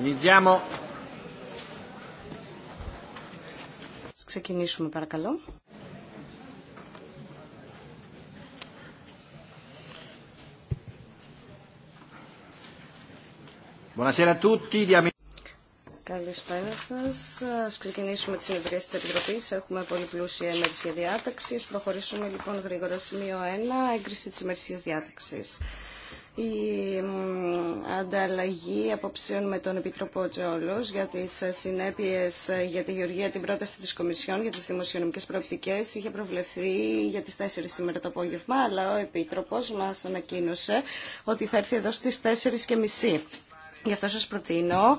Iniziamo. Ξεκινήσουμε παρακαλώ. Καλησπέρα σα. Α ξεκινήσουμε τι συνεδρίε τη Επιτροπή. Έχουμε πολύ πλούσια ημερησία διάταξη. Προχωρήσουμε λοιπόν γρήγορα. Σημείο 1. Έγκριση τη ημερησία διάταξη η ανταλλαγή απόψεων με τον Επίτροπο Τζόλος για τις συνέπειες ε, για τη Γεωργία την πρόταση της Κομισιόν για τις δημοσιονομικές προοπτικές είχε προβλεφθεί για τις 4 σήμερα το απόγευμα αλλά ο Επίτροπος μας ανακοίνωσε ότι θα έρθει εδώ στις 4.30 Γι' αυτό σας προτείνω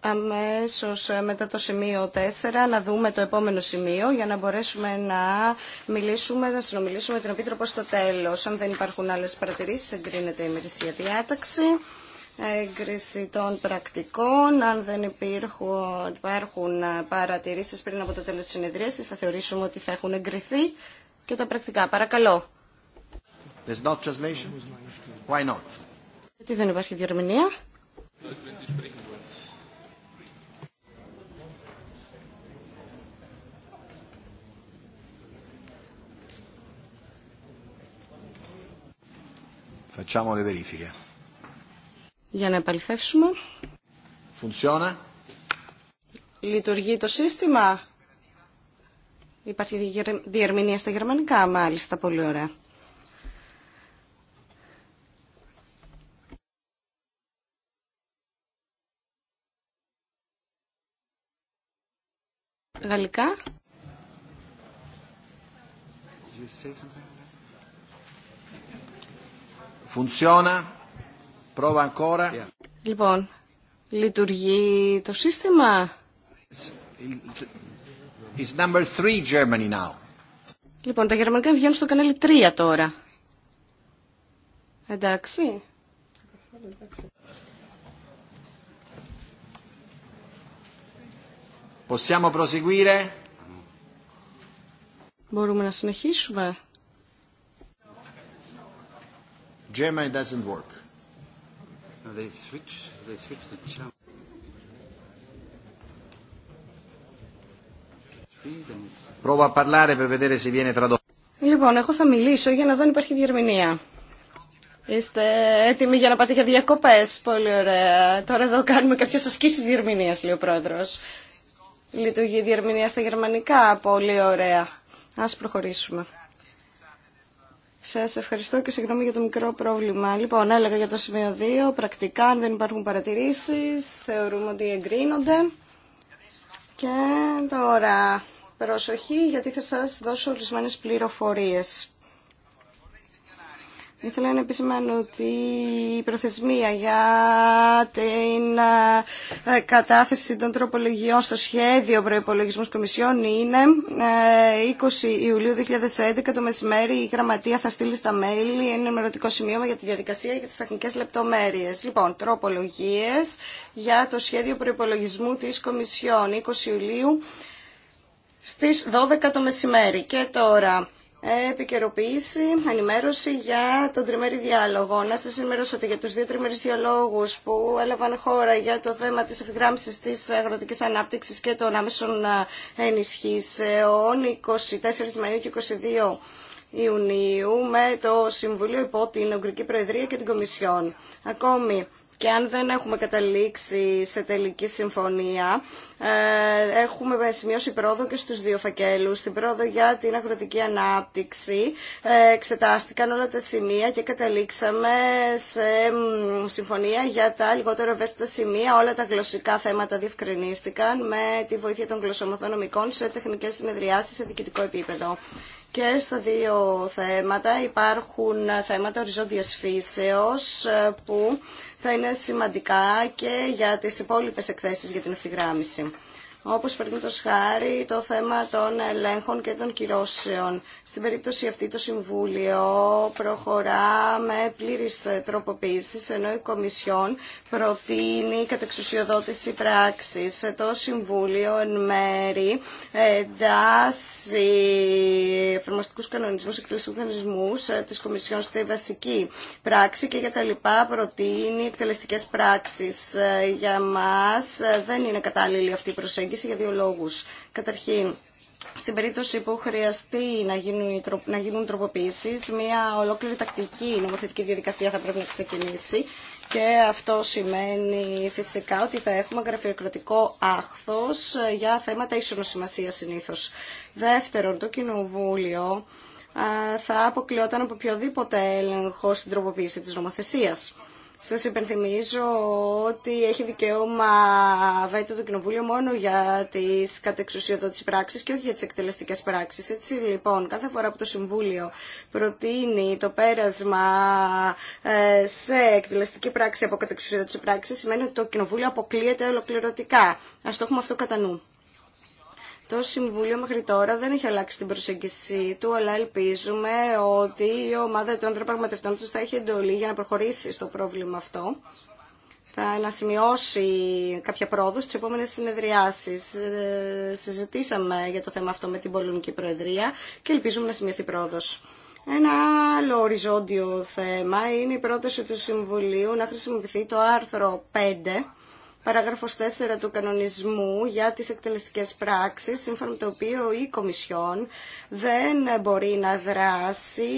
αμέσως μετά το σημείο 4 να δούμε το επόμενο σημείο για να μπορέσουμε να μιλήσουμε, να συνομιλήσουμε με την Επίτροπο στο τέλος. Αν δεν υπάρχουν άλλες παρατηρήσεις εγκρίνεται η ημερησία διάταξη έγκριση των πρακτικών. Αν δεν υπήρχουν, υπάρχουν παρατηρήσεις πριν από το τέλος της συνεδρίασης, θα θεωρήσουμε ότι θα έχουν εγκριθεί και τα πρακτικά. Παρακαλώ. There's Γιατί δεν υπάρχει διερμηνία. Facciamo le verifiche. Για να επαληθεύσουμε. Funziona. Λειτουργεί το σύστημα. Υπάρχει διερμηνία στα γερμανικά, μάλιστα, πολύ ωραία. γαλλικά. Funziona. Prova ancora. Λοιπόν, λειτουργεί το σύστημα. It's number three Germany now. Λοιπόν, τα γερμανικά βγαίνουν στο κανάλι 3 τώρα. Εντάξει. Εντάξει. Possiamo proseguire? Μπορούμε να συνεχίσουμε. Germany doesn't work. No, they switch, they switch the channel. Provo a parlare per vedere se viene tradotto. Λοιπόν, εγώ θα μιλήσω για να δω αν υπάρχει διερμηνία. Είστε έτοιμοι για να πάτε για διακοπές. Πολύ ωραία. Τώρα εδώ κάνουμε κάποιες ασκήσεις διερμηνίας, λέει ο πρόεδρος λειτουργεί η διερμηνία στα γερμανικά. Πολύ ωραία. Ας προχωρήσουμε. Σας ευχαριστώ και συγγνώμη για το μικρό πρόβλημα. Λοιπόν, έλεγα για το σημείο 2, πρακτικά, αν δεν υπάρχουν παρατηρήσεις, θεωρούμε ότι εγκρίνονται. Και τώρα, προσοχή, γιατί θα σας δώσω ορισμένες πληροφορίες. Ήθελα να επισημάνω ότι η προθεσμία για την ε, κατάθεση των τροπολογιών στο σχέδιο προπολογισμού Κομισιών είναι 20 ε, Ιουλίου 2011 το μεσημέρι. Η Γραμματεία θα στείλει στα mail ένα ενημερωτικό σημείωμα για τη διαδικασία και τι τεχνικέ λεπτομέρειε. Λοιπόν, τροπολογίε για το σχέδιο προπολογισμού τη Κομισιόν 20 Ιουλίου στι 12 το μεσημέρι. Και τώρα επικαιροποίηση, ενημέρωση για τον τριμερή διάλογο. Να σας ενημερώσω ότι για τους δύο τριμερείς διαλόγου που έλαβαν χώρα για το θέμα της ευθυγράμμισης της αγροτικής ανάπτυξης και των άμεσων ε, ενισχύσεων 24 Μαΐου και 22 Ιουνίου με το Συμβουλίο υπό την Ουγγρική Προεδρία και την Κομισιόν. Ακόμη, και αν δεν έχουμε καταλήξει σε τελική συμφωνία, ε, έχουμε σημειώσει πρόοδο και στους δύο φακέλους. Στην πρόοδο για την αγροτική ανάπτυξη ε, εξετάστηκαν όλα τα σημεία και καταλήξαμε σε συμφωνία για τα λιγότερο ευαίσθητα σημεία. Όλα τα γλωσσικά θέματα διευκρινίστηκαν με τη βοήθεια των νομικών σε τεχνικές συνεδριάσεις σε διοικητικό επίπεδο. Και στα δύο θέματα υπάρχουν θέματα οριζόντιας φύσεως ε, που θα είναι σημαντικά και για τις υπόλοιπες εκθέσεις για την ευθυγράμμιση όπως το χάρη το θέμα των ελέγχων και των κυρώσεων. Στην περίπτωση αυτή το Συμβούλιο προχωρά με πλήρης τροποποίηση ενώ η Κομισιόν προτείνει κατεξουσιοδότηση πράξης. Το Συμβούλιο εν μέρη εντάσσει εφαρμοστικούς κανονισμούς, εκτελεστικούς κανονισμούς ε, της Κομισιόν στη βασική πράξη και για τα λοιπά προτείνει εκτελεστικές πράξεις. Ε, για μας ε, δεν είναι κατάλληλη αυτή η προσέγγιση για δύο λόγους. Καταρχήν, στην περίπτωση που χρειαστεί να γίνουν, να γίνουν τροποποιήσεις, μια ολόκληρη τακτική νομοθετική διαδικασία θα πρέπει να ξεκινήσει και αυτό σημαίνει φυσικά ότι θα έχουμε γραφειοκρατικό άχθος για θέματα ισονοσημασίας συνήθως. Δεύτερον, το Κοινοβούλιο θα αποκλειόταν από οποιοδήποτε έλεγχο στην τροποποίηση της νομοθεσίας. Σας υπενθυμίζω ότι έχει δικαίωμα βέτο το Κοινοβούλιο μόνο για τις κατεξουσιοδότηση πράξεις και όχι για τις εκτελεστικές πράξεις. Έτσι λοιπόν, κάθε φορά που το Συμβούλιο προτείνει το πέρασμα ε, σε εκτελεστική πράξη από κατεξουσιοδότηση πράξη, σημαίνει ότι το Κοινοβούλιο αποκλείεται ολοκληρωτικά. Ας το έχουμε αυτό κατά νου. Το Συμβούλιο μέχρι τώρα δεν έχει αλλάξει την προσέγγιση του, αλλά ελπίζουμε ότι η ομάδα των διαπραγματευτών του θα έχει εντολή για να προχωρήσει στο πρόβλημα αυτό. Θα να σημειώσει κάποια πρόοδο στις επόμενε συνεδριάσεις. Ε, συζητήσαμε για το θέμα αυτό με την Πολωνική Προεδρία και ελπίζουμε να σημειωθεί πρόοδος. Ένα άλλο οριζόντιο θέμα είναι η πρόταση του Συμβουλίου να χρησιμοποιηθεί το άρθρο 5 παράγραφος 4 του κανονισμού για τις εκτελεστικές πράξεις, σύμφωνα με το οποίο η Κομισιόν δεν μπορεί να δράσει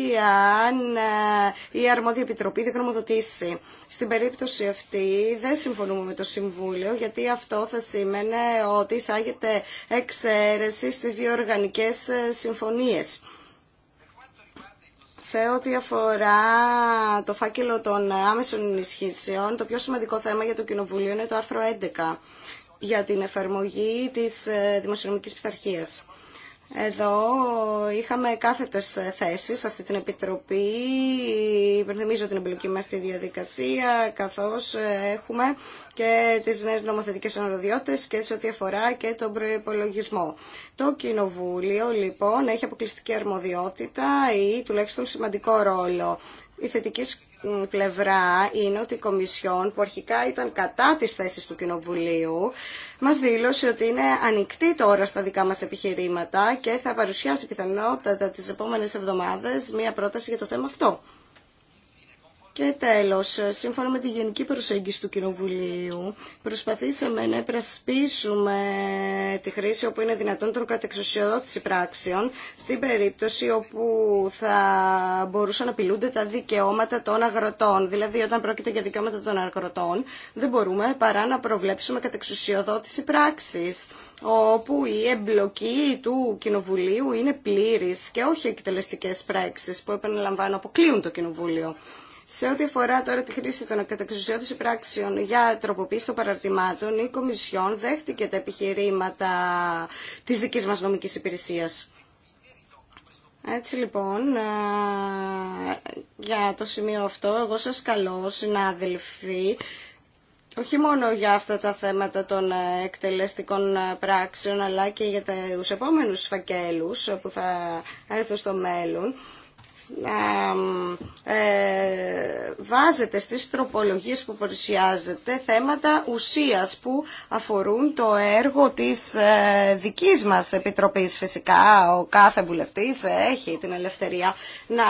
αν ε, η αρμόδια επιτροπή δεν γνωμοδοτήσει. Στην περίπτωση αυτή δεν συμφωνούμε με το Συμβούλιο, γιατί αυτό θα σήμαινε ότι εισάγεται εξαίρεση στις δύο οργανικές ε, συμφωνίες σε ό,τι αφορά το φάκελο των άμεσων ενισχύσεων, το πιο σημαντικό θέμα για το Κοινοβουλίο είναι το άρθρο 11 για την εφαρμογή της ε, δημοσιονομικής πειθαρχίας. Εδώ είχαμε κάθετες θέσεις σε αυτή την Επιτροπή, υπενθυμίζω την εμπλοκή μας στη διαδικασία, καθώς ε, έχουμε και τις νέες νομοθετικές ονοδιότητες και σε ό,τι αφορά και τον προϋπολογισμό. Το Κοινοβούλιο λοιπόν έχει αποκλειστική αρμοδιότητα ή τουλάχιστον σημαντικό ρόλο. Η θετική πλευρά είναι ότι η Κομισιόν που αρχικά ήταν κατά της θέσης του Κοινοβουλίου μας δήλωσε ότι είναι ανοιχτή τώρα στα δικά μας επιχειρήματα και θα παρουσιάσει πιθανότατα τις επόμενες εβδομάδες μία πρόταση για το θέμα αυτό. Και τέλος, σύμφωνα με τη γενική προσέγγιση του Κοινοβουλίου, προσπαθήσαμε να επρασπίσουμε τη χρήση όπου είναι δυνατόν των κατεξουσιοδότηση πράξεων, στην περίπτωση όπου θα μπορούσαν να απειλούνται τα δικαιώματα των αγροτών. Δηλαδή, όταν πρόκειται για δικαιώματα των αγροτών, δεν μπορούμε παρά να προβλέψουμε κατεξουσιοδότηση πράξης, όπου η εμπλοκή του Κοινοβουλίου είναι πλήρης και όχι εκτελεστικές πράξεις που επαναλαμβάνω αποκλείουν το Κοινοβούλιο. Σε ό,τι αφορά τώρα τη χρήση των κατεξουσιώτηση πράξεων για τροποποίηση των παραρτημάτων, η Κομισιόν δέχτηκε τα επιχειρήματα της δικής μας νομικής υπηρεσίας. Έτσι λοιπόν, για το σημείο αυτό, εγώ σας καλώ, συνάδελφοι, όχι μόνο για αυτά τα θέματα των ε, εκτελεστικών ε, πράξεων, αλλά και για ε, τους επόμενους φακέλους που θα έρθουν στο μέλλον, να ε, βάζετε στις τροπολογίες που παρουσιάζετε θέματα ουσίας που αφορούν το έργο της ε, δικής μας Επιτροπής. Φυσικά ο κάθε βουλευτής έχει την ελευθερία να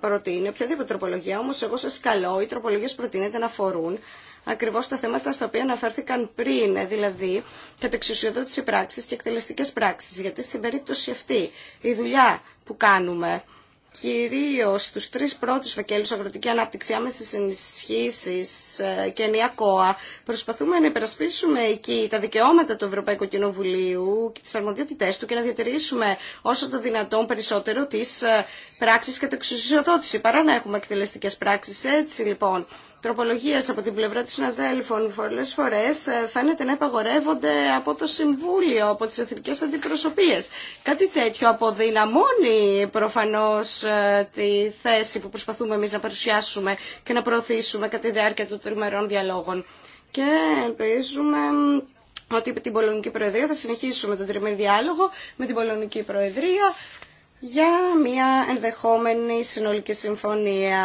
προτείνει οποιαδήποτε τροπολογία, όμως εγώ σας καλώ οι τροπολογίες προτείνετε να αφορούν ακριβώς τα θέματα στα οποία αναφέρθηκαν πριν, δηλαδή κατεξουσιοδότηση πράξης και εκτελεστικές πράξεις, γιατί στην περίπτωση αυτή η δουλειά που κάνουμε κυρίως στους τρεις πρώτους φακέλους αγροτική ανάπτυξη, άμεσης ενισχύσεις ε, και ενιακόα. Προσπαθούμε να υπερασπίσουμε εκεί τα δικαιώματα του Ευρωπαϊκού Κοινοβουλίου και τις αρμοδιότητές του και να διατηρήσουμε όσο το δυνατόν περισσότερο τις ε, πράξεις κατά εξουσιοδότηση παρά να έχουμε εκτελεστικές πράξεις. Έτσι λοιπόν Τροπολογία από την πλευρά των συναδέλφων Πολλέ φορέ ε, φαίνεται να υπαγορεύονται από το Συμβούλιο, από τι εθνικέ αντιπροσωπείε. Κάτι τέτοιο αποδυναμώνει προφανώ ε, τη θέση που προσπαθούμε εμεί να παρουσιάσουμε και να προωθήσουμε κατά τη διάρκεια των τριμερών διαλόγων. Και ελπίζουμε ότι την Πολωνική Προεδρία θα συνεχίσουμε τον τριμερή διάλογο με την Πολωνική Προεδρία για μια ενδεχόμενη συνολική συμφωνία.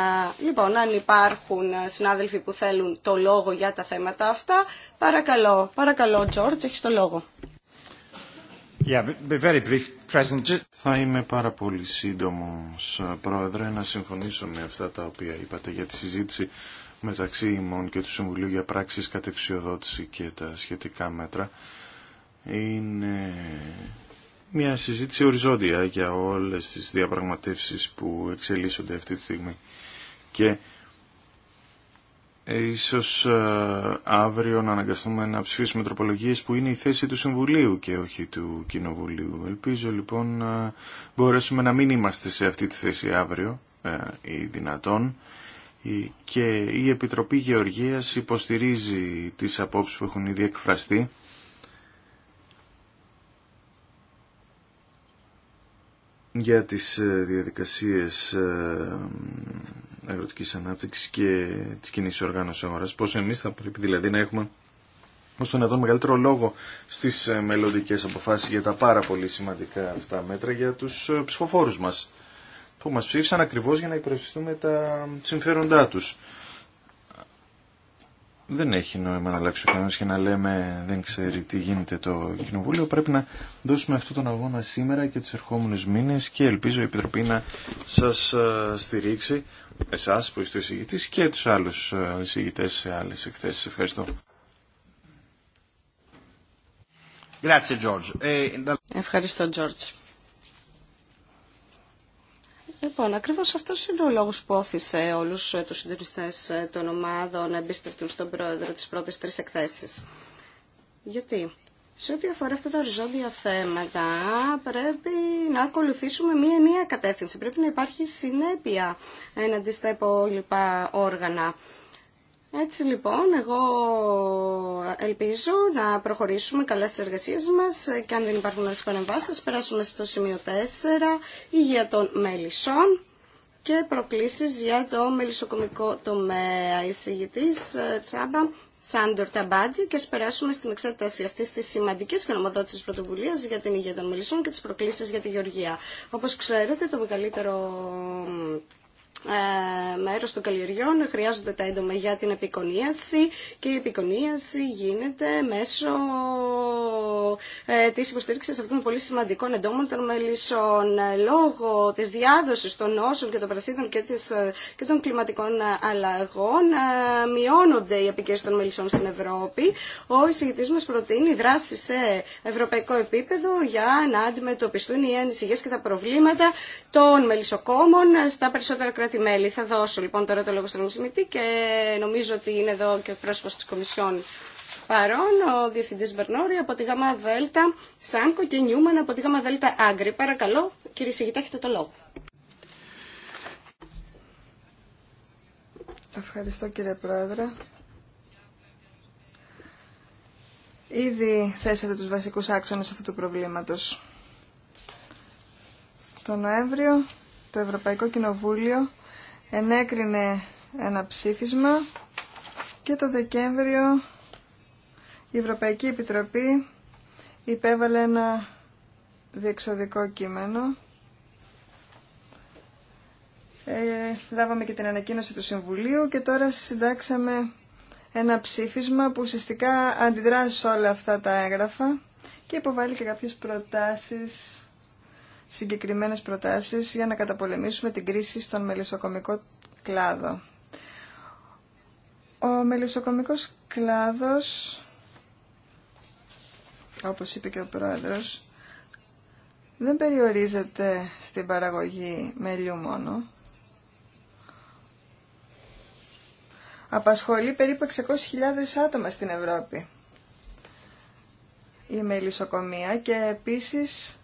Λοιπόν, αν υπάρχουν συνάδελφοι που θέλουν το λόγο για τα θέματα αυτά, παρακαλώ, παρακαλώ, Τζόρτζ, έχεις το λόγο. Yeah, be very brief Θα είμαι πάρα πολύ σύντομος, Πρόεδρε, να συμφωνήσω με αυτά τα οποία είπατε για τη συζήτηση μεταξύ ημών και του Συμβουλίου για πράξεις κατευσιοδότηση και τα σχετικά μέτρα. Είναι μια συζήτηση οριζόντια για όλες τις διαπραγματεύσεις που εξελίσσονται αυτή τη στιγμή. Και ε, ίσως ε, αύριο να αναγκαστούμε να ψηφίσουμε τροπολογίες που είναι η θέση του Συμβουλίου και όχι του Κοινοβουλίου. Ελπίζω λοιπόν να μπορέσουμε να μην είμαστε σε αυτή τη θέση αύριο ε, ή δυνατόν και η Επιτροπή Γεωργίας υποστηρίζει τις απόψεις που έχουν ήδη εκφραστεί για τις ε, διαδικασίες ε, αγροτικής ανάπτυξης και της κοινή οργάνωσης αγοράς, πώς εμείς θα πρέπει δηλαδή να έχουμε ως τον εδώ μεγαλύτερο λόγο στις ε, μελλοντικέ αποφάσεις για τα πάρα πολύ σημαντικά αυτά μέτρα για τους ψηφοφόρους μας που μας ψήφισαν ακριβώς για να υπερασπιστούμε τα συμφέροντά τους δεν έχει νόημα να αλλάξει ο κανόνα και να λέμε δεν ξέρει τι γίνεται το κοινοβούλιο. Πρέπει να δώσουμε αυτόν τον αγώνα σήμερα και του ερχόμενου μήνε και ελπίζω η Επιτροπή να σα ε, στηρίξει, εσά που είστε εισηγητή και του άλλου ε, εισηγητέ σε άλλε εκθέσει. Ευχαριστώ. Ε, Ευχαριστώ, George. Λοιπόν, ακριβώ αυτό είναι ο λόγο που όφησε όλου ε, του συντονιστέ ε, των ομάδων να εμπιστευτούν στον πρόεδρο τι πρώτε τρει εκθέσει. Γιατί σε ό,τι αφορά αυτά τα οριζόντια θέματα, πρέπει να ακολουθήσουμε μία ενιαία κατεύθυνση. Πρέπει να υπάρχει συνέπεια έναντι στα υπόλοιπα όργανα. Έτσι λοιπόν, εγώ ελπίζω να προχωρήσουμε καλά στις εργασίες μας και αν δεν υπάρχουν άλλες παρεμβάσεις, περάσουμε στο σημείο 4, υγεία των μέλισσών και προκλήσεις για το μελισσοκομικό τομέα. Εισηγητής ε, Τσάμπα Σάντορ Ταμπάτζη και ας περάσουμε στην εξέταση αυτή τη σημαντική γνωμοδότηση πρωτοβουλία για την υγεία των μελισσών και τι προκλήσει για τη γεωργία. Όπω ξέρετε, το μεγαλύτερο ε, μέρος των καλλιεργιών χρειάζονται τα έντομα για την επικονίαση και η επικονίαση γίνεται μέσω ε, της υποστήριξης αυτών των πολύ σημαντικών εντόμων των μελισσών ε, λόγω της διάδοσης των νόσων και των πρασίδων και, της, και των κλιματικών αλλαγών μειώνονται οι επικές των μελισσών στην Ευρώπη. Ο εισηγητής μας προτείνει δράση σε ευρωπαϊκό επίπεδο για να αντιμετωπιστούν οι ανησυχίες και τα προβλήματα των μελισσοκόμων στα περισσότερα τι μελη Θα δώσω λοιπόν τώρα το λόγο στον Μισημητή και νομίζω ότι είναι εδώ και ο πρόσωπος της Κομισιόν παρόν, ο Διευθυντής Μπερνόρη από τη ΓΑΜΑ ΔΕΛΤΑ ΣΑΝΚΟ και Νιούμαν από τη ΓΑΜΑ ΔΕΛΤΑ Άγκρη. Παρακαλώ, κύριε Σιγητά, έχετε το λόγο. Ευχαριστώ κύριε Πρόεδρε. Ήδη θέσατε τους βασικούς άξονες αυτού του προβλήματος. Το Νοέμβριο το Ευρωπαϊκό Κοινοβούλιο ενέκρινε ένα ψήφισμα και το Δεκέμβριο η Ευρωπαϊκή Επιτροπή υπέβαλε ένα διεξοδικό κείμενο. Ε, λάβαμε και την ανακοίνωση του Συμβουλίου και τώρα συντάξαμε ένα ψήφισμα που ουσιαστικά αντιδράσει όλα αυτά τα έγγραφα και υποβάλλει και κάποιες προτάσεις συγκεκριμένες προτάσεις για να καταπολεμήσουμε την κρίση στον μελισσοκομικό κλάδο. Ο μελισσοκομικός κλάδος, όπως είπε και ο πρόεδρος, δεν περιορίζεται στην παραγωγή μελιού μόνο. Απασχολεί περίπου 600.000 άτομα στην Ευρώπη η μελισσοκομεία και επίσης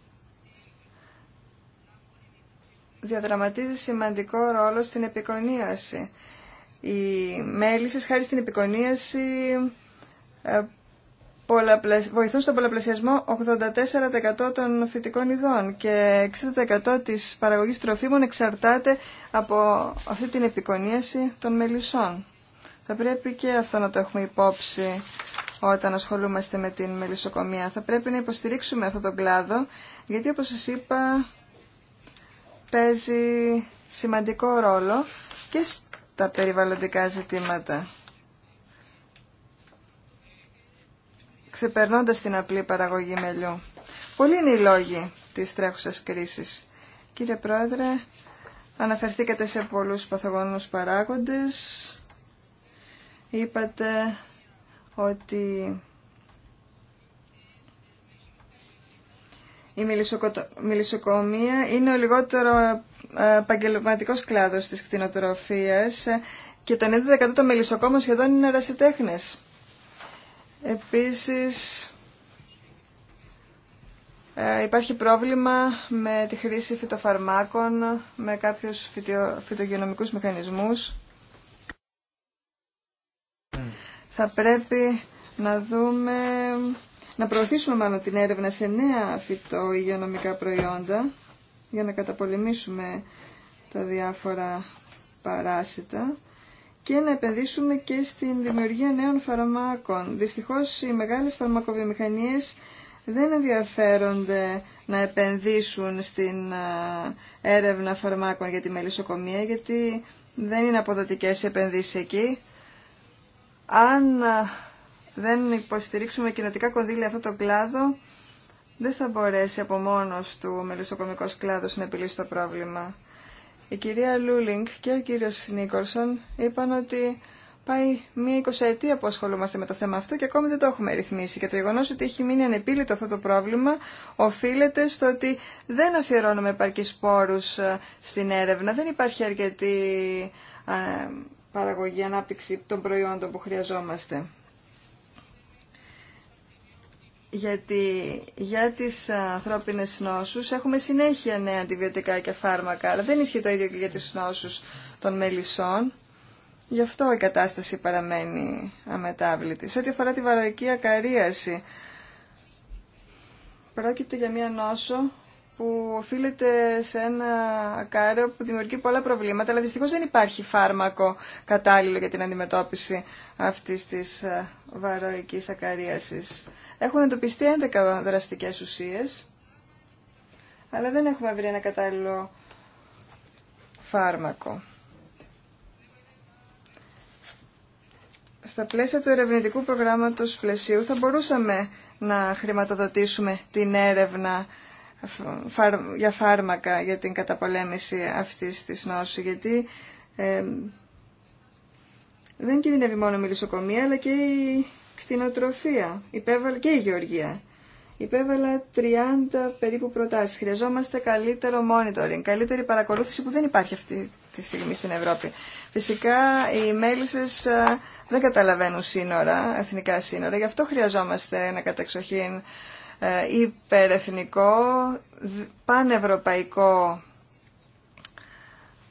διαδραματίζει σημαντικό ρόλο στην επικονίαση. Οι μέλισσες χάρη στην επικονίαση ε, βοηθούν στον πολλαπλασιασμό 84% των φυτικών ειδών και 60% της παραγωγής τροφίμων εξαρτάται από αυτή την επικονίαση των μελισσών. Θα πρέπει και αυτό να το έχουμε υπόψη όταν ασχολούμαστε με την μελισσοκομεία. Θα πρέπει να υποστηρίξουμε αυτόν τον κλάδο, γιατί όπως σας είπα παίζει σημαντικό ρόλο και στα περιβαλλοντικά ζητήματα. Ξεπερνώντας την απλή παραγωγή μελιού. Πολλοί είναι οι λόγοι της τρέχουσας κρίσης. Κύριε Πρόεδρε, αναφερθήκατε σε πολλούς παθογονούς παράγοντες. Είπατε ότι Η μιλισοκομεία είναι ο λιγότερο ε, επαγγελματικό κλάδο τη κτηνοτροφίας ε, και το 90% των μιλισοκόμων σχεδόν είναι ερασιτέχνες. Επίσης, ε, υπάρχει πρόβλημα με τη χρήση φυτοφαρμάκων, με κάποιους φυτογενομικούς μηχανισμούς. Mm. Θα πρέπει να δούμε να προωθήσουμε μάλλον την έρευνα σε νέα προϊόντα για να καταπολεμήσουμε τα διάφορα παράσιτα και να επενδύσουμε και στην δημιουργία νέων φαρμάκων. Δυστυχώς οι μεγάλες φαρμακοβιομηχανίες δεν ενδιαφέρονται να επενδύσουν στην έρευνα φαρμάκων για τη μελισσοκομεία γιατί δεν είναι αποδοτικές επενδύσεις εκεί. Αν δεν υποστηρίξουμε κοινοτικά κονδύλια αυτό το κλάδο, δεν θα μπορέσει από μόνος του ο μελισσοκομικός κλάδος να επιλύσει το πρόβλημα. Η κυρία Λούλινγκ και ο κύριος Νίκολσον είπαν ότι πάει μία εικοσαετία που ασχολούμαστε με το θέμα αυτό και ακόμη δεν το έχουμε ρυθμίσει. Και το γεγονό ότι έχει μείνει ανεπίλητο αυτό το πρόβλημα οφείλεται στο ότι δεν αφιερώνουμε επαρκεί πόρου ε, στην έρευνα. Δεν υπάρχει αρκετή ε, παραγωγή, ανάπτυξη των προϊόντων που χρειαζόμαστε γιατί για τις ανθρώπινες νόσους έχουμε συνέχεια νέα αντιβιωτικά και φάρμακα, αλλά δεν ισχύει το ίδιο και για τις νόσους των μελισσών. Γι' αυτό η κατάσταση παραμένει αμετάβλητη. Σε ό,τι αφορά τη βαροϊκή ακαρίαση, πρόκειται για μία νόσο που οφείλεται σε ένα ακαριό που δημιουργεί πολλά προβλήματα, αλλά δυστυχώς δεν υπάρχει φάρμακο κατάλληλο για την αντιμετώπιση αυτής της ε, βαροϊκής ακαρίασης. Έχουν εντοπιστεί 11 δραστικές ουσίες, αλλά δεν έχουμε βρει ένα κατάλληλο φάρμακο. Στα πλαίσια του ερευνητικού προγράμματος πλαισίου θα μπορούσαμε να χρηματοδοτήσουμε την έρευνα για φάρμακα για την καταπολέμηση αυτής της νόσου, γιατί δεν κινδυνεύει μόνο η λησοκομεία αλλά και η κτηνοτροφία υπέβαλ, και η γεωργία. Υπέβαλα 30 περίπου προτάσεις. Χρειαζόμαστε καλύτερο monitoring, καλύτερη παρακολούθηση που δεν υπάρχει αυτή τη στιγμή στην Ευρώπη. Φυσικά οι μέλησες ε, δεν καταλαβαίνουν σύνορα, εθνικά σύνορα, γι' αυτό χρειαζόμαστε ένα καταξοχήν ε, υπερεθνικό, πανευρωπαϊκό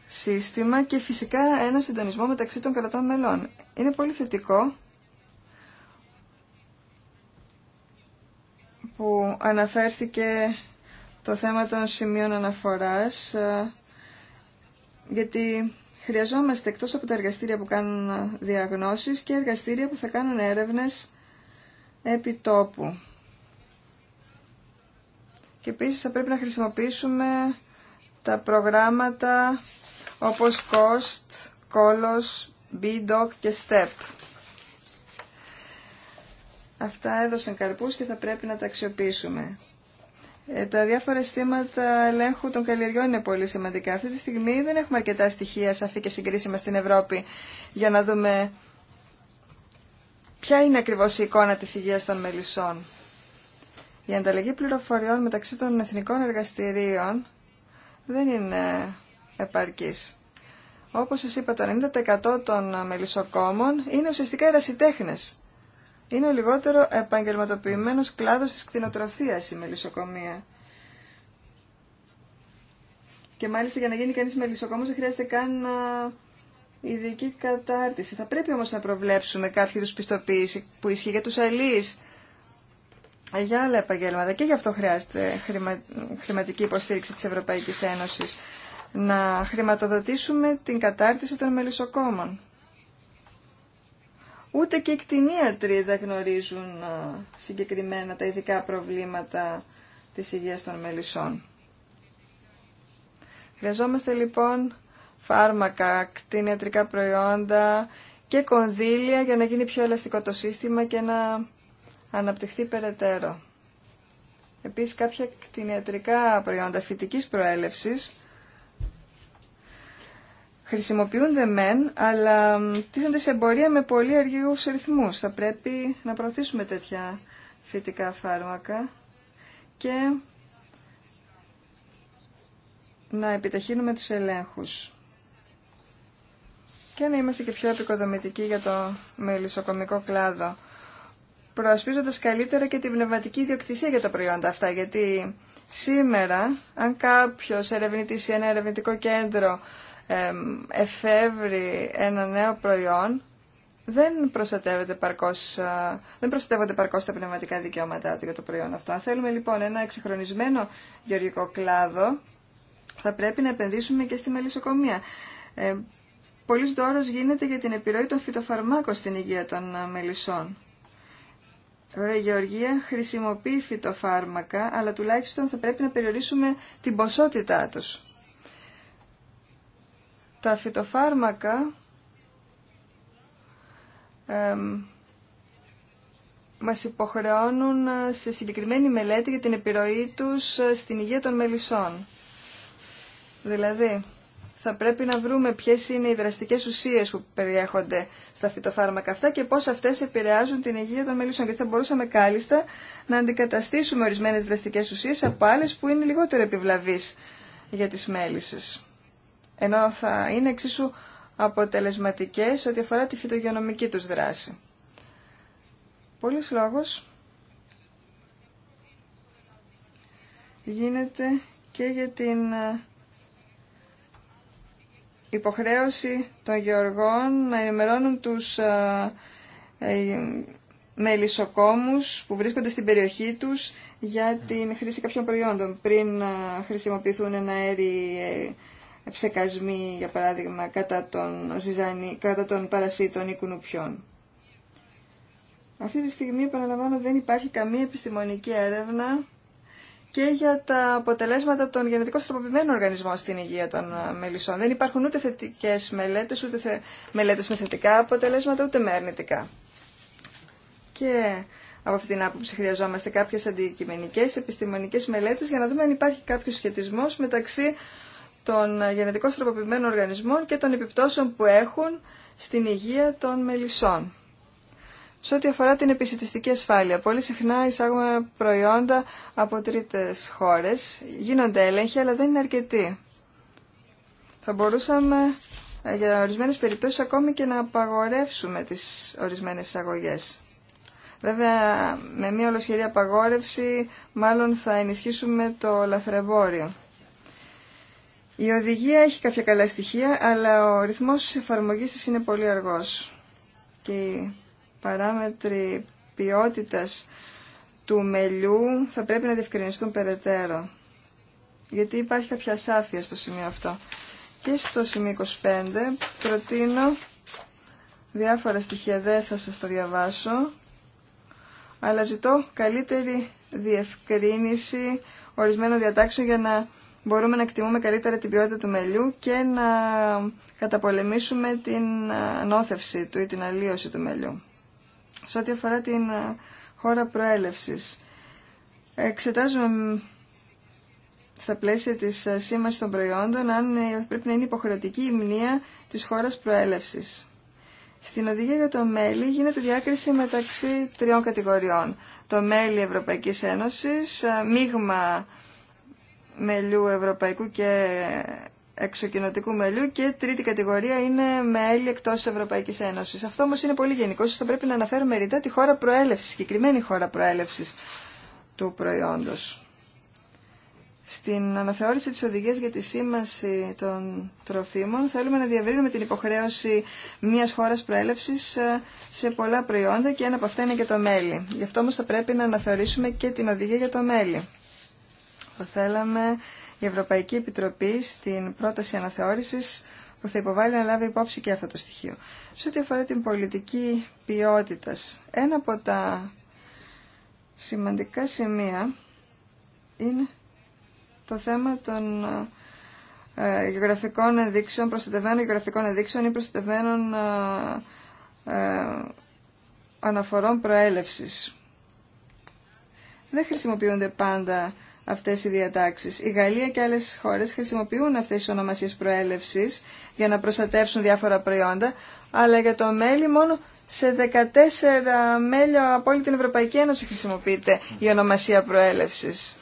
σύστημα και φυσικά ένα συντονισμό μεταξύ των κρατών μελών. Είναι πολύ θετικό που αναφέρθηκε το θέμα των σημείων αναφοράς ε, γιατί χρειαζόμαστε εκτός από τα εργαστήρια που κάνουν διαγνώσεις και εργαστήρια που θα κάνουν έρευνες επιτόπου. Και επίσης θα πρέπει να χρησιμοποιήσουμε τα προγράμματα όπως COST, COLOS, BDOC και STEP. Αυτά έδωσαν καρπούς και θα πρέπει να τα αξιοποιήσουμε. Ε, τα διάφορα αισθήματα ελέγχου των καλλιεργιών είναι πολύ σημαντικά. Αυτή τη στιγμή δεν έχουμε αρκετά στοιχεία σαφή και συγκρίσιμα στην Ευρώπη για να δούμε ποια είναι ακριβώς η εικόνα της υγείας των μελισσών. Η ανταλλαγή πληροφοριών μεταξύ των εθνικών εργαστηρίων δεν είναι επαρκής. Όπως σας είπα, το 90% των μελισσοκόμων είναι ουσιαστικά ερασιτέχνες. Είναι ο λιγότερο επαγγελματοποιημένος κλάδος της κτηνοτροφίας η μελισσοκομεία. Και μάλιστα για να γίνει κανείς μελισσοκόμος δεν χρειάζεται καν ειδική κατάρτιση. Θα πρέπει όμως να προβλέψουμε κάποιο είδους πιστοποίηση που ισχύει για τους αλείς, για άλλα επαγγέλματα και γι' αυτό χρειάζεται χρημα... χρηματική υποστήριξη της Ευρωπαϊκής Ένωσης να χρηματοδοτήσουμε την κατάρτιση των μελισσοκόμων. Ούτε και οι κτηνίατροι δεν γνωρίζουν συγκεκριμένα τα ειδικά προβλήματα της υγείας των μελισσών. Χρειαζόμαστε λοιπόν φάρμακα, κτηνιατρικά προϊόντα και κονδύλια για να γίνει πιο ελαστικό το σύστημα και να αναπτυχθεί περαιτέρω. Επίσης κάποια κτηνιατρικά προϊόντα φυτικής προέλευσης χρησιμοποιούνται μεν, αλλά τίθενται σε εμπορία με πολύ αργούς ρυθμούς. Θα πρέπει να προωθήσουμε τέτοια φυτικά φάρμακα και να επιταχύνουμε τους ελέγχους και να είμαστε και πιο επικοδομητικοί για το μελισσοκομικό κλάδο προασπίζοντας καλύτερα και την πνευματική ιδιοκτησία για τα προϊόντα αυτά. Γιατί σήμερα, αν κάποιος ερευνητής ή ένα ερευνητικό κέντρο εφεύρει ένα νέο προϊόν, δεν, προστατεύεται παρκώς, δεν προστατεύονται παρκώς τα πνευματικά δικαιώματά του για το προϊόν αυτό. Αν θέλουμε λοιπόν ένα εξυγχρονισμένο γεωργικό κλάδο, θα πρέπει να επενδύσουμε και στη μελισσοκομεία. Ε, δώρος γίνεται για την επιρροή των φυτοφαρμάκων στην υγεία των ε, μελισσών. Βέβαια, η γεωργία χρησιμοποιεί φυτοφάρμακα, αλλά τουλάχιστον θα πρέπει να περιορίσουμε την ποσότητά τους. Τα φυτοφάρμακα ε, μας υποχρεώνουν ε, σε συγκεκριμένη μελέτη για την επιρροή τους ε, στην υγεία των μελισσών. Δηλαδή, θα πρέπει να βρούμε ποιε είναι οι δραστικές ουσίε που περιέχονται στα φυτοφάρμακα αυτά και πώς αυτές επηρεάζουν την υγεία των μελισσών. Γιατί θα μπορούσαμε κάλλιστα να αντικαταστήσουμε ορισμένε δραστικές ουσίε από άλλε που είναι λιγότερο επιβλαβείς για τις μέλισσες. Ενώ θα είναι εξίσου αποτελεσματικές ό,τι αφορά τη φυτογενομική του δράση. Πολύ λόγο. γίνεται και για την ε, υποχρέωση των γεωργών να ενημερώνουν τους ε, ε, μελισσοκόμους που βρίσκονται στην περιοχή τους για την χρήση κάποιων προϊόντων πριν ε, χρησιμοποιηθούν ένα αέρι ψεκασμοί, για παράδειγμα, κατά των, ζυζάνι, κατά των παρασίτων ή κουνουπιών. Αυτή τη στιγμή, επαναλαμβάνω, δεν υπάρχει καμία επιστημονική έρευνα και για τα αποτελέσματα των γενετικώ τροποποιημένων οργανισμών στην υγεία των ε, μελισσών. Δεν υπάρχουν ούτε θετικέ μελέτε, ούτε θε... μελέτε με θετικά αποτελέσματα, ούτε με αρνητικά. Και από αυτή την άποψη χρειαζόμαστε κάποιε αντικειμενικέ επιστημονικέ μελέτε για να δούμε αν υπάρχει κάποιο σχετισμό μεταξύ των ε, γενετικώ τροποποιημένων οργανισμών και των επιπτώσεων που έχουν στην υγεία των μελισσών. Σε ό,τι αφορά την επισητιστική ασφάλεια, πολύ συχνά εισάγουμε προϊόντα από τρίτες χώρες. Γίνονται έλεγχοι, αλλά δεν είναι αρκετοί. Θα μπορούσαμε ε, για ορισμένες περιπτώσεις ακόμη και να απαγορεύσουμε τις ορισμένες εισαγωγές. Βέβαια, με μια ολοσχερή απαγόρευση, μάλλον θα ενισχύσουμε το λαθρεμπόριο. Η οδηγία έχει κάποια καλά στοιχεία, αλλά ο ρυθμός εφαρμογής της είναι πολύ αργός παράμετροι ποιότητας του μελιού θα πρέπει να διευκρινιστούν περαιτέρω. Γιατί υπάρχει κάποια σάφια στο σημείο αυτό. Και στο σημείο 25 προτείνω διάφορα στοιχεία, δεν θα σας τα διαβάσω, αλλά ζητώ καλύτερη διευκρίνηση ορισμένων διατάξεων για να μπορούμε να εκτιμούμε καλύτερα την ποιότητα του μελιού και να καταπολεμήσουμε την ανώθευση του ή την αλλίωση του μελιού σε ό,τι αφορά την ε, χώρα προέλευσης. Εξετάζουμε στα πλαίσια της ε, σήμανσης των προϊόντων αν ε, πρέπει να είναι υποχρεωτική η της χώρας προέλευσης. Στην οδηγία για το μέλι γίνεται διάκριση μεταξύ τριών κατηγοριών. Το μέλι Ευρωπαϊκής Ένωσης, μείγμα μελιού ευρωπαϊκού και εξοκοινοτικού μελιού και τρίτη κατηγορία είναι μέλη εκτό Ευρωπαϊκή Ευρωπαϊκής Ένωσης. Αυτό όμω είναι πολύ γενικό, θα πρέπει να αναφέρουμε ρητά τη χώρα προέλευση, συγκεκριμένη χώρα προέλευση του προϊόντο. Στην αναθεώρηση της οδηγίας για τη σήμανση των τροφίμων θέλουμε να διαβρύνουμε την υποχρέωση μιας χώρας προέλευσης ε, σε πολλά προϊόντα και ένα από αυτά είναι και το μέλι. Γι' αυτό όμως θα πρέπει να αναθεωρήσουμε και την οδηγία για το μέλι. Θα θέλαμε η Ευρωπαϊκή Επιτροπή στην πρόταση αναθεώρηση που θα υποβάλει να λάβει υπόψη και αυτό το στοιχείο. Σε ό,τι αφορά την πολιτική ποιότητας, ένα από τα σημαντικά σημεία είναι το θέμα των ε, γεωγραφικών ενδείξεων, προστατευμένων γεωγραφικών ενδείξεων ή προστατευμένων ε, ε, αναφορών προέλευσης. Δεν χρησιμοποιούνται πάντα αυτές οι διατάξεις. Η Γαλλία και άλλες χώρες χρησιμοποιούν αυτές τις ονομασίες προέλευσης για να προστατεύσουν διάφορα προϊόντα, αλλά για το μέλι μόνο σε 14 μέλια από όλη την Ευρωπαϊκή Ένωση χρησιμοποιείται η ονομασία προέλευσης.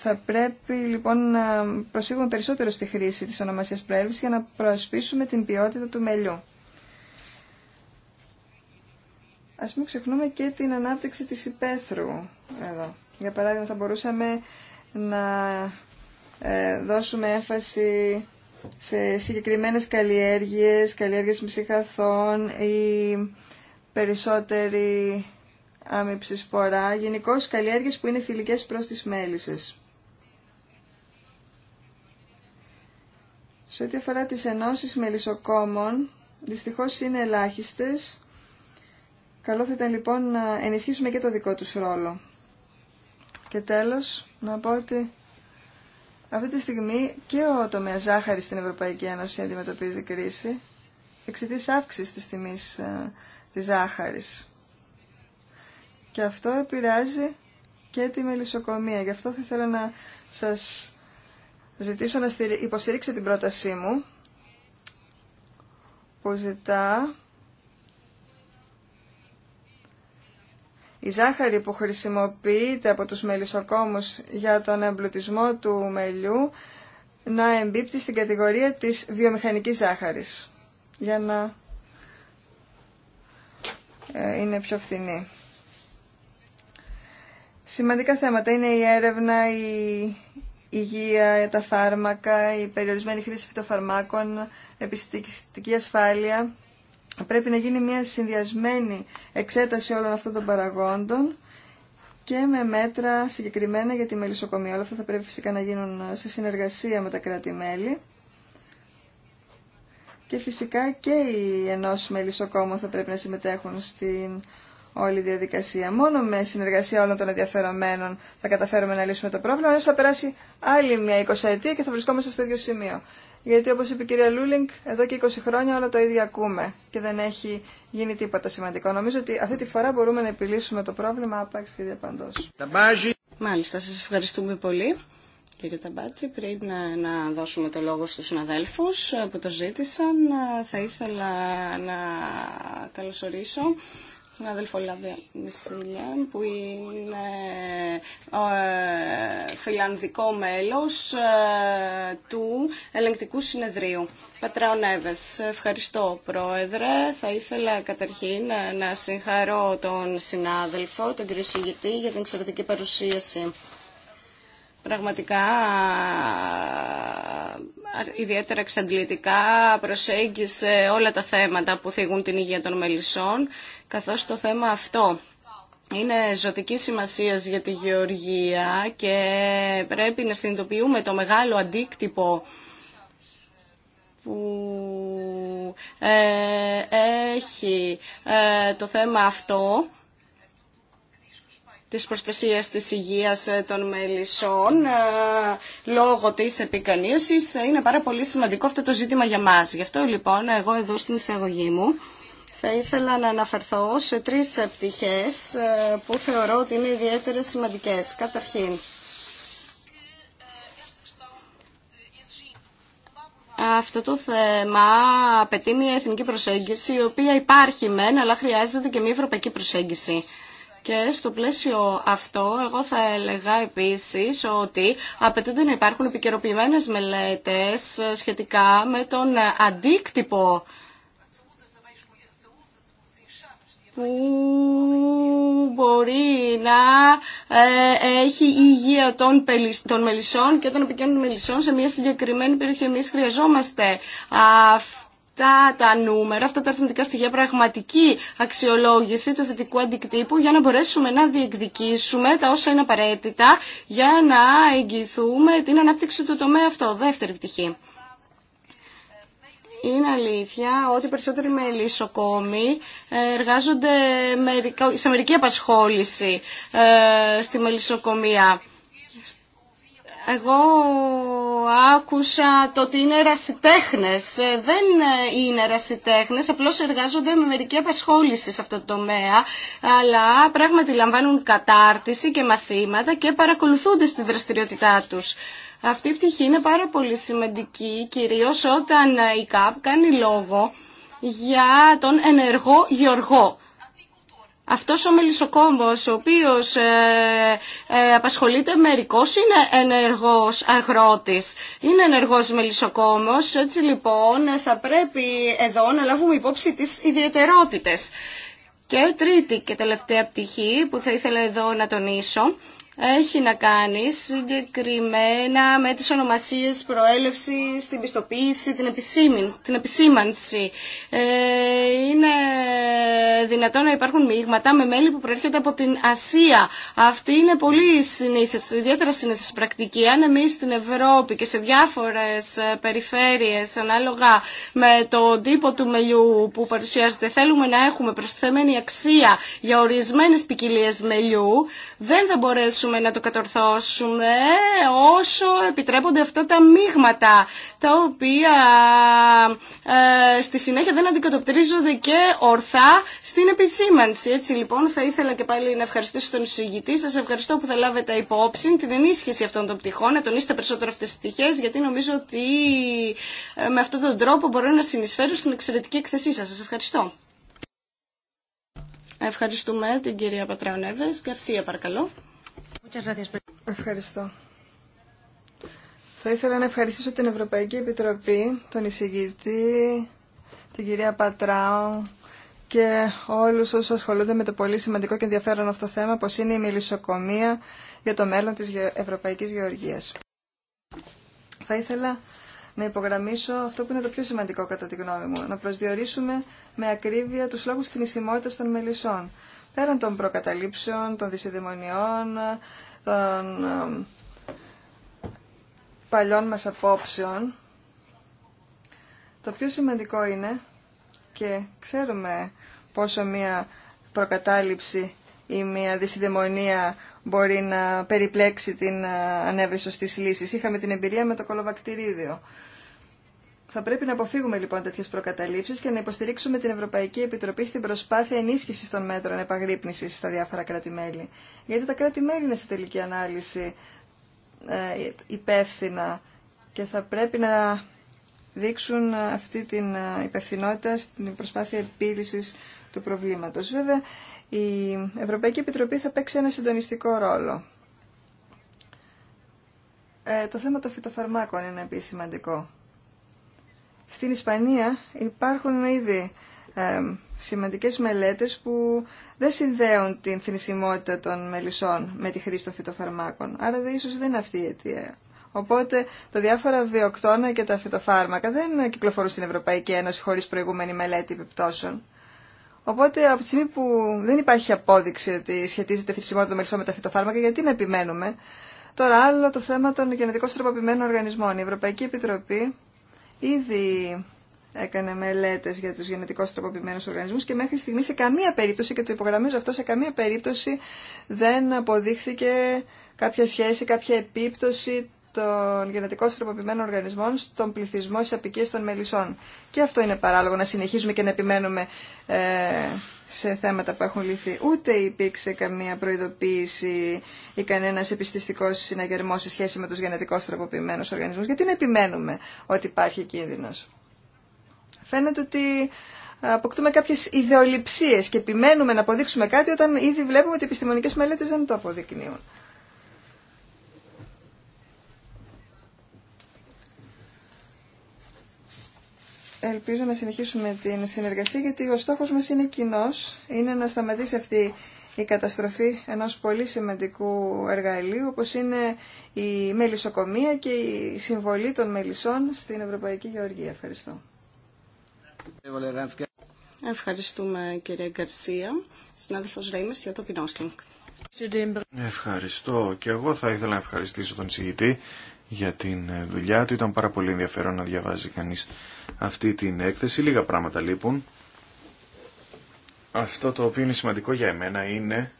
Θα πρέπει λοιπόν να προσφύγουμε περισσότερο στη χρήση της ονομασίας προέλευσης για να προασπίσουμε την ποιότητα του μελιού. Ας μην ξεχνούμε και την ανάπτυξη της υπαίθρου εδώ. Για παράδειγμα, θα μπορούσαμε να ε, δώσουμε έμφαση σε συγκεκριμένες καλλιέργειες, καλλιέργειες ψυχαθών ή περισσότερη άμυψη σπορά, γενικώ καλλιέργειες που είναι φιλικές προς τις μέλισσες. Σε ό,τι αφορά τις ενώσεις μελισσοκόμων, δυστυχώς είναι ελάχιστες. Καλό θα ήταν λοιπόν να ενισχύσουμε και το δικό τους ρόλο. Και τέλος, να πω ότι αυτή τη στιγμή και ο τομέας ζάχαρης στην Ευρωπαϊκή Ένωση αντιμετωπίζει κρίση εξαιτής αύξησης της τιμής ε, της ζάχαρης. Και αυτό επηρεάζει και τη μελισσοκομεία. Γι' αυτό θα ήθελα να σας ζητήσω να υποστηρίξετε την πρότασή μου που ζητά Η ζάχαρη που χρησιμοποιείται από τους μελισσοκόμους για τον εμπλουτισμό του μελιού να εμπίπτει στην κατηγορία της βιομηχανικής ζάχαρης για να ε, είναι πιο φθηνή. Σημαντικά θέματα είναι η έρευνα, η υγεία, τα φάρμακα, η περιορισμένη χρήση φυτοφαρμάκων, επιστημιστική ασφάλεια πρέπει να γίνει μια συνδυασμένη εξέταση όλων αυτών των παραγόντων και με μέτρα συγκεκριμένα για τη μελισσοκομία. Όλα αυτά θα πρέπει φυσικά να γίνουν σε συνεργασία με τα κράτη-μέλη. Και φυσικά και οι ενός μελισσοκόμων θα πρέπει να συμμετέχουν στην όλη διαδικασία. Μόνο με συνεργασία όλων των ενδιαφερομένων θα καταφέρουμε να λύσουμε το πρόβλημα, έως θα περάσει άλλη μια εικοσαετία και θα βρισκόμαστε στο ίδιο σημείο γιατί όπως είπε η κυρία Λούλινγκ, εδώ και 20 χρόνια όλα το ίδια ακούμε και δεν έχει γίνει τίποτα σημαντικό. Νομίζω ότι αυτή τη φορά μπορούμε να επιλύσουμε το πρόβλημα άπαξ και διαπαντός. Μάλιστα, σας ευχαριστούμε πολύ. Κύριε Ταμπάτση, πριν ε, να δώσουμε το λόγο στους συναδέλφους ε, που το ζήτησαν, ε, θα ήθελα να καλωσορίσω συνάδελφο Λαβία Μισήλια, που είναι ε, φιλανδικό μέλος ε, του Ελεγκτικού Συνεδρίου. Νέβες, ευχαριστώ Πρόεδρε. Θα ήθελα καταρχήν ε, να συγχαρώ τον συνάδελφο, τον κύριο Συγητή, για την εξαιρετική παρουσίαση. Πραγματικά ιδιαίτερα εξαντλητικά προσέγγισε όλα τα θέματα που θίγουν την υγεία των μελισσών καθώς το θέμα αυτό είναι ζωτική σημασία για τη γεωργία και πρέπει να συνειδητοποιούμε το μεγάλο αντίκτυπο που ε, έχει ε, το θέμα αυτό της προστασίας της υγείας ε, των μελισσών λόγω της επικανίωσης. Είναι πάρα πολύ σημαντικό αυτό το ζήτημα για μας. Γι' αυτό λοιπόν εγώ εδώ στην εισαγωγή μου θα ήθελα να αναφερθώ σε τρεις πτυχές ε, που θεωρώ ότι είναι ιδιαίτερα σημαντικές. Καταρχήν, αυτό το θέμα απαιτεί μια εθνική προσέγγιση, η οποία υπάρχει μεν, αλλά χρειάζεται και μια ευρωπαϊκή προσέγγιση. Και στο πλαίσιο αυτό, εγώ θα έλεγα επίσης ότι απαιτούνται να υπάρχουν επικαιροποιημένες μελέτες ε, σχετικά με τον αντίκτυπο που μπορεί να ε, έχει υγεία των, των μελισσών και των επικέντρων μελισσών σε μια συγκεκριμένη περιοχή. Εμεί χρειαζόμαστε αυτά τα νούμερα, αυτά τα αριθμητικά στοιχεία, πραγματική αξιολόγηση του θετικού αντικτύπου για να μπορέσουμε να διεκδικήσουμε τα όσα είναι απαραίτητα για να εγγυηθούμε την ανάπτυξη του τομέα αυτό. Δεύτερη πτυχή. Είναι αλήθεια ότι περισσότεροι μελισσοκόμοι ε, εργάζονται σε μερική απασχόληση ε, στη μελισσοκομεία. Εγώ άκουσα το ότι είναι ερασιτέχνες. Ε, δεν είναι ερασιτέχνες, απλώς εργάζονται με μερική απασχόληση σε αυτό το τομέα, αλλά πράγματι λαμβάνουν κατάρτιση και μαθήματα και παρακολουθούνται στη δραστηριότητά τους. Αυτή η πτυχή είναι πάρα πολύ σημαντική, κυρίως όταν ε, η ΚΑΠ κάνει λόγο για τον ενεργό γεωργό. Αυτός ο μελισσοκόμος, ο οποίος ε, ε, απασχολείται μερικώς, είναι ενεργός αγρότης. Είναι ενεργός μελισσοκόμος, έτσι λοιπόν θα πρέπει εδώ να λάβουμε υπόψη τις ιδιαιτερότητες. Και τρίτη και τελευταία πτυχή που θα ήθελα εδώ να τονίσω έχει να κάνει συγκεκριμένα με τις ονομασίες προέλευση, την πιστοποίηση, την, την επισήμανση. Ε, είναι δυνατόν να υπάρχουν μείγματα με μέλη που προέρχονται από την Ασία. Αυτή είναι πολύ συνήθες, ιδιαίτερα συνήθες πρακτική. Αν εμεί στην Ευρώπη και σε διάφορες περιφέρειες ανάλογα με το τύπο του μελιού που παρουσιάζεται θέλουμε να έχουμε προσθεμένη αξία για ορισμένες ποικιλίε μελιού, δεν θα μπορέσουμε προσπαθήσουμε να το κατορθώσουμε όσο επιτρέπονται αυτά τα μείγματα, τα οποία ε, στη συνέχεια δεν αντικατοπτρίζονται και ορθά στην επισήμανση. Έτσι λοιπόν θα ήθελα και πάλι να ευχαριστήσω τον συζητητή. Σας ευχαριστώ που θα λάβετε υπόψη την ενίσχυση αυτών των πτυχών, να τονίσετε περισσότερο αυτές τις πτυχές, γιατί νομίζω ότι ε, με αυτόν τον τρόπο μπορώ να συνεισφέρω στην εξαιρετική εκθεσή σας. Σας ευχαριστώ. Ευχαριστούμε την κυρία Πατρεωνέδες. Γκαρσία παρακαλώ. Ευχαριστώ. Θα ήθελα να ευχαριστήσω την Ευρωπαϊκή Επιτροπή, τον εισηγητή, την κυρία Πατράου και όλους όσους ασχολούνται με το πολύ σημαντικό και ενδιαφέρον αυτό θέμα, πως είναι η μιλισσοκομεία για το μέλλον της Ευρωπαϊκής Γεωργίας. Θα ήθελα να υπογραμμίσω αυτό που είναι το πιο σημαντικό κατά τη γνώμη μου, να προσδιορίσουμε με ακρίβεια τους λόγους νησιμότητας των μελισσών πέραν των προκαταλήψεων, των δυσιδαιμονιών, των παλιών μας απόψεων, το πιο σημαντικό είναι και ξέρουμε πόσο μία προκατάληψη ή μία δυσιδαιμονία μπορεί να περιπλέξει την ε, ανέβρεση σωστής λύσης. Είχαμε την εμπειρία με το κολοβακτηρίδιο. Θα πρέπει να αποφύγουμε λοιπόν τέτοιε προκαταλήψει και να υποστηρίξουμε την Ευρωπαϊκή Επιτροπή στην προσπάθεια ενίσχυση των μέτρων επαγρύπνηση στα διάφορα κράτη-μέλη. Γιατί τα κράτη-μέλη είναι σε τελική ανάλυση ε, υπεύθυνα και θα πρέπει να δείξουν αυτή την ε, υπευθυνότητα στην προσπάθεια επίλυσης του προβλήματο. Βέβαια, η Ευρωπαϊκή Επιτροπή θα παίξει ένα συντονιστικό ρόλο. Ε, το θέμα των φυτοφαρμάκων είναι επίση σημαντικό. Στην Ισπανία υπάρχουν ήδη ε, σημαντικές μελέτες που δεν συνδέουν την θνησιμότητα των μελισσών με τη χρήση των φυτοφαρμάκων. Άρα δε, ίσως δεν είναι αυτή η αιτία. Οπότε τα διάφορα βιοκτώνα και τα φυτοφάρμακα δεν κυκλοφορούν στην Ευρωπαϊκή Ένωση χωρίς προηγούμενη μελέτη επιπτώσεων. Οπότε από τη στιγμή που δεν υπάρχει απόδειξη ότι σχετίζεται η θρησιμότητα των μελισσών με τα φυτοφάρμακα, γιατί να επιμένουμε. Τώρα άλλο το θέμα των γενετικώς τροποποιημένων οργανισμών. Η Ευρωπαϊκή Επιτροπή ήδη έκανε μελέτε για του γενετικώ τροποποιημένου οργανισμού και μέχρι στιγμή σε καμία περίπτωση, και το υπογραμμίζω αυτό, σε καμία περίπτωση δεν αποδείχθηκε κάποια σχέση, κάποια επίπτωση των γενετικώ τροποποιημένων οργανισμών στον πληθυσμό τη απικία των μελισσών. Και αυτό είναι παράλογο να συνεχίζουμε και να επιμένουμε ε, σε θέματα που έχουν λυθεί. Ούτε υπήρξε καμία προειδοποίηση ή κανένα επιστηστικό συναγερμό σε σχέση με του γενετικώ τροποποιημένου οργανισμού. Γιατί να επιμένουμε ότι υπάρχει κίνδυνο. Φαίνεται ότι αποκτούμε κάποιε ιδεολειψίε και επιμένουμε να αποδείξουμε κάτι όταν ήδη βλέπουμε ότι οι επιστημονικέ μελέτε δεν το αποδεικνύουν. ελπίζω να συνεχίσουμε την συνεργασία γιατί ο στόχος μας είναι κοινό, είναι να σταματήσει αυτή η καταστροφή ενός πολύ σημαντικού εργαλείου όπως είναι η μελισσοκομεία και η συμβολή των μελισσών στην Ευρωπαϊκή Γεωργία. Ευχαριστώ. Ευχαριστούμε κύριε Γκαρσία. Συνάδελφος Ρέιμες για το Πινόσκινγκ. Ευχαριστώ και εγώ θα ήθελα να ευχαριστήσω τον συγητή για την δουλειά του. Ήταν πάρα πολύ ενδιαφέρον να διαβάζει κανείς αυτή την έκθεση. Λίγα πράγματα λείπουν. Αυτό το οποίο είναι σημαντικό για εμένα είναι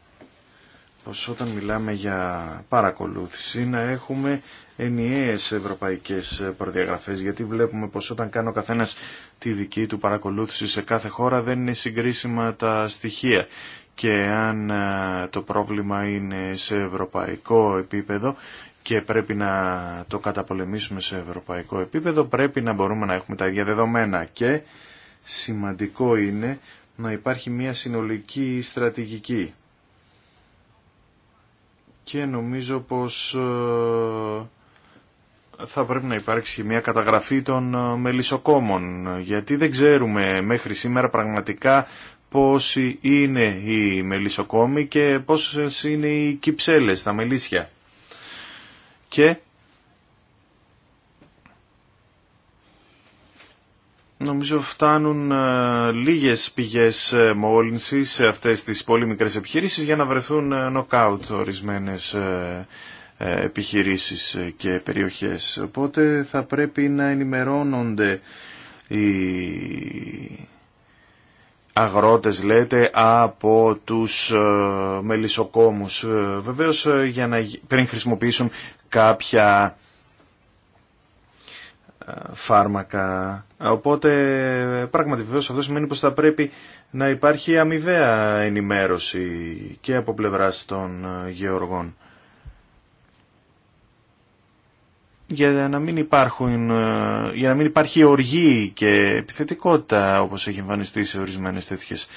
πως όταν μιλάμε για παρακολούθηση να έχουμε ενιαίες ευρωπαϊκές προδιαγραφές γιατί βλέπουμε πως όταν κάνει ο καθένας τη δική του παρακολούθηση σε κάθε χώρα δεν είναι συγκρίσιμα τα στοιχεία και αν ε, το πρόβλημα είναι σε ευρωπαϊκό επίπεδο και πρέπει να το καταπολεμήσουμε σε ευρωπαϊκό επίπεδο, πρέπει να μπορούμε να έχουμε τα ίδια δεδομένα και σημαντικό είναι να υπάρχει μια συνολική στρατηγική. Και νομίζω πως ε, θα πρέπει να υπάρξει μια καταγραφή των ε, μελισσοκόμων, γιατί δεν ξέρουμε μέχρι σήμερα πραγματικά πόσοι είναι οι μελισσοκόμοι και πόσες είναι οι κυψέλες, τα μελίσια και Νομίζω φτάνουν ε, λίγες πηγές ε, μόλυνσης σε αυτές τις πολύ μικρές επιχειρήσεις για να βρεθούν νοκάουτ ε, ορισμένες επιχειρήσεις και περιοχές. Οπότε θα πρέπει να ενημερώνονται οι αγρότες λέτε από τους μελισσοκόμους βεβαίως για να, πριν χρησιμοποιήσουν κάποια ε, φάρμακα. Οπότε πράγματι βεβαίως αυτό σημαίνει πως θα πρέπει να υπάρχει αμοιβαία ενημέρωση και από πλευράς των ε, γεωργών. Για να μην, υπάρχουν, ε, για να μην υπάρχει οργή και επιθετικότητα όπως έχει εμφανιστεί σε ορισμένες τέτοιες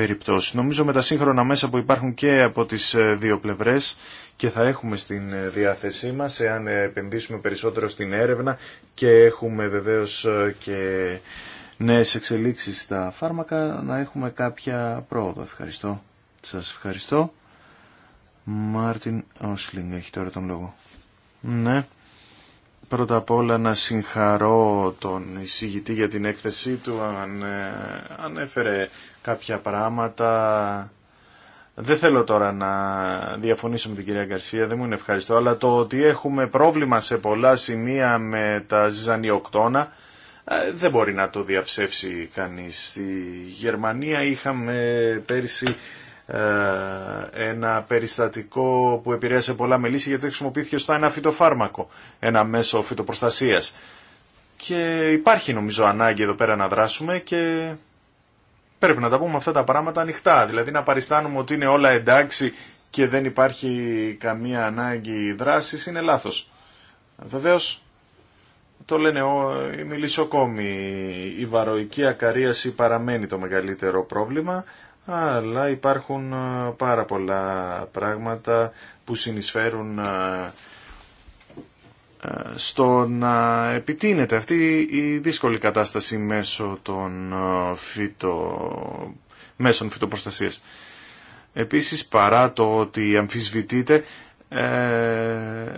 περιπτώσεις. Νομίζω με τα σύγχρονα μέσα που υπάρχουν και από τις ε, δύο πλευρές και θα έχουμε στην ε, διάθεσή μας, εάν ε, επενδύσουμε περισσότερο στην έρευνα και έχουμε βεβαίως και νέες εξελίξεις στα φάρμακα, να έχουμε κάποια πρόοδο. Ευχαριστώ. Σας ευχαριστώ. Μάρτιν Όσλινγκ έχει τώρα τον λόγο. Ναι πρώτα απ' όλα να συγχαρώ τον εισηγητή για την έκθεσή του αν ε, ανέφερε κάποια πράγματα. Δεν θέλω τώρα να διαφωνήσω με την κυρία Γκαρσία, δεν μου είναι ευχαριστώ, αλλά το ότι έχουμε πρόβλημα σε πολλά σημεία με τα ζυζανιοκτώνα ε, δεν μπορεί να το διαψεύσει κανείς. Στη Γερμανία είχαμε πέρσι ε, ένα περιστατικό που επηρέασε πολλά μελίσια γιατί χρησιμοποιήθηκε στο ένα φυτοφάρμακο, ένα μέσο φυτοπροστασίας. Και υπάρχει νομίζω ανάγκη εδώ πέρα να δράσουμε και πρέπει να τα πούμε αυτά τα πράγματα ανοιχτά. Δηλαδή να παριστάνουμε ότι είναι όλα εντάξει και δεν υπάρχει καμία ανάγκη δράσης είναι λάθος. Βεβαίω, το λένε οι μιλισσοκόμοι. Η βαροϊκή ακαρίαση παραμένει το μεγαλύτερο πρόβλημα, αλλά υπάρχουν ε, πάρα πολλά πράγματα που συνεισφέρουν ε, ε, στο να επιτείνεται αυτή η δύσκολη κατάσταση μέσω των φυτο... μέσων φυτοπροστασίας. Επίσης, παρά το ότι αμφισβητείται,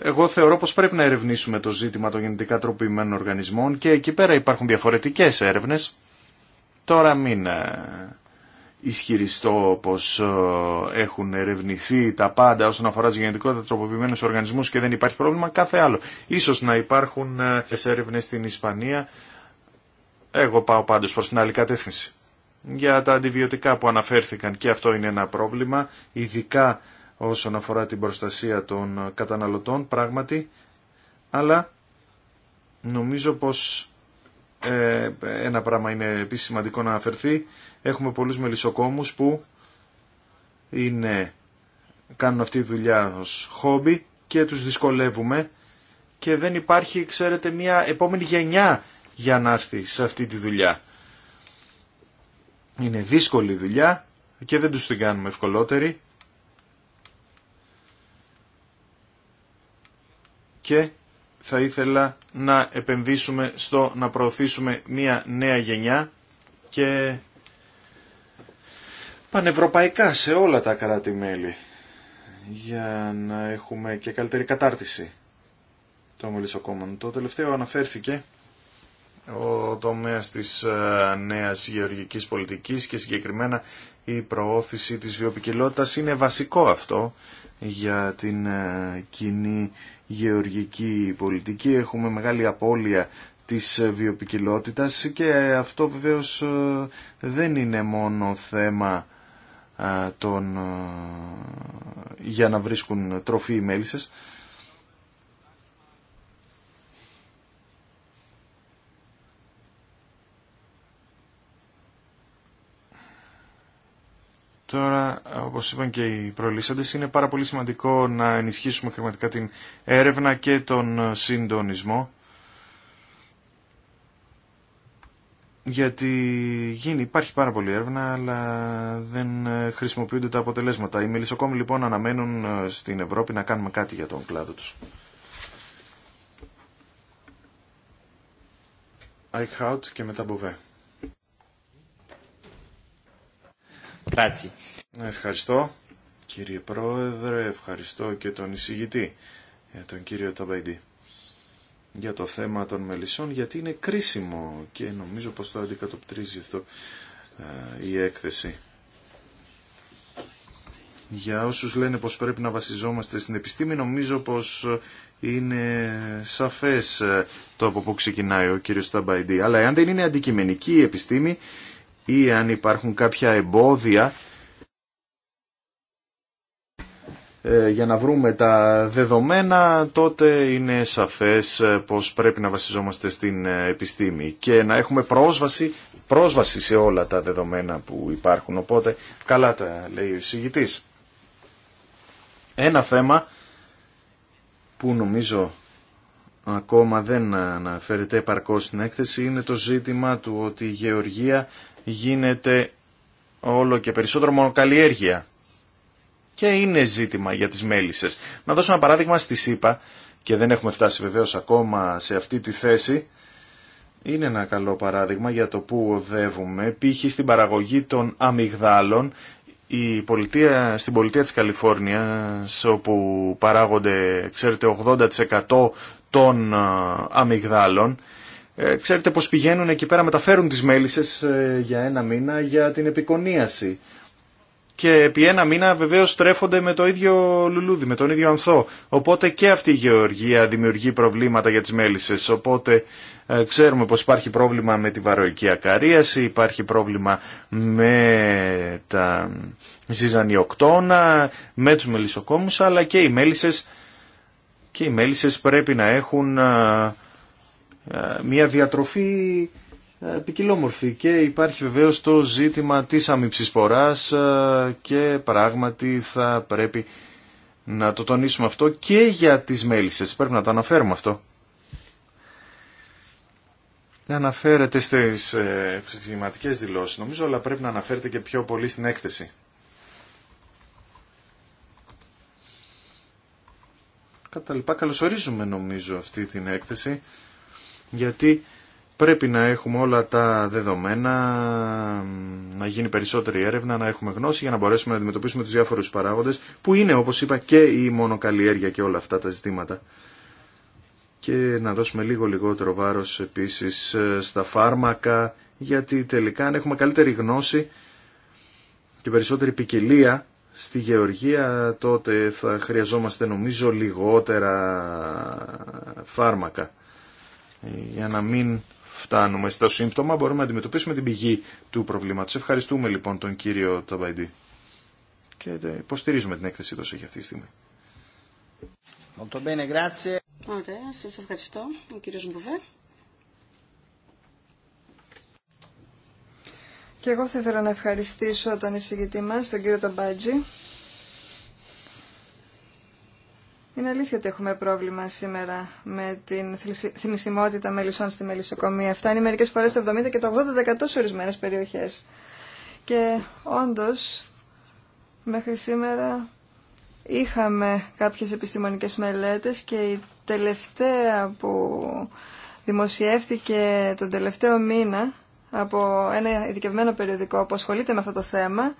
εγώ θεωρώ πως πρέπει να ερευνήσουμε το ζήτημα των γενετικά τροποιημένων οργανισμών και εκεί πέρα υπάρχουν διαφορετικές έρευνες. Τώρα μην ισχυριστώ πως ε, έχουν ερευνηθεί τα πάντα όσον αφορά του γενετικότητα τροποποιημένους οργανισμούς και δεν υπάρχει πρόβλημα, κάθε άλλο. Ίσως να υπάρχουν σε έρευνες στην Ισπανία, εγώ πάω πάντως προς την άλλη κατεύθυνση. Για τα αντιβιωτικά που αναφέρθηκαν και αυτό είναι ένα πρόβλημα, ειδικά όσον αφορά την προστασία των καταναλωτών πράγματι, αλλά νομίζω πως ε, ένα πράγμα είναι επίσης σημαντικό να αναφερθεί. Έχουμε πολλούς μελισσοκόμους που είναι, κάνουν αυτή τη δουλειά ως χόμπι και τους δυσκολεύουμε και δεν υπάρχει, ξέρετε, μια επόμενη γενιά για να έρθει σε αυτή τη δουλειά. Είναι δύσκολη δουλειά και δεν τους την κάνουμε ευκολότερη. Και θα ήθελα να επενδύσουμε στο να προωθήσουμε μια νέα γενιά και πανευρωπαϊκά σε όλα τα κράτη-μέλη για να έχουμε και καλύτερη κατάρτιση των μελισσοκόμων. Το τελευταίο αναφέρθηκε ο τομέας της ε, νέας γεωργικής πολιτικής και συγκεκριμένα η προώθηση της βιοπικιλότητας είναι βασικό αυτό για την ε, κοινή γεωργική πολιτική. Έχουμε μεγάλη απώλεια της ε, βιοπικιλότητας και αυτό βεβαίως ε, δεν είναι μόνο θέμα των... για να βρίσκουν τροφή οι μέλισσες Τώρα, όπως είπαν και οι προλύσαντε, είναι πάρα πολύ σημαντικό να ενισχύσουμε χρηματικά την έρευνα και τον συντονισμό. Γιατί γίνει, υπάρχει πάρα πολύ έρευνα, αλλά δεν χρησιμοποιούνται τα αποτελέσματα. Οι μελισσοκόμοι λοιπόν αναμένουν ε, στην Ευρώπη να κάνουμε κάτι για τον κλάδο τους. Eichhout και μετά Ευχαριστώ κύριε Πρόεδρε, ευχαριστώ και τον εισηγητή, ε, τον κύριο Ταμπαϊντή, για το θέμα των μελισσών, γιατί είναι κρίσιμο και νομίζω πως το αντικατοπτρίζει αυτό ε, η έκθεση. Για όσους λένε πως πρέπει να βασιζόμαστε στην επιστήμη, νομίζω πως είναι σαφές ε, το από πού ξεκινάει ο κύριος Ταμπαϊντή. Αλλά εάν δεν είναι αντικειμενική η επιστήμη, ή αν υπάρχουν κάποια εμπόδια ε, για να βρούμε τα δεδομένα, τότε είναι σαφές ε, πως πρέπει να βασιζόμαστε στην ε, επιστήμη και να έχουμε πρόσβαση, πρόσβαση σε όλα τα δεδομένα που υπάρχουν. Οπότε, καλά τα λέει ο εισηγητής. Ένα θέμα που νομίζω ακόμα δεν αναφέρεται επαρκώς στην έκθεση είναι το ζήτημα του ότι η γεωργία γίνεται όλο και περισσότερο μονοκαλλιέργεια. Και είναι ζήτημα για τις μέλισσες. Να δώσω ένα παράδειγμα στη ΣΥΠΑ, και δεν έχουμε φτάσει βεβαίως ακόμα σε αυτή τη θέση, είναι ένα καλό παράδειγμα για το που οδεύουμε. Π.χ. στην παραγωγή των αμυγδάλων, η πολιτεία, στην πολιτεία της Καλιφόρνιας, όπου παράγονται, ξέρετε, 80% των αμυγδάλων, ε, ξέρετε πως πηγαίνουν εκεί πέρα, μεταφέρουν τις μέλισσες ε, για ένα μήνα για την επικονίαση. Και επί ένα μήνα βεβαίως στρέφονται με το ίδιο λουλούδι, με τον ίδιο ανθό. Οπότε και αυτή η γεωργία δημιουργεί προβλήματα για τις μέλισσες. Οπότε ε, ξέρουμε πως υπάρχει πρόβλημα με τη βαροϊκή ακαρίαση, υπάρχει πρόβλημα με τα ζυζανιοκτώνα, με τους μελισσοκόμους, αλλά και οι μέλισσες, και οι μέλισσες πρέπει να έχουν ε, μια διατροφή ε, ποικιλόμορφη και υπάρχει βεβαίως το ζήτημα της ποράς ε, και πράγματι θα πρέπει να το τονίσουμε αυτό και για τις μέλισσες. Πρέπει να το αναφέρουμε αυτό. Αναφέρεται στις ψηφιματικές δηλώσεις νομίζω αλλά πρέπει να αναφέρετε και πιο πολύ στην έκθεση. Κατά λοιπά καλωσορίζουμε νομίζω αυτή την έκθεση γιατί πρέπει να έχουμε όλα τα δεδομένα, να γίνει περισσότερη έρευνα, να έχουμε γνώση για να μπορέσουμε να αντιμετωπίσουμε τους διάφορους παράγοντες που είναι όπως είπα και η μονοκαλλιέργεια και όλα αυτά τα ζητήματα. Και να δώσουμε λίγο λιγότερο βάρος επίσης ε, στα φάρμακα γιατί τελικά αν έχουμε καλύτερη γνώση και περισσότερη ποικιλία στη γεωργία τότε θα χρειαζόμαστε νομίζω λιγότερα φάρμακα για να μην φτάνουμε στο σύμπτωμα, μπορούμε να αντιμετωπίσουμε την πηγή του προβλήματος. Ευχαριστούμε λοιπόν τον κύριο Ταμπαϊντή και ε, υποστηρίζουμε την έκθεση τόσο για αυτή τη στιγμή. Ωραία, σας ευχαριστώ, ο κύριος Μπουβέ. Και εγώ θα ήθελα να ευχαριστήσω τον εισηγητή μας, τον κύριο Ταμπάτζη, είναι αλήθεια ότι έχουμε πρόβλημα σήμερα με την θνησιμότητα μελισσών στη μελισσοκομεία. Φτάνει μερικές φορές το 70% και το 80% σε ορισμένες περιοχές. Και όντως, μέχρι σήμερα είχαμε κάποιες επιστημονικές μελέτες και η τελευταία που δημοσιεύτηκε τον τελευταίο μήνα από ένα ειδικευμένο περιοδικό που ασχολείται με αυτό το θέμα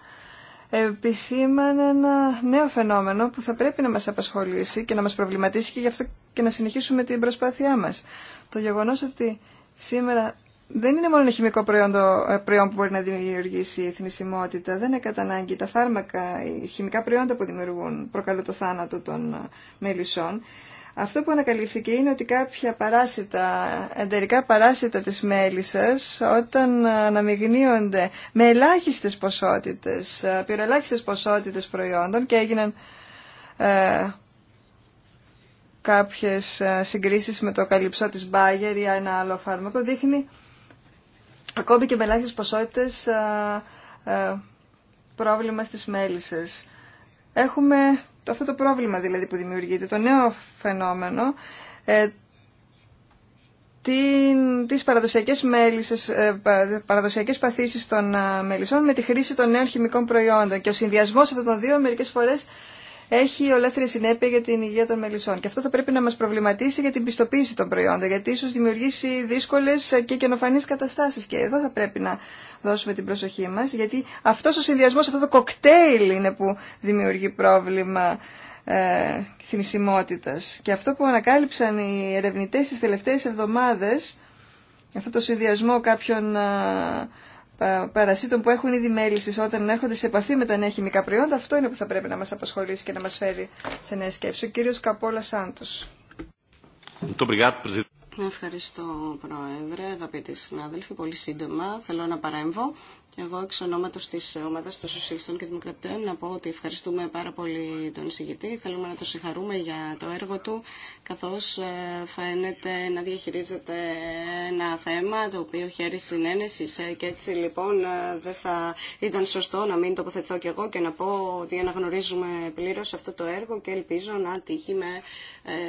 επισήμανε ένα νέο φαινόμενο που θα πρέπει να μας απασχολήσει και να μας προβληματίσει και γι' αυτό και να συνεχίσουμε την προσπάθειά μας. Το γεγονός ότι σήμερα δεν είναι μόνο ένα χημικό προϊόν, ε, προϊόν που μπορεί να δημιουργήσει η θνησιμότητα, δεν είναι κατά ανάγκη τα φάρμακα, οι χημικά προϊόντα που δημιουργούν, προκαλούν το θάνατο των ε, μελισσών. Αυτό που ανακαλύφθηκε είναι ότι κάποια παράσιτα, εντερικά παράσιτα της μέλισσας, όταν αναμειγνύονται με ελάχιστες ποσότητες, πυροελάχιστες ποσότητες προϊόντων και έγιναν ε, κάποιες ε, συγκρίσεις με το καλυψό της μπάγερ ή ένα άλλο φάρμακο, δείχνει ακόμη και με ελάχιστες ποσότητες ε, ε, πρόβλημα στις μέλισσες. Έχουμε αυτό το πρόβλημα δηλαδή που δημιουργείται, το νέο φαινόμενο, ε, την, τις παραδοσιακές, μέλισσες, ε, παραδοσιακές παθήσεις των ε, μελισσών με τη χρήση των νέων χημικών προϊόντων. Και ο συνδυασμός αυτών των δύο μερικές φορές έχει ολέθρια συνέπεια για την υγεία των μελισσών. Και αυτό θα πρέπει να μα προβληματίσει για την πιστοποίηση των προϊόντων, γιατί ίσω δημιουργήσει δύσκολε και καινοφανεί καταστάσει. Και εδώ θα πρέπει να δώσουμε την προσοχή μα, γιατί αυτό ο συνδυασμό, αυτό το κοκτέιλ είναι που δημιουργεί πρόβλημα ε, Και αυτό που ανακάλυψαν οι ερευνητέ τι τελευταίε εβδομάδε, αυτό το συνδυασμό κάποιων ε, ε, παρασίτων που έχουν ήδη μέληση όταν έρχονται σε επαφή με τα νέα χημικά προϊόντα, αυτό είναι που θα πρέπει να μα απασχολήσει και να μα φέρει σε νέα σκέψη. Ο κύριο Καπόλα Σάντο. Ευχαριστώ Πρόεδρε, αγαπητοί συνάδελφοι. Πολύ σύντομα θέλω να παρέμβω εγώ εξ ονόματο τη ομάδα των Σοσιαλιστών και Δημοκρατών να πω ότι ευχαριστούμε πάρα πολύ τον συγητή. Θέλουμε να τον συγχαρούμε για το έργο του, Καθώ ε, φαίνεται να διαχειρίζεται ένα θέμα το οποίο χαίρει συνένεση ε, και έτσι λοιπόν ε, δεν θα ήταν σωστό να μην τοποθετηθώ κι εγώ και να πω ότι αναγνωρίζουμε πλήρω αυτό το έργο και ελπίζω να τύχει, με,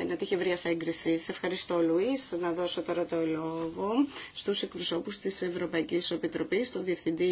να τύχει έγκριση. Σε ευχαριστώ Λούί Να δώσω τώρα το λόγο στου εκπροσώπου τη Ευρωπαϊκή Επιτροπή, τον Διευθυντή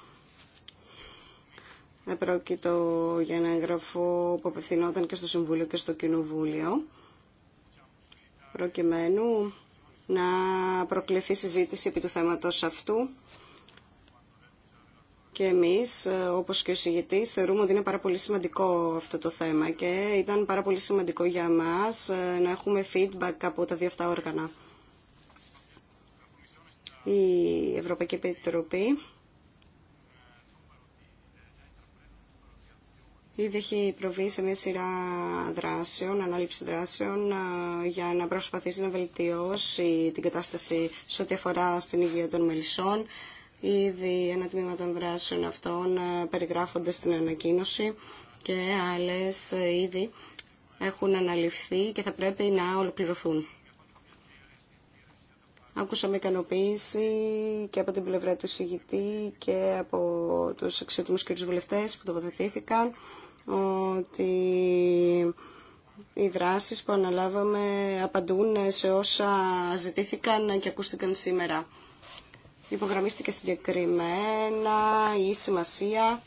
Επρόκειτο για ένα έγγραφο που απευθυνόταν και στο Συμβούλιο και στο Κοινοβούλιο, προκειμένου να προκληθεί συζήτηση επί του θέματος αυτού. Και εμείς, όπως και ο συγητής, θεωρούμε ότι είναι πάρα πολύ σημαντικό αυτό το θέμα και ήταν πάρα πολύ σημαντικό για μας ε, να έχουμε feedback από τα δύο αυτά όργανα. Η Ευρωπαϊκή Επιτροπή Ήδη έχει προβεί σε μια σειρά δράσεων, ανάληψη δράσεων, για να προσπαθήσει να βελτιώσει την κατάσταση σε ό,τι αφορά στην υγεία των μελισσών. Ήδη ένα τμήμα των δράσεων αυτών περιγράφονται στην ανακοίνωση και άλλες ήδη έχουν αναλυφθεί και θα πρέπει να ολοκληρωθούν. Άκουσαμε ικανοποίηση και από την πλευρά του συγητή και από τους εξαιτούμους και τους βουλευτές που τοποθετήθηκαν ότι οι δράσεις που αναλάβαμε απαντούν σε όσα ζητήθηκαν και ακούστηκαν σήμερα. Υπογραμμίστηκε συγκεκριμένα η σημασία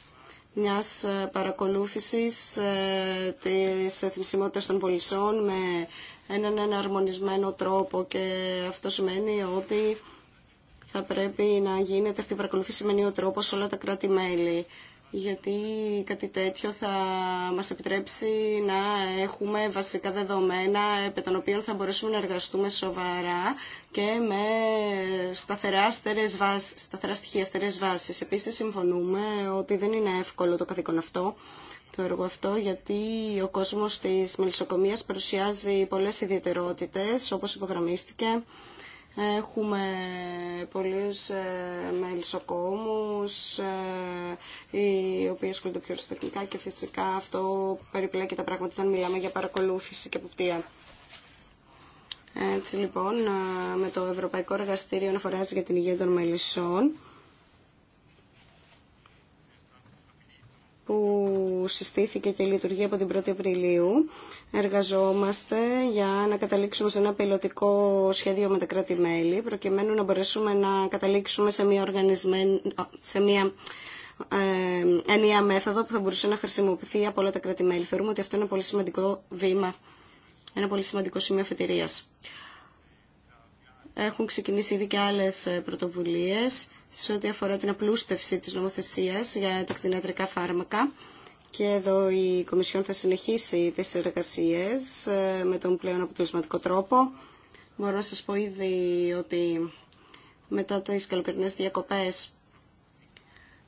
μιας παρακολούθησης ε, της εθνισμότητας των πολισών με έναν εναρμονισμένο τρόπο και αυτό σημαίνει ότι θα πρέπει να γίνεται αυτή η παρακολούθηση με νέο τρόπο σε όλα τα κράτη-μέλη γιατί κάτι τέτοιο θα μας επιτρέψει να έχουμε βασικά δεδομένα επί των οποίων θα μπορέσουμε να εργαστούμε σοβαρά και με σταθερά, στερές βάσεις, σταθερά στοιχεία στερές βάσεις. Επίσης συμφωνούμε ότι δεν είναι εύκολο το καθήκον αυτό το έργο αυτό, γιατί ο κόσμος της μελισσοκομείας παρουσιάζει πολλές ιδιαιτερότητες, όπως υπογραμμίστηκε. Έχουμε πολλούς ε, μελισσοκόμους, ε, οι οποίοι ασχολούνται πιο ρωστακτικά και φυσικά αυτό περιπλέκει τα πράγματα όταν μιλάμε για παρακολούθηση και αποπτία. Έτσι λοιπόν, ε, με το Ευρωπαϊκό Εργαστήριο Αναφοράς για την Υγεία των Μελισσών, που συστήθηκε και λειτουργεί από την 1η Απριλίου. Εργαζόμαστε για να καταλήξουμε σε ένα πιλωτικό σχέδιο με τα κράτη-μέλη, προκειμένου να μπορέσουμε να καταλήξουμε σε μια, οργανισμένη, σε μια ε, ενιαία μέθοδο που θα μπορούσε να χρησιμοποιηθεί από όλα τα κράτη-μέλη. Θεωρούμε ότι αυτό είναι ένα πολύ σημαντικό βήμα, ένα πολύ σημαντικό σημείο αφετηρίας. Έχουν ξεκινήσει ήδη και άλλε ε, πρωτοβουλίες σε ό,τι αφορά την απλούστευση της νομοθεσία για τα κτηνιατρικά φάρμακα. Και εδώ η Κομισιόν θα συνεχίσει τι εργασίε ε, με τον πλέον αποτελεσματικό τρόπο. Μπορώ να σας πω ήδη ότι μετά τι καλοκαιρινές διακοπέ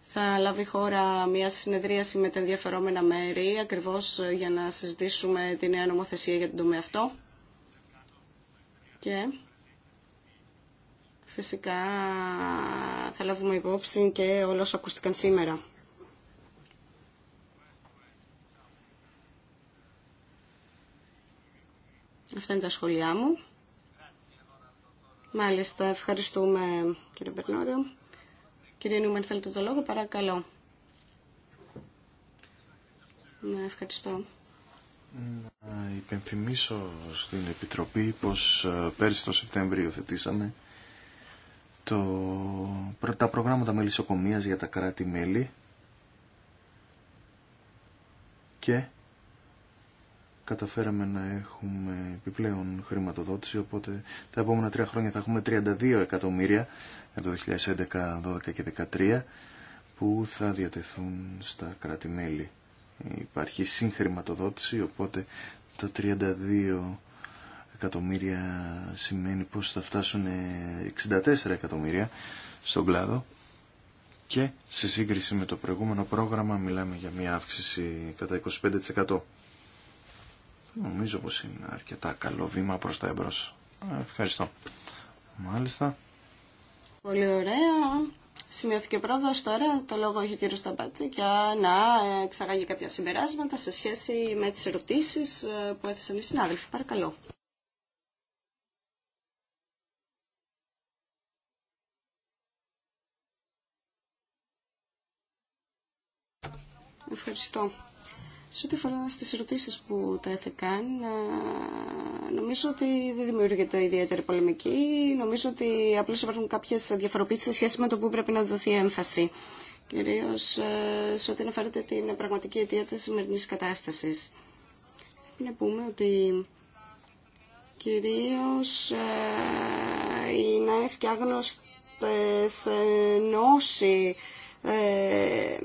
θα λάβει η χώρα μια συνεδρίαση με τα ενδιαφερόμενα μέρη, ακριβώς ε, για να συζητήσουμε τη νέα νομοθεσία για τον τομέα αυτό. Και Φυσικά θα λάβουμε υπόψη και όλα όσα ακούστηκαν σήμερα. Αυτά είναι τα σχόλιά μου. Μάλιστα, ευχαριστούμε κύριε Μπερνόριο. Κύριε Νούμερ, θέλετε το λόγο, παρακαλώ. Ναι, ευχαριστώ. Να υπενθυμίσω στην Επιτροπή πως ε, πέρσι το Σεπτέμβριο θετήσαμε το, τα προγράμματα μελισσοκομείας για τα κράτη-μέλη και καταφέραμε να έχουμε επιπλέον χρηματοδότηση, οπότε τα επόμενα τρία χρόνια θα έχουμε 32 εκατομμύρια για το 2011, 2012 και 2013 που θα διατεθούν στα κράτη-μέλη. Υπάρχει συγχρηματοδότηση, οπότε το 32 εκατομμύρια σημαίνει πως θα φτάσουν 64 ε, εκατομμύρια στον κλάδο και σε σύγκριση με το προηγούμενο πρόγραμμα μιλάμε για μια αύξηση κατά 25%. Νομίζω πως είναι αρκετά καλό βήμα προς τα εμπρός. Ε, ευχαριστώ. Μάλιστα. Πολύ ωραία. Σημειώθηκε πρόοδο τώρα. Το λόγο έχει ο κύριο Σταμπάτζη για να ε, εξαγάγει κάποια συμπεράσματα σε σχέση με τι ερωτήσει που έθεσαν οι συνάδελφοι. Παρακαλώ. Ευχαριστώ. Σε ό,τι αφορά στις ερωτήσει που τα έθεκαν, νομίζω ότι δεν δημιουργείται ιδιαίτερη πολεμική. Νομίζω ότι απλώ υπάρχουν κάποιες διαφοροποιήσει σε σχέση με το που πρέπει να δοθεί έμφαση. Κυρίω ε, σε ό,τι αναφέρεται την πραγματική αιτία της κατάσταση. κατάστασης. Να πούμε ότι κυρίως ε, οι νέες και άγνωστες ε, νόσοι ε,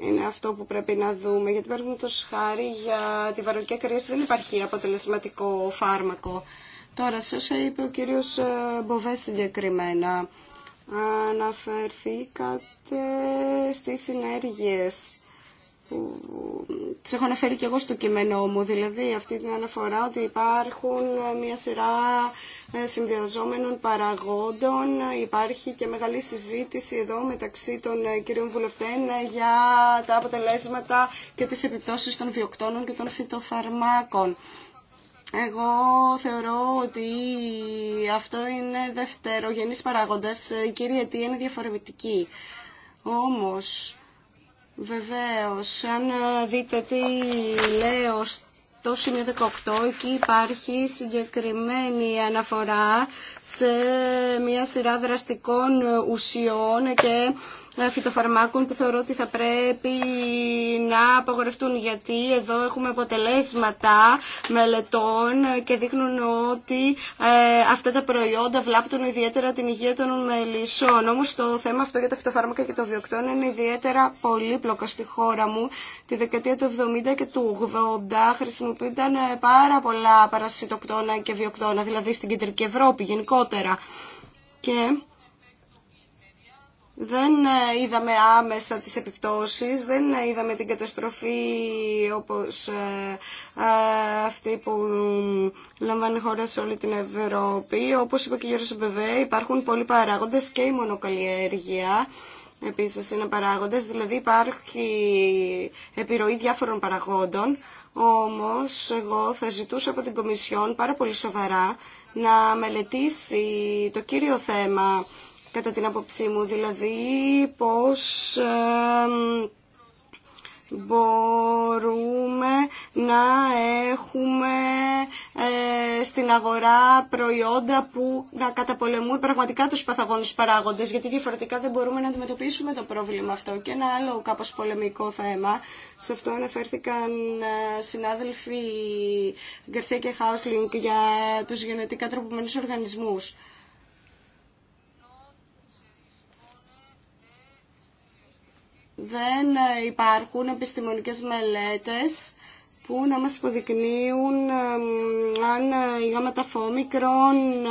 είναι αυτό που πρέπει να δούμε. Γιατί παίρνουμε το σχάρι για τη βαρολική κρίση δεν υπάρχει αποτελεσματικό φάρμακο. Τώρα, σε όσα είπε ο κύριος ε, Μποβέ συγκεκριμένα, αναφερθήκατε στις συνέργειες που τις έχω αναφέρει και εγώ στο κείμενό μου, δηλαδή αυτή την αναφορά ότι υπάρχουν μια σειρά ε, συνδυαζόμενων παραγόντων. Υπάρχει και μεγάλη συζήτηση εδώ μεταξύ των ε, κυρίων βουλευτών ε, για τα αποτελέσματα και τις επιπτώσεις των βιοκτώνων και των φυτοφαρμάκων. Εγώ θεωρώ ότι αυτό είναι δευτερογενής παράγοντας. Η κύρια αιτία είναι διαφορετική. Όμως, Βεβαίως, αν ε, δείτε τι λέω το σημείο 18 εκεί υπάρχει συγκεκριμένη αναφορά σε μια σειρά δραστικών ε, ουσιών και ε, φυτοφαρμάκων που θεωρώ ότι θα πρέπει να απαγορευτούν γιατί εδώ έχουμε αποτελέσματα μελετών και δείχνουν ότι ε, αυτά τα προϊόντα βλάπτουν ιδιαίτερα την υγεία των μελισσών. Όμω το θέμα αυτό για τα φυτοφάρμακα και το βιοκτών είναι ιδιαίτερα πολύπλοκο στη χώρα μου. Τη δεκαετία του 70 και του 80 χρησιμοποιούνταν ε, πάρα πολλά παρασιτοκτόνα και βιοκτόνα, δηλαδή στην κεντρική Ευρώπη γενικότερα. Και δεν ε, είδαμε άμεσα τις επιπτώσεις, δεν ε, είδαμε την καταστροφή όπως ε, αυτή που λαμβάνει χώρα σε όλη την Ευρώπη. Όπως είπε και ο Γιώργος Μπεβέ, υπάρχουν πολλοί παράγοντες και η μονοκαλλιέργεια. Επίσης είναι παράγοντες, δηλαδή υπάρχει επιρροή διάφορων παραγόντων. Όμως εγώ θα ζητούσα από την Κομισιόν πάρα πολύ σοβαρά να μελετήσει το κύριο θέμα κατά την άποψή μου, δηλαδή πώς μπορούμε να έχουμε ε, στην αγορά προϊόντα που να καταπολεμούν πραγματικά τους παθαγόνους παράγοντες, γιατί διαφορετικά δεν μπορούμε να αντιμετωπίσουμε το πρόβλημα αυτό. Και ένα άλλο κάπως πολεμικό θέμα, σε αυτό αναφέρθηκαν ε, συνάδελφοι Γκαρσία και Χάουσλινγκ για τους γενετικά τροποποιημένους οργανισμούς. δεν υπάρχουν επιστημονικές μελέτες που να μας υποδεικνύουν αν οι γάμματα φόμικρον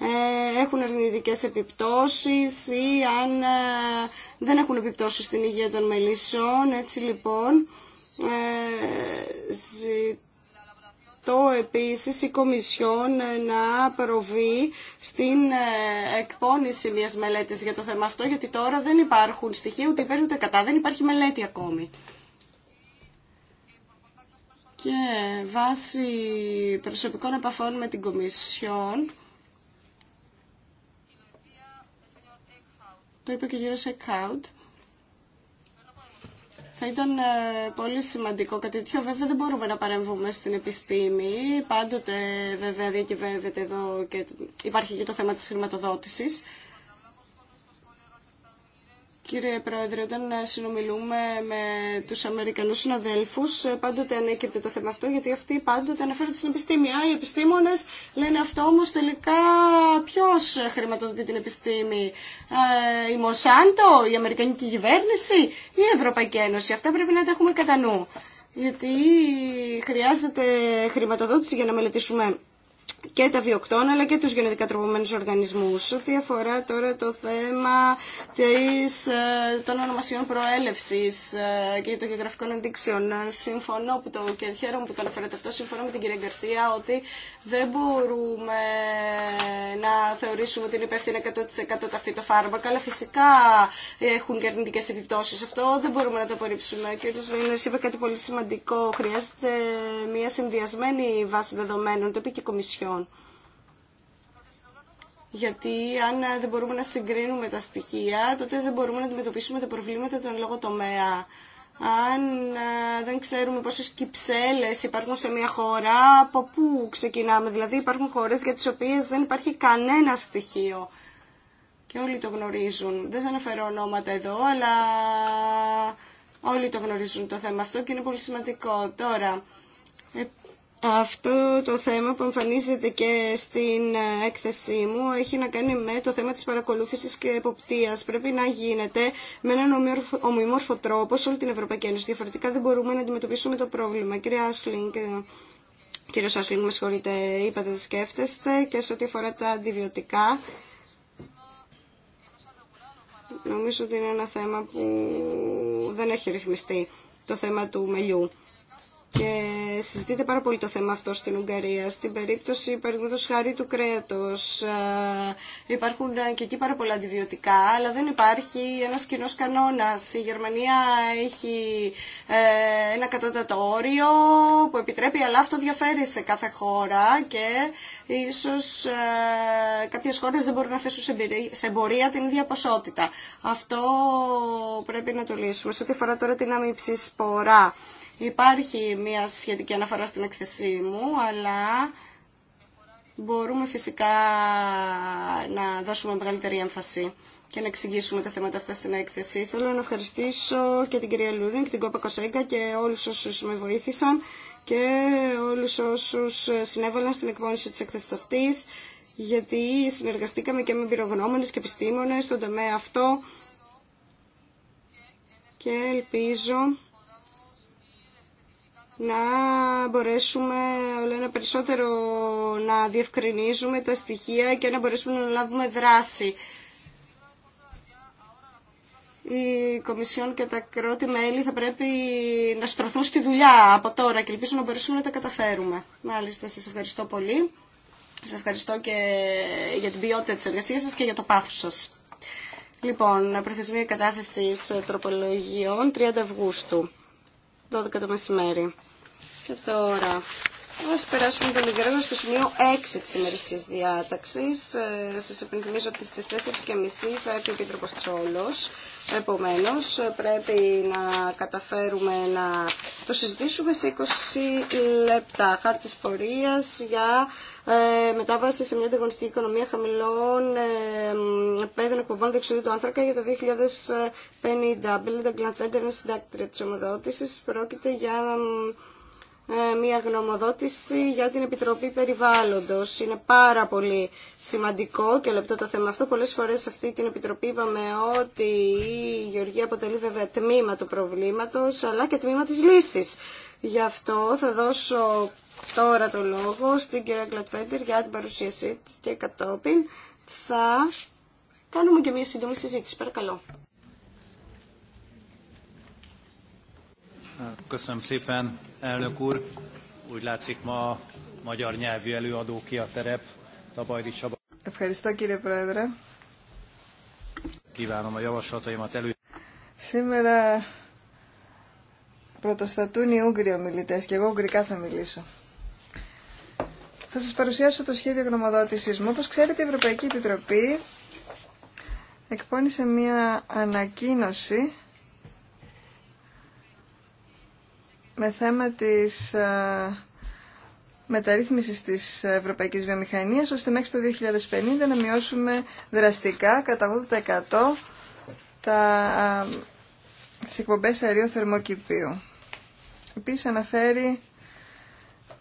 ε, έχουν αρνητικές επιπτώσεις ή αν ε, δεν έχουν επιπτώσεις στην υγεία των μελισσών. Έτσι λοιπόν, ε, το επίσης η Κομισιόν ε, να προβεί στην ε, εκπόνηση μιας μελέτης για το θέμα αυτό, γιατί τώρα δεν υπάρχουν στοιχεία ούτε υπέρ ούτε κατά, δεν υπάρχει μελέτη ακόμη. Και βάσει προσωπικών επαφών με την Κομισιόν, το είπε και ο κύριος Εκχάουτ, θα ήταν ε, πολύ σημαντικό κάτι τέτοιο. Βέβαια δεν μπορούμε να παρεμβούμε στην επιστήμη. Πάντοτε βέβαια διακυβεύεται εδώ και υπάρχει και το θέμα της χρηματοδότησης. Κύριε Πρόεδρε, όταν συνομιλούμε με του Αμερικανού συναδέλφου, πάντοτε ανέκυπτε το θέμα αυτό, γιατί αυτοί πάντοτε αναφέρονται στην επιστήμη. οι επιστήμονε λένε αυτό, όμω τελικά ποιο χρηματοδοτεί την επιστήμη, ε, η Μοσάντο, η Αμερικανική κυβέρνηση ή η Ευρωπαϊκή Ένωση. Αυτά πρέπει να τα έχουμε κατά νου. Γιατί χρειάζεται χρηματοδότηση για να μελετήσουμε και τα βιοκτών αλλά και τους γενετικά τροπομένους οργανισμούς. Ό,τι αφορά τώρα το θέμα της, ε, των ονομασιών προέλευσης ε, και των γεωγραφικών ενδείξεων, ε, συμφωνώ που το, και χαίρομαι που το αναφέρατε αυτό, συμφωνώ με την κυρία Γκαρσία ότι δεν μπορούμε να θεωρήσουμε ότι είναι υπεύθυνα 100% τα φυτοφάρμακα, αλλά φυσικά έχουν και αρνητικέ επιπτώσεις. Αυτό δεν μπορούμε να το απορρίψουμε. Και ο Λίνος είπε κάτι πολύ σημαντικό. Χρειάζεται μια συνδυασμένη βάση δεδομένων, το είπε και γιατί αν ε, δεν μπορούμε να συγκρίνουμε τα στοιχεία, τότε δεν μπορούμε να αντιμετωπίσουμε τα προβλήματα του εν λόγω τομέα. Αν ε, δεν ξέρουμε πόσες κυψέλες υπάρχουν σε μια χώρα, από πού ξεκινάμε. Δηλαδή υπάρχουν χώρες για τις οποίες δεν υπάρχει κανένα στοιχείο. Και όλοι το γνωρίζουν. Δεν θα αναφέρω ονόματα εδώ, αλλά όλοι το γνωρίζουν το θέμα αυτό και είναι πολύ σημαντικό. Τώρα, αυτό το θέμα που εμφανίζεται και στην ε, έκθεσή μου έχει να κάνει με το θέμα της παρακολούθησης και εποπτείας. Πρέπει να γίνεται με έναν ομοιόμορφο τρόπο σε όλη την Ευρωπαϊκή Ένωση. Διαφορετικά δεν μπορούμε να αντιμετωπίσουμε το πρόβλημα. Κύριε Άσλινγκ, ε, κύριε Άσλινγκ, με συγχωρείτε, είπατε τι σκέφτεστε και σε ό,τι αφορά τα αντιβιωτικά. Νομίζω ότι είναι ένα θέμα που δεν έχει ρυθμιστεί το θέμα του μελιού και συζητείται πάρα πολύ το θέμα αυτό στην Ουγγαρία. Στην περίπτωση, παραδείγματο χάρη του κρέατο, ε, υπάρχουν και εκεί πάρα πολλά αντιβιωτικά, αλλά δεν υπάρχει ένα κοινό κανόνα. Η Γερμανία έχει ε, ένα κατώτατο όριο που επιτρέπει, αλλά αυτό διαφέρει σε κάθε χώρα και ίσω ε, κάποιε χώρε δεν μπορούν να θέσουν σε εμπορία την ίδια ποσότητα. Αυτό πρέπει να το λύσουμε. Σε ό,τι αφορά τώρα την αμύψη σπορά. Υπάρχει μια σχετική αναφορά στην εκθεσή μου, αλλά μπορούμε φυσικά να δώσουμε μεγαλύτερη έμφαση και να εξηγήσουμε τα θέματα αυτά στην έκθεση. Θέλω να ευχαριστήσω και την κυρία και την Κόπα Κοσέγκα και όλους όσους με βοήθησαν και όλους όσους συνέβαλαν στην εκπόνηση της έκθεσης αυτής, γιατί συνεργαστήκαμε και με πυρογνώμονες και επιστήμονες στον τομέα αυτό και ελπίζω να μπορέσουμε όλο ένα περισσότερο να διευκρινίζουμε τα στοιχεία και να μπορέσουμε να λάβουμε δράση. Η Κομισιόν και τα κρότη μελη θα πρέπει να στρωθούν στη δουλειά από τώρα και ελπίζω να μπορέσουμε να τα καταφέρουμε. Μάλιστα, σας ευχαριστώ πολύ. Σας ευχαριστώ και για την ποιότητα της εργασίας σας και για το πάθος σας. Λοιπόν, προθεσμία κατάθεσης τροπολογιών 30 Αυγούστου, 12 το μεσημέρι. Και τώρα, ας περάσουμε πολύ γρήγορα στο σημείο 6 της ημερησίας διάταξης. Ε, σας επενθυμίζω ότι στις 4.30 θα έρθει ο Επίτροπος Τσόλος. Επομένως, πρέπει να καταφέρουμε να το συζητήσουμε σε 20 λεπτά. Χάρτης πορείας για ε, μετάβαση σε μια ανταγωνιστική οικονομία χαμηλών ε, πέδων εκπομπών δεξιού του άνθρακα για το 2050. Μπίλιντα Γκλαντφέντερ είναι συντάκτρια της ομοδότησης. Πρόκειται για ε, μια γνωμοδότηση για την Επιτροπή Περιβάλλοντος. Είναι πάρα πολύ σημαντικό και λεπτό το θέμα αυτό. Πολλές φορές σε αυτή την Επιτροπή είπαμε ότι η Γεωργία αποτελεί βέβαια τμήμα του προβλήματος, αλλά και τμήμα της λύσης. Γι' αυτό θα δώσω τώρα το λόγο στην κυρία Κλατφέντερ για την παρουσίασή της και κατόπιν θα κάνουμε και μια σύντομη συζήτηση. Παρακαλώ. Ευχαριστώ κύριε Πρόεδρε. Σήμερα πρωτοστατούν οι Ούγγροι ομιλητέ και εγώ Ουγγρικά θα μιλήσω. Θα σας παρουσιάσω το σχέδιο γνωμοδότησής μου. Όπως ξέρετε η Ευρωπαϊκή Επιτροπή εκπώνησε μία ανακοίνωση με θέμα της ε, μεταρρύθμισης της ευρωπαϊκής βιομηχανίας, ώστε μέχρι το 2050 να μειώσουμε δραστικά κατά 80% τα, ε, τις εκπομπές αερίων θερμοκηπίου. Επίσης αναφέρει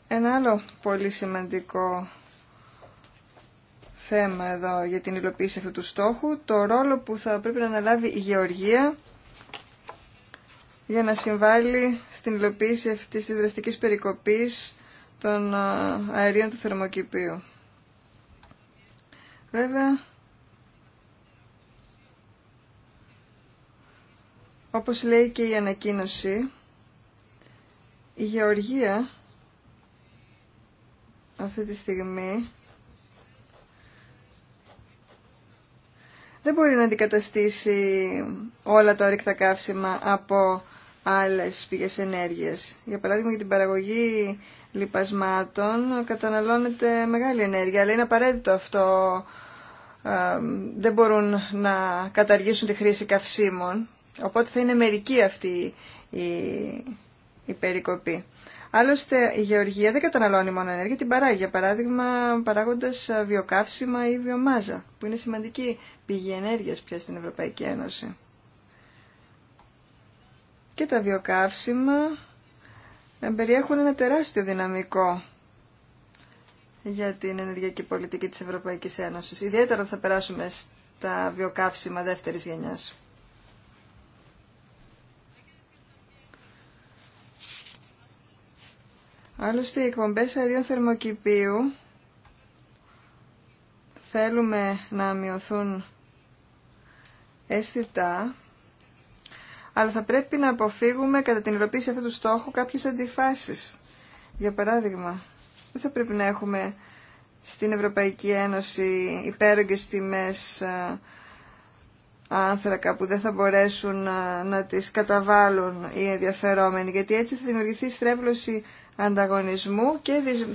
ένα άλλο πολύ σημαντικό θέμα εδώ για την υλοποίηση αυτού του στόχου, το ρόλο που θα πρέπει να αναλάβει η γεωργία για να συμβάλλει στην υλοποίηση αυτής της δραστικής περικοπής των ε, αερίων του θερμοκηπίου. Βέβαια, όπως λέει και η ανακοίνωση, η γεωργία αυτή τη στιγμή δεν μπορεί να αντικαταστήσει όλα τα ορυκτά καύσιμα από άλλες πηγές ενέργειας. Για παράδειγμα, για την παραγωγή λιπασμάτων καταναλώνεται μεγάλη ενέργεια, αλλά είναι απαραίτητο αυτό. δεν μπορούν να καταργήσουν τη χρήση καυσίμων, οπότε θα είναι μερική αυτή η, η περικοπή. Άλλωστε, η γεωργία δεν καταναλώνει μόνο ενέργεια, την παράγει, για παράδειγμα, παράγοντας βιοκαύσιμα ή βιομάζα, που είναι σημαντική πηγή ενέργειας πια στην Ευρωπαϊκή Ένωση και τα βιοκαύσιμα περιέχουν ένα τεράστιο δυναμικό για την ενεργειακή πολιτική της Ευρωπαϊκής Ένωσης. Ιδιαίτερα θα περάσουμε στα βιοκαύσιμα δεύτερης γενιάς. Άλλωστε, οι εκπομπές αερίων θερμοκηπίου θέλουμε να μειωθούν αισθητά αλλά θα πρέπει να αποφύγουμε κατά την υλοποίηση αυτού του στόχου κάποιες αντιφάσεις. Για παράδειγμα, δεν θα πρέπει να έχουμε στην Ευρωπαϊκή Ένωση υπέρογγες τιμές άνθρακα που δεν θα μπορέσουν να τις καταβάλουν οι ενδιαφερόμενοι, γιατί έτσι θα δημιουργηθεί στρέβλωση ανταγωνισμού και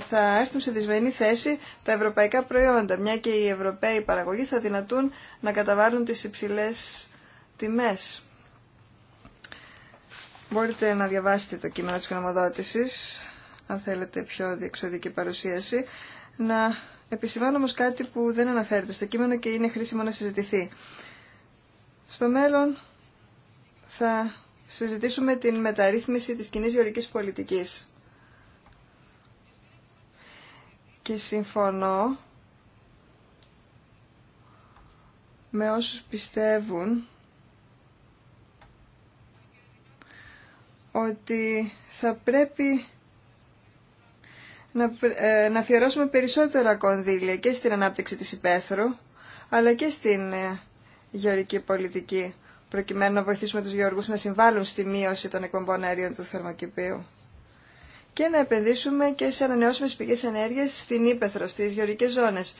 θα έρθουν σε δυσμενή θέση τα ευρωπαϊκά προϊόντα, μια και οι ευρωπαίοι παραγωγοί θα δυνατούν να καταβάλουν τις υψηλές τιμές. Μπορείτε να διαβάσετε το κείμενο της γνωμοδότησης, αν θέλετε πιο διεξοδική παρουσίαση. Να επισημάνω όμως κάτι που δεν αναφέρεται στο κείμενο και είναι χρήσιμο να συζητηθεί. Στο μέλλον θα συζητήσουμε την μεταρρύθμιση της κοινή γεωρικής πολιτικής. Και συμφωνώ με όσους πιστεύουν ότι θα πρέπει να, ε, να αφιερώσουμε περισσότερα κονδύλια και στην ανάπτυξη της υπαίθρου, αλλά και στην ε, γεωρική πολιτική, προκειμένου να βοηθήσουμε τους γεωργούς να συμβάλλουν στη μείωση των εκπομπών αερίων του θερμοκηπίου και να επενδύσουμε και σε ανανεώσιμες πηγές ενέργειας στην ύπεθρο, στις γεωρικές ζώνες.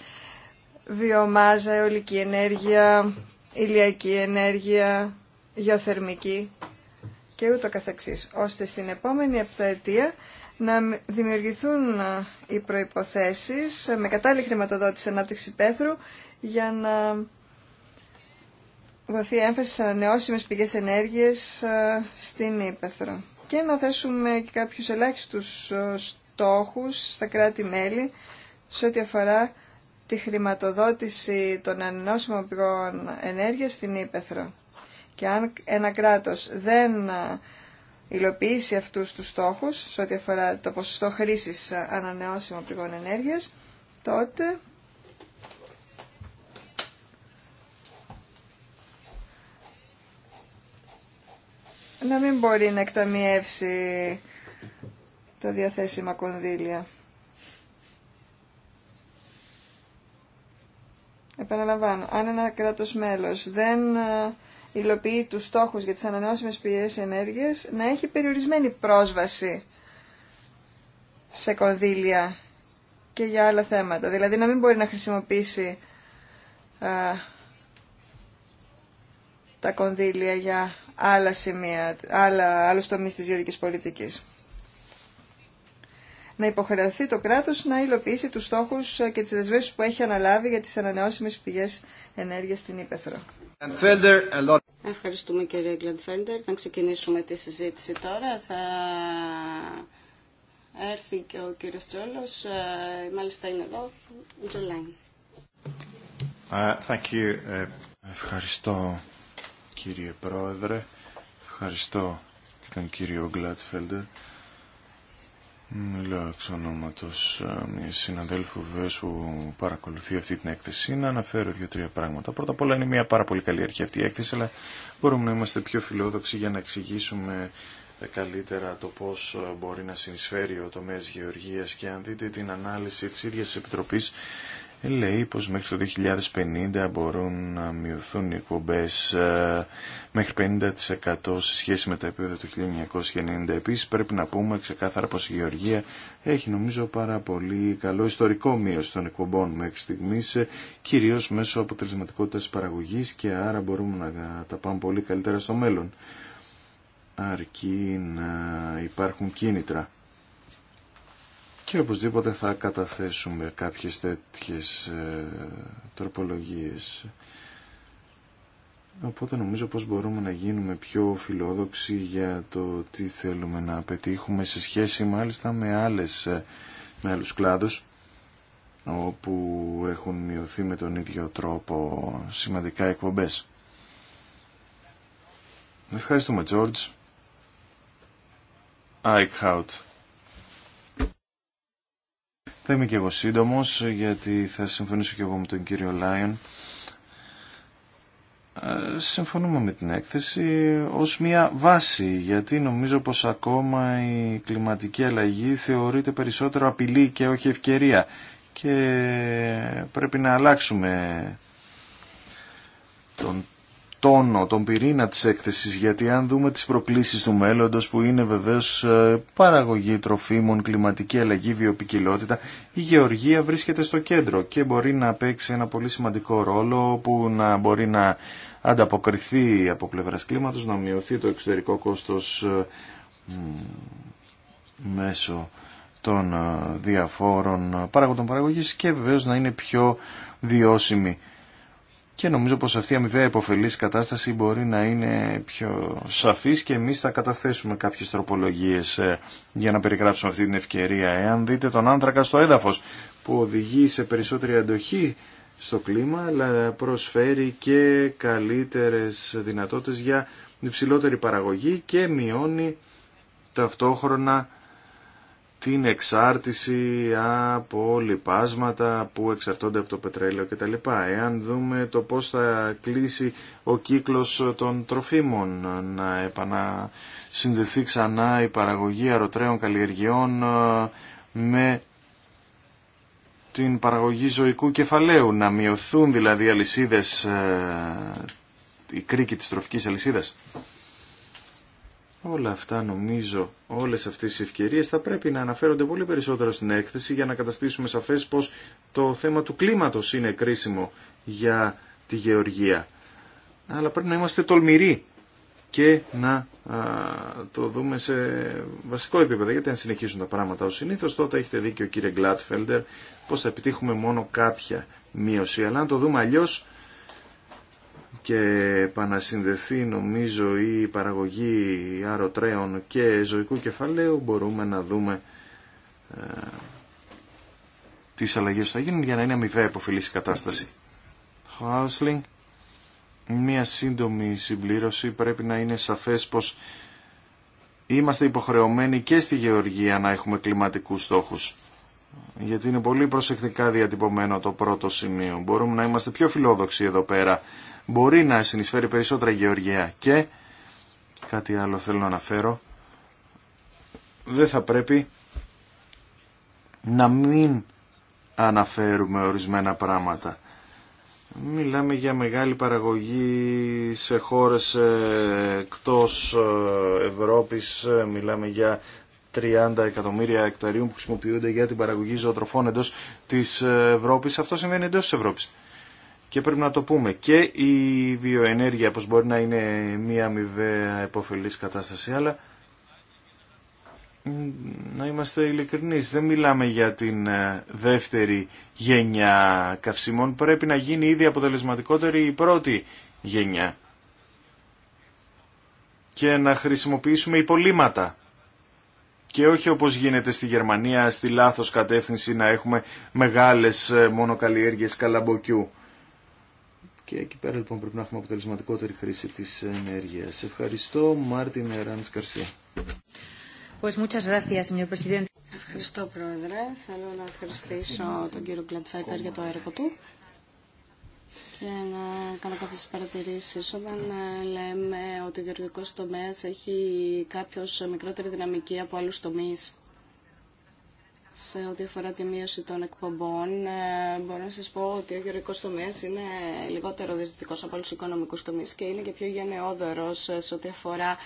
Βιομάζα, αιωλική ενέργεια, ηλιακή ενέργεια, γεωθερμική και ούτω καθεξής, ώστε στην επόμενη επταετία να δημιουργηθούν οι προϋποθέσεις με κατάλληλη χρηματοδότηση ανάπτυξη πέθρου για να δοθεί έμφαση σε ανανεώσιμες πηγές ενέργειας στην Ήπεθρο. Και να θέσουμε και κάποιους ελάχιστους στόχους στα κράτη-μέλη σε ό,τι αφορά τη χρηματοδότηση των ανανεώσιμων πηγών ενέργειας στην Ήπεθρο. Και αν ένα κράτος δεν υλοποιήσει αυτούς τους στόχους, σε ό,τι αφορά το ποσοστό χρήσης ανανεώσιμων πηγών ενέργειας, τότε να μην μπορεί να εκταμιεύσει τα διαθέσιμα κονδύλια. Επαναλαμβάνω, αν ένα κράτος μέλος δεν υλοποιεί τους στόχους για τις ανανεώσιμες πηγές ενέργειας να έχει περιορισμένη πρόσβαση σε κονδύλια και για άλλα θέματα. Δηλαδή να μην μπορεί να χρησιμοποιήσει τα κονδύλια για άλλα σημεία, άλλα, άλλους τομείς της γεωργικής πολιτικής. Να υποχρεωθεί το κράτος να υλοποιήσει τους στόχους και τις δεσμεύσεις που έχει αναλάβει για τις ανανεώσιμες πηγές ενέργειας στην Ήπεθρο. Ευχαριστούμε κύριε Γκλαντφέντερ. Θα ξεκινήσουμε τη συζήτηση τώρα. Θα έρθει και ο κύριος Τζόλος ε, μάλιστα είναι εδώ, Τζολάιν. Ε, ε. Ευχαριστώ κύριε Πρόεδρε, ευχαριστώ και τον κύριο Γκλαντφέντερ Μιλάω εξ ονόματος ε, μια συναδέλφου βεβαίως που παρακολουθεί αυτή την έκθεση να αναφέρω δύο-τρία πράγματα. Πρώτα απ' όλα είναι μια πάρα πολύ καλή αρχή αυτή η έκθεση αλλά μπορούμε να είμαστε πιο φιλόδοξοι για να εξηγήσουμε ε, καλύτερα το πώς ε, μπορεί να συνεισφέρει ο τομέας γεωργίας και αν δείτε την ανάλυση της ίδιας Επιτροπής ε, λέει πως μέχρι το 2050 μπορούν να μειωθούν οι εκπομπές ε, μέχρι 50% σε σχέση με τα επίπεδα του 1990. Επίσης πρέπει να πούμε ξεκάθαρα πως η Γεωργία έχει νομίζω πάρα πολύ καλό ιστορικό μείωση των εκπομπών μέχρι στιγμής, ε, κυρίως μέσω αποτελεσματικότητας της παραγωγής και άρα μπορούμε να τα πάμε πολύ καλύτερα στο μέλλον αρκεί να υπάρχουν κίνητρα και οπωσδήποτε θα καταθέσουμε κάποιες τέτοιες ε, τροπολογίες. Οπότε νομίζω πως μπορούμε να γίνουμε πιο φιλόδοξοι για το τι θέλουμε να πετύχουμε σε σχέση μάλιστα με, άλλες, ε, με άλλους κλάδους όπου έχουν μειωθεί με τον ίδιο τρόπο σημαντικά εκπομπές. Ευχαριστούμε George. Eichhout. Θα είμαι και εγώ σύντομο γιατί θα συμφωνήσω και εγώ με τον κύριο Λάιον. Ε, συμφωνούμε με την έκθεση ως μια βάση γιατί νομίζω πως ακόμα η κλιματική αλλαγή θεωρείται περισσότερο απειλή και όχι ευκαιρία και πρέπει να αλλάξουμε τον τόνο, τον πυρήνα της έκθεσης, γιατί αν δούμε τις προκλήσεις του μέλλοντος που είναι βεβαίως ε, παραγωγή τροφίμων, κλιματική αλλαγή, βιοπικιλότητα, η γεωργία βρίσκεται στο κέντρο και μπορεί να παίξει ένα πολύ σημαντικό ρόλο που να μπορεί να ανταποκριθεί από πλευράς κλίματος, να μειωθεί το εξωτερικό κόστος ε, μέσω των ε, διαφόρων παραγωγών παραγωγής και βεβαίως να είναι πιο βιώσιμη και νομίζω πως αυτή η αμοιβαία υποφελής κατάσταση μπορεί να είναι πιο σαφής και εμείς θα καταθέσουμε κάποιες τροπολογίες ε, για να περιγράψουμε αυτή την ευκαιρία. Εάν δείτε τον άνθρακα στο έδαφος που οδηγεί σε περισσότερη αντοχή στο κλίμα αλλά προσφέρει και καλύτερες δυνατότητες για υψηλότερη παραγωγή και μειώνει ταυτόχρονα την εξάρτηση από λοιπάσματα που εξαρτώνται από το πετρέλαιο κτλ. Εάν δούμε το πώς θα κλείσει ο κύκλος των τροφίμων, να επανασυνδεθεί ξανά η παραγωγή αρωτρέων καλλιεργειών ε, με την παραγωγή ζωικού κεφαλαίου, να μειωθούν δηλαδή αλυσίδες, η ε, κρίκη της τροφικής αλυσίδας. Όλα αυτά νομίζω, όλες αυτές οι ευκαιρίες θα πρέπει να αναφέρονται πολύ περισσότερο στην έκθεση για να καταστήσουμε σαφές πως το θέμα του κλίματος είναι κρίσιμο για τη γεωργία. Αλλά πρέπει να είμαστε τολμηροί και να το δούμε σε βασικό επίπεδο. Γιατί αν συνεχίσουν τα πράγματα ως συνήθως, τότε έχετε δίκιο κύριε Γκλάτφελντερ, πως θα επιτύχουμε μόνο κάποια μείωση. Αλλά αν το δούμε αλλιώς, και επανασυνδεθεί νομίζω η παραγωγή αρωτρέων και ζωικού κεφαλαίου μπορούμε να δούμε ε, τις αλλαγές που θα γίνουν για να είναι αμοιβαία υποφιλής η κατάσταση. Χάουσλινγκ, μία σύντομη συμπλήρωση πρέπει να είναι σαφές πως είμαστε υποχρεωμένοι και στη Γεωργία να έχουμε κλιματικούς στόχους. Γιατί είναι πολύ προσεκτικά διατυπωμένο το πρώτο σημείο. Μπορούμε να είμαστε πιο φιλόδοξοι εδώ πέρα μπορεί να συνεισφέρει περισσότερα γεωργία. Και κάτι άλλο θέλω να αναφέρω. Δεν θα πρέπει να μην αναφέρουμε ορισμένα πράγματα. Μιλάμε για μεγάλη παραγωγή σε χώρες ε, εκτός ε, Ευρώπης, μιλάμε για 30 εκατομμύρια εκταρίων που χρησιμοποιούνται για την παραγωγή ζωοτροφών εντός της ε, Ευρώπης. Αυτό συμβαίνει εντός της Ευρώπης και πρέπει να το πούμε και η βιοενέργεια πως μπορεί να είναι μια αμοιβαία επωφελής κατάσταση αλλά να είμαστε ειλικρινεί. δεν μιλάμε για την ε, δεύτερη γενιά καυσιμών πρέπει να γίνει ήδη αποτελεσματικότερη η πρώτη γενιά και να χρησιμοποιήσουμε υπολείμματα και όχι όπως γίνεται στη Γερμανία στη λάθος κατεύθυνση να έχουμε μεγάλες ε, μονοκαλλιέργειες καλαμποκιού και εκεί πέρα λοιπόν πρέπει να έχουμε αποτελεσματικότερη χρήση τη ενέργεια. Ευχαριστώ Μάρτιν Εράν Καρσία. Ευχαριστώ, Πρόεδρε. Θέλω να ευχαριστήσω τον κύριο Κλαντφάιτερ για το έργο του και να κάνω κάποιε παρατηρήσει, Όταν ε, λέμε ότι ο γεωργικό τομέα έχει κάποιο μικρότερη δυναμική από άλλου τομεί σε ό,τι αφορά τη μείωση των εκπομπών, ε, μπορώ να σα πω ότι ο γεωργικό τομέα είναι λιγότερο δυστυχώ από όλου του οικονομικού τομεί και είναι και πιο γενναιόδωρος ε, σε ό,τι αφορά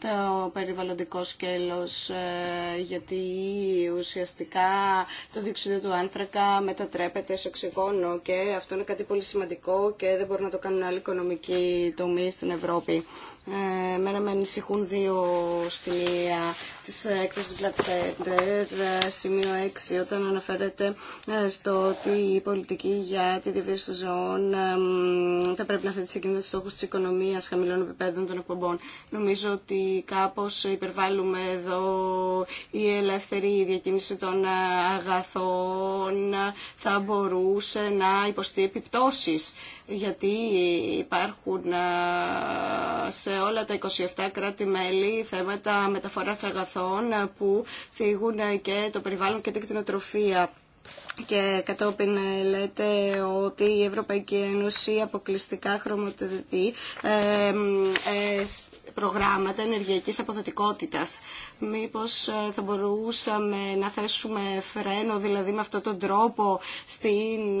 το περιβαλλοντικό σκέλος ε, γιατί ουσιαστικά το διοξείδιο του άνθρακα μετατρέπεται σε οξυγόνο και αυτό είναι κάτι πολύ σημαντικό και δεν μπορούν να το κάνουν άλλοι οικονομικοί τομείς στην Ευρώπη. Ε, μέρα με ανησυχούν δύο σημεία της ε, έκθεσης Gladfeder ε, σημείο 6, όταν αναφέρεται στο ότι η πολιτική για τη διαβίωση των ζώων θα πρέπει να θέτει σε κοινό τους στόχους της οικονομίας χαμηλών επιπέδων των εκπομπών. Νομίζω ότι κάπως υπερβάλλουμε εδώ η ελεύθερη διακίνηση των αγαθών θα μπορούσε να υποστεί επιπτώσεις γιατί υπάρχουν σε όλα τα 27 κράτη-μέλη θέματα μεταφοράς αγαθών που θίγουν και το περιβάλλον και την κτηνοτροφία. Και κατόπιν λέτε ότι η Ευρωπαϊκή Ένωση αποκλειστικά χρωματοδοτεί ε, ε, προγράμματα ενεργειακής αποδοτικότητας. Μήπως ε, θα μπορούσαμε να θέσουμε φρένο, δηλαδή με αυτόν τον τρόπο, στην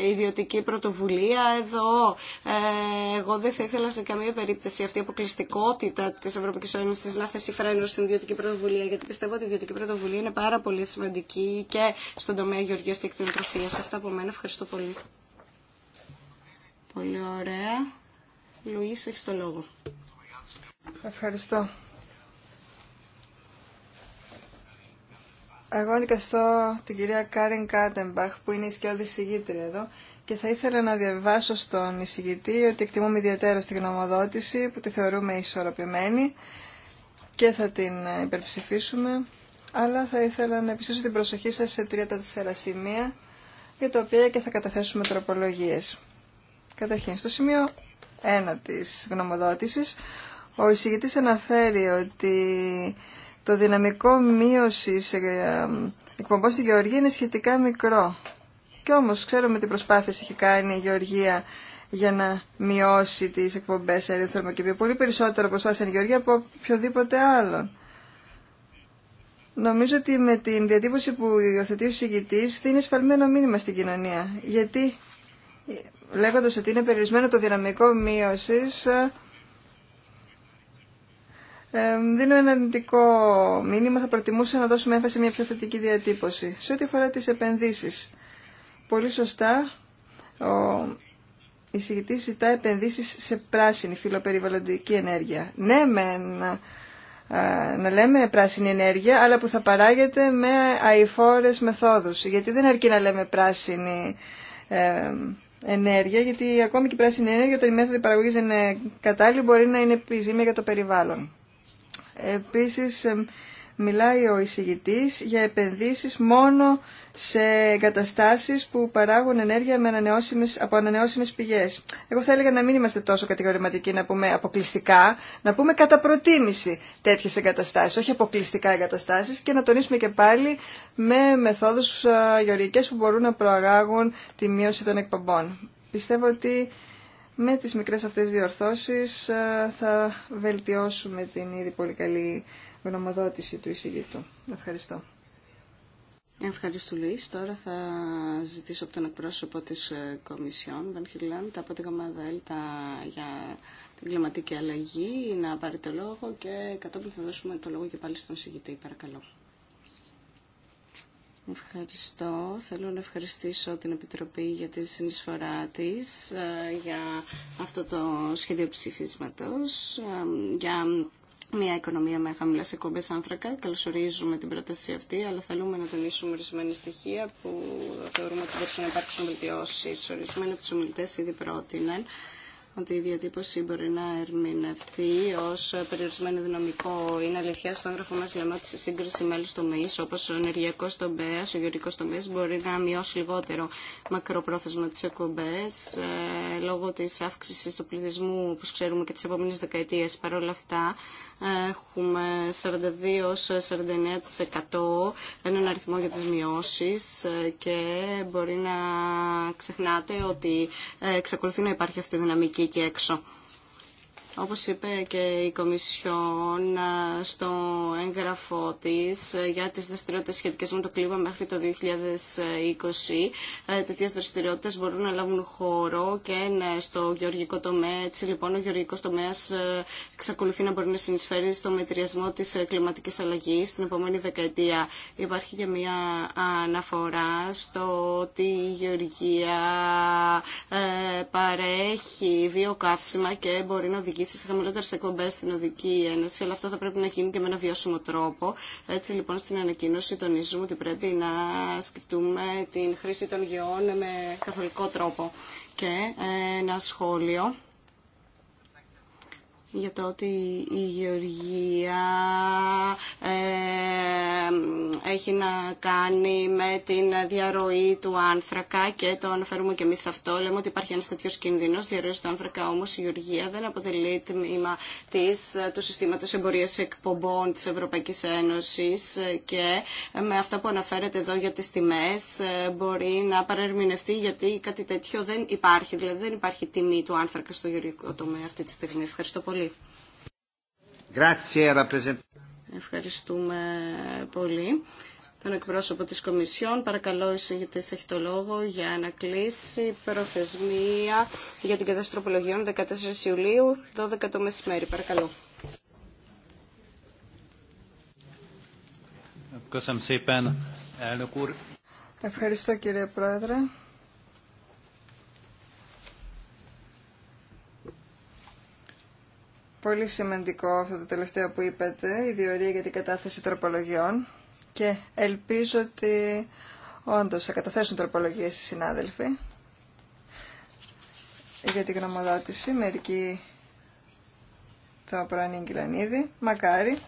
ε, ιδιωτική πρωτοβουλία εδώ. Ε, εγώ δεν θα ήθελα σε καμία περίπτωση αυτή η αποκλειστικότητα της Ευρωπαϊκής Ένωσης να θέσει φρένο στην ιδιωτική πρωτοβουλία, γιατί πιστεύω ότι η ιδιωτική πρωτοβουλία είναι πάρα πολύ σημαντική και στον τομέα γεωργίας και εκτινοτροφίας. Αυτά από μένα. Ευχαριστώ πολύ. Πολύ ωραία. Λουίς, έχεις το λόγο. Ευχαριστώ. Εγώ αντικαστώ την κυρία Κάριν Κάτεμπαχ που είναι η σκιώδη συγγήτρια εδώ και θα ήθελα να διαβάσω στον εισηγητή ότι εκτιμούμε ιδιαίτερα στη γνωμοδότηση που τη θεωρούμε ισορροπημένη και θα την ε, υπερψηφίσουμε αλλά θα ήθελα να επιστήσω την προσοχή σας σε 34 σημεία για τα οποία και θα καταθέσουμε τροπολογίες. Καταρχήν, στο σημείο 1 της γνωμοδότησης ο εισηγητής αναφέρει ότι το δυναμικό μείωση ε, εκπομπών στη Γεωργία είναι σχετικά μικρό. Κι όμως ξέρουμε τι προσπάθειες έχει κάνει η Γεωργία για να μειώσει τις εκπομπές σε πιο Πολύ περισσότερο προσπάθησαν η Γεωργία από οποιοδήποτε άλλο. Νομίζω ότι με την διατύπωση που υιοθετεί ο θα δίνει σφαλμένο μήνυμα στην κοινωνία. Γιατί ε, λέγοντας ότι είναι περιορισμένο το δυναμικό μείωσης, ε, δίνω ένα αρνητικό μήνυμα. Θα προτιμούσα να δώσουμε έμφαση σε μια πιο θετική διατύπωση. Σε ό,τι αφορά τις επενδύσεις, πολύ σωστά ο εισηγητής ζητά επενδύσεις σε πράσινη φιλοπεριβαλλοντική ενέργεια. Ναι, ε, να, λέμε πράσινη ενέργεια, αλλά που θα παράγεται με αηφόρες μεθόδους. Γιατί δεν αρκεί να λέμε πράσινη ε, ενέργεια, γιατί ακόμη και η πράσινη ενέργεια, όταν η μέθοδη παραγωγής δεν είναι κατάλληλη, μπορεί να είναι επιζήμια για το περιβάλλον. Επίσης μιλάει ο εισηγητής για επενδύσεις μόνο σε εγκαταστάσεις που παράγουν ενέργεια με ανανεώσιμες, από ανανεώσιμες πηγές. Εγώ θα έλεγα να μην είμαστε τόσο κατηγορηματικοί να πούμε αποκλειστικά, να πούμε κατά προτίμηση τέτοιες εγκαταστάσεις, όχι αποκλειστικά εγκαταστάσεις και να τονίσουμε και πάλι με μεθόδους ε, γεωργικές που μπορούν να προαγάγουν τη μείωση των εκπομπών. Πιστεύω ότι με τις μικρές αυτές διορθώσεις ε, θα βελτιώσουμε την ήδη πολύ καλή γνωμοδότηση του εισηγητού. Ευχαριστώ. Ευχαριστώ, Λουίς. Τώρα θα ζητήσω από τον εκπρόσωπο της ε, Κομισιόν, Βαν Χιλάν, από την ομάδα ΕΛΤΑ για την κλιματική αλλαγή, να πάρει το λόγο και κατόπιν θα δώσουμε το λόγο και πάλι στον εισηγητή. Παρακαλώ. Ευχαριστώ. Θέλω να ευχαριστήσω την Επιτροπή για τη συνεισφορά της ε, για αυτό το σχέδιο ψηφίσματος, ε, για μια οικονομία με χαμηλές εκπομπέ άνθρακα. Καλωσορίζουμε την πρόταση αυτή, αλλά θέλουμε να τονίσουμε ορισμένα στοιχεία που θεωρούμε ότι μπορούσαν να υπάρξουν βελτιώσει. Ορισμένοι από του ομιλητέ ήδη πρότειναν ότι η διατύπωση μπορεί να ερμηνευτεί ως περιορισμένο δυναμικό. Είναι αλήθεια στο έγγραφο μα λέμε ότι σε σύγκριση με άλλου τομεί, όπω ο ενεργειακό τομέα, ο γεωρικός τομέα, μπορεί να μειώσει λιγότερο μακροπρόθεσμα τις εκπομπέ ε, λόγω της αύξησης του πληθυσμού, που ξέρουμε, και τις επόμενες δεκαετίες. Παρ' όλα αυτά, έχουμε 42-49% έναν αριθμό για τις μειώσεις ε, και μπορεί να ξεχνάτε ότι ε, εξακολουθεί να υπάρχει αυτή η δυναμική εκεί έξω. Όπως είπε και η Κομισιόν ε, στο έγγραφο της ε, για τις δραστηριότητες σχετικές με το κλίμα μέχρι το 2020, ε, τέτοιες δραστηριότητες μπορούν να λάβουν χώρο και ναι, στο γεωργικό τομέα. Έτσι λοιπόν ο γεωργικός τομέας εξακολουθεί να μπορεί να συνεισφέρει στο μετριασμό της κλιματικής αλλαγής στην επόμενη δεκαετία. Υπάρχει και μια αναφορά στο ότι η γεωργία παρέχει βιοκαύσιμα και μπορεί να οδηγήσει οδηγήσει στι χαμηλότερε εκπομπέ στην οδική ένωση, αλλά αυτό θα πρέπει να γίνει και με ένα βιώσιμο τρόπο. Έτσι λοιπόν στην ανακοίνωση τονίζουμε ότι πρέπει να σκεφτούμε την χρήση των γεών με καθολικό τρόπο. Και ε, ένα σχόλιο για το ότι η γεωργία ε, έχει να κάνει με την διαρροή του άνθρακα και το αναφέρουμε και εμεί αυτό. Λέμε ότι υπάρχει ένα τέτοιο κίνδυνο διαρροή του άνθρακα, όμω η γεωργία δεν αποτελεί τμήμα της, του συστήματο εμπορία εκπομπών τη Ευρωπαϊκή Ένωση και με αυτά που αναφέρεται εδώ για τι τιμέ ε, μπορεί να παρερμηνευτεί γιατί κάτι τέτοιο δεν υπάρχει. Δηλαδή δεν υπάρχει τιμή του άνθρακα στο γεωργικό τομέα αυτή τη στιγμή. Ευχαριστώ πολύ. Ευχαριστούμε πολύ τον εκπρόσωπο της Κομισιόν. Παρακαλώ, εισηγητής έχει το λόγο για να κλείσει προθεσμία για την καταστροπολογία 14 Ιουλίου, 12 το μεσημέρι. Παρακαλώ. Ευχαριστώ κύριε Πρόεδρε. Πολύ σημαντικό αυτό το τελευταίο που είπατε, η διορία για την κατάθεση τροπολογιών και ελπίζω ότι όντως θα καταθέσουν τροπολογίες οι συνάδελφοι για την γνωμοδότηση. Μερικοί το προανήγγυλαν ήδη, μακάρι.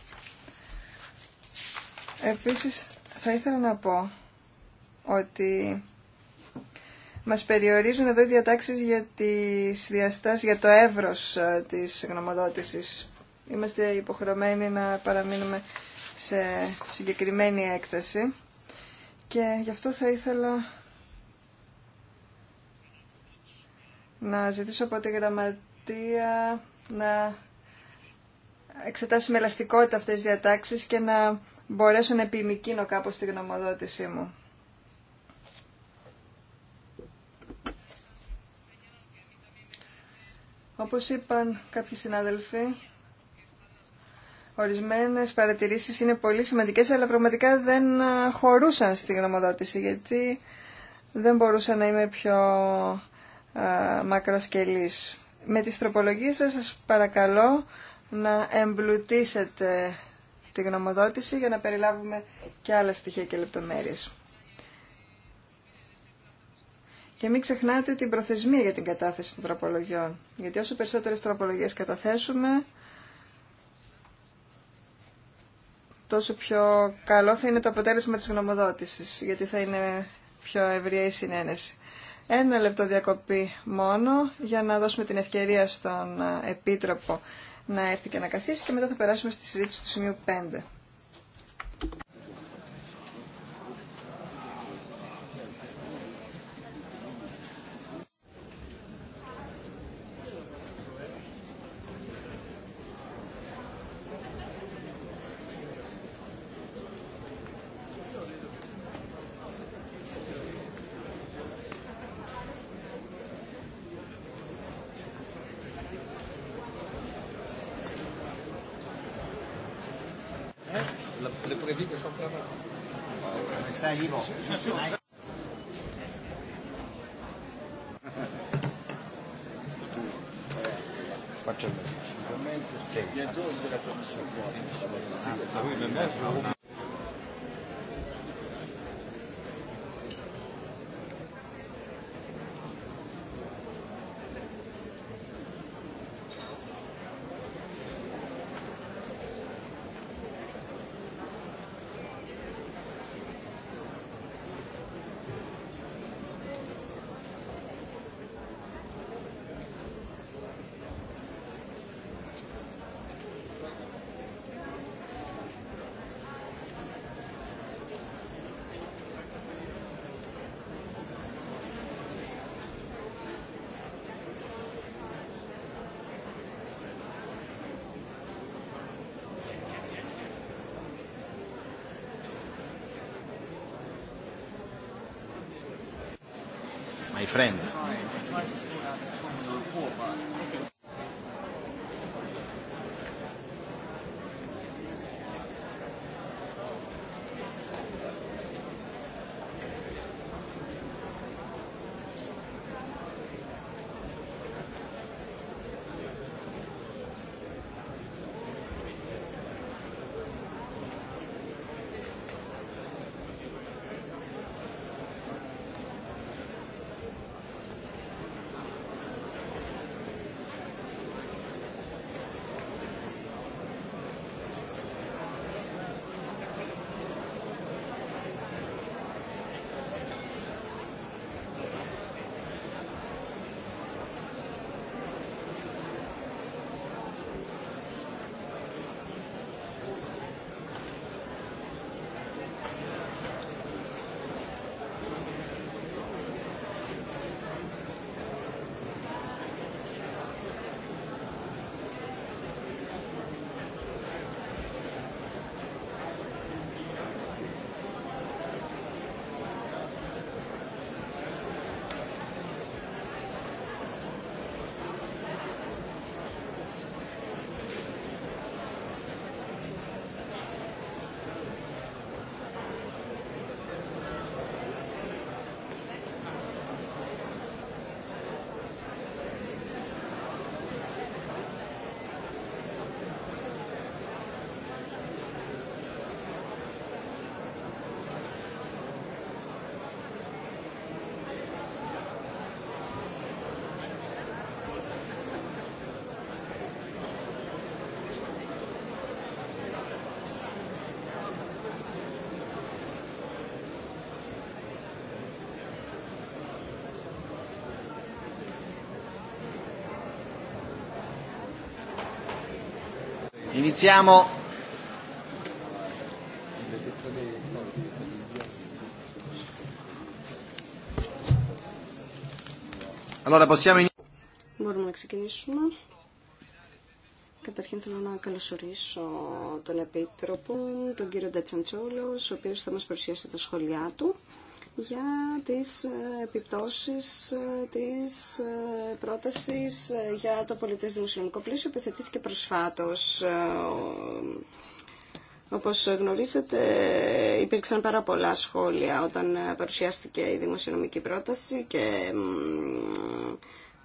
Επίσης θα ήθελα να πω ότι μας περιορίζουν εδώ οι διατάξεις για, τις διαστάσεις, για το εύρος ε, της γνωμοδότησης. Είμαστε υποχρεωμένοι να παραμείνουμε σε συγκεκριμένη έκταση και γι' αυτό θα ήθελα να ζητήσω από τη γραμματεία να εξετάσει με ελαστικότητα αυτές τις διατάξεις και να μπορέσω να επιμικίνω κάπως τη γνωμοδότησή μου. Όπως είπαν κάποιοι συνάδελφοι, ορισμένες παρατηρήσεις είναι πολύ σημαντικές, αλλά πραγματικά δεν χωρούσαν στη γνωμοδότηση, γιατί δεν μπορούσα να είμαι πιο α, Με τις τροπολογίες σας, σας παρακαλώ να εμπλουτίσετε τη γνωμοδότηση για να περιλάβουμε και άλλα στοιχεία και λεπτομέρειες. Και μην ξεχνάτε την προθεσμία για την κατάθεση των τροπολογιών. Γιατί όσο περισσότερες τροπολογίες καταθέσουμε, τόσο πιο καλό θα είναι το αποτέλεσμα της γνωμοδότησης, γιατί θα είναι πιο ευρία η συνένεση. Ένα λεπτό διακοπή μόνο για να δώσουμε την ευκαιρία στον ε, Επίτροπο να έρθει και να καθίσει και μετά θα περάσουμε στη συζήτηση του σημείου 5. friend. Iniziamo. Allora possiamo Μπορούμε να ξεκινήσουμε. Καταρχήν θέλω να καλωσορίσω τον Επίτροπο, τον κύριο Ντατσαντσόλο, ο οποίος θα μας παρουσιάσει τα σχόλιά του για τις ε, επιπτώσεις ε, της ε, πρότασης ε, για το πολιτέ δημοσιονομικό πλαίσιο που θετήθηκε προσφάτω. Ε, Όπω γνωρίζετε υπήρξαν πάρα πολλά σχόλια όταν ε, παρουσιάστηκε η δημοσιονομική πρόταση και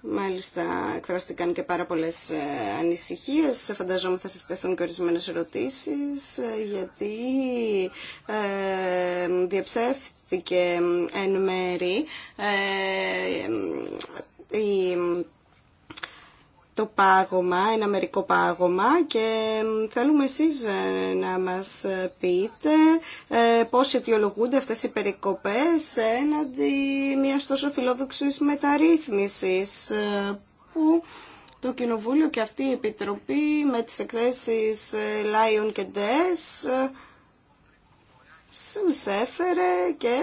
Μάλιστα, εκφράστηκαν και πάρα πολλέ ανησυχίε. Φανταζόμαι θα συστεθούν και ορισμένε ερωτήσει γιατί ε, διαψεύτηκε εν μέρη το πάγωμα, ένα μερικό πάγωμα και θέλουμε εσείς ε, να μας ε, πείτε ε, πώς αιτιολογούνται αυτές οι περικοπές έναντι μιας τόσο φιλόδοξης μεταρρύθμισης που το Κοινοβούλιο και αυτή η Επιτροπή με τις εκθέσεις Lion και Des συνσέφερε και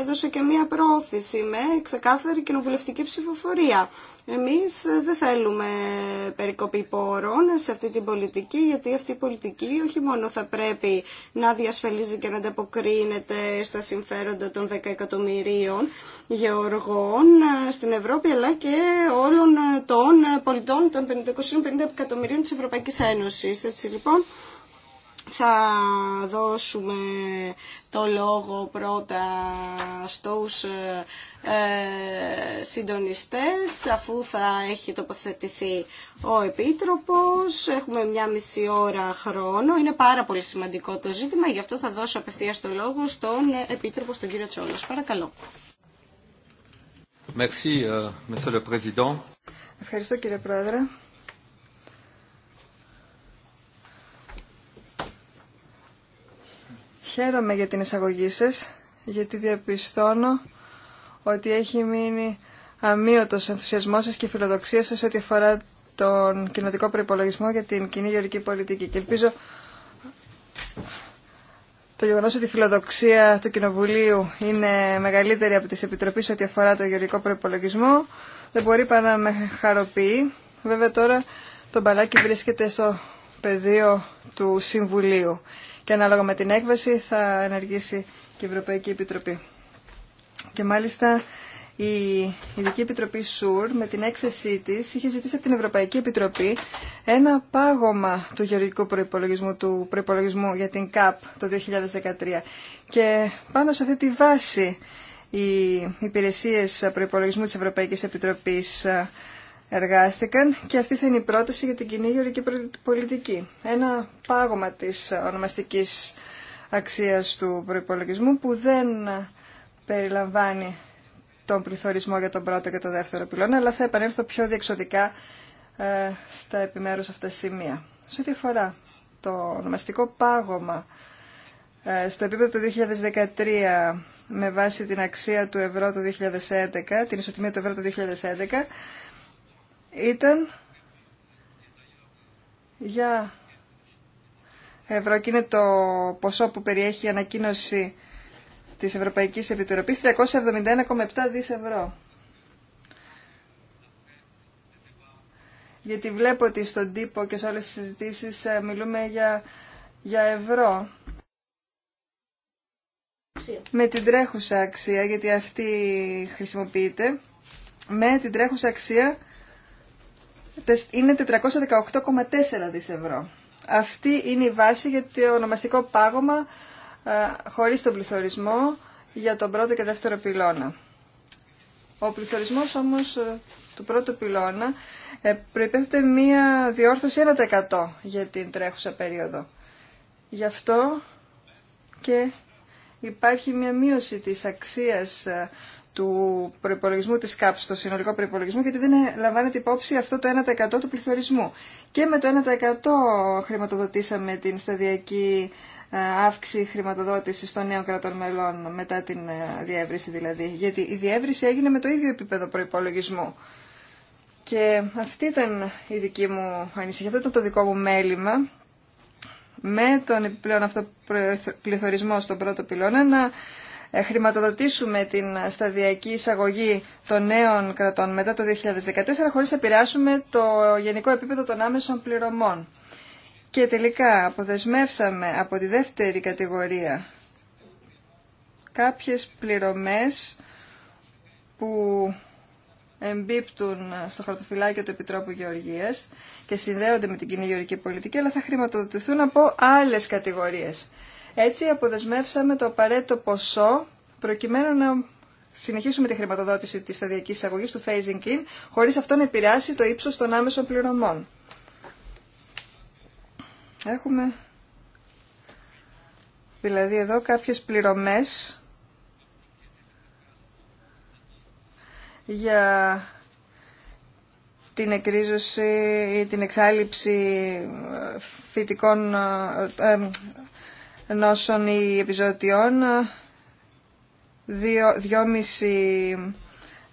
έδωσε και μία πρόθεση με ξεκάθαρη κοινοβουλευτική ψηφοφορία. Εμείς δεν θέλουμε περικοπή πόρων σε αυτή την πολιτική, γιατί αυτή η πολιτική όχι μόνο θα πρέπει να διασφαλίζει και να ανταποκρίνεται στα συμφέροντα των 10 εκατομμυρίων γεωργών στην Ευρώπη, αλλά και όλων των πολιτών των 550 εκατομμυρίων της Ευρωπαϊκής Ένωσης. Έτσι λοιπόν, θα δώσουμε το λόγο πρώτα στους ε, ε, συντονιστές αφού θα έχει τοποθετηθεί ο Επίτροπος. Έχουμε μια μισή ώρα χρόνο. Είναι πάρα πολύ σημαντικό το ζήτημα. Γι' αυτό θα δώσω απευθείας το λόγο στον Επίτροπο, στον κύριο Τσόλος. Παρακαλώ. Merci, euh, Monsieur Ευχαριστώ κύριε Πρόεδρε. Χαίρομαι για την εισαγωγή σα, γιατί διαπιστώνω ότι έχει μείνει αμύωτος ενθουσιασμό σας και φιλοδοξία σας ό,τι αφορά τον κοινοτικό προϋπολογισμό για την κοινή γεωρική πολιτική. Και ελπίζω το γεγονό ότι η φιλοδοξία του Κοινοβουλίου είναι μεγαλύτερη από τις επιτροπή ό,τι αφορά το γεωργικό προπολογισμό δεν μπορεί παρά να με χαροποιεί. Βέβαια τώρα το μπαλάκι βρίσκεται στο πεδίο του Συμβουλίου και ανάλογα με την έκβαση θα ενεργήσει και η Ευρωπαϊκή Επιτροπή. Και μάλιστα η Ειδική Επιτροπή ΣΟΥΡ με την έκθεσή της είχε ζητήσει από την Ευρωπαϊκή Επιτροπή ένα πάγωμα του γεωργικού προϋπολογισμού, του προϋπολογισμού για την ΚΑΠ το 2013. Και πάνω σε αυτή τη βάση οι υπηρεσίες προϋπολογισμού της Ευρωπαϊκής Επιτροπής εργάστηκαν και αυτή θα είναι η πρόταση για την κοινή γεωργική πολιτική. Ένα πάγωμα της ονομαστικής αξίας του προϋπολογισμού που δεν περιλαμβάνει τον πληθωρισμό για τον πρώτο και τον δεύτερο πυλώνα, αλλά θα επανέλθω πιο διεξοδικά ε, στα επιμέρους αυτά σημεία. Σε ό,τι αφορά το ονομαστικό πάγωμα ε, στο επίπεδο του 2013 με βάση την αξία του ευρώ του 2011, την ισοτιμία του ευρώ του 2011, ήταν για ευρώ και είναι το ποσό που περιέχει η ανακοίνωση της Ευρωπαϊκής Επιτροπής 371,7 δις ευρώ. Γιατί βλέπω ότι στον τύπο και σε όλες τις συζητήσεις ε, μιλούμε για, για ευρώ. Με την τρέχουσα αξία, γιατί αυτή χρησιμοποιείται, με την τρέχουσα αξία είναι 418,4 δις ευρώ. Αυτή είναι η βάση για το ονομαστικό πάγωμα ε, χωρίς τον πληθωρισμό για τον πρώτο και δεύτερο πυλώνα. Ο πληθωρισμός όμως ε, του πρώτου πυλώνα ε, προϋπέθεται μία διόρθωση 1% για την τρέχουσα περίοδο. Γι' αυτό και υπάρχει μία μείωση της αξίας του προπολογισμού της ΚΑΠ στο συνολικό προπολογισμό γιατί δεν λαμβάνεται υπόψη αυτό το 1% του πληθωρισμού. Και με το 1% χρηματοδοτήσαμε την σταδιακή ε, αύξηση χρηματοδότηση των νέων κρατών μελών μετά την ε, διεύρυνση δηλαδή. Γιατί η διεύρυνση έγινε με το ίδιο επίπεδο προπολογισμού. Και αυτή ήταν η δική μου ανησυχία, αυτό ήταν το δικό μου μέλημα με τον επιπλέον αυτό πληθωρισμό στον πρώτο πυλώνα ε, χρηματοδοτήσουμε την σταδιακή εισαγωγή των νέων κρατών μετά το 2014 χωρίς να πειράσουμε το γενικό επίπεδο των άμεσων πληρωμών. Και τελικά αποδεσμεύσαμε από τη δεύτερη κατηγορία κάποιες πληρωμές που εμπίπτουν στο χαρτοφυλάκιο του Επιτρόπου Γεωργίας και συνδέονται με την κοινή γεωργική πολιτική, αλλά θα χρηματοδοτηθούν από άλλες κατηγορίες. Έτσι αποδεσμεύσαμε το απαραίτητο ποσό προκειμένου να συνεχίσουμε τη χρηματοδότηση της σταδιακής εισαγωγής του phasing in χωρίς αυτό να επηρεάσει το ύψος των άμεσων πληρωμών. Έχουμε δηλαδή εδώ κάποιες πληρωμές για την εκρίζωση ή την εξάλληψη ε, φυτικών, ε, ε, νόσων ή επιζωτιών 2,5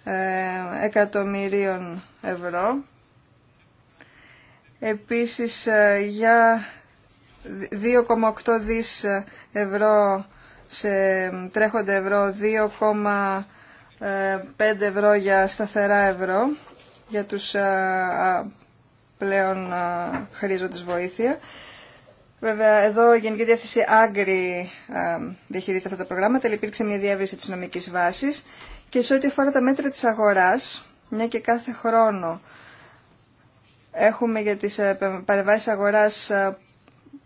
ε, εκατομμυρίων ευρώ. Επίσης ε, για 2,8 δις ευρώ σε τρέχοντα ευρώ, 2,5 ευρώ για σταθερά ευρώ για τους ε, πλέον χρήζοντες βοήθεια Βέβαια, εδώ η Γενική Διεύθυνση Άγκρη ε, διαχειρίζεται αυτά τα προγράμματα. Υπήρξε μια διεύρυνση τη νομική βάση και σε ό,τι αφορά τα μέτρα τη αγορά, μια και κάθε χρόνο έχουμε για τις ε, παρεμβάσει αγοράς ε,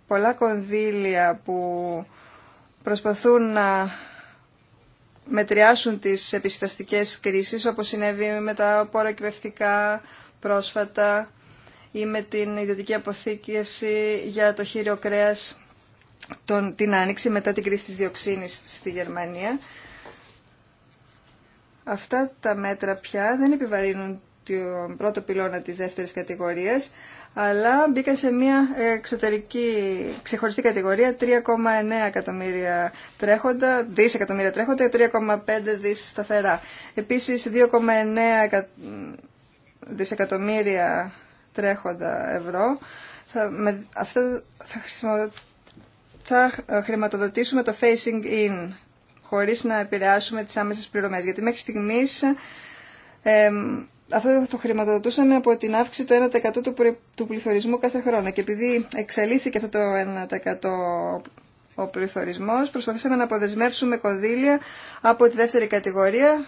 πολλά κονδύλια που προσπαθούν να μετριάσουν τις επισταστικές κρίσεις όπως συνέβη με τα κυβευτικά πρόσφατα ή με την ιδιωτική αποθήκευση για το χείριο κρέας την Άνοιξη μετά την κρίση της διοξίνης στη Γερμανία. Αυτά τα μέτρα πια δεν επιβαρύνουν τον πρώτο πυλώνα της δεύτερης κατηγορίας, αλλά μπήκαν σε μια εξωτερική ξεχωριστή κατηγορία 3,9 εκατομμύρια τρέχοντα, δις 3,5 δις σταθερά. Επίσης 2,9 δισεκατομμύρια τρέχοντα ευρώ. Θα, με, θα, ε, χρηματοδοτήσουμε το facing in χωρίς να επηρεάσουμε τις άμεσες πληρωμές. Γιατί μέχρι στιγμής ε, αυτό το χρηματοδοτούσαμε από την αύξηση του 1% του, του πληθωρισμού κάθε χρόνο. Και επειδή εξελίχθηκε αυτό το 1% ο πληθωρισμός, προσπαθήσαμε να αποδεσμεύσουμε κονδύλια από τη δεύτερη κατηγορία,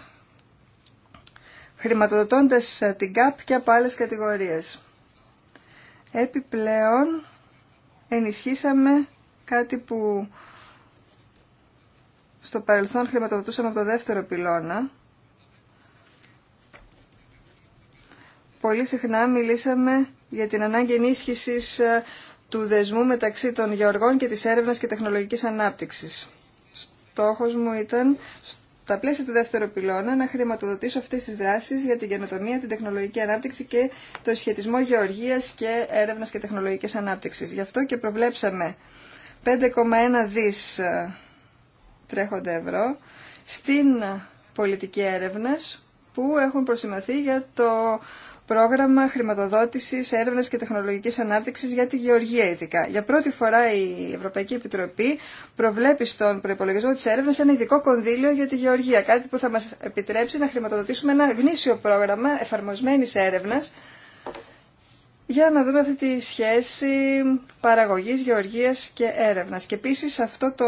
χρηματοδοτώντας την ΚΑΠ και από άλλες κατηγορίες. Επιπλέον, ενισχύσαμε κάτι που στο παρελθόν χρηματοδοτούσαμε από το δεύτερο πυλώνα. Πολύ συχνά μιλήσαμε για την ανάγκη ενίσχυσης ε, του δεσμού μεταξύ των γεωργών και της έρευνας και τεχνολογικής ανάπτυξης. Στόχος μου ήταν τα πλαίσια του δεύτερου πυλώνα να χρηματοδοτήσω αυτές τις δράσεις για την καινοτομία, την τεχνολογική ανάπτυξη και το σχετισμό γεωργίας και έρευνας και τεχνολογικής ανάπτυξης. Γι' αυτό και προβλέψαμε 5,1 δις ε, τρέχοντα ευρώ στην πολιτική έρευνας που έχουν προσημαθεί για το πρόγραμμα χρηματοδότησης έρευνας και τεχνολογικής ανάπτυξης για τη γεωργία ειδικά. Για πρώτη φορά η Ευρωπαϊκή Επιτροπή προβλέπει στον προπολογισμό της έρευνας ένα ειδικό κονδύλιο για τη γεωργία, κάτι που θα μας επιτρέψει να χρηματοδοτήσουμε ένα γνήσιο πρόγραμμα εφαρμοσμένης έρευνα για να δούμε αυτή τη σχέση παραγωγής, γεωργίας και έρευνας. Και επίσης αυτό το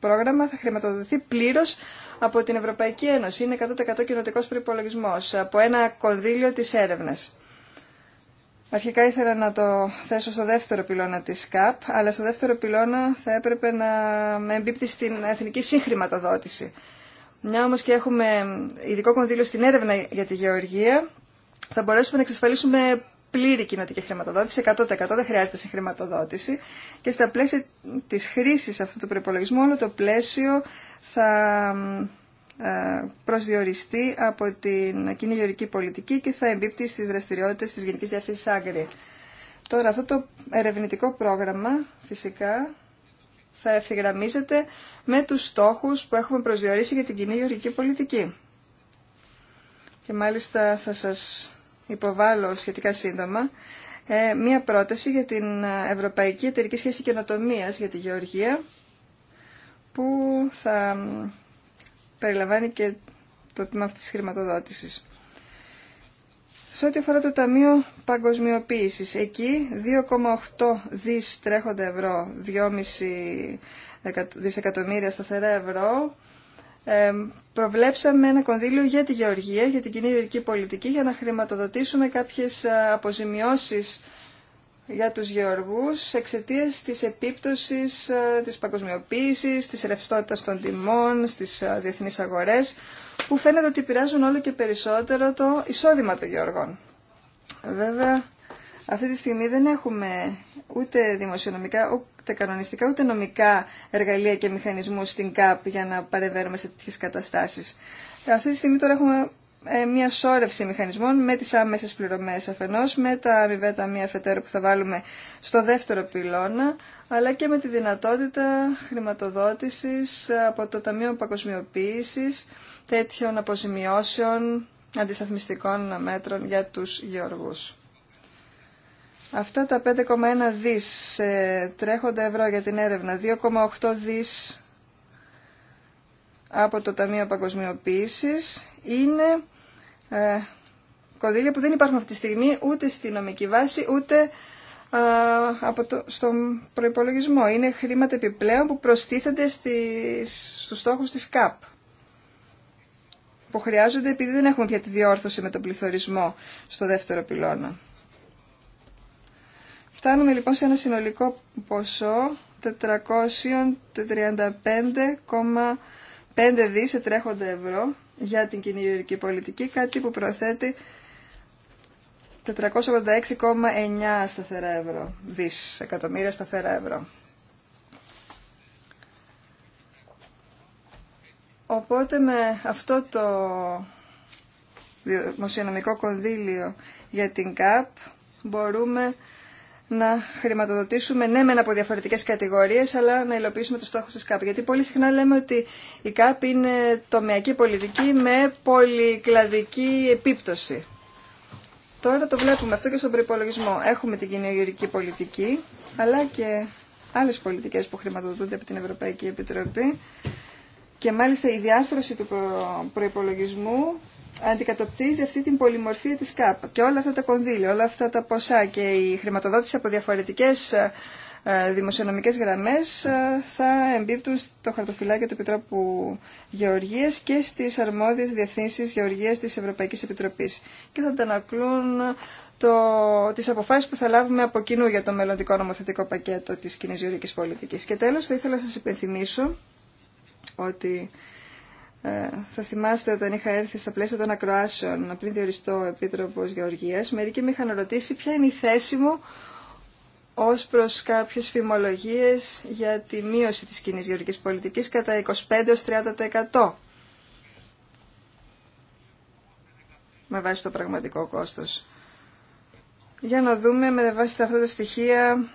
πρόγραμμα θα χρηματοδοτηθεί πλήρως από την Ευρωπαϊκή Ένωση. Είναι 100% κοινοτικό προπολογισμό από ένα κονδύλιο τη έρευνα. Αρχικά ήθελα να το θέσω στο δεύτερο πυλώνα της ΚΑΠ, αλλά στο δεύτερο πυλώνα θα έπρεπε να με εμπίπτει στην εθνική συγχρηματοδότηση. Μια όμως και έχουμε ειδικό κονδύλιο στην έρευνα για τη γεωργία, θα μπορέσουμε να εξασφαλίσουμε πλήρη κοινοτική χρηματοδότηση, 100% δεν χρειάζεται συγχρηματοδότηση και στα πλαίσια τη χρήση αυτού του προπολογισμού όλο το πλαίσιο θα ε, προσδιοριστεί από την κοινή γεωρική πολιτική και θα εμπίπτει στι δραστηριότητε τη Γενική Διεύθυνσης Άγκρη. Τώρα αυτό το ερευνητικό πρόγραμμα φυσικά θα ευθυγραμμίζεται με τους στόχους που έχουμε προσδιορίσει για την κοινή γεωργική πολιτική. Και μάλιστα θα σας υποβάλλω σχετικά σύντομα ε, μία πρόταση για την Ευρωπαϊκή Εταιρική Σχέση καινοτομία για τη Γεωργία που θα περιλαμβάνει και το τμήμα αυτής της χρηματοδότησης. Σε ό,τι αφορά το Ταμείο Παγκοσμιοποίησης, εκεί 2,8 δις τρέχοντα ευρώ, 2,5 δισεκατομμύρια σταθερά ευρώ προβλέψαμε ένα κονδύλιο για τη γεωργία, για την κοινή γεωργική πολιτική, για να χρηματοδοτήσουμε κάποιες ε, αποζημιώσεις για τους γεωργούς εξαιτία της επίπτωσης ε, της παγκοσμιοποίησης, της ρευστότητας των τιμών, στις ε, διεθνείς αγορές, που φαίνεται ότι πειράζουν όλο και περισσότερο το εισόδημα των γεωργών. Βέβαια, αυτή τη στιγμή δεν έχουμε ούτε δημοσιονομικά, ούτε κανονιστικά, ούτε νομικά εργαλεία και μηχανισμούς στην ΚΑΠ για να παρεβαίνουμε σε τέτοιες καταστάσεις. Αυτή τη στιγμή τώρα έχουμε ε, μια σώρευση μηχανισμών με τις άμεσες πληρωμές αφενός, με τα αμοιβέ μία αφετέρου που θα βάλουμε στο δεύτερο πυλώνα, αλλά και με τη δυνατότητα χρηματοδότησης από το Ταμείο παγκοσμιοποίηση, τέτοιων αποζημιώσεων αντισταθμιστικών μέτρων για τους γεωργούς. Αυτά τα 5,1 δις ε, τρέχοντα ευρώ για την έρευνα, 2,8 δις από το Ταμείο Παγκοσμιοποίησης είναι ε, κονδύλια που δεν υπάρχουν αυτή τη στιγμή ούτε στη νομική βάση ούτε ε, από το, στον προϋπολογισμό. Είναι χρήματα επιπλέον που προστίθενται στις, στους στόχους της ΚΑΠ που χρειάζονται επειδή δεν έχουμε πια τη διόρθωση με τον πληθωρισμό στο δεύτερο πυλώνα. Φτάνουμε λοιπόν σε ένα συνολικό ποσό 435,5 δις σε τρέχοντα ευρώ για την κοινή πολιτική, κάτι που προθέτει 486,9 σταθερά ευρώ, δις εκατομμύρια σταθερά ευρώ. Οπότε με αυτό το δημοσιονομικό κονδύλιο για την ΚΑΠ μπορούμε να χρηματοδοτήσουμε ναι μεν από διαφορετικές κατηγορίες αλλά να υλοποιήσουμε το στόχο της ΚΑΠ. Γιατί πολύ συχνά λέμε ότι η ΚΑΠ είναι τομεακή πολιτική με πολυκλαδική επίπτωση. Τώρα το βλέπουμε αυτό και στον προπολογισμό. Έχουμε την κοινωνική πολιτική αλλά και άλλες πολιτικές που χρηματοδοτούνται από την Ευρωπαϊκή Επιτροπή και μάλιστα η διάρθρωση του προϋπολογισμού αντικατοπτρίζει αυτή την πολυμορφία της ΚΑΠ και όλα αυτά τα κονδύλια, όλα αυτά τα ποσά και η χρηματοδότηση από διαφορετικές ε, ε, δημοσιονομικές γραμμές ε, θα εμπίπτουν στο χαρτοφυλάκιο του Επιτρόπου Γεωργίας και στις αρμόδιες διευθύνσεις Γεωργίας της Ευρωπαϊκής Επιτροπής και θα αντανακλούν το, τις αποφάσεις που θα λάβουμε από κοινού για το μελλοντικό νομοθετικό πακέτο της κοινή γεωργικής πολιτικής. Και τέλος θα ήθελα να σας υπενθυμίσω ότι ε, θα θυμάστε όταν είχα έρθει στα πλαίσια των ακροάσεων πριν διοριστώ Επίτροπος Γεωργίας, μερικοί με είχαν ρωτήσει ποια είναι η θέση μου ως προς κάποιες φημολογίες για τη μείωση της κοινή γεωργικής πολιτικής κατά 25-30% με βάση το πραγματικό κόστος. Για να δούμε με βάση αυτά τα στοιχεία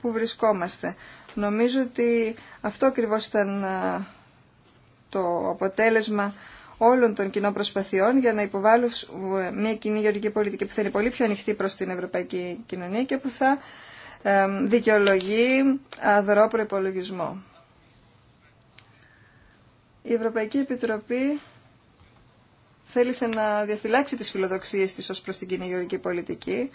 που βρισκόμαστε. Νομίζω ότι αυτό ακριβώς ήταν το αποτέλεσμα όλων των κοινών προσπαθειών για να υποβάλουν μια κοινή γεωργική πολιτική που θα είναι πολύ πιο ανοιχτή προς την ευρωπαϊκή κοινωνία και που θα δικαιολογεί αδρό προπολογισμό. Η Ευρωπαϊκή Επιτροπή θέλησε να διαφυλάξει τις φιλοδοξίες της ως προς την κοινή γεωργική πολιτική,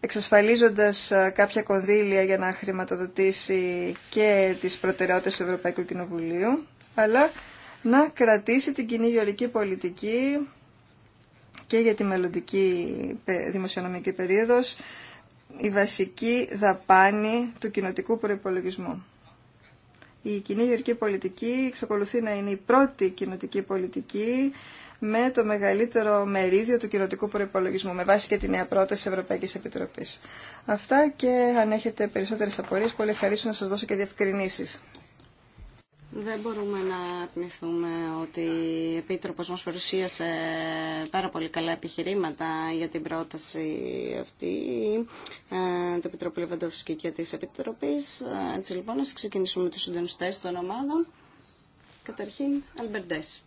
εξασφαλίζοντας ε, κάποια κονδύλια για να χρηματοδοτήσει και τις προτεραιότητες του Ευρωπαϊκού Κοινοβουλίου αλλά να κρατήσει την κοινή γεωρική πολιτική και για τη μελλοντική δημοσιονομική περίοδος η βασική δαπάνη του κοινοτικού προϋπολογισμού. Η κοινή γεωρική πολιτική εξακολουθεί να είναι η πρώτη κοινοτική πολιτική με το μεγαλύτερο μερίδιο του κοινοτικού προϋπολογισμού, με βάση και τη νέα πρόταση της Ευρωπαϊκής Επιτροπής. Αυτά και αν έχετε περισσότερες απορίες, πολύ ευχαρίστω να σας δώσω και διευκρινήσεις. Δεν μπορούμε να αρνηθούμε ότι η Επίτροπος μας παρουσίασε πάρα πολύ καλά επιχειρήματα για την πρόταση αυτή ε, του Επιτροπή Λεβαντοφσκή και της Επιτροπής. Έτσι λοιπόν, ας ξεκινήσουμε τους συντονιστές των ομάδων. Καταρχήν, Αλμπερντές.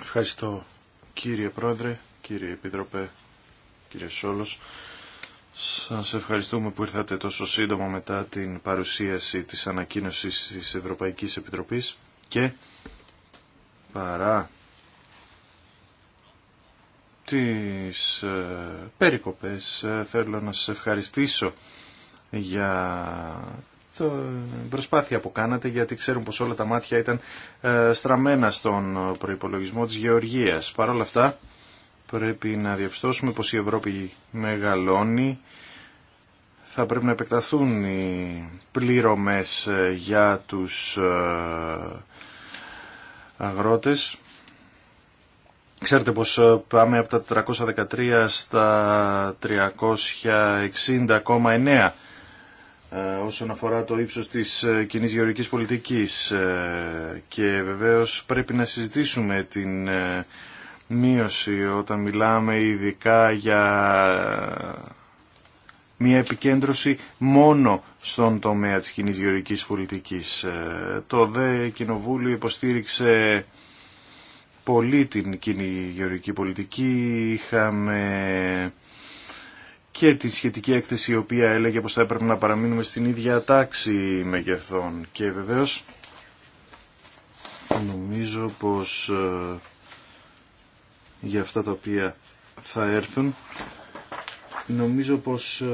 Ευχαριστώ κύριε Πρόεδρε, κύριε Επίτροπε, κύριε Σόλος. Σας ευχαριστούμε που ήρθατε τόσο σύντομα μετά την παρουσίαση της ανακοίνωσης της Ευρωπαϊκής Επιτροπής και παρά τις ε, περικοπές ε, θέλω να σας ευχαριστήσω για την ε, προσπάθεια που κάνατε γιατί ξέρουν πως όλα τα μάτια ήταν στραμμένα στον προϋπολογισμό της Γεωργίας. Παρ' όλα αυτά πρέπει να διαπιστώσουμε πως η Ευρώπη μεγαλώνει. Θα πρέπει να επεκταθούν οι πλήρωμες ε, για τους ε, αγρότες. Ξέρετε πως ε, πάμε από τα 413 στα 360,9 όσον αφορά το ύψος της κοινή γεωργικής πολιτικής και βεβαίως πρέπει να συζητήσουμε την μείωση όταν μιλάμε ειδικά για ε, μια επικέντρωση μόνο στον τομέα της κοινή γεωρικής πολιτικής. Ε, το ΔΕ Κοινοβούλιο υποστήριξε πολύ την κοινή γεωρική πολιτική. Είχαμε και τη σχετική έκθεση η οποία έλεγε πως θα έπρεπε να παραμείνουμε στην ίδια τάξη μεγεθών. Και βεβαίως νομίζω πως ε, για αυτά τα οποία θα έρθουν. Νομίζω πως ε,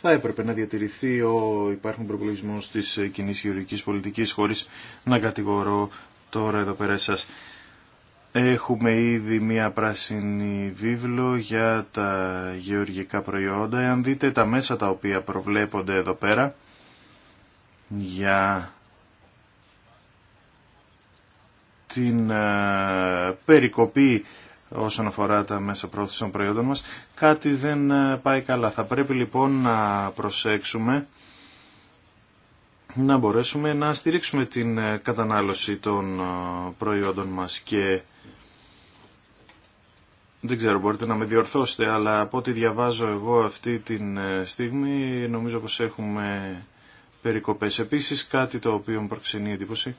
θα έπρεπε να διατηρηθεί ο υπάρχον προπολογισμό της ε, κοινή γεωργικής πολιτικής χωρίς να κατηγορώ τώρα εδώ πέρα σας. Έχουμε ήδη μία πράσινη βίβλο για τα γεωργικά προϊόντα. αν δείτε τα μέσα τα οποία προβλέπονται εδώ πέρα για την ε, περικοπή όσον αφορά τα μέσα πρόθεση των προϊόντων μας, κάτι δεν ε, πάει καλά. Θα πρέπει λοιπόν να προσέξουμε να μπορέσουμε να στηρίξουμε την ε, κατανάλωση των προϊόντων μας και δεν ξέρω, μπορείτε να με διορθώσετε, αλλά από ό,τι διαβάζω εγώ αυτή τη στιγμή νομίζω πως έχουμε περικοπές. Επίσης κάτι το οποίο μου προξενεί εντύπωση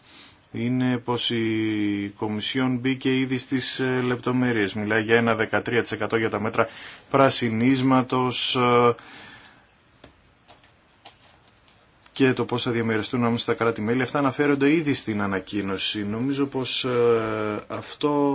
είναι πως η Κομισιόν μπήκε ήδη στις ε, λεπτομέρειες. Μιλάει για ένα 13% για τα μέτρα πρασινίσματος ε, και το πώς θα διαμεριστούν όμως τα κράτη-μέλη. Αυτά αναφέρονται ήδη στην ανακοίνωση. Νομίζω πως ε, αυτό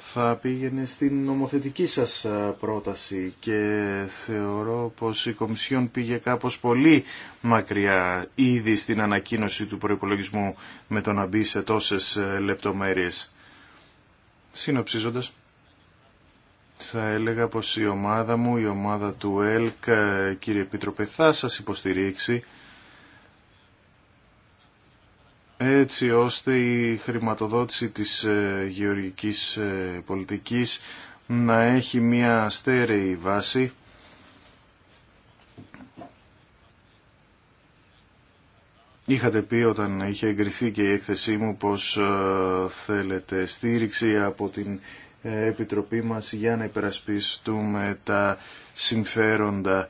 θα πήγαινε στην νομοθετική σας πρόταση και θεωρώ πως η Κομισιόν πήγε κάπως πολύ μακριά ήδη στην ανακοίνωση του προϋπολογισμού με το να μπει σε τόσες ε, λεπτομέρειες. Συνοψίζοντας, θα έλεγα πως η ομάδα μου, η ομάδα του ΕΛΚ, ε, κύριε Επίτροπε, θα σας υποστηρίξει έτσι ώστε η χρηματοδότηση της ε, γεωργικής ε, πολιτικής να έχει μια στέρεη βάση Είχατε πει όταν είχε εγκριθεί και η έκθεσή μου πως ε, θέλετε στήριξη από την Επιτροπή μας για να υπερασπιστούμε τα συμφέροντα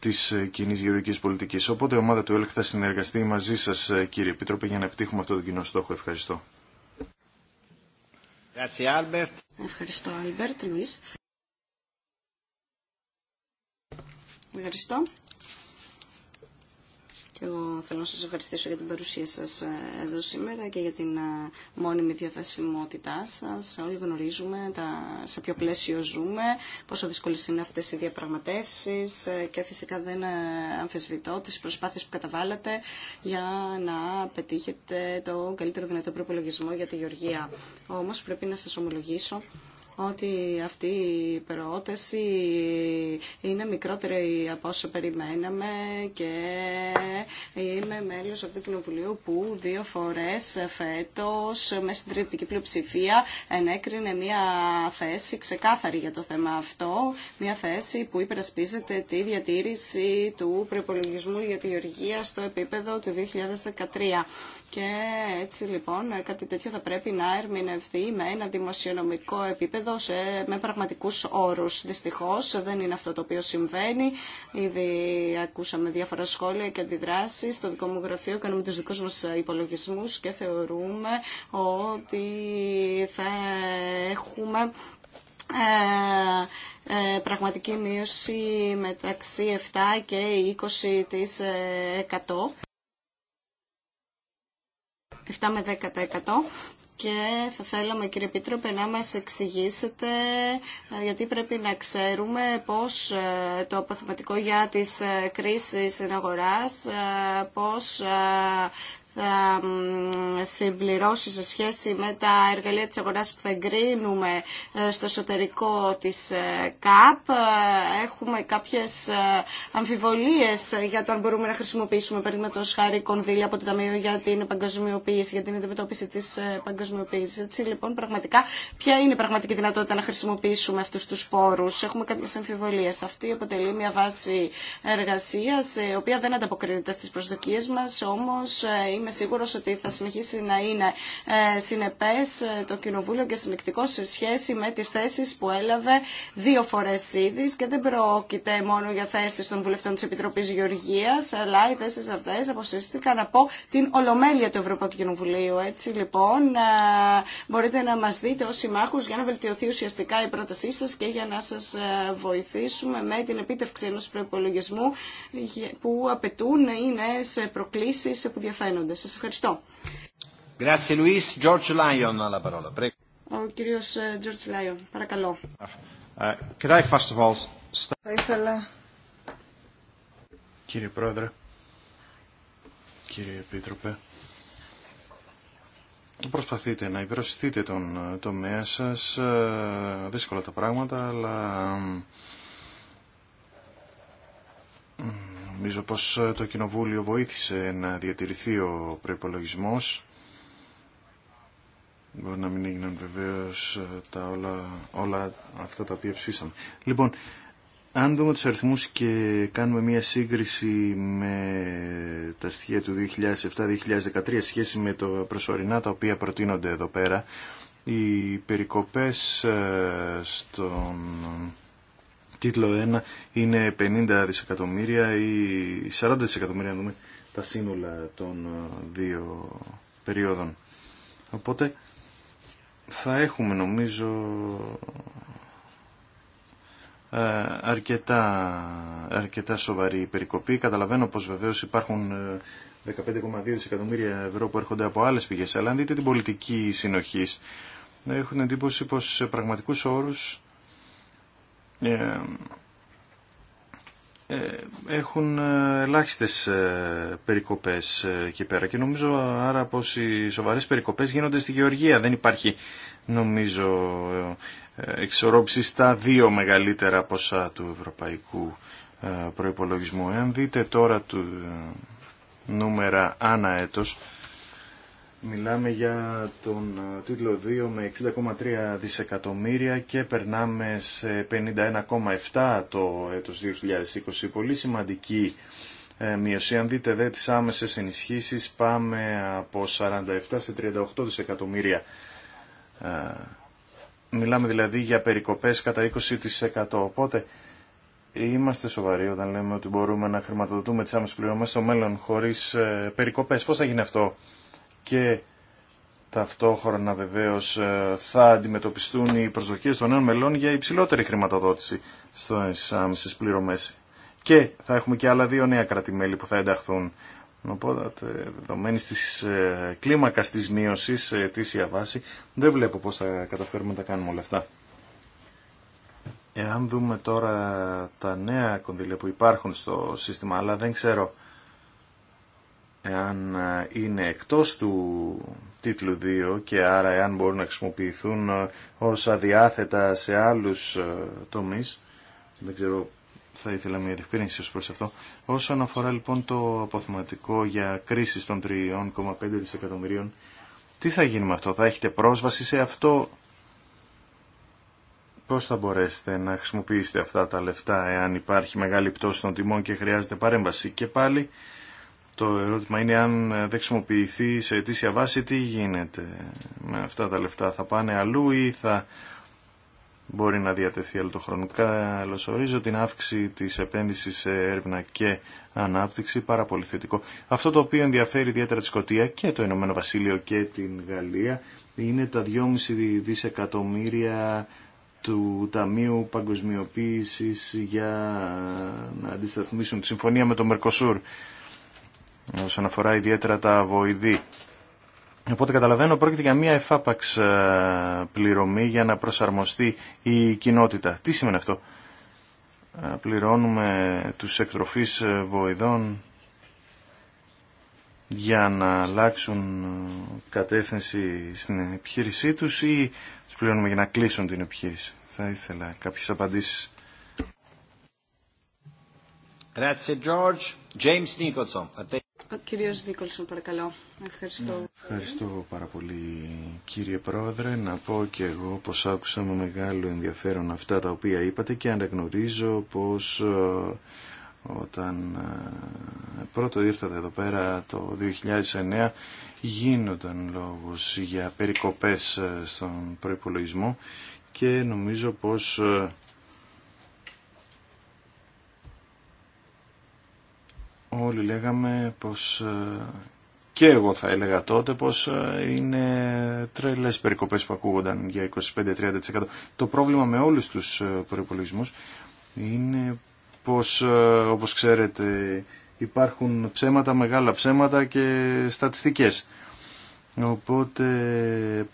Τη ε, κοινή γεωργική Πολιτική. Οπότε η ομάδα του ΕΛΚ θα συνεργαστεί μαζί σα, ε, κύριε Επίτροπε για να επιτύχουμε αυτό τον κοινό στόχο. Ευχαριστώ. Ευχαριστώ Άλμπερτ. Ευχαριστώ. Και εγώ θέλω να σας ευχαριστήσω για την παρουσία σας ε, εδώ σήμερα και για την ε, μόνιμη διαθεσιμότητά σας. Όλοι γνωρίζουμε τα, σε ποιο πλαίσιο ζούμε, πόσο δύσκολες είναι αυτές οι διαπραγματεύσεις ε, και φυσικά δεν αμφισβητώ τις προσπάθειες που καταβάλλατε για να πετύχετε το καλύτερο δυνατό προπολογισμό για τη Γεωργία. Όμως πρέπει να σας ομολογήσω ότι αυτή η πρόταση είναι μικρότερη από όσο περιμέναμε και είμαι μέλος αυτού του κοινοβουλίου που δύο φορές φέτος με συντριπτική πλειοψηφία ενέκρινε μια θέση ξεκάθαρη για το θέμα αυτό, μια θέση που υπερασπίζεται τη διατήρηση του προπολογισμού για τη γεωργία στο επίπεδο του 2013. Και έτσι λοιπόν κάτι τέτοιο θα πρέπει να ερμηνευτεί με ένα δημοσιονομικό επίπεδο σε, με πραγματικούς όρους. Δυστυχώς δεν είναι αυτό το οποίο συμβαίνει. Ήδη ακούσαμε διάφορα σχόλια και αντιδράσεις. Στο δικό μου γραφείο κάνουμε τους δικούς μας υπολογισμούς και θεωρούμε ότι θα έχουμε... Ε, ε πραγματική μείωση μεταξύ 7 και 20% 7 με 10% και θα θέλαμε κύριε Επίτροπε να μας εξηγήσετε ε, γιατί πρέπει να ξέρουμε πώς ε, το αποθεματικό για τις ε, κρίσεις είναι αγοράς πώς θα συμπληρώσει σε σχέση με τα εργαλεία της αγοράς που θα εγκρίνουμε ε, στο εσωτερικό της ε, ΚΑΠ. Ε, έχουμε κάποιες αμφιβολίες για το αν μπορούμε να χρησιμοποιήσουμε το χάρη κονδύλια από το Ταμείο για την παγκοσμιοποίηση, για την αντιμετώπιση της παγκοσμιοποίησης. Έτσι λοιπόν πραγματικά ποια είναι η πραγματική δυνατότητα να χρησιμοποιήσουμε αυτούς τους πόρους. Έχουμε κάποιες αμφιβολίες. Αυτή αποτελεί μια βάση εργασίας, η οποία δεν ανταποκρίνεται στις προσδοκίες μας, όμως είμαι σίγουρο ότι θα συνεχίσει να είναι ε, συνεπές ε, το Κοινοβούλιο και συνεκτικό σε σχέση με τις θέσεις που έλαβε δύο φορές ήδη και δεν πρόκειται μόνο για θέσεις των βουλευτών της Επιτροπής Γεωργίας, αλλά οι θέσεις αυτές αποσύστηκαν από την Ολομέλεια του Ευρωπαϊκού Κοινοβουλίου. Έτσι λοιπόν ε, μπορείτε να μας δείτε ως συμμάχους για να βελτιωθεί ουσιαστικά η πρότασή σας και για να σας βοηθήσουμε με την επίτευξη ενός προπολογισμού που απαιτούν οι νέε προκλήσεις που διαφαίνονται ευχαριστώ. Ο George παρακαλώ. Κύριε Πρόεδρε, κύριε Επίτροπε, προσπαθείτε να υπερασπιστείτε τον ε, τομέα σα. Ε, δύσκολα τα πράγματα, Νομίζω πως ε, το Κοινοβούλιο βοήθησε να διατηρηθεί ο προπολογισμό. Μπορεί να μην έγιναν βεβαίως ε, τα όλα, όλα αυτά τα οποία ψήσαμε. Λοιπόν, αν δούμε τους αριθμούς και κάνουμε μία σύγκριση με τα στοιχεία του 2007-2013 σχέση με το προσωρινά τα οποία προτείνονται εδώ πέρα, οι περικοπές ε, στον τίτλο 1 είναι 50 δισεκατομμύρια ή 40 δισεκατομμύρια, να δούμε τα σύνολα των ε, δύο περίοδων. Οπότε θα έχουμε νομίζω ε, αρκετά, αρκετά σοβαρή περικοπή. Καταλαβαίνω πως βεβαίως υπάρχουν 15,2 ε, δισεκατομμύρια ευρώ που έρχονται από άλλες πηγές, αλλά αν δείτε την πολιτική συνοχής, έχουν εντύπωση πως σε πραγματικούς όρους ε, ε, έχουν ε, ελάχιστες περικοπές εκεί πέρα και νομίζω άρα πως οι σοβαρές περικοπές γίνονται στη Γεωργία. Δεν υπάρχει νομίζω εξορρόψη στα δύο μεγαλύτερα ποσά του ευρωπαϊκού προϋπολογισμού. Εάν δείτε τώρα του νούμερα ανά έτος, Μιλάμε για τον ε, τίτλο 2 με 60,3 δισεκατομμύρια και περνάμε σε 51,7 το έτος 2020. Πολύ σημαντική ε, μείωση. Αν δείτε δε τις άμεσες ενισχύσεις πάμε από 47 σε 38 δισεκατομμύρια. Ε, μιλάμε δηλαδή για περικοπές κατά 20%. Οπότε είμαστε σοβαροί όταν λέμε ότι μπορούμε να χρηματοδοτούμε τις άμεσες πληρωμές στο μέλλον χωρίς περικοπές. Πώς θα γίνει αυτό και ταυτόχρονα βεβαίως ε, θα αντιμετωπιστούν οι προσδοκίες των νέων μελών για υψηλότερη χρηματοδότηση στις άμεσες πληρωμές. Και θα έχουμε και άλλα δύο νέα κρατημέλη που θα ενταχθούν. Οπότε, δεδομένη τη ε, κλίμακα τη μείωση σε βάση, δεν βλέπω πώ θα καταφέρουμε να τα κάνουμε όλα αυτά. Εάν δούμε τώρα τα νέα κονδύλια που υπάρχουν στο σύστημα, αλλά δεν ξέρω εάν ε, είναι εκτός του τίτλου 2 και άρα εάν μπορούν να χρησιμοποιηθούν ε, ως αδιάθετα σε άλλους ε, τομείς, δεν ξέρω, θα ήθελα μια διευκρίνηση ως προς αυτό. Όσον αφορά λοιπόν το αποθυματικό για κρίση των 3,5 δισεκατομμυρίων, τι θα γίνει με αυτό, θα έχετε πρόσβαση σε αυτό, πώς θα μπορέσετε να χρησιμοποιήσετε αυτά τα λεφτά εάν υπάρχει μεγάλη πτώση των τιμών και χρειάζεται παρέμβαση. Και πάλι το ερώτημα είναι αν ε, δεν χρησιμοποιηθεί σε αιτήσια βάση τι γίνεται με αυτά τα λεφτά. Θα πάνε αλλού ή θα μπορεί να διατεθεί άλλο το χρονικά. Καλωσορίζω την αύξηση της επένδυσης σε έρευνα και ανάπτυξη. Πάρα πολύ θετικό. Αυτό το οποίο ενδιαφέρει ιδιαίτερα τη Σκωτία και το Ηνωμένο Βασίλειο και την Γαλλία είναι τα 2,5 δισεκατομμύρια του Ταμείου Παγκοσμιοποίησης για να αντισταθμίσουν τη συμφωνία με το Μερκοσούρ όσον αφορά ιδιαίτερα τα βοηδή. Οπότε καταλαβαίνω πρόκειται για μια εφάπαξ ε, πληρωμή για να προσαρμοστεί η κοινότητα. Τι σημαίνει αυτό. Ε, πληρώνουμε τους εκτροφείς ε, βοηδών για να αλλάξουν κατεύθυνση στην επιχείρησή τους ή τους πληρώνουμε για να κλείσουν την επιχείρηση. Θα ήθελα κάποιες απαντήσεις. Grazie George. Ο κύριος Νίκολσον, παρακαλώ. Ευχαριστώ. Ευχαριστώ πάρα πολύ κύριε Πρόεδρε. Να πω και εγώ πως άκουσα με μεγάλο ενδιαφέρον αυτά τα οποία είπατε και αναγνωρίζω πως ε, όταν ε, πρώτο ήρθατε εδώ πέρα το 2009 γίνονταν λόγος για περικοπές ε, στον προϋπολογισμό και νομίζω πως όλοι λέγαμε πως ε, και εγώ θα έλεγα τότε πως ε, είναι τρελές περικοπές που ακούγονταν για 25-30%. Το πρόβλημα με όλους τους ε, προϋπολογισμούς είναι πως όπως ξέρετε υπάρχουν ψέματα, μεγάλα ψέματα και στατιστικές. Οπότε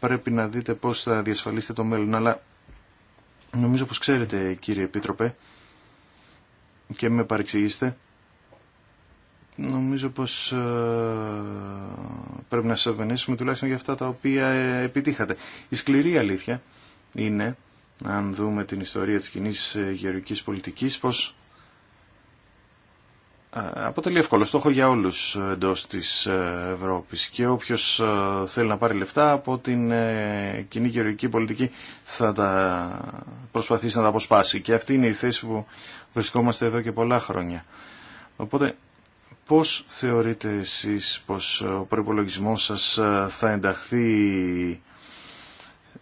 πρέπει να δείτε πώς θα διασφαλίσετε το μέλλον. Αλλά νομίζω πως ξέρετε κύριε Επίτροπε και με παρεξηγήσετε Νομίζω πως ε, πρέπει να σας ευγενήσουμε τουλάχιστον για αυτά τα οποία ε, επιτύχατε. Η σκληρή αλήθεια είναι, αν δούμε την ιστορία της κοινή ε, γεωργικής πολιτικής, πως αποτελεί εύκολο στόχο για όλους εντός της Ευρώπης και όποιος θέλει να πάρει λεφτά από την κοινή γεωργική πολιτική θα τα προσπαθήσει να τα αποσπάσει και αυτή είναι η θέση που βρισκόμαστε εδώ και πολλά χρόνια. Οπότε Πώς θεωρείτε εσείς πως ο προϋπολογισμός σας ε, θα ενταχθεί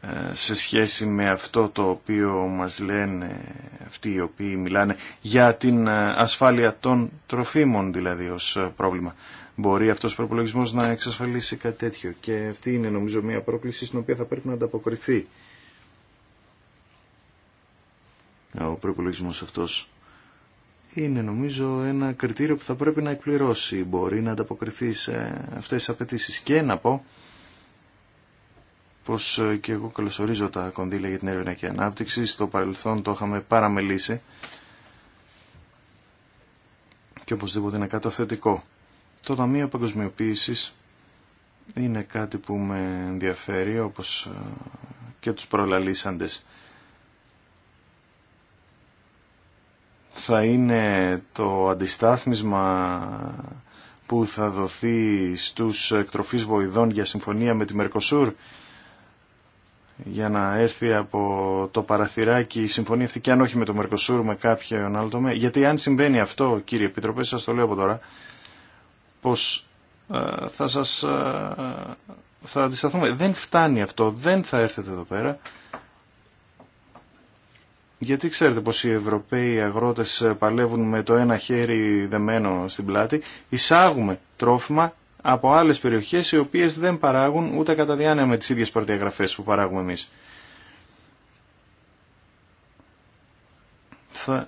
ε, σε σχέση με αυτό το οποίο μας λένε αυτοί οι οποίοι μιλάνε για την ε, ασφάλεια των τροφίμων δηλαδή ως πρόβλημα. Μπορεί αυτός ο προϋπολογισμός να εξασφαλίσει κάτι τέτοιο και αυτή είναι νομίζω μια πρόκληση στην οποία θα πρέπει να ανταποκριθεί ο προϋπολογισμός αυτός είναι νομίζω ένα κριτήριο που θα πρέπει να εκπληρώσει. Μπορεί να ανταποκριθεί σε αυτές τις απαιτήσει και να πω πως ε, και εγώ καλωσορίζω τα κονδύλια για την έρευνα και ανάπτυξη. Στο παρελθόν το είχαμε παραμελήσει και οπωσδήποτε είναι κάτι θετικό. Το Ταμείο Παγκοσμιοποίησης είναι κάτι που με ενδιαφέρει όπως ε, και τους προλαλήσαντες. θα είναι το αντιστάθμισμα που θα δοθεί στους εκτροφείς βοηδών για συμφωνία με τη Μερκοσούρ για να έρθει από το παραθυράκι η συμφωνία αυτή και αν όχι με το Μερκοσούρ με κάποιον άλλο τομέα. Γιατί αν συμβαίνει αυτό κύριε Επιτροπέ, σας το λέω από τώρα, πως ε, θα σας ε, θα αντισταθούμε. Δεν φτάνει αυτό, δεν θα έρθετε εδώ πέρα γιατί ξέρετε πως οι Ευρωπαίοι αγρότες παλεύουν με το ένα χέρι δεμένο στην πλάτη, εισάγουμε τρόφιμα από άλλες περιοχές οι οποίες δεν παράγουν ούτε κατά διάνοια με τις ίδιες παρτιαγραφές που παράγουμε εμείς.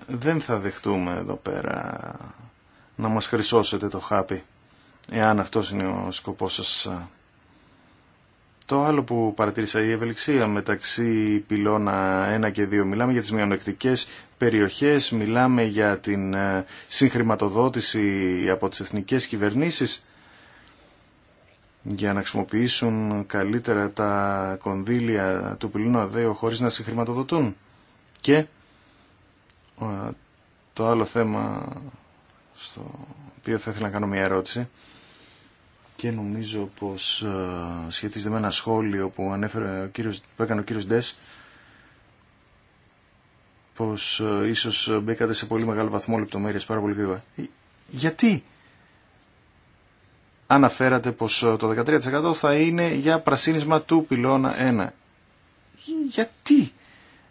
δεν θα δεχτούμε εδώ πέρα να μας χρυσώσετε το χάπι, εάν αυτός είναι ο σκοπός σας. Το άλλο που παρατήρησα, η ευελιξία μεταξύ πυλώνα 1 και 2. Μιλάμε για τις μειονεκτικές περιοχές, μιλάμε για την ε, συγχρηματοδότηση από τις εθνικές κυβερνήσεις για να χρησιμοποιήσουν καλύτερα τα κονδύλια του πυλώνα 2 χωρίς να συγχρηματοδοτούν. Και ε, το άλλο θέμα στο οποίο θα ήθελα να κάνω μια ερώτηση και νομίζω πως ε, σχετίζεται με ένα σχόλιο που, ανέφερε ο κύριος, που έκανε ο κύριος Ντες πως ε, ίσως μπήκατε σε πολύ μεγάλο βαθμό λεπτομέρειες πάρα πολύ γρήγορα. Ε, γιατί αναφέρατε πως το 13% θα είναι για πρασίνισμα του πυλώνα 1. Γιατί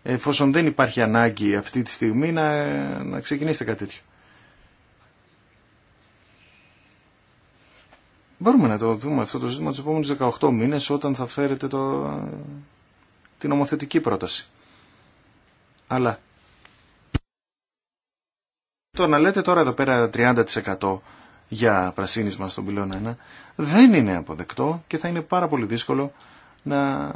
εφόσον δεν υπάρχει ανάγκη αυτή τη στιγμή να, να ξεκινήσετε κάτι τέτοιο. Μπορούμε να το δούμε αυτό το ζήτημα του επόμενου 18 μήνε όταν θα φέρετε το... την ομοθετική πρόταση. Αλλά το να λέτε τώρα εδώ πέρα 30% για πρασίνισμα στον πυλώνα 1 δεν είναι αποδεκτό και θα είναι πάρα πολύ δύσκολο να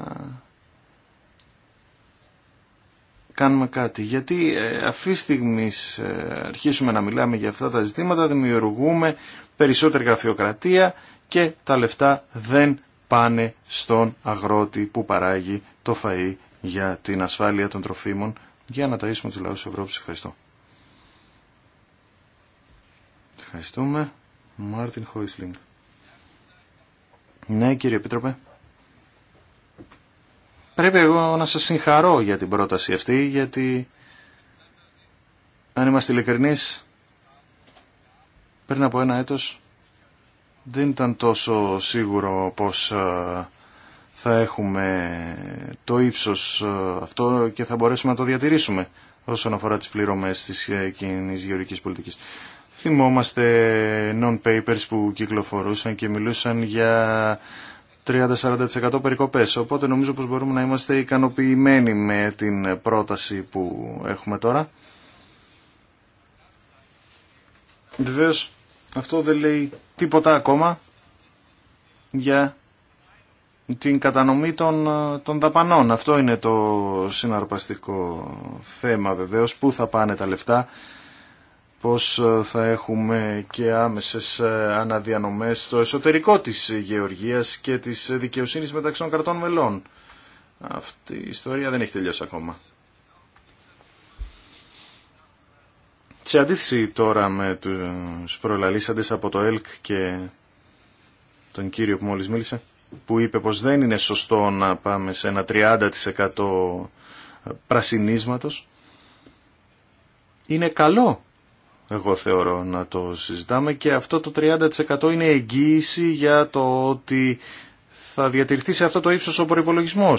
κάνουμε κάτι. Γιατί ε, αυτή στιγμή ε, αρχίσουμε να μιλάμε για αυτά τα ζητήματα, δημιουργούμε περισσότερη γραφειοκρατία, και τα λεφτά δεν πάνε στον αγρότη που παράγει το φαΐ για την ασφάλεια των τροφίμων για να ταΐσουμε τους λαούς της Ευρώπης. Ευχαριστώ. Ευχαριστούμε. Μάρτιν Χόισλινγκ. Ναι κύριε Επίτροπε. Πρέπει εγώ να σας συγχαρώ για την πρόταση αυτή γιατί αν είμαστε ειλικρινείς πριν από ένα έτος δεν ήταν τόσο σίγουρο πως ε, θα έχουμε το ύψος ε, αυτό και θα μπορέσουμε να το διατηρήσουμε όσον αφορά τις πληρωμές της ε, κοινή γεωρικής πολιτικής. Θυμόμαστε non-papers που κυκλοφορούσαν και μιλούσαν για 30-40% περικοπές. Οπότε νομίζω πως μπορούμε να είμαστε ικανοποιημένοι με την πρόταση που έχουμε τώρα. Βεβαίως, αυτό δεν λέει τίποτα ακόμα για την κατανομή των, ε, των δαπανών. Αυτό είναι το συναρπαστικό θέμα βεβαίως. Πού θα πάνε τα λεφτά, πώς ε, θα έχουμε και άμεσες ε, αναδιανομές στο εσωτερικό της γεωργίας και της δικαιοσύνης μεταξύ των κρατών μελών. Αυτή η ιστορία δεν έχει τελειώσει ακόμα. Σε αντίθεση τώρα με τους προλαλήσαντες από το ΕΛΚ και τον κύριο που μόλις μίλησε, που είπε πως δεν είναι σωστό να πάμε σε ένα 30% πρασινίσματος, είναι καλό εγώ θεωρώ να το συζητάμε και αυτό το 30% είναι εγγύηση για το ότι θα διατηρηθεί σε αυτό το ύψος ο προπολογισμό.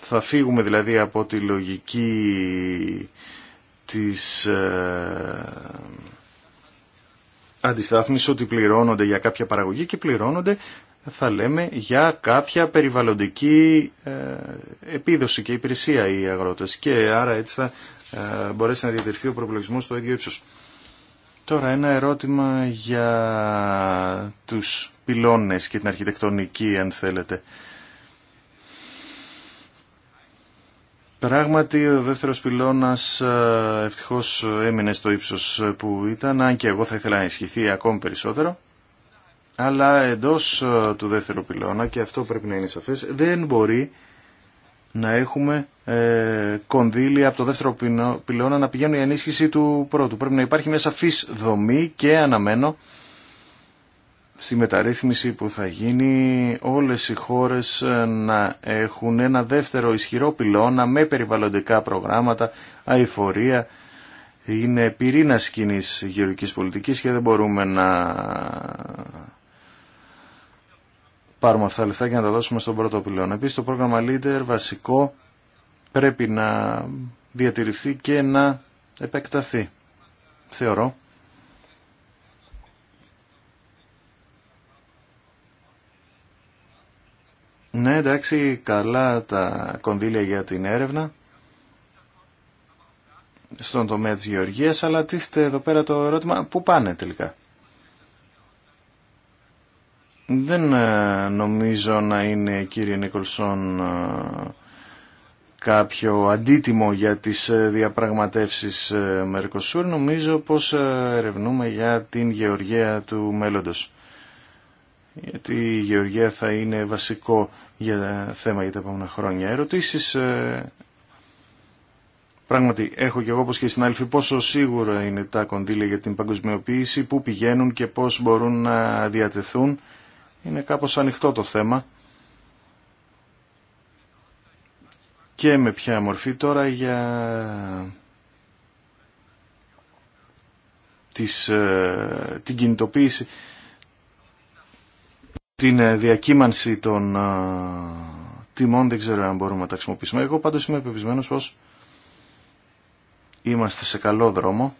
Θα φύγουμε δηλαδή από τη λογική της ε, αντιστάθμισης ότι πληρώνονται για κάποια παραγωγή και πληρώνονται θα λέμε για κάποια περιβαλλοντική ε, επίδοση και υπηρεσία οι αγρότες και άρα έτσι θα ε, μπορέσει να διατηρηθεί ο προπολογισμός στο ίδιο ύψος. Τώρα ένα ερώτημα για τους πυλώνες και την αρχιτεκτονική αν θέλετε. Πράγματι ο δεύτερο πυλώνα ε, ευτυχώ έμεινε στο ύψο που ήταν, αν και εγώ θα ήθελα να ισχυθεί ακόμη περισσότερο. Αλλά εντό ε, του δεύτερου πυλώνα, και αυτό πρέπει να είναι σαφές, δεν μπορεί να έχουμε ε, κονδύλια από το δεύτερο πυλώνα να πηγαίνουν η ενίσχυση του πρώτου. Πρέπει να υπάρχει μια σαφή δομή και αναμένω στη μεταρρύθμιση που θα γίνει όλες οι χώρες ε, να έχουν ένα δεύτερο ισχυρό πυλώνα με περιβαλλοντικά προγράμματα, αηφορία. Είναι πυρήνα κοινή γεωργικής πολιτικής και δεν μπορούμε να πάρουμε αυτά λεφτά και να τα δώσουμε στον πρώτο πυλώνα. Επίσης το πρόγραμμα Leader βασικό πρέπει να διατηρηθεί και να επεκταθεί. Θεωρώ Ναι, εντάξει, καλά τα κονδύλια για την έρευνα στον τομέα της γεωργίας, αλλά τίθεται εδώ πέρα το ερώτημα πού πάνε τελικά. Δεν ε, νομίζω να είναι, κύριε Νίκολσον, ε, κάποιο αντίτιμο για τις ε, διαπραγματεύσεις Μερκοσούρ. Νομίζω πως ερευνούμε για την γεωργία του μέλλοντος γιατί η γεωργία θα είναι βασικό για, θέμα για τα επόμενα χρόνια. Ερωτήσεις, ε, πράγματι έχω και εγώ όπως και οι πόσο σίγουρα είναι τα κονδύλια για την παγκοσμιοποίηση, πού πηγαίνουν και πώς μπορούν να διατεθούν. Είναι κάπως ανοιχτό το θέμα. Και με ποια μορφή τώρα για τις, ε, την κινητοποίηση την ε, διακύμανση των ε, τιμών δεν ξέρω αν μπορούμε να τα χρησιμοποιήσουμε. Εγώ πάντως είμαι πεπισμένος πως είμαστε σε καλό δρόμο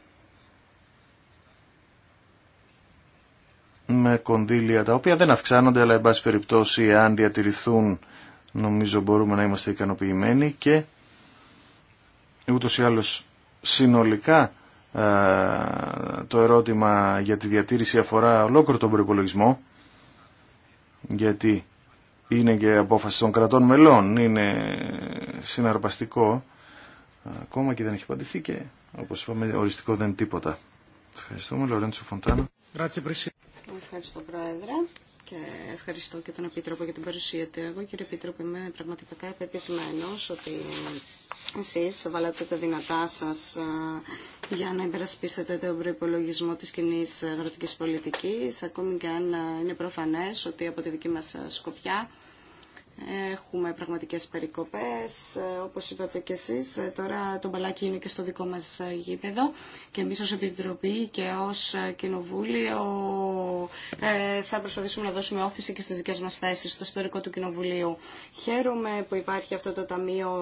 με κονδύλια τα οποία δεν αυξάνονται αλλά εν πάση περιπτώσει αν διατηρηθούν νομίζω μπορούμε να είμαστε ικανοποιημένοι και ούτως ή άλλως συνολικά ε, το ερώτημα για τη διατήρηση αφορά ολόκληρο τον προπολογισμό γιατί είναι και απόφαση των κρατών μελών, είναι συναρπαστικό, ακόμα και δεν έχει απαντηθεί και όπως είπαμε οριστικό δεν είναι τίποτα. Ευχαριστούμε, Λορέντσο Φοντάνα. Ευχαριστώ, Πρόεδρε και ευχαριστώ και τον Επίτροπο για την παρουσία του. Εγώ, κύριε Επίτροπο, είμαι πραγματικά επεπισμένο ότι εσεί βάλατε τα δυνατά σα για να υπερασπίσετε τον προπολογισμό τη κοινή αγροτική πολιτική, ακόμη και αν είναι προφανέ ότι από τη δική μα σκοπιά Έχουμε πραγματικές περικοπές, όπως είπατε και εσείς. Τώρα το μπαλάκι είναι και στο δικό μας γήπεδο και εμείς ως Επιτροπή και ως Κοινοβούλιο ε, θα προσπαθήσουμε να δώσουμε όθηση και στις δικές μας θέσεις στο ιστορικό του Κοινοβουλίου. Χαίρομαι που υπάρχει αυτό το Ταμείο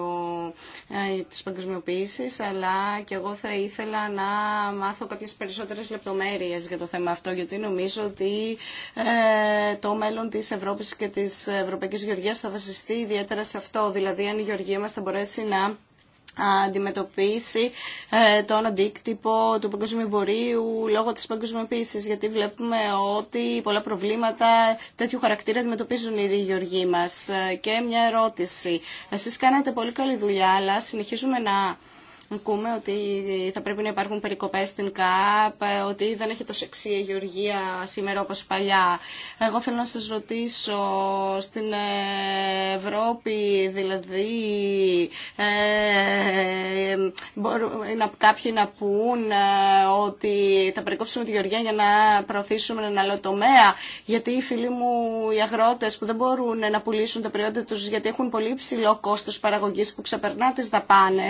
ε, της Παγκοσμιοποίησης, αλλά και εγώ θα ήθελα να μάθω κάποιες περισσότερες λεπτομέρειες για το θέμα αυτό, γιατί νομίζω ότι ε, το μέλλον της Ευρώπης και της Ευρωπαϊκής Γεωργίας θα βασιστεί ιδιαίτερα σε αυτό, δηλαδή αν η γεωργία μας θα μπορέσει να αντιμετωπίσει ε, τον αντίκτυπο του παγκοσμίου εμπορίου λόγω της παγκοσμιοποίησης γιατί βλέπουμε ότι πολλά προβλήματα τέτοιου χαρακτήρα αντιμετωπίζουν ήδη οι γεωργοί μας. Ε, και μια ερώτηση. Εσείς κάνετε πολύ καλή δουλειά αλλά συνεχίζουμε να ακούμε ότι θα πρέπει να υπάρχουν περικοπές στην ΚΑΠ, ότι δεν έχει τόσο η γεωργία σήμερα όπως παλιά. Εγώ θέλω να σα ρωτήσω, στην Ευρώπη δηλαδή, ε, να, κάποιοι να πούν ε, ότι θα περικόψουμε τη γεωργία για να προωθήσουμε έναν άλλο τομέα, γιατί οι φίλοι μου οι αγρότε που δεν μπορούν να πουλήσουν τα προϊόντα τους γιατί έχουν πολύ ψηλό κόστο παραγωγή που ξεπερνά τι δαπάνε.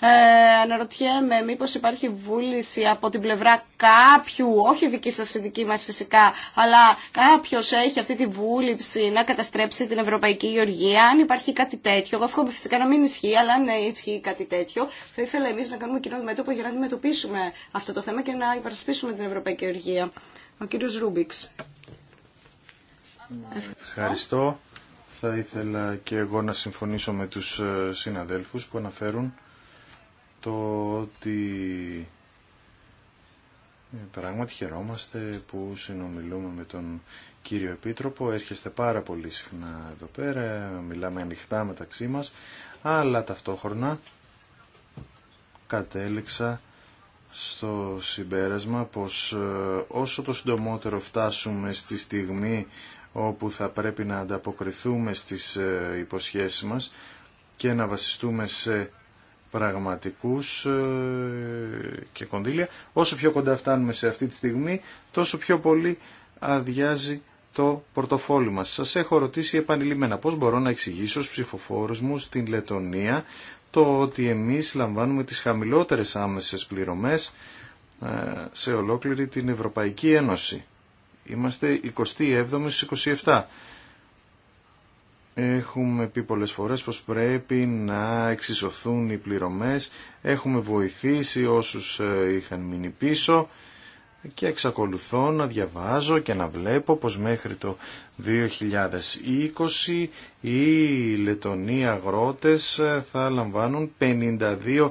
ε, αναρωτιέμαι μήπως υπάρχει βούληση από την πλευρά κάποιου, όχι δική σας η δική μας φυσικά, αλλά κάποιος έχει αυτή τη βούληψη να καταστρέψει την Ευρωπαϊκή Γεωργία, αν υπάρχει κάτι τέτοιο. Εγώ εύχομαι φυσικά να μην ισχύει, αλλά αν ναι, ισχύει κάτι τέτοιο, θα ήθελα εμείς να κάνουμε κοινό μέτωπο για να αντιμετωπίσουμε αυτό το θέμα και να υπερασπίσουμε την Ευρωπαϊκή Γεωργία. Ο κύριος Ρούμπιξ. Ευχαριστώ. Θα ήθελα και εγώ να συμφωνήσω με τους ε, συναδέλφους που αναφέρουν το ότι ε, πράγματι χαιρόμαστε που συνομιλούμε με τον κύριο Επίτροπο. Έρχεστε πάρα πολύ συχνά εδώ πέρα, μιλάμε ανοιχτά μεταξύ μας, αλλά ταυτόχρονα κατέληξα στο συμπέρασμα πως ε, όσο το συντομότερο φτάσουμε στη στιγμή όπου θα πρέπει να ανταποκριθούμε στις ε, υποσχέσεις μας και να βασιστούμε σε πραγματικούς ε, και κονδύλια. Όσο πιο κοντά φτάνουμε σε αυτή τη στιγμή, τόσο πιο πολύ αδειάζει το πορτοφόλι μας. Σας έχω ρωτήσει επανειλημμένα πώς μπορώ να εξηγήσω στους ψηφοφόρους μου στην Λετωνία το ότι εμείς λαμβάνουμε τις χαμηλότερες άμεσες πληρωμές ε, σε ολόκληρη την Ευρωπαϊκή Ένωση. Είμαστε 27 27. Έχουμε πει πολλές φορές πως πρέπει να εξισωθούν οι πληρωμές. Έχουμε βοηθήσει όσους ε, είχαν μείνει πίσω και εξακολουθώ να διαβάζω και να βλέπω πως μέχρι το 2020 οι Λετωνοί αγρότες ε, θα λαμβάνουν 52%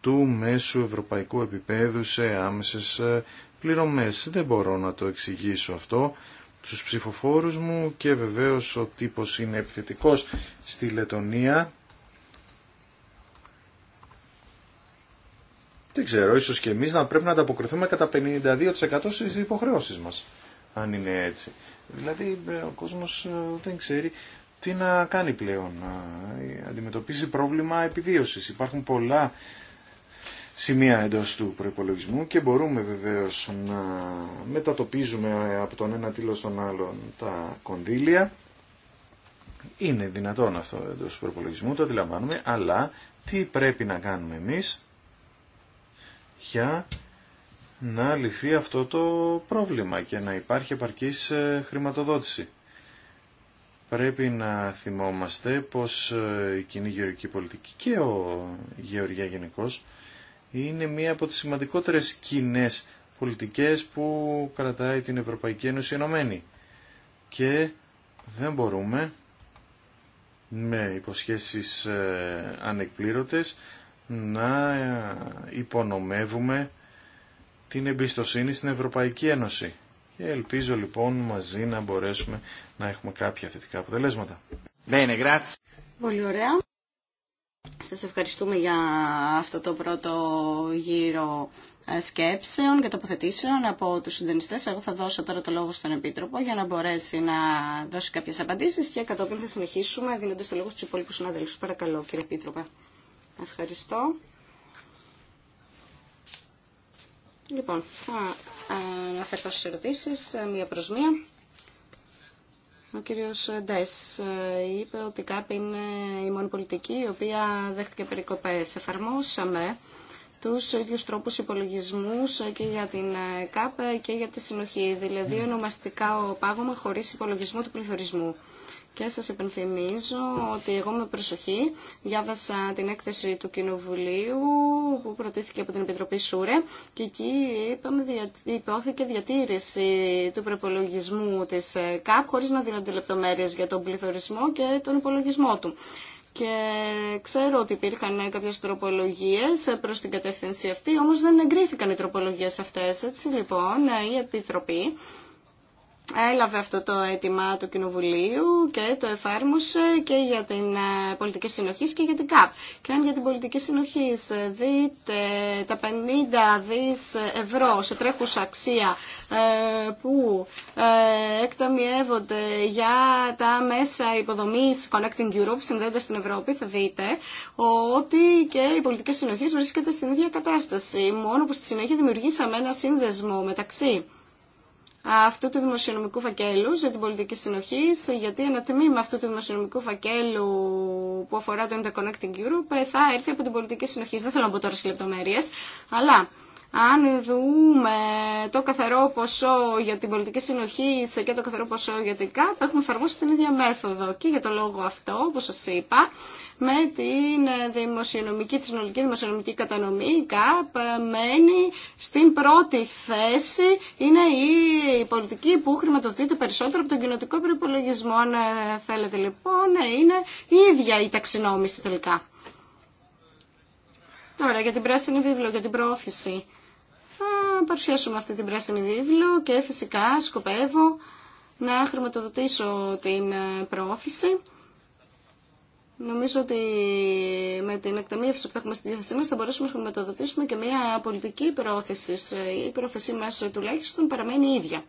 του μέσου ευρωπαϊκού επίπεδου σε άμεσες ε, πληρωμές. Δεν μπορώ να το εξηγήσω αυτό τους ψηφοφόρους μου και βεβαίως ο τύπος είναι επιθετικός στη Λετωνία. Δεν ξέρω, ίσως και εμείς να πρέπει να ανταποκριθούμε κατά 52% στις υποχρεώσεις μας, αν είναι έτσι. Δηλαδή ε, ο κόσμος ε, δεν ξέρει τι να κάνει πλέον. Ε, αντιμετωπίζει πρόβλημα επιβίωσης. Υπάρχουν πολλά σημεία εντός του προϋπολογισμού και μπορούμε βεβαίως να μετατοπίζουμε από τον ένα τύλο στον άλλον τα κονδύλια. Είναι δυνατόν αυτό εντός του προϋπολογισμού, το αντιλαμβάνουμε, αλλά τι πρέπει να κάνουμε εμείς για να λυθεί αυτό το πρόβλημα και να υπάρχει επαρκής ε, χρηματοδότηση. Πρέπει να θυμόμαστε πως ε, η κοινή γεωργική πολιτική και ο Γεωργία γενικός είναι μία από τις σημαντικότερες κοινέ πολιτικές που κρατάει την Ευρωπαϊκή Ένωση Ενωμένη. Και δεν μπορούμε με υποσχέσεις ε, ανεκπλήρωτες να ε, υπονομεύουμε την εμπιστοσύνη στην Ευρωπαϊκή Ένωση. Και ελπίζω λοιπόν μαζί να μπορέσουμε να έχουμε κάποια θετικά αποτελέσματα. Πολύ ωραία. Σας ευχαριστούμε για αυτό το πρώτο γύρο ε, σκέψεων και τοποθετήσεων από τους συντονιστές. Εγώ θα δώσω τώρα το λόγο στον Επίτροπο για να μπορέσει να δώσει κάποιες απαντήσεις και κατόπιν θα συνεχίσουμε δίνοντας το λόγο στους υπόλοιπους συναδέλφους. Παρακαλώ κύριε Επίτροπε. Ευχαριστώ. Λοιπόν, θα αναφερθώ στις ερωτήσεις ε, μία προς μία. Ο κύριος Ντες ε, είπε ότι ΚΑΠ είναι η μόνη πολιτική η οποία δέχτηκε περικοπές. Εφαρμόσαμε τους ίδιους τρόπους υπολογισμούς ε, και για την ε, ΚΑΠ και για τη συνοχή, δηλαδή ονομαστικά ο πάγωμα χωρίς υπολογισμό του πληθωρισμού και σας υπενθυμίζω ότι εγώ με προσοχή διάβασα την έκθεση του Κοινοβουλίου που προτίθηκε από την Επιτροπή ΣΟΥΡΕ και εκεί είπαμε, υπόθηκε διατήρηση του προπολογισμού της ΚΑΠ χωρίς να δίνονται λεπτομέρειες για τον πληθωρισμό και τον υπολογισμό του. Και ξέρω ότι υπήρχαν κάποιες τροπολογίες προς την κατεύθυνση αυτή, όμως δεν εγκρίθηκαν οι τροπολογίες αυτές. Έτσι λοιπόν η Επιτροπή έλαβε αυτό το αίτημα του Κοινοβουλίου και το εφάρμοσε και για την ε, πολιτική συνοχή και για την ΚΑΠ. Και αν για την πολιτική συνοχή ε, δείτε τα 50 δις ευρώ σε τρέχουσα αξία ε, που εκταμιεύονται για τα μέσα υποδομής Connecting Europe συνδέοντας στην Ευρώπη θα δείτε ότι και η πολιτική συνοχή βρίσκεται στην ίδια κατάσταση μόνο που στη συνέχεια δημιουργήσαμε ένα σύνδεσμο μεταξύ αυτού του δημοσιονομικού φακέλου για την πολιτική συνοχή, γιατί ένα τμήμα αυτού του δημοσιονομικού φακέλου που αφορά το Interconnecting Europe ε, θα έρθει από την πολιτική συνοχή. Δεν θέλω να πω τώρα σε λεπτομέρειε, αλλά αν δούμε το καθαρό ποσό για την πολιτική συνοχή και το καθαρό ποσό για την ΚΑΠ, έχουμε εφαρμόσει την ίδια μέθοδο. Και για το λόγο αυτό, όπως σας είπα, με την δημοσιονομική, τη συνολική δημοσιονομική κατανομή. Η ΚΑΠ μένει στην πρώτη θέση. Είναι η πολιτική που χρηματοδοτείται περισσότερο από τον κοινοτικό προπολογισμό. Αν ε, θέλετε λοιπόν, είναι η ίδια η ταξινόμηση τελικά. Τώρα για την πράσινη βίβλο, για την προώθηση. Θα παρουσιάσουμε αυτή την πράσινη βίβλο και φυσικά σκοπεύω να χρηματοδοτήσω την ε, προώθηση Νομίζω ότι με την εκταμείευση που θα έχουμε στη διάθεσή μα θα μπορέσουμε να χρηματοδοτήσουμε και μια πολιτική πρόθεση. Η πρόθεσή μα τουλάχιστον παραμένει ίδια.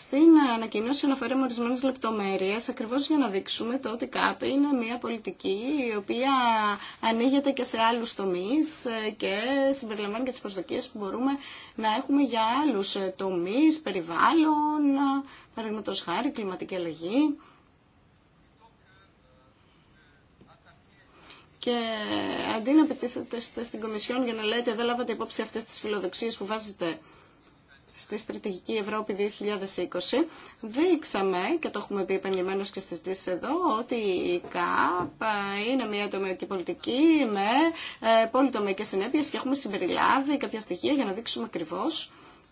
Στην ανακοινώση αναφέραμε ορισμένε λεπτομέρειε ακριβώ για να δείξουμε το ότι ΚΑΠ είναι μια πολιτική η οποία ανοίγεται και σε άλλου τομεί ε, και συμπεριλαμβάνει και τι προσδοκίε που μπορούμε να έχουμε για άλλου ε, τομεί, περιβάλλον, ε, παραδείγματο χάρη, κλιματική αλλαγή. Και αντί να επιτίθετε στην Κομισιόν για να λέτε δεν λάβατε υπόψη αυτές τις φιλοδοξίες που βάζετε στη Στρατηγική Ευρώπη 2020, δείξαμε, και το έχουμε πει επανειλημμένω και στι δύο εδώ, ότι η ΚΑΠ ε, είναι μια τομεακή πολιτική με ε, πολυτομεικέ συνέπειε και έχουμε συμπεριλάβει κάποια στοιχεία για να δείξουμε ακριβώ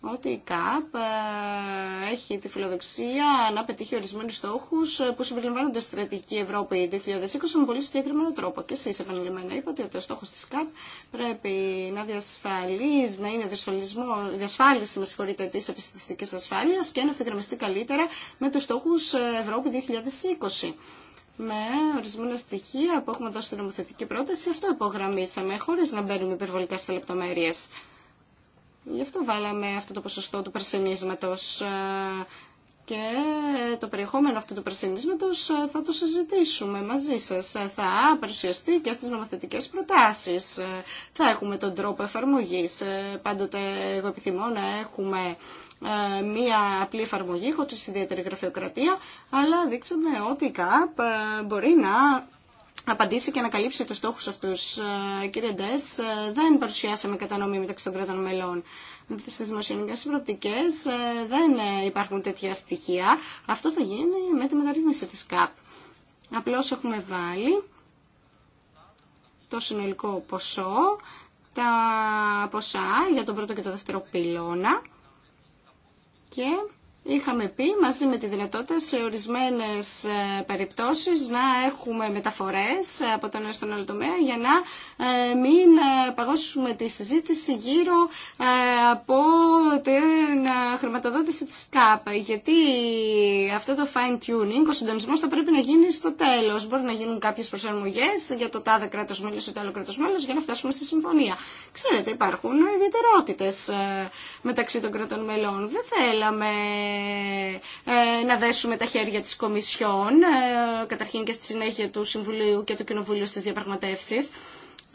ότι η ΚΑΠ ε, έχει τη φιλοδοξία να πετύχει ορισμένου στόχου ε, που συμπεριλαμβάνονται στη στρατηγική Ευρώπη 2020 με πολύ συγκεκριμένο τρόπο. Και εσεί επαναλημμένα είπατε ότι ο στόχο τη ΚΑΠ πρέπει να διασφαλίζει, να είναι διασφάλιση με συγχωρείτε τη επιστημιστική ασφάλεια και να ευθυγραμμιστεί καλύτερα με του στόχου ε, Ευρώπη 2020 με ορισμένα στοιχεία που έχουμε δώσει στην νομοθετική πρόταση, αυτό υπογραμμίσαμε, χωρίς να μπαίνουμε υπερβολικά σε λεπτομέρειε. Γι' αυτό βάλαμε αυτό το ποσοστό του περσινίσματος ε, και το περιεχόμενο αυτού του περσινίσματος ε, θα το συζητήσουμε μαζί σας. Ε, θα παρουσιαστεί και στις νομοθετικές προτάσεις. Θα έχουμε τον τρόπο εφαρμογής. Πάντοτε εγώ επιθυμώ να έχουμε μία απλή εφαρμογή, χωρίς ιδιαίτερη γραφειοκρατία, αλλά δείξαμε ότι η ΚΑΠ μπορεί να απαντήσει και να καλύψει στόχου στόχους αυτούς. Ε, κύριε Ντέ, ε, δεν παρουσιάσαμε κατανομή μεταξύ των κρατών μελών. Στι δημοσιονομικέ προοπτικέ ε, δεν υπάρχουν τέτοια στοιχεία. Αυτό θα γίνει με τη μεταρρύθμιση τη ΚΑΠ. Απλώς έχουμε βάλει το συνολικό ποσό, τα ποσά για τον πρώτο και το δεύτερο πυλώνα και είχαμε πει μαζί με τη δυνατότητα σε ορισμένες ε, περιπτώσεις να έχουμε μεταφορές από τον ένα στον άλλο τομέα για να ε, μην ε, παγώσουμε τη συζήτηση γύρω από την χρηματοδότηση της ΚΑΠ. Γιατί αυτό το fine tuning, ο συντονισμός θα πρέπει να γίνει στο τέλος. Μπορεί να γίνουν κάποιες προσαρμογές για το τάδε κράτος μέλος ή το άλλο κράτος μέλος για να φτάσουμε στη συμφωνία. Ξέρετε υπάρχουν ιδιαιτερότητες μεταξύ των κρατών μελών. Δεν θέλαμε ε, να δέσουμε τα χέρια της Κομισιόν, ε, καταρχήν και στη συνέχεια του Συμβουλίου και του Κοινοβουλίου στις διαπραγματεύσεις.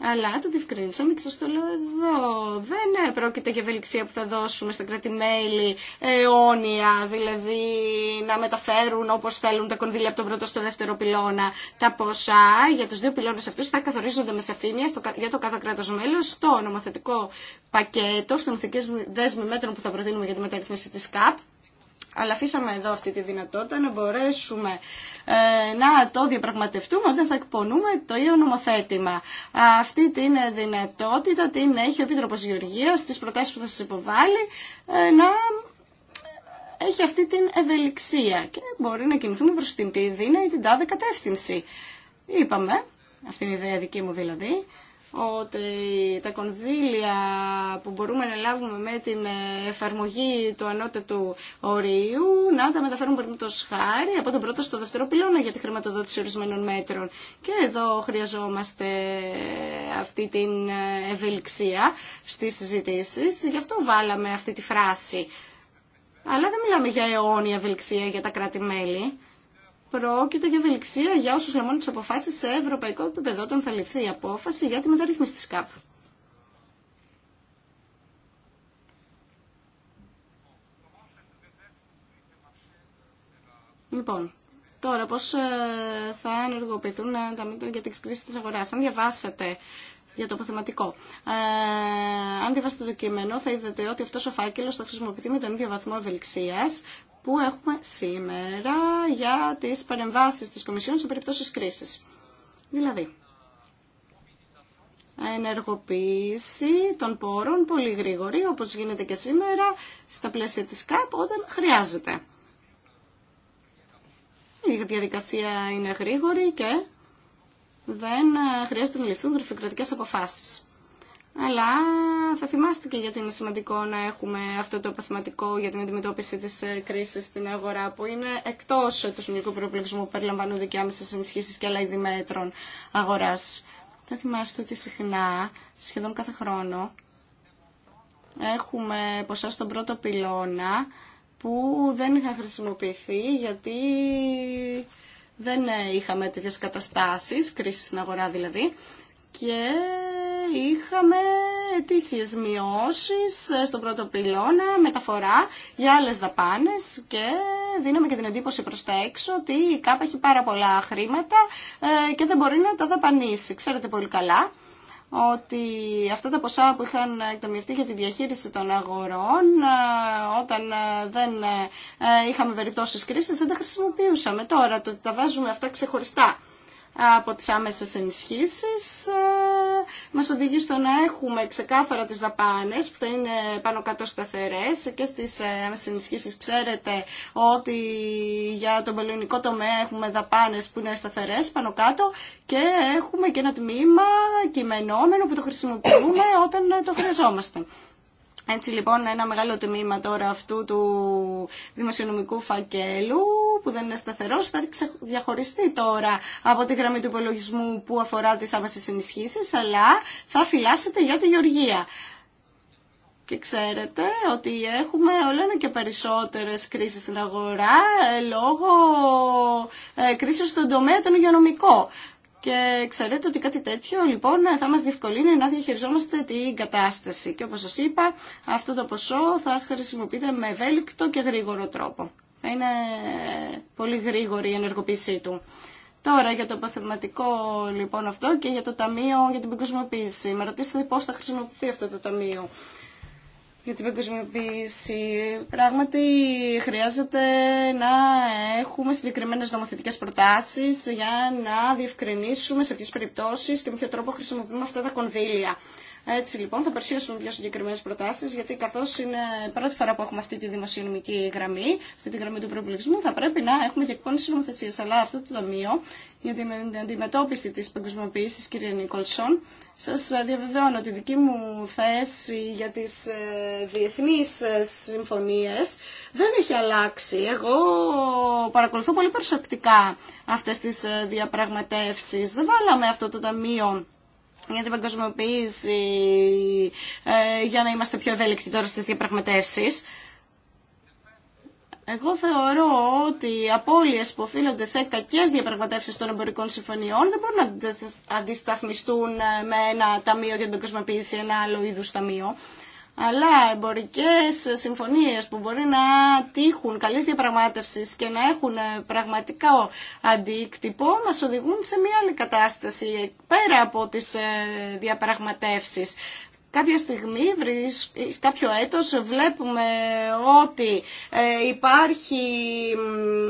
Αλλά το διευκρινίσαμε και σας το λέω εδώ. Δεν ε, πρόκειται για ευελιξία που θα δώσουμε στα κράτη-μέλη αιώνια, δηλαδή να μεταφέρουν όπω θέλουν τα κονδύλια από τον πρώτο στο δεύτερο πυλώνα. Τα ποσά για τους δύο πυλώνες αυτούς θα καθορίζονται με σαφήνεια για το κάθε κράτος μέλος στο νομοθετικό πακέτο, στο νομοθετικέ δέσμη μέτρων που θα προτείνουμε για τη μεταρρύθμιση τη ΚΑΠ αλλά αφήσαμε εδώ αυτή τη δυνατότητα να μπορέσουμε ε, να το διαπραγματευτούμε όταν θα εκπονούμε το ίδιο νομοθέτημα. Αυτή την δυνατότητα την έχει ο Επίτροπος Γεωργίας, τις προτάσεις που θα σας υποβάλει, ε, να έχει αυτή την ευελιξία και μπορεί να κινηθούμε προς την πίδη ή την τάδε κατεύθυνση. Είπαμε, αυτή είναι η ιδέα δική μου δηλαδή, ότι τα κονδύλια που μπορούμε να λάβουμε με την εφαρμογή του ανώτατου ορίου να τα μεταφέρουμε το χάρη από τον πρώτο στο δεύτερο πυλώνα για τη χρηματοδότηση ορισμένων μέτρων. Και εδώ χρειαζόμαστε αυτή την ευελιξία στις συζητήσεις. Γι' αυτό βάλαμε αυτή τη φράση. Αλλά δεν μιλάμε για αιώνια ευελιξία για τα κράτη-μέλη πρόκειται για ευελιξία για όσου λαμβάνουν τι αποφάσει σε ευρωπαϊκό επίπεδο όταν θα ληφθεί η απόφαση για τη μεταρρύθμιση τη ΚΑΠ. Λοιπόν, τώρα πώς ε, θα ενεργοποιηθούν ε, τα μέτρα για την εξκρίση της αγοράς. Αν διαβάσετε για το αποθεματικό. Ε, αν διαβάσετε το κείμενο, θα είδατε ότι αυτός ο φάκελο θα χρησιμοποιηθεί με τον ίδιο βαθμό ευελιξίας που έχουμε σήμερα για τις παρεμβάσεις της Κομισιόν σε περιπτώσεις κρίσης. Δηλαδή, ενεργοποίηση των πόρων πολύ γρήγορη, όπως γίνεται και σήμερα, στα πλαίσια της ΚΑΠ, όταν χρειάζεται. Η διαδικασία είναι γρήγορη και δεν χρειάζεται να ληφθούν γραφειοκρατικές αποφάσεις. Αλλά θα θυμάστε και γιατί είναι σημαντικό να έχουμε αυτό το επαθηματικό για την αντιμετώπιση της ε, κρίσης στην αγορά που είναι εκτός ε, του συνολικού προεπλογισμού που περιλαμβάνονται και άμεσες ενισχύσεις και άλλα είδη μέτρων αγοράς. Θα θυμάστε ότι συχνά, σχεδόν κάθε χρόνο, έχουμε ποσά στον πρώτο πυλώνα που δεν είχαν χρησιμοποιηθεί γιατί δεν ε, είχαμε τέτοιες καταστάσεις, κρίση στην αγορά δηλαδή, και είχαμε τις μειώσεις ε, στον πρώτο πυλώνα, μεταφορά για άλλες δαπάνες και δίναμε και την εντύπωση προς τα έξω ότι η ΚΑΠ έχει πάρα πολλά χρήματα ε, και δεν μπορεί να τα δαπανίσει. Ξέρετε πολύ καλά ότι αυτά τα ποσά που είχαν εκτεμιευτεί για τη διαχείριση των αγορών ε, όταν δεν είχαμε περιπτώσεις κρίσης δεν τα χρησιμοποιούσαμε. Τώρα το ότι τα βάζουμε αυτά ξεχωριστά από τις άμεσες ενισχύσεις ε, μας οδηγεί στο να έχουμε ξεκάθαρα τις δαπάνες που θα είναι πάνω κάτω σταθερές και στις ε, άμεσες ενισχύσεις ξέρετε ότι για τον πολιτικό τομέα έχουμε δαπάνες που είναι σταθερές πάνω κάτω και έχουμε και ένα τμήμα κειμενόμενο που το χρησιμοποιούμε όταν το χρειαζόμαστε. Έτσι λοιπόν ένα μεγάλο τμήμα τώρα αυτού του δημοσιονομικού φακέλου που δεν είναι σταθερός θα διαχωριστεί τώρα από τη γραμμή του υπολογισμού που αφορά τις άβασες ενισχύσεις αλλά θα φυλάσσεται για τη γεωργία. Και ξέρετε ότι έχουμε όλο και περισσότερες κρίσεις στην αγορά ε, λόγω ε, κρίσεως στον τομέα των υγειονομικών. Και ξέρετε ότι κάτι τέτοιο λοιπόν θα μας διευκολύνει να διαχειριζόμαστε την κατάσταση. Και όπως σας είπα, αυτό το ποσό θα χρησιμοποιείται με ευέλικτο και γρήγορο τρόπο. Θα είναι πολύ γρήγορη η ενεργοποίησή του. Τώρα για το αποθεματικό λοιπόν αυτό και για το Ταμείο για την Παγκοσμιοποίηση. Με ρωτήσατε πώς θα χρησιμοποιηθεί αυτό το Ταμείο για την παγκοσμιοποίηση. Πράγματι χρειάζεται να έχουμε συγκεκριμένε νομοθετικέ προτάσει για να διευκρινίσουμε σε ποιες περιπτώσεις και με ποιο τρόπο χρησιμοποιούμε αυτά τα κονδύλια. Έτσι λοιπόν θα παρουσιάσουν δυο συγκεκριμένε προτάσει, γιατί καθώ είναι πρώτη φορά που έχουμε αυτή τη δημοσιονομική γραμμή, αυτή τη γραμμή του προπολογισμού, θα πρέπει να έχουμε και εκπόνηση νομοθεσία. Αλλά αυτό το ταμείο για την αντιμετώπιση τη παγκοσμιοποίηση, κύριε Νίκολσον, σα διαβεβαιώνω ότι η δική μου θέση για τι ε, διεθνεί ε, συμφωνίε δεν έχει αλλάξει. Εγώ παρακολουθώ πολύ προσεκτικά αυτέ τι ε, διαπραγματεύσει. Δεν βάλαμε αυτό το ταμείο για την παγκοσμιοποίηση, ε, για να είμαστε πιο ευέλικτοι τώρα στις διαπραγματεύσεις. Εγώ θεωρώ ότι οι απώλειες που οφείλονται σε κακές διαπραγματεύσεις των εμπορικών συμφωνιών δεν μπορούν να αντισταθμιστούν με ένα ταμείο για την παγκοσμιοποίηση, ένα άλλο είδους ταμείο αλλά εμπορικές συμφωνίες που μπορεί να τύχουν καλής διαπραγμάτευσης και να έχουν πραγματικά αντίκτυπο μας οδηγούν σε μια άλλη κατάσταση πέρα από τις ε, διαπραγματεύσεις. Κάποια στιγμή, κάποιο έτος, βλέπουμε ότι ε, υπάρχει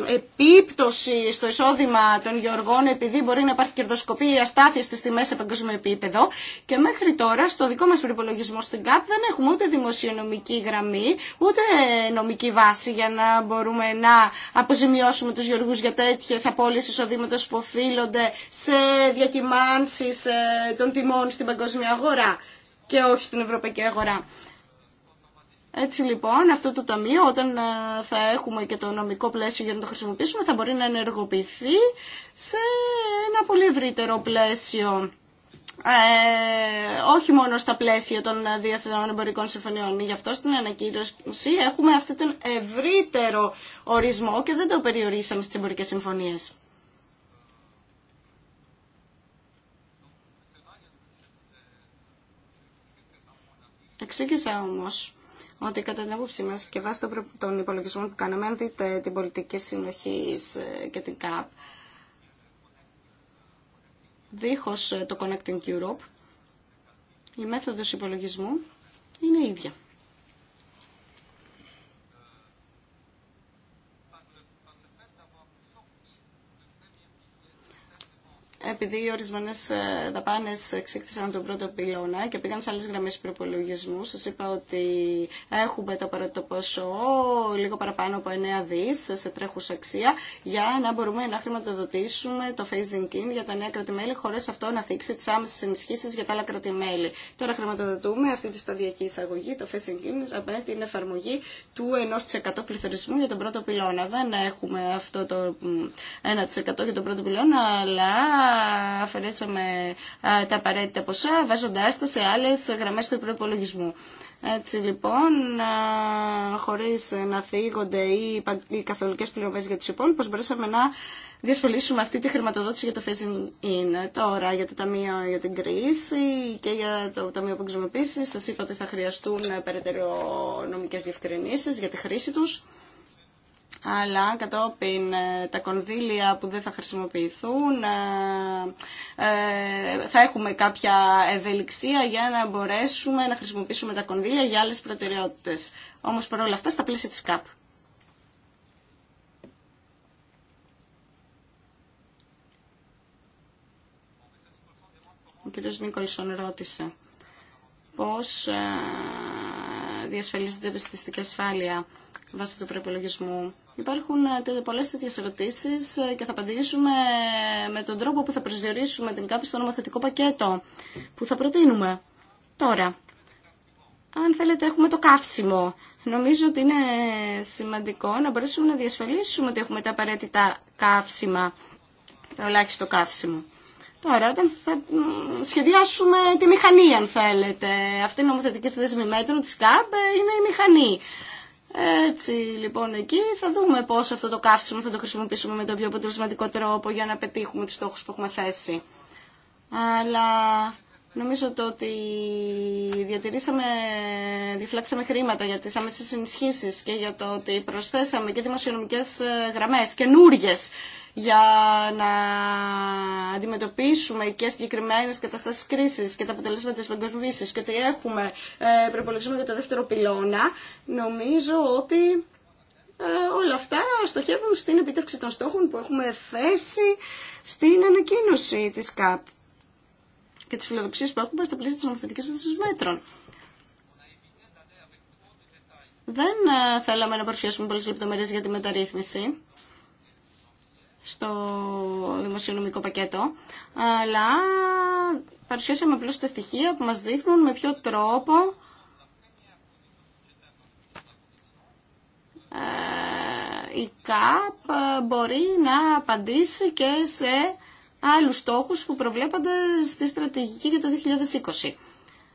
επίπτωση στο εισόδημα των γεωργών επειδή μπορεί να υπάρχει κερδοσκοπία αστάθεια στις τιμές σε παγκόσμιο επίπεδο και μέχρι τώρα στο δικό μας προπολογισμό στην ΚΑΠ δεν έχουμε ούτε δημοσιονομική γραμμή ούτε νομική βάση για να μπορούμε να αποζημιώσουμε τους γεωργούς για τέτοιες απώλειες εισοδήματος που οφείλονται σε διακυμάνσεις ε, των τιμών στην παγκόσμια αγορά και όχι στην ευρωπαϊκή αγορά. Έτσι λοιπόν, αυτό το ταμείο όταν ε, θα έχουμε και το νομικό πλαίσιο για να το χρησιμοποιήσουμε θα μπορεί να ενεργοποιηθεί σε ένα πολύ ευρύτερο πλαίσιο. Ε, όχι μόνο στα πλαίσια των διεθνών εμπορικών συμφωνιών. Γι' αυτό στην ανακοίνωση έχουμε αυτόν τον ευρύτερο ορισμό και δεν το περιορίσαμε στις εμπορικές συμφωνίες. Εξήγησα όμως ότι κατά την άποψή μα και βάσει των υπολογισμών που κάναμε, αν δείτε την πολιτική συνοχή ε, και την ΚΑΠ, Δίχω ε, το Connecting Europe, η μέθοδο υπολογισμού είναι ίδια. επειδή οι ορισμένε ε, δαπάνε εξήχθησαν τον πρώτο πυλώνα και πήγαν σε άλλε γραμμέ προπολογισμού. Σα είπα ότι έχουμε το απαραίτητο ποσό, λίγο παραπάνω από 9 δι σε τρέχουσα αξία, για να μπορούμε να χρηματοδοτήσουμε το phasing in για τα νέα κρατημέλη, χωρί αυτό να θίξει τι άμεσε ενισχύσει για τα άλλα κρατημέλη. Τώρα χρηματοδοτούμε αυτή τη σταδιακή εισαγωγή, το phasing in, με την εφαρμογή του 1% πληθωρισμού για τον πρώτο πυλώνα. Δεν έχουμε αυτό το 1% για τον πρώτο πυλώνα, αλλά αφαιρέσαμε τα απαραίτητα ποσά βάζοντάς τα σε άλλες γραμμές του προπολογισμού. Έτσι λοιπόν, χωρίς να θίγονται οι καθολικές πληρωμές για τους υπόλοιπους, μπορέσαμε να διασφαλίσουμε αυτή τη χρηματοδότηση για το phasing in. Τώρα για το Ταμείο για την Κρίση και για το Ταμείο Παγκοσμιοποίησης, σας είπα ότι θα χρειαστούν περαιτέρω νομικέ διευκρινήσεις για τη χρήση τους αλλά κατόπιν ε, τα κονδύλια που δεν θα χρησιμοποιηθούν ε, ε, θα έχουμε κάποια ευελιξία για να μπορέσουμε να χρησιμοποιήσουμε τα κονδύλια για άλλες προτεραιότητες. Όμως παρόλα αυτά στα πλαίσια της ΚΑΠ. Ο κ. Νίκολσον ρώτησε πώς διασφαλίζεται η επιστημιστική ασφάλεια βάσει του προπολογισμού. Υπάρχουν ε, πολλέ τέτοιε ερωτήσει ε, και θα απαντήσουμε ε, με τον τρόπο που θα προσδιορίσουμε την κάπη στο νομοθετικό πακέτο που θα προτείνουμε. Τώρα, αν θέλετε, έχουμε το καύσιμο. Νομίζω ότι είναι σημαντικό να μπορέσουμε να διασφαλίσουμε ότι έχουμε τα απαραίτητα καύσιμα, το ελάχιστο καύσιμο. Τώρα, όταν θα σχεδιάσουμε τη μηχανή, αν θέλετε, αυτή η νομοθετική δέσμη μέτρων της ΚΑΠ ε, είναι η μηχανή. Έτσι λοιπόν εκεί θα δούμε πώς αυτό το καύσιμο θα το χρησιμοποιήσουμε με τον πιο αποτελεσματικό τρόπο για να πετύχουμε τους στόχους που έχουμε θέσει. Αλλά Νομίζω ότι διατηρήσαμε, διφλάξαμε χρήματα για τις άμεσες ενισχύσεις και για το ότι προσθέσαμε και δημοσιονομικές ε, γραμμές καινούριε για να αντιμετωπίσουμε και συγκεκριμένε καταστάσει κρίση και τα αποτελέσματα τη παγκοσμιοποίηση και ότι έχουμε ε, προπολογισμό για το δεύτερο πυλώνα, νομίζω ότι ε, όλα αυτά στοχεύουν στην επιτεύξη των στόχων που έχουμε θέσει στην ανακοίνωση της ΚΑΠ και τις φιλοδοξίες που έχουμε στα πλαίσια της νομοθετικής μέτρων. Δεν ε, θέλαμε να παρουσιάσουμε πολλές λεπτομέρειες για τη μεταρρύθμιση στο δημοσιονομικό πακέτο, αλλά παρουσιάσαμε απλώ τα στοιχεία που μας δείχνουν με ποιο τρόπο ε, η ΚΑΠ ε, μπορεί να απαντήσει και σε άλλους στόχους που προβλέπονται στη στρατηγική για το 2020.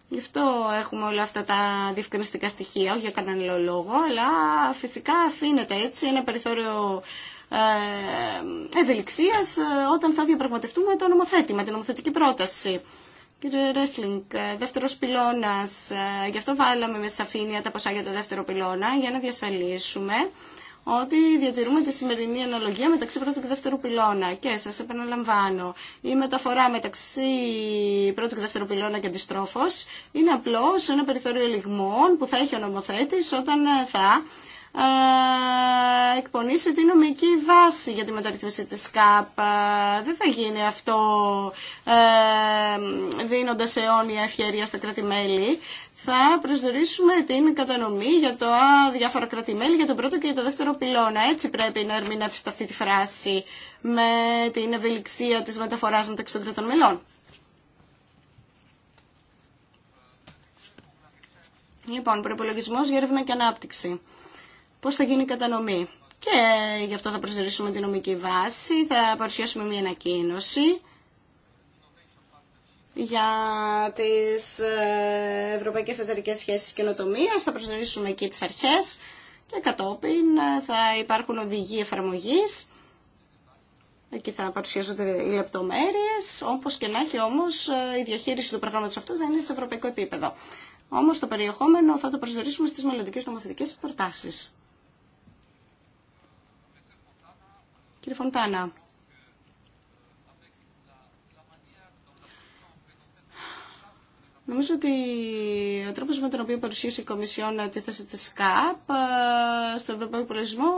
Γι' αυτό έχουμε όλα αυτά τα διευκρινιστικά στοιχεία, όχι για κανέναν λόγο, αλλά φυσικά αφήνεται έτσι ένα περιθώριο ε, ευελιξίας ε, όταν θα διαπραγματευτούμε το νομοθέτημα, την νομοθετική πρόταση. Κύριε Ρέσλινγκ, ε, δεύτερο πυλώνα. Γι' αυτό βάλαμε με σαφήνεια τα ποσά για το δεύτερο πυλώνα, για να διασφαλίσουμε ότι διατηρούμε τη σημερινή αναλογία μεταξύ πρώτου και δεύτερου πυλώνα. Και σας επαναλαμβάνω, η μεταφορά μεταξύ πρώτου και δεύτερου πυλώνα και αντιστρόφω είναι απλώς ένα περιθώριο λιγμών που θα έχει ο νομοθέτης όταν θα ε, εκπονήσει την νομική βάση για τη μεταρρύθμιση της ΚΑΠ. Ε, δεν θα γίνει αυτό ε, δίνοντας αιώνια ευκαιρία στα κράτη-μέλη. Θα προσδιορίσουμε την κατανομή για το διάφορα κράτη-μέλη, για τον πρώτο και για το δεύτερο πυλώνα. Έτσι πρέπει να ερμηνεύσετε αυτή τη φράση με την ευελιξία της μεταφοράς μεταξύ των κρατών μελών. Λοιπόν, προπολογισμό για έρευνα και ανάπτυξη πώς θα γίνει η κατανομή. Και γι' αυτό θα προσδιορίσουμε την νομική βάση, θα παρουσιάσουμε μια ανακοίνωση για τις ε, ευρωπαϊκές εταιρικές σχέσεις καινοτομία, θα προσδιορίσουμε εκεί τις αρχές και κατόπιν ε, θα υπάρχουν οδηγοί εφαρμογής. Εκεί θα παρουσιάζονται οι λεπτομέρειες, όπως και να έχει όμως ε, η διαχείριση του προγράμματος αυτού θα είναι σε ευρωπαϊκό επίπεδο. Όμως το περιεχόμενο θα το προσδιορίσουμε στις μελλοντικές νομοθετικέ προτάσει. Κύριε Φοντάνα, Νομίζω ότι ο τρόπος με τον οποίο παρουσίασε η Κομισιόν τη θέση της ΚΑΠ ε, στον Ευρωπαϊκό Πολιτισμό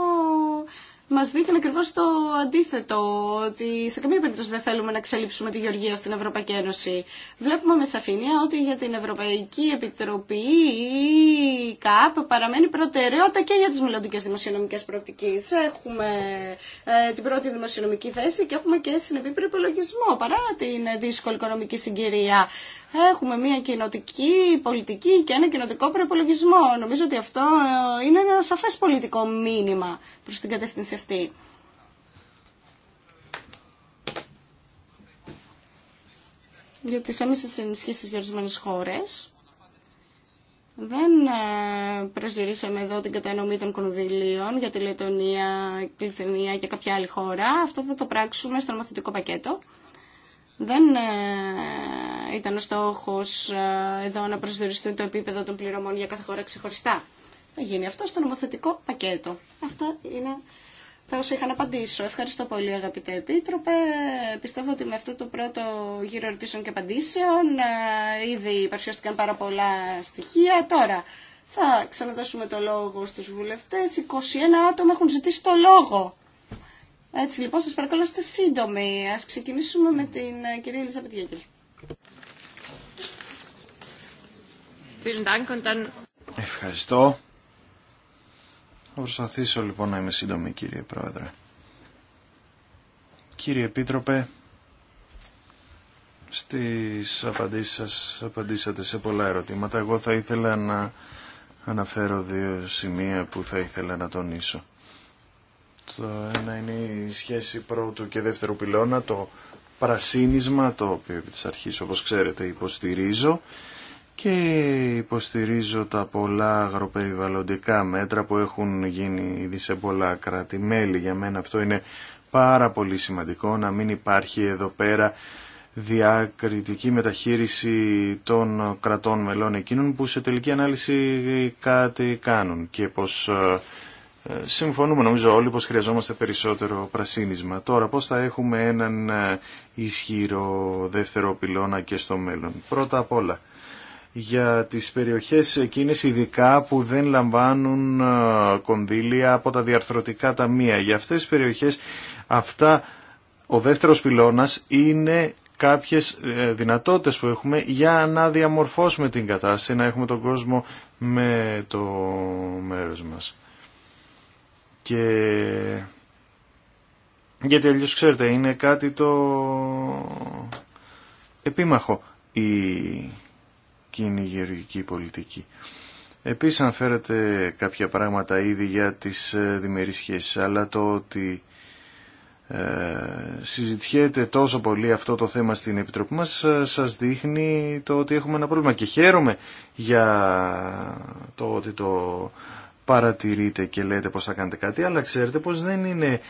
Μα δείχνει ακριβώ το αντίθετο, ότι σε καμία περίπτωση δεν θέλουμε να εξελίψουμε τη γεωργία στην Ευρωπαϊκή Ένωση. Βλέπουμε με σαφήνεια ότι για την Ευρωπαϊκή Επιτροπή η ΚΑΠ παραμένει προτεραιότητα και για τι μελλοντικέ δημοσιονομικέ προοπτικέ. Έχουμε ε, την πρώτη δημοσιονομική θέση και έχουμε και συνεπή προπολογισμό παρά την δύσκολη οικονομική συγκυρία. Έχουμε μια κοινοτική πολιτική και ένα κοινοτικό προπολογισμό. Νομίζω ότι αυτό είναι ένα σαφέ πολιτικό μήνυμα προ την κατεύθυνση γιατί για τις έμεσες ενισχύσεις για ορισμένε χώρες. Δεν ε, προσδιορίσαμε εδώ την κατανομή των κονδυλίων για τη Λετωνία, τη και κάποια άλλη χώρα. Αυτό θα το πράξουμε στο νομοθετικό πακέτο. Δεν ε, ήταν ο στόχος ε, εδώ να προσδιοριστούν το επίπεδο των πληρωμών για κάθε χώρα ξεχωριστά. Θα γίνει αυτό στο νομοθετικό πακέτο. Αυτά είναι θα σα είχα να απαντήσω. Ευχαριστώ πολύ αγαπητέ επίτροπε. Πιστεύω ότι με αυτό το πρώτο γύρο ερωτήσεων και απαντήσεων ε, ήδη παρουσιάστηκαν πάρα πολλά στοιχεία. Τώρα θα ξαναδώσουμε το λόγο στους βουλευτές. 21 άτομα έχουν ζητήσει το λόγο. Έτσι λοιπόν σας παρακαλώ είστε σύντομοι. Ας ξεκινήσουμε με την ε, κυρία Ελίζα Πετιέκη. Ευχαριστώ. Θα προσπαθήσω λοιπόν να είμαι σύντομη κύριε Πρόεδρε. Κύριε Επίτροπε, στις απαντήσεις σας απαντήσατε σε πολλά ερωτήματα. Εγώ θα ήθελα να αναφέρω δύο σημεία που θα ήθελα να τονίσω. Το ένα είναι η σχέση πρώτου και δεύτερου πυλώνα, το πρασίνισμα, το οποίο επί της αρχής όπως ξέρετε υποστηρίζω και υποστηρίζω τα πολλά αγροπεριβαλλοντικά μέτρα που έχουν γίνει ήδη σε πολλά κράτη-μέλη. Για μένα αυτό είναι πάρα πολύ σημαντικό να μην υπάρχει εδώ πέρα διακριτική μεταχείριση των κρατών μελών εκείνων που σε τελική ανάλυση κάτι κάνουν και πως ε, συμφωνούμε νομίζω όλοι πως χρειαζόμαστε περισσότερο πρασίνισμα. Τώρα πως θα έχουμε έναν ε, ισχυρό δεύτερο πυλώνα και στο μέλλον. Πρώτα απ' όλα για τις περιοχές εκείνες ειδικά που δεν λαμβάνουν ε, κονδύλια από τα διαρθρωτικά ταμεία. Για αυτές τις περιοχές αυτά ο δεύτερος πυλώνας είναι κάποιες ε, δυνατότητες που έχουμε για να διαμορφώσουμε την κατάσταση, να έχουμε τον κόσμο με το μέρος μας. Και... Γιατί αλλιώ ξέρετε, είναι κάτι το επίμαχο η η γεωργική πολιτική. Επίσης αναφέρατε κάποια πράγματα ήδη για τις ε, διμερείς σχέσεις, αλλά το ότι ε, συζητιέται τόσο πολύ αυτό το θέμα στην Επιτροπή μας ε, σας δείχνει το ότι έχουμε ένα πρόβλημα και χαίρομαι για το ότι το παρατηρείτε και λέτε πως θα κάνετε κάτι, αλλά ξέρετε πως δεν είναι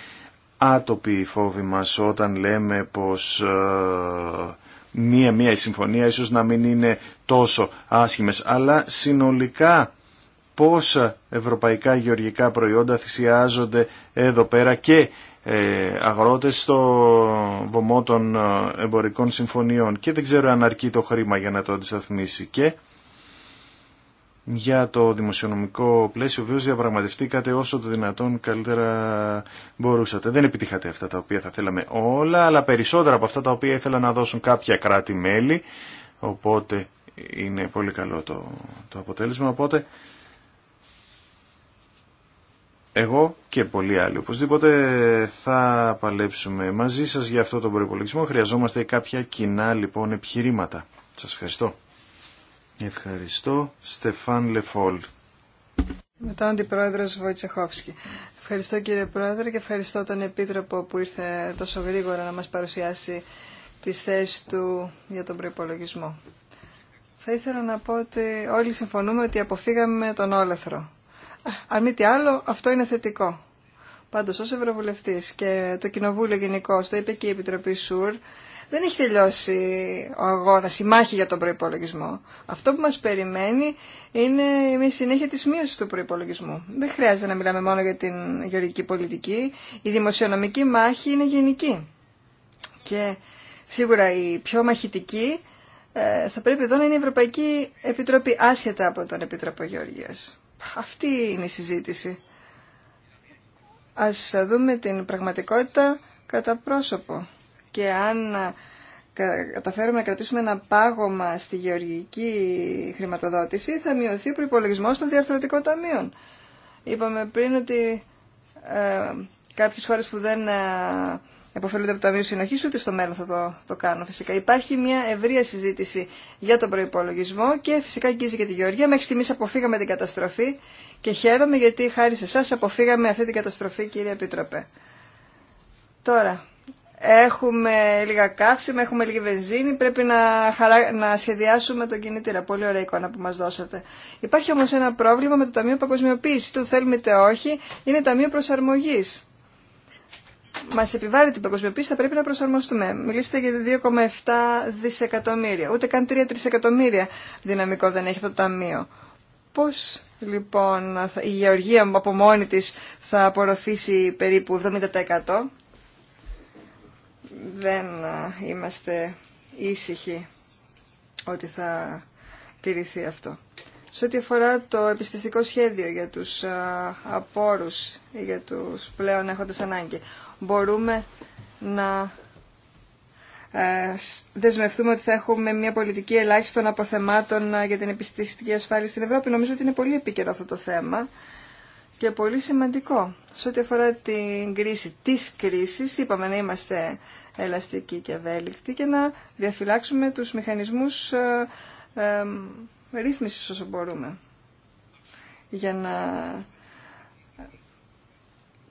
άτοποι οι φόβοι μας όταν λέμε πως ε, μία-μία η συμφωνία ίσως να μην είναι τόσο άσχημες, αλλά συνολικά πόσα ευρωπαϊκά γεωργικά προϊόντα θυσιάζονται εδώ πέρα και ε, αγρότες στο βωμό των ε, εμπορικών συμφωνιών και δεν ξέρω αν αρκεί το χρήμα για να το αντισταθμίσει και για το δημοσιονομικό πλαίσιο βίως διαπραγματευτήκατε όσο το δυνατόν καλύτερα μπορούσατε. Δεν επιτύχατε αυτά τα οποία θα θέλαμε όλα αλλά περισσότερα από αυτά τα οποία ήθελα να δώσουν κάποια κράτη-μέλη οπότε είναι πολύ καλό το, το αποτέλεσμα. Οπότε εγώ και πολλοί άλλοι οπωσδήποτε θα παλέψουμε μαζί σας για αυτό τον προϋπολογισμό. Χρειαζόμαστε κάποια κοινά λοιπόν επιχειρήματα. Σας ευχαριστώ. Ευχαριστώ. Στεφάν Λεφόλ. Μετά ο Αντιπρόεδρος Βοητσεχόφσκι. Ευχαριστώ κύριε Πρόεδρε και ευχαριστώ τον Επίτροπο που ήρθε τόσο γρήγορα να μας παρουσιάσει τις θέσεις του για τον προϋπολογισμό. Θα ήθελα να πω ότι όλοι συμφωνούμε ότι αποφύγαμε τον όλεθρο. Αν μη τι άλλο, αυτό είναι θετικό. Πάντως, ως Ευρωβουλευτής και το Κοινοβούλιο γενικώ, το είπε και η Επιτροπή ΣΟΥΡ, δεν έχει τελειώσει ο αγώνας, η μάχη για τον προϋπολογισμό. Αυτό που μας περιμένει είναι η συνέχεια της μείωσης του προϋπολογισμού. Δεν χρειάζεται να μιλάμε μόνο για την γεωργική πολιτική. Η δημοσιονομική μάχη είναι γενική. Και σίγουρα η πιο μαχητική ε, θα πρέπει εδώ να είναι η Ευρωπαϊκή Επιτροπή, άσχετα από τον Επίτροπο Γεωργίας. Αυτή είναι η συζήτηση. Ας δούμε την πραγματικότητα κατά πρόσωπο. Και αν ε, καταφέρουμε να κρατήσουμε ένα πάγωμα στη γεωργική χρηματοδότηση, θα μειωθεί ο προπολογισμό των διαρθρωτικών ταμείων. Είπαμε πριν ότι ε, κάποιες χώρες που δεν ε, Εποφελούνται από το Ταμείο Συνοχή, ούτε στο μέλλον θα το, το φυσικά. Υπάρχει μια ευρεία συζήτηση για τον προπολογισμό και φυσικά αγγίζει και τη Γεωργία. Μέχρι στιγμή αποφύγαμε την καταστροφή και χαίρομαι γιατί χάρη σε εσά αποφύγαμε αυτή την καταστροφή, κύριε Επίτροπε. Τώρα, έχουμε λίγα καύσιμα, έχουμε λίγη βενζίνη, πρέπει να, να σχεδιάσουμε τον κινητήρα. Πολύ ωραία εικόνα που μα δώσατε. Υπάρχει όμω ένα πρόβλημα με το Ταμείο Παγκοσμιοποίηση, το θέλουμε όχι, είναι Ταμείο προσαρμογή μα επιβάλλει την παγκοσμιοποίηση, θα πρέπει να προσαρμοστούμε. Μιλήσετε για 2,7 δισεκατομμύρια. Ούτε καν 3 τρισεκατομμύρια δυναμικό δεν έχει αυτό το ταμείο. Πώ λοιπόν η γεωργία από μόνη τη θα απορροφήσει περίπου 70%. Δεν είμαστε ήσυχοι ότι θα τηρηθεί αυτό. Σε ό,τι αφορά το επιστηστικό σχέδιο για τους απόρους ή για τους πλέον έχοντας ανάγκη μπορούμε να ε, δεσμευτούμε ότι θα έχουμε μια πολιτική ελάχιστον αποθεμάτων ε, για την επιστημιστική ασφάλεια στην Ευρώπη. Νομίζω ότι είναι πολύ επίκαιρο αυτό το θέμα και πολύ σημαντικό. Σε ό,τι αφορά την κρίση της κρίσης, είπαμε να είμαστε ελαστικοί και ευέλικτοι και να διαφυλάξουμε τους μηχανισμούς ε, ε ρύθμισης όσο μπορούμε για να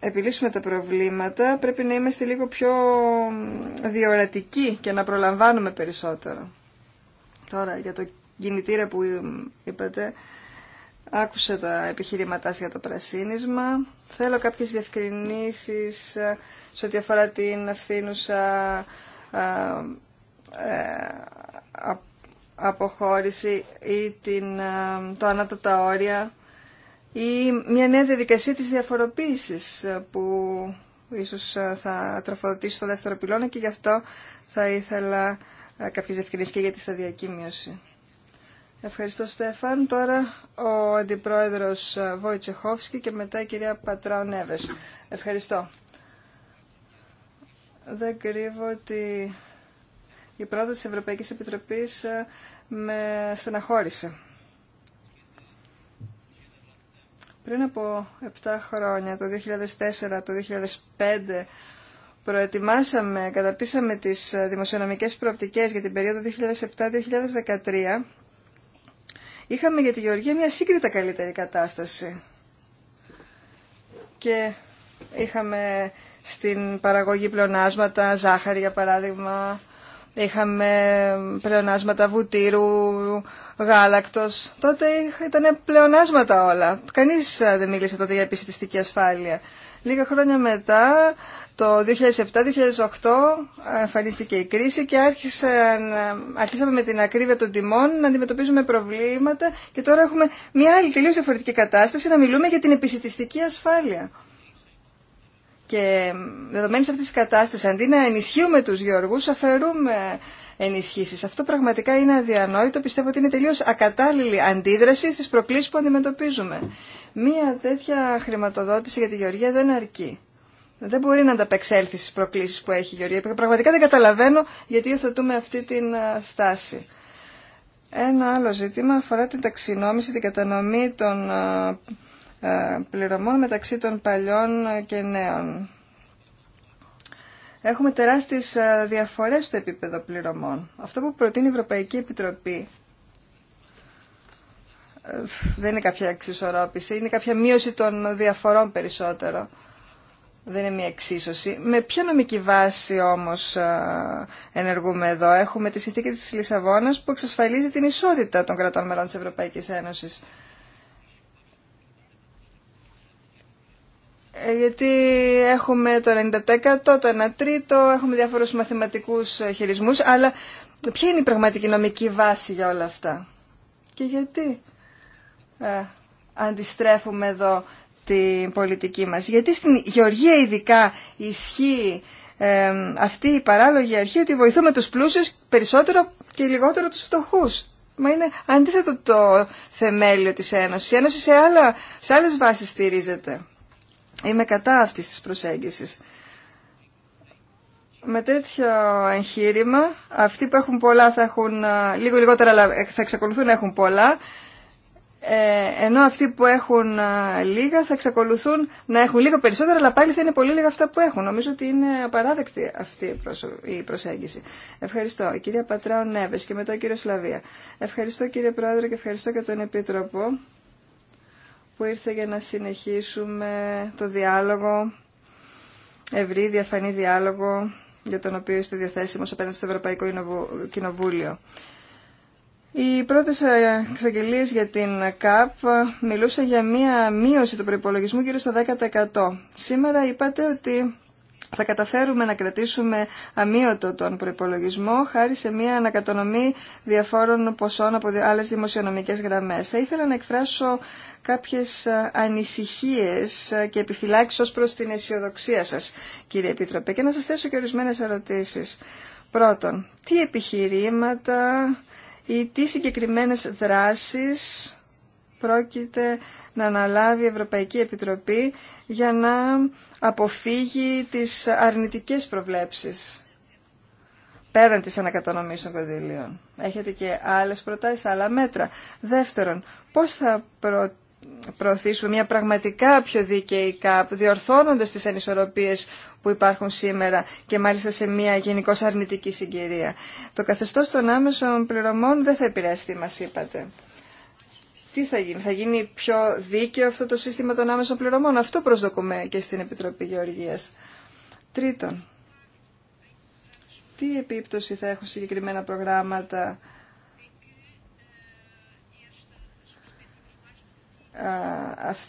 επιλύσουμε τα προβλήματα πρέπει να είμαστε λίγο πιο διορατικοί και να προλαμβάνουμε περισσότερο. Τώρα για το κινητήρα που είπατε, άκουσα τα επιχειρήματά για το πρασίνισμα. Θέλω κάποιες διευκρινήσεις ε, σε ό,τι αφορά την αυθύνουσα ε, ε, αποχώρηση ή την, το ανάτοτα όρια ή μια νέα διαδικασία της διαφοροποίησης ε, που ίσως ε, θα τροφοδοτήσει στο δεύτερο πυλώνα και γι' αυτό θα ήθελα ε, κάποιες ευκαιρίες και για τη σταδιακή μείωση. Ευχαριστώ Στέφαν. Τώρα ο Αντιπρόεδρος Βοητσεχόφσκι και μετά η κυρία Πατράου Νέβες. Ευχαριστώ. Δεν κρύβω ότι η πρόταση της Ευρωπαϊκής Επιτροπής με στεναχώρησε. Πριν από 7 χρόνια, το 2004, το 2005, προετοιμάσαμε, καταρτήσαμε τις ε, δημοσιονομικές προοπτικές για την περίοδο 2007-2013, είχαμε για τη Γεωργία μια σύγκριτα καλύτερη κατάσταση. Και είχαμε στην παραγωγή πλεονάσματα, ζάχαρη για παράδειγμα, είχαμε πλεονάσματα βουτύρου, γάλακτος. Τότε ήταν πλεονάσματα όλα. Κανείς ε, δεν μίλησε τότε για επιστηστική ασφάλεια. Λίγα χρόνια μετά, το 2007-2008, εμφανίστηκε η κρίση και άρχισαν, άρχισαμε με την ακρίβεια των τιμών να αντιμετωπίζουμε προβλήματα και τώρα έχουμε μια άλλη τελείως διαφορετική κατάσταση να μιλούμε για την επιστηστική ασφάλεια. Και δεδομένης αυτή τη κατάσταση. αντί να ενισχύουμε του γεωργού, αφαιρούμε ενισχύσει. Αυτό πραγματικά είναι αδιανόητο. Πιστεύω ότι είναι τελείω ακατάλληλη αντίδραση στι προκλήσει που αντιμετωπίζουμε. Μία τέτοια χρηματοδότηση για τη γεωργία δεν αρκεί. Δεν μπορεί να ανταπεξέλθει στι προκλήσει που έχει η γεωργία. Πραγματικά δεν καταλαβαίνω γιατί υιοθετούμε αυτή την στάση. Ένα άλλο ζήτημα αφορά την ταξινόμηση, την κατανομή των ε, πληρωμών μεταξύ των παλιών και νέων. Έχουμε τεράστιες ε, διαφορές στο επίπεδο πληρωμών. Αυτό που προτείνει η Ευρωπαϊκή Επιτροπή ε, δεν είναι κάποια εξισορρόπηση, είναι κάποια μείωση των διαφορών περισσότερο. Δεν είναι μια εξίσωση. Με ποια νομική βάση όμως ενεργούμε εδώ. Έχουμε τη συνθήκη της Λισαβόνας που εξασφαλίζει την ισότητα των κρατών μελών της Ευρωπαϊκής Ένωσης. Ε, γιατί έχουμε το 90% το 1 τρίτο, έχουμε διάφορους μαθηματικούς ε, χειρισμούς, αλλά ποια είναι η πραγματική νομική βάση για όλα αυτά και γιατί ε, αντιστρέφουμε εδώ την πολιτική μας. Γιατί στην Γεωργία ειδικά ισχύει ε, αυτή η παράλογη αρχή ότι βοηθούμε τους πλούσιους περισσότερο και λιγότερο τους φτωχούς. Μα είναι αντίθετο το θεμέλιο της Ένωσης. Η Ένωση σε, άλλα, σε άλλες βάσεις στηρίζεται. Είμαι κατά αυτής της προσέγγισης. Με τέτοιο εγχείρημα, αυτοί που έχουν πολλά θα έχουν λίγο λιγότερα, αλλά θα εξακολουθούν να έχουν πολλά, ε, ενώ αυτοί που έχουν λίγα θα εξακολουθούν να έχουν λίγο περισσότερα, αλλά πάλι θα είναι πολύ λίγα αυτά που έχουν. Νομίζω ότι είναι απαράδεκτη αυτή η προσέγγιση. Ευχαριστώ. Η κυρία Πατράου Νέβε και μετά ο κύριο Σλαβία. Ευχαριστώ κύριε Πρόεδρε και ευχαριστώ και τον Επίτροπο που ήρθε για να συνεχίσουμε το διάλογο, ευρύ διαφανή διάλογο για τον οποίο είστε διαθέσιμο απέναντι στο Ευρωπαϊκό Κοινοβούλιο. Οι πρώτε εξαγγελίε για την ΚΑΠ μιλούσαν για μία μείωση του προϋπολογισμού γύρω στο 10%. Σήμερα είπατε ότι θα καταφέρουμε να κρατήσουμε αμύωτο τον προπολογισμό χάρη σε μια ανακατονομή διαφόρων ποσών από άλλες δημοσιονομικές γραμμές. Θα ήθελα να εκφράσω κάποιες ανησυχίες και επιφυλάξεις ως προς την αισιοδοξία σας, κύριε Επίτροπε, και να σας θέσω και ορισμένες ερωτήσεις. Πρώτον, τι επιχειρήματα ή τι συγκεκριμένες δράσεις πρόκειται να αναλάβει η Ευρωπαϊκή Επιτροπή για να αποφύγει τις αρνητικές προβλέψεις πέραν της ανακατανομής των κονδυλίων. Έχετε και άλλες προτάσεις, άλλα μέτρα. Δεύτερον, πώς θα προ... μια πραγματικά πιο δίκαιη ΚΑΠ, διορθώνοντας τις ανισορροπίες που υπάρχουν σήμερα και μάλιστα σε μια γενικώ αρνητική συγκυρία. Το καθεστώς των άμεσων πληρωμών δεν θα επηρεαστεί, μας είπατε τι θα γίνει, θα γίνει πιο δίκαιο αυτό το σύστημα των άμεσων πληρωμών. Αυτό προσδοκούμε και στην Επιτροπή Γεωργίας. Τρίτον, τι επίπτωση θα έχουν συγκεκριμένα προγράμματα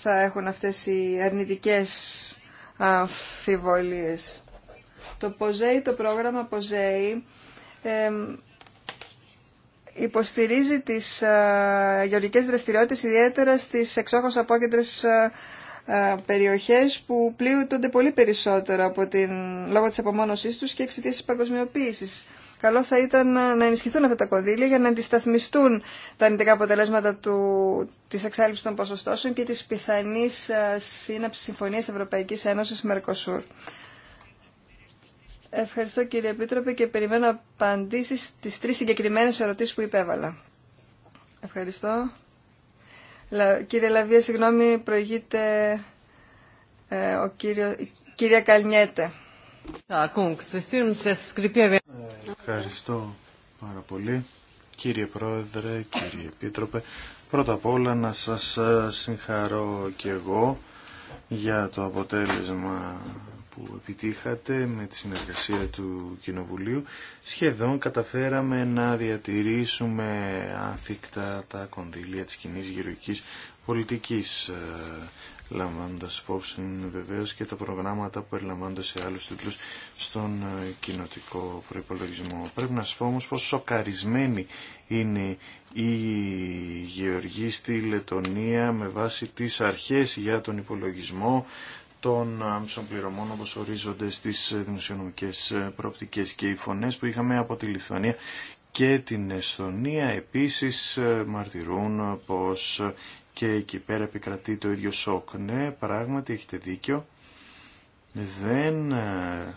θα έχουν αυτές οι αρνητικές αμφιβολίες. Το ΠΟΖΕΙ, το πρόγραμμα ΠΟΖΕΙ, υποστηρίζει τις ε, γεωργικές δραστηριότητες ιδιαίτερα στις εξόχως απόκεντρες ε, ε, περιοχές που πλήττονται πολύ περισσότερο από την, λόγω της απομόνωσής τους και εξαιτίας της παγκοσμιοποίησης. Καλό θα ήταν να ενισχυθούν αυτά τα κονδύλια για να αντισταθμιστούν τα αρνητικά αποτελέσματα του, της εξάλληψης των ποσοστώσεων και της πιθανής σύναψης συμφωνίας Ευρωπαϊκής Ένωσης Μερκοσούρ. Ευχαριστώ κύριε Επίτροπε και περιμένω απαντήσεις στις τρεις συγκεκριμένες ερωτήσεις που υπέβαλα. Ευχαριστώ. Κύριε Λαβία, συγγνώμη, προηγείται ε, ο κύριο, η κυρία Καλνιέτε. Ευχαριστώ πάρα πολύ. Κύριε Πρόεδρε, κύριε Επίτροπε, πρώτα απ' όλα να σας ε, συγχαρώ και εγώ για το αποτέλεσμα που επιτύχατε με τη συνεργασία του Κοινοβουλίου σχεδόν καταφέραμε να διατηρήσουμε άθικτα τα κονδύλια της κοινή γεωργικής πολιτικής ε, λαμβάνοντας υπόψη βεβαίως και τα προγράμματα που περιλαμβάνονται σε άλλους τίτλους στον ε, κοινοτικό προϋπολογισμό. Πρέπει να σας πω όμως πως σοκαρισμένη είναι η γεωργοί στη Λετωνία με βάση τις αρχές για τον υπολογισμό των άμεσων πληρωμών όπω ορίζονται στις δημοσιονομικέ προοπτικέ και οι φωνέ που είχαμε από τη Λιθουανία και την Εσθονία επίση ε, μαρτυρούν πω και εκεί πέρα επικρατεί το ίδιο σοκ. Ναι, πράγματι έχετε δίκιο. Δεν ε,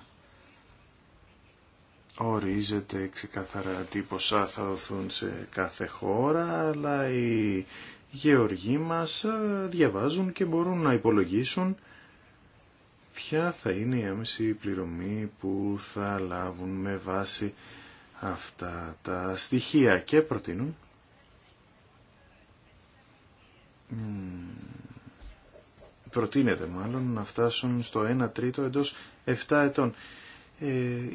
ορίζεται ξεκάθαρα τι ποσά θα δοθούν σε κάθε χώρα, αλλά οι γεωργοί μας ε, διαβάζουν και μπορούν να υπολογίσουν ποια θα είναι η άμεση πληρωμή που θα λάβουν με βάση αυτά τα στοιχεία και προτείνουν προτείνεται μάλλον να φτάσουν στο 1 τρίτο εντός 7 ετών. Ε,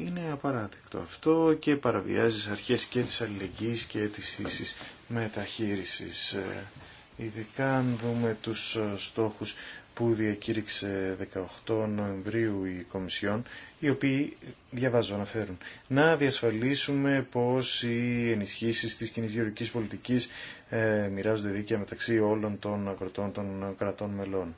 είναι απαράδεκτο αυτό και παραβιάζει αρχές και της αλληλεγγύης και της ίσης μεταχείρισης. Ε, ειδικά αν δούμε τους ε, στόχους που διακήρυξε 18 Νοεμβρίου η Κομισιόν, οι οποίοι διαβάζω αναφέρουν. Να διασφαλίσουμε πως οι ενισχύσεις της κοινής γεωρικής πολιτικής ε, μοιράζονται δίκαια μεταξύ όλων των ακροτών των κρατών μελών.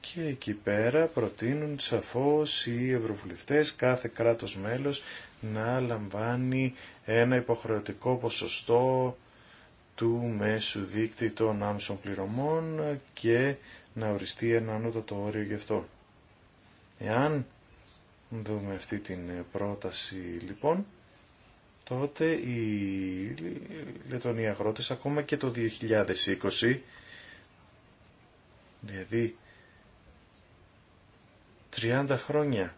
Και εκεί πέρα προτείνουν σαφώς οι ευρωβουλευτές κάθε κράτος μέλος να λαμβάνει ένα υποχρεωτικό ποσοστό του μέσου δίκτυ των άμεσων πληρωμών και να οριστεί ένα ανώτατο όριο γι' αυτό. Εάν δούμε αυτή την πρόταση λοιπόν, τότε οι Λετωνοί αγρότες ακόμα και το 2020, δηλαδή 30 χρόνια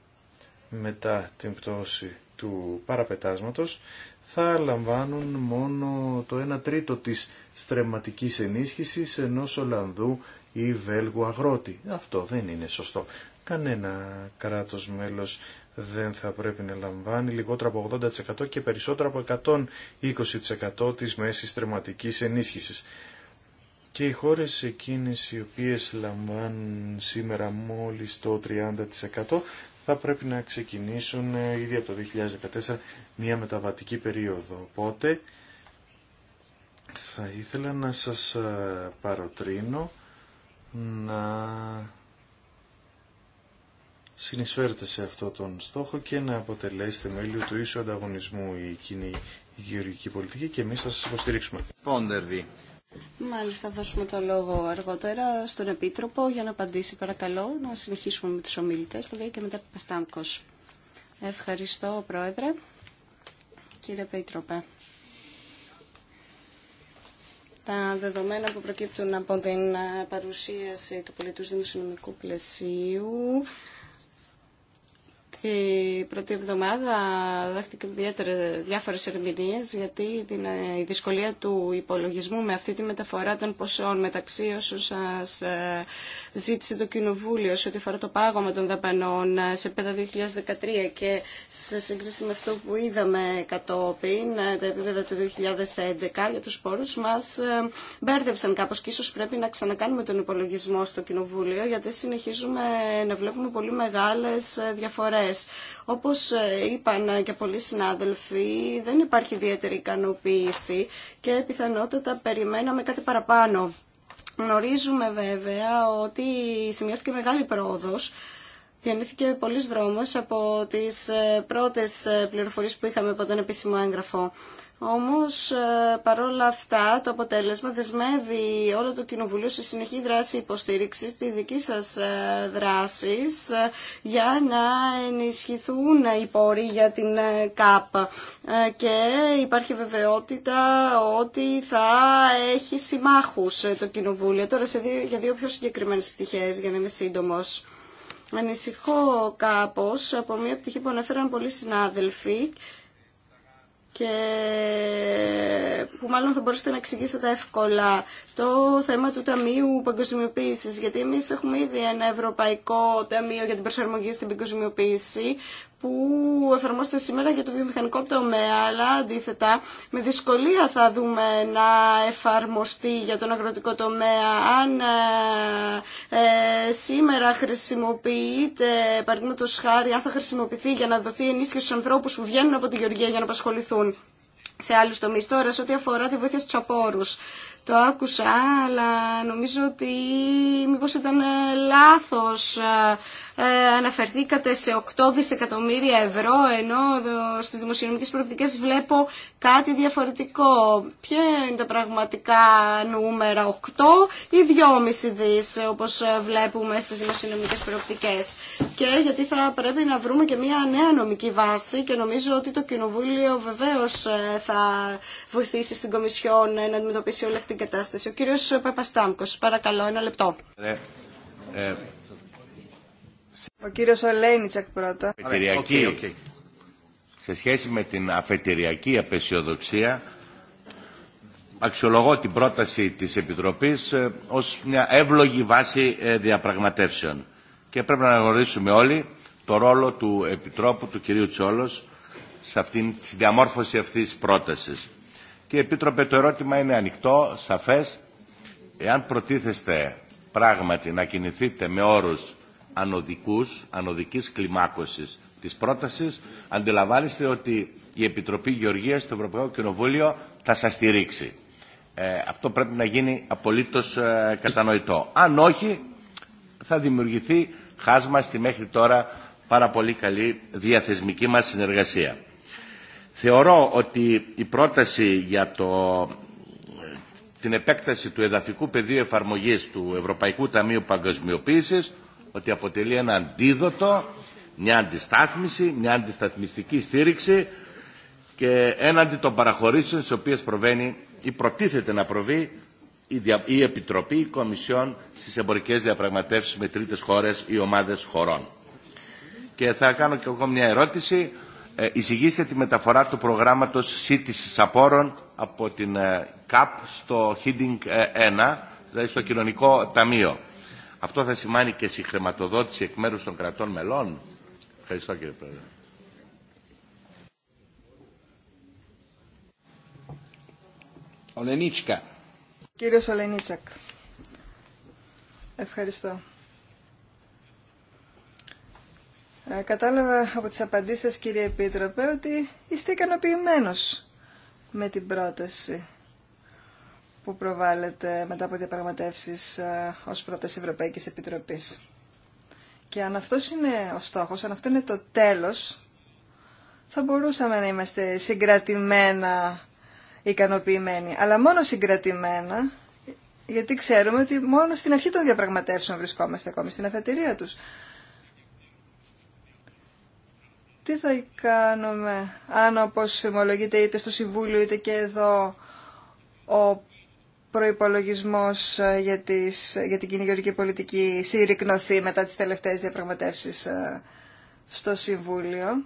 μετά την πτώση του παραπετάσματος θα λαμβάνουν μόνο το 1 τρίτο της στρεμματικής ενίσχυσης ενός Ολλανδού ή Βέλγου αγρότη. Αυτό δεν είναι σωστό. Κανένα κράτος μέλος δεν θα πρέπει να λαμβάνει λιγότερο από 80% και περισσότερο από 120% της μέσης στρεμματικής ενίσχυσης. Και οι χώρες εκείνες οι οποίες λαμβάνουν σήμερα μόλις το 30% θα πρέπει να ξεκινήσουν ε, ήδη από το 2014 μια μεταβατική περίοδο. Οπότε θα ήθελα να σας ε, παροτρύνω να συνεισφέρετε σε αυτό τον στόχο και να αποτελέσετε μέλη του ίσου ανταγωνισμού η κοινή γεωργική πολιτική και εμείς θα σας υποστηρίξουμε. Μάλιστα, θα δώσουμε το λόγο αργότερα στον Επίτροπο για να απαντήσει. Παρακαλώ να συνεχίσουμε με τους ομιλητές, που λέει και μετά Παστάμκος. Ευχαριστώ, Πρόεδρε. Κύριε Επίτροπε. Τα δεδομένα που προκύπτουν από την παρουσίαση του πολιτού δημοσιονομικού πλαισίου η πρώτη εβδομάδα δέχτηκε ιδιαίτερα διάφορες ερμηνείες γιατί ε, η δυσκολία του υπολογισμού με αυτή τη μεταφορά των ποσών μεταξύ όσων σας ε, ζήτησε το Κοινοβούλιο σε ό,τι αφορά το πάγωμα των δαπανών ε, σε επίπεδα 2013 και σε σύγκριση με αυτό που είδαμε κατόπιν τα επίπεδα του 2011 για τους πόρους μας μπέρδευσαν κάπως και ίσως πρέπει να ξανακάνουμε τον υπολογισμό στο Κοινοβούλιο γιατί συνεχίζουμε να βλέπουμε πολύ μεγάλες διαφορές όπως ε, είπαν και πολλοί συνάδελφοι, δεν υπάρχει ιδιαίτερη ικανοποίηση και πιθανότατα περιμέναμε κάτι παραπάνω. Γνωρίζουμε βέβαια ότι σημειώθηκε μεγάλη πρόοδος Διανύθηκε πολλή δρόμο από τις ε, πρώτες ε, πληροφορίες που είχαμε από τον επίσημο έγγραφο. Όμως ε, παρόλα αυτά το αποτέλεσμα δεσμεύει όλο το Κοινοβουλίο σε συνεχή δράση υποστήριξη τη δική σας ε, δράση ε, για να ενισχυθούν οι πόροι για την ΚΑΠ. Και υπάρχει βεβαιότητα ότι θα έχει συμμάχους το Κοινοβούλιο. Τώρα σε δύο, για δύο πιο συγκεκριμένες πτυχές για να είμαι σύντομος. Ανησυχώ κάπως από μια πτυχή που αναφέραν πολλοί συνάδελφοι και που μάλλον θα μπορούσατε να εξηγήσετε εύκολα το θέμα του Ταμείου Παγκοσμιοποίηση. Γιατί εμεί έχουμε ήδη ένα Ευρωπαϊκό Ταμείο για την Προσαρμογή στην Παγκοσμιοποίηση που εφαρμόζεται σήμερα για το βιομηχανικό τομέα, αλλά αντίθετα με δυσκολία θα δούμε να εφαρμοστεί για τον αγροτικό τομέα. Αν ε, ε σήμερα χρησιμοποιείται, παραδείγματο χάρη, αν θα χρησιμοποιηθεί για να δοθεί ενίσχυση στου ανθρώπου που βγαίνουν από τη Γεωργία για να απασχοληθούν σε άλλου τομεί. Τώρα, σε ό,τι αφορά τη βοήθεια στου απόρου το άκουσα, αλλά νομίζω ότι μήπως ήταν ε, λάθος. Ε, ε, αναφερθήκατε σε 8 δισεκατομμύρια ευρώ, ενώ στις δημοσιονομικές προοπτικές βλέπω κάτι διαφορετικό. Ποια είναι τα πραγματικά νούμερα, 8 ή 2,5 δις, όπως βλέπουμε στις δημοσιονομικές προοπτικές. Και γιατί θα πρέπει να βρούμε και μια νέα νομική βάση και νομίζω ότι το Κοινοβούλιο βεβαίως θα βοηθήσει στην Κομισιόν να αντιμετωπίσει όλη αυτή την κατάσταση. Ο κύριος Παπαστάμκος, παρακαλώ, ένα λεπτό. Ε, ε, Ο κύριος Ολένιτσακ πρώτα. σε σχέση με την αφετηριακή απεσιοδοξία, αξιολογώ την πρόταση της Επιτροπής ε, ως μια εύλογη βάση διαπραγματεύσεων. Και πρέπει να γνωρίσουμε όλοι το ρόλο του Επιτρόπου, του κυρίου Τσόλος, σε αυτήν, στη διαμόρφωση αυτής της πρότασης. Και επίτροπε το ερώτημα είναι ανοιχτό, σαφές. Εάν προτίθεστε πράγματι να κινηθείτε με όρους ανωδικούς, ανωδικής κλιμάκωσης της πρότασης, αντιλαμβάνεστε ότι η Επιτροπή Γεωργίας στο Ευρωπαϊκό Κοινοβούλιο θα σας στηρίξει. Ε, αυτό πρέπει να γίνει απολύτως ε, κατανοητό. Αν όχι, θα δημιουργηθεί χάσμα στη μέχρι τώρα πάρα πολύ καλή διαθεσμική μας συνεργασία. Θεωρώ ότι η πρόταση για το, την επέκταση του εδαφικού πεδίου εφαρμογής του Ευρωπαϊκού Ταμείου Παγκοσμιοποίησης ότι αποτελεί ένα αντίδοτο, μια αντιστάθμιση, μια αντισταθμιστική στήριξη και έναντι των παραχωρήσεων στις οποίες προβαίνει ή προτίθεται να προβεί η Επιτροπή, η Κομισιόν στις εμπορικές διαπραγματεύσεις με τρίτες χώρες ή ομάδες χωρών. Και θα κάνω και εγώ μια ερώτηση ε, εισηγήσετε τη μεταφορά του προγράμματος σύντησης απόρων από την ε, ΚΑΠ στο Heading 1, ε, δηλαδή στο κοινωνικό ταμείο. Αυτό θα σημάνει και συγχρηματοδότηση εκ μέρους των κρατών μελών. Ευχαριστώ κύριε Πρόεδρε. Ολενίτσκα. Κύριος Ολενίτσακ. Ευχαριστώ. Ε, κατάλαβα από τις απαντήσεις σας κύριε Επίτροπε ότι είστε ικανοποιημένο με την πρόταση που προβάλλεται μετά από διαπραγματεύσεις ε, ως πρόταση Ευρωπαϊκής Επιτροπής. Και αν αυτό είναι ο στόχος, αν αυτό είναι το τέλος, θα μπορούσαμε να είμαστε συγκρατημένα ικανοποιημένοι. Αλλά μόνο συγκρατημένα, γιατί ξέρουμε ότι μόνο στην αρχή των διαπραγματεύσεων βρισκόμαστε ακόμη, στην αφετηρία τους τι θα κάνουμε αν όπως φημολογείται είτε στο Συμβούλιο είτε και εδώ ο προϋπολογισμός ε, για, τις, για την κοινή πολιτική συρρυκνωθεί μετά τις τελευταίες διαπραγματεύσεις ε, στο Συμβούλιο.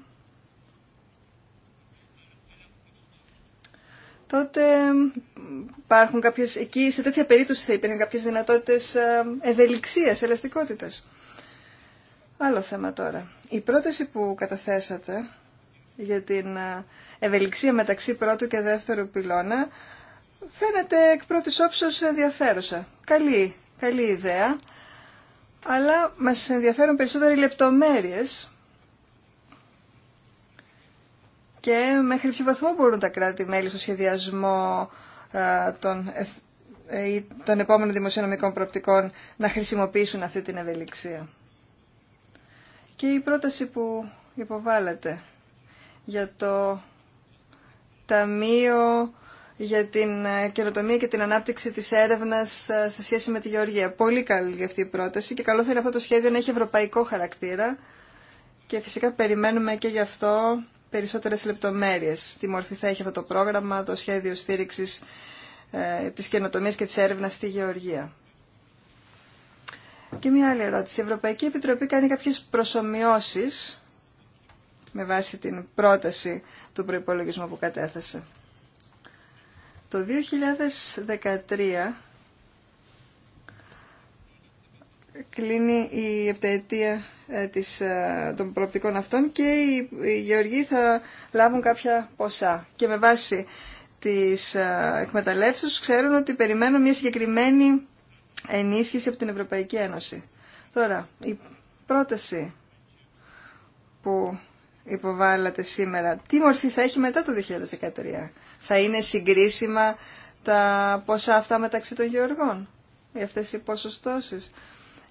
Τότε υπάρχουν κάποιες, εκεί σε τέτοια περίπτωση θα υπήρχαν κάποιες δυνατότητες ε, ευελιξίας, ελαστικότητας. Άλλο θέμα τώρα. Η πρόταση που καταθέσατε για την ε, ευελιξία μεταξύ πρώτου και δεύτερου πυλώνα φαίνεται εκ πρώτης όψεως ενδιαφέρουσα. Καλή, καλή ιδέα, αλλά μας ενδιαφέρουν περισσότερο οι λεπτομέρειες και μέχρι ποιο βαθμό μπορούν τα κράτη-μέλη στο σχεδιασμό ε, των, ε, των επόμενων δημοσιονομικών προοπτικών να χρησιμοποιήσουν αυτή την ευελιξία. Και η πρόταση που υποβάλλεται για το Ταμείο για την ε, καινοτομία και την ανάπτυξη της έρευνας ε, σε σχέση με τη γεωργία. Πολύ καλή αυτή η πρόταση και καλό θα είναι αυτό το σχέδιο να έχει ευρωπαϊκό χαρακτήρα και φυσικά περιμένουμε και γι' αυτό περισσότερες λεπτομέρειες. Τι μορφή θα έχει αυτό το πρόγραμμα, το σχέδιο στήριξης ε, της καινοτομίας και της έρευνας στη γεωργία. Και μια άλλη ερώτηση. Η Ευρωπαϊκή Επιτροπή κάνει κάποιες προσωμιώσει με βάση την πρόταση του προπολογισμού που κατέθεσε. Το 2013 κλείνει η επταετία ε, ε, των προοπτικών αυτών και οι γεωργοί θα λάβουν κάποια ποσά. Και με βάση τις ε, εκμεταλλεύσεις ξέρουν ότι περιμένουν μια συγκεκριμένη ενίσχυση από την Ευρωπαϊκή Ένωση. Τώρα, η πρόταση που υποβάλλατε σήμερα, τι μορφή θα έχει μετά το 2013. Θα είναι συγκρίσιμα τα ποσά αυτά μεταξύ των γεωργών, για αυτές οι ποσοστώσεις.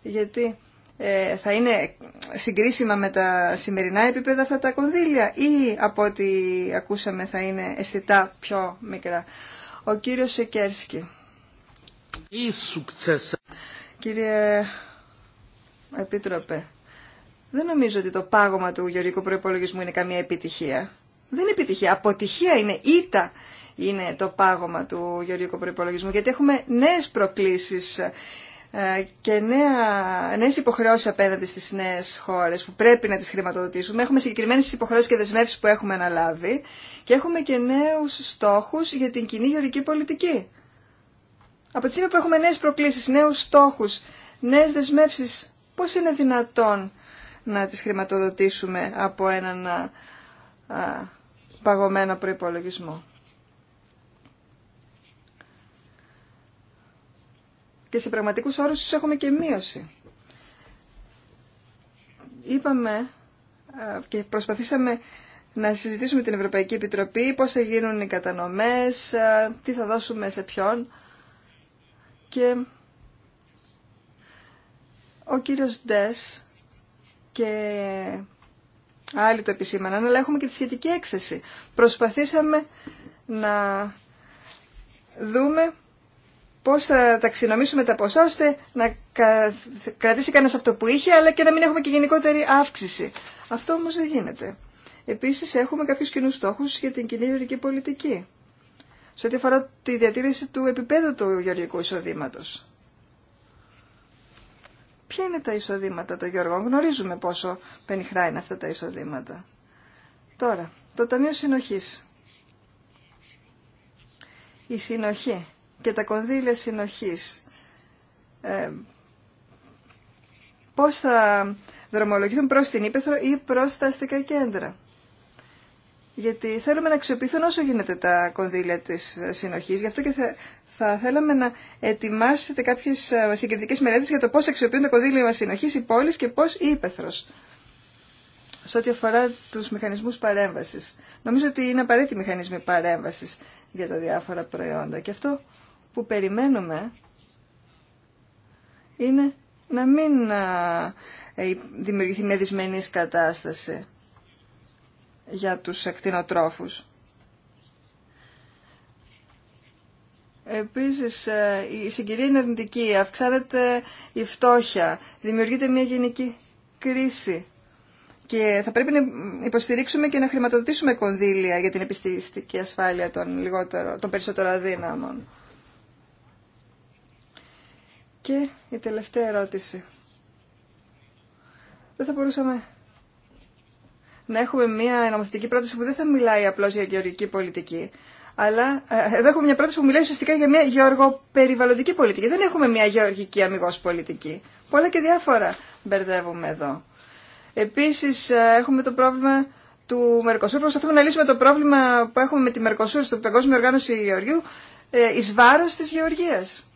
Γιατί ε, θα είναι συγκρίσιμα με τα σημερινά επίπεδα αυτά τα κονδύλια ή από ό,τι ακούσαμε θα είναι αισθητά πιο μικρά. Ο κύριος Σεκέρσκι Κύριε Επίτροπε, δεν νομίζω ότι το πάγωμα του γεωργικού προϋπολογισμού είναι καμία επιτυχία. Δεν είναι επιτυχία. Αποτυχία είναι. ήττα είναι το πάγωμα του γεωργικού προϋπολογισμού. Γιατί έχουμε νέες προκλήσεις ε, και νέα, νέες υποχρεώσεις απέναντι στις νέες χώρες που πρέπει να τις χρηματοδοτήσουμε. Έχουμε συγκεκριμένες υποχρεώσεις και δεσμεύσεις που έχουμε αναλάβει και έχουμε και νέους στόχους για την κοινή γεωργική πολιτική. Από τη στιγμή που έχουμε νέες προκλήσεις, νέους στόχους, νέες δεσμεύσεις, πώς είναι δυνατόν να τις χρηματοδοτήσουμε από έναν παγωμένο προϋπολογισμό. Και σε πραγματικούς όρους έχουμε και μείωση. Είπαμε και προσπαθήσαμε να συζητήσουμε την Ευρωπαϊκή Επιτροπή, πώς θα γίνουν οι κατανομές, τι θα δώσουμε σε ποιον και ο κύριος Ντες και άλλοι το επισήμαναν, αλλά έχουμε και τη σχετική έκθεση. Προσπαθήσαμε να δούμε πώς θα ταξινομήσουμε τα ποσά ώστε να κρατήσει κανένας αυτό που είχε, αλλά και να μην έχουμε και γενικότερη αύξηση. Αυτό όμως δεν γίνεται. Επίσης έχουμε κάποιους κοινούς στόχους για την κοινή πολιτική σε ό,τι αφορά τη διατήρηση του επίπεδου του γεωργικού εισοδήματο. Ποια είναι τα εισοδήματα των γεωργών, γνωρίζουμε πόσο πενιχρά είναι αυτά τα εισοδήματα. Τώρα, το Ταμείο Συνοχής. Η συνοχή και τα κονδύλια συνοχή. ε, πώς θα δρομολογηθούν προς την Ήπεθρο ή προς τα αστικά κέντρα γιατί θέλουμε να αξιοποιηθούν όσο γίνεται τα κονδύλια της συνοχής. Γι' αυτό και θα, θα θέλαμε να ετοιμάσετε κάποιες ε, συγκριτικές μελέτες για το πώς αξιοποιούν τα κονδύλια μας συνοχής οι πόλεις και πώς η ύπεθρος. Σε ό,τι αφορά τους μηχανισμούς παρέμβασης. Νομίζω ότι είναι απαραίτητοι μηχανισμοί παρέμβασης για τα διάφορα προϊόντα. Και αυτό που περιμένουμε είναι να μην ε, ε, δημιουργηθεί μια δυσμενής κατάσταση για τους εκτινοτρόφους. Επίσης, ε, η συγκυρία είναι αρνητική, αυξάνεται η φτώχεια, δημιουργείται μια γενική κρίση και θα πρέπει να υποστηρίξουμε και να χρηματοδοτήσουμε κονδύλια για την επιστημιστική ασφάλεια των, λιγότερο, των περισσότερων αδύναμων. Και η τελευταία ερώτηση. Δεν θα μπορούσαμε να έχουμε μια νομοθετική πρόταση που δεν θα μιλάει απλώς για γεωργική πολιτική. Αλλά ε, εδώ έχουμε μια πρόταση που μιλάει ουσιαστικά για μια γεωργοπεριβαλλοντική πολιτική. Δεν έχουμε μια γεωργική αμυγός πολιτική. Πολλά και διάφορα μπερδεύουμε εδώ. Επίσης ε, έχουμε το πρόβλημα του Μερκοσούρ. Προσπαθούμε να λύσουμε το πρόβλημα που έχουμε με τη Μερκοσούρ στο Παγκόσμιο Οργάνωση Γεωργίου ε, εις βάρος της γεωργίας.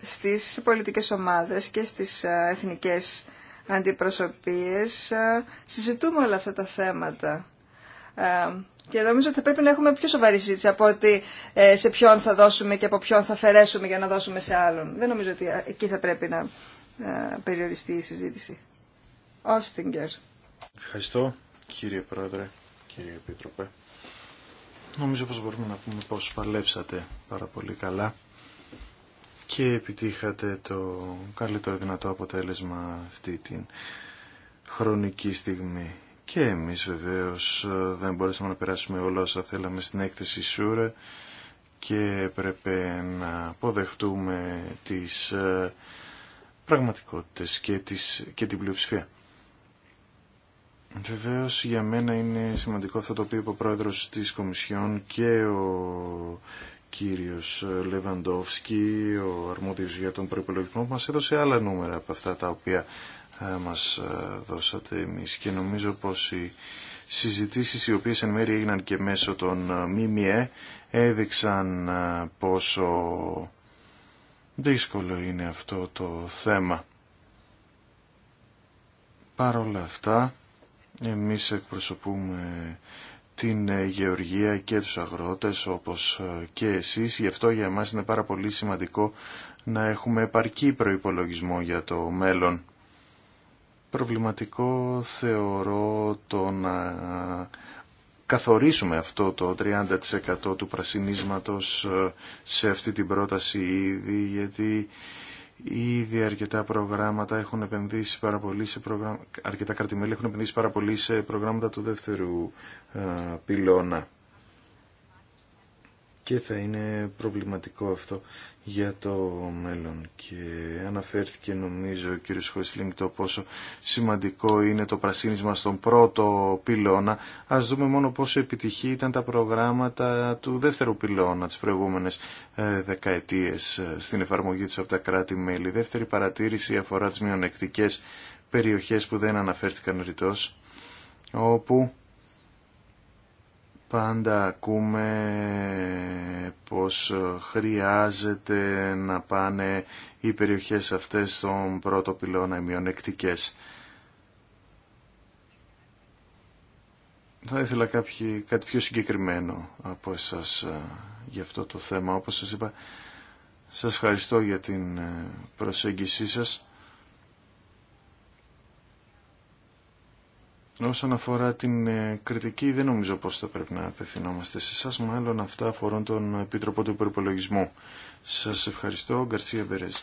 Στις πολιτικές ομάδες και στις εθνικές αντιπροσωπείες ε, συζητούμε όλα αυτά τα θέματα. Ε, και νομίζω ότι θα πρέπει να έχουμε πιο σοβαρή συζήτηση από ότι ε, σε ποιον θα δώσουμε και από ποιον θα αφαιρέσουμε για να δώσουμε σε άλλον. Δεν νομίζω ότι εκεί θα πρέπει να περιοριστεί η συζήτηση. Όστιγκερ. Ευχαριστώ κύριε Πρόεδρε, κύριε Επίτροπε. Νομίζω πως μπορούμε να πούμε πως παλέψατε πάρα πολύ καλά και επιτύχατε το καλύτερο δυνατό αποτέλεσμα αυτή την χρονική στιγμή. Και εμείς βεβαίως ε, δεν μπορέσαμε να περάσουμε όλα όσα θέλαμε στην έκθεση Σούρε και έπρεπε να αποδεχτούμε τις ε, πραγματικότητες και, τις, και την πλειοψηφία. Βεβαίω για μένα είναι σημαντικό αυτό το οποίο είπε ο πρόεδρος της Κομισιόν και ο κύριος Λεβαντόφσκι, ο αρμόδιος για τον προπολογισμό, μας έδωσε άλλα νούμερα από αυτά τα οποία ε, μας ε, δώσατε εμείς και νομίζω πως οι συζητήσεις οι οποίες εν μέρει έγιναν και μέσω των ε, ΜΜΕ έδειξαν πόσο δύσκολο είναι αυτό το θέμα. Παρ' όλα αυτά, εμείς εκπροσωπούμε την ε, γεωργία και τους αγρότες όπως ε, και εσείς. Γι' αυτό για εμάς είναι πάρα πολύ σημαντικό να έχουμε επαρκή προϋπολογισμό για το μέλλον. Προβληματικό θεωρώ το να καθορίσουμε αυτό το 30% του πρασινίσματος ε, σε αυτή την πρόταση ήδη, γιατί Ήδη αρκετά προγράμματα έχουν επενδύσει πάρα πολύ σε προγράμματα, αρκετά κρατημέλη έχουν επενδύσει πάρα πολύ σε προγράμματα του δεύτερου ε, πυλώνα και θα είναι προβληματικό αυτό για το μέλλον. Και αναφέρθηκε νομίζω ο κ. Χωσλίνγκ το πόσο σημαντικό είναι το πρασίνισμα στον πρώτο πυλώνα. Ας δούμε μόνο πόσο επιτυχή ήταν τα προγράμματα του δεύτερου πυλώνα τις προηγούμενες ε, δεκαετίες ε, στην εφαρμογή τους από τα κράτη-μέλη. Δεύτερη παρατήρηση αφορά τις μειονεκτικές περιοχές που δεν αναφέρθηκαν ρητός όπου πάντα ακούμε πως χρειάζεται να πάνε οι περιοχές αυτές στον πρώτο πυλώνα οι μειονεκτικές. Θα ήθελα κάποιο κάτι πιο συγκεκριμένο από εσάς ε, για αυτό το θέμα. Όπως σας είπα, σας ευχαριστώ για την ε, προσέγγισή σας. Όσον αφορά την ε, κριτική, δεν νομίζω πως θα πρέπει να απευθυνόμαστε σε εσά, μάλλον αυτά αφορούν τον Επίτροπο του Υπερπολογισμού. Σας ευχαριστώ, Γκαρσία Μπερέζ.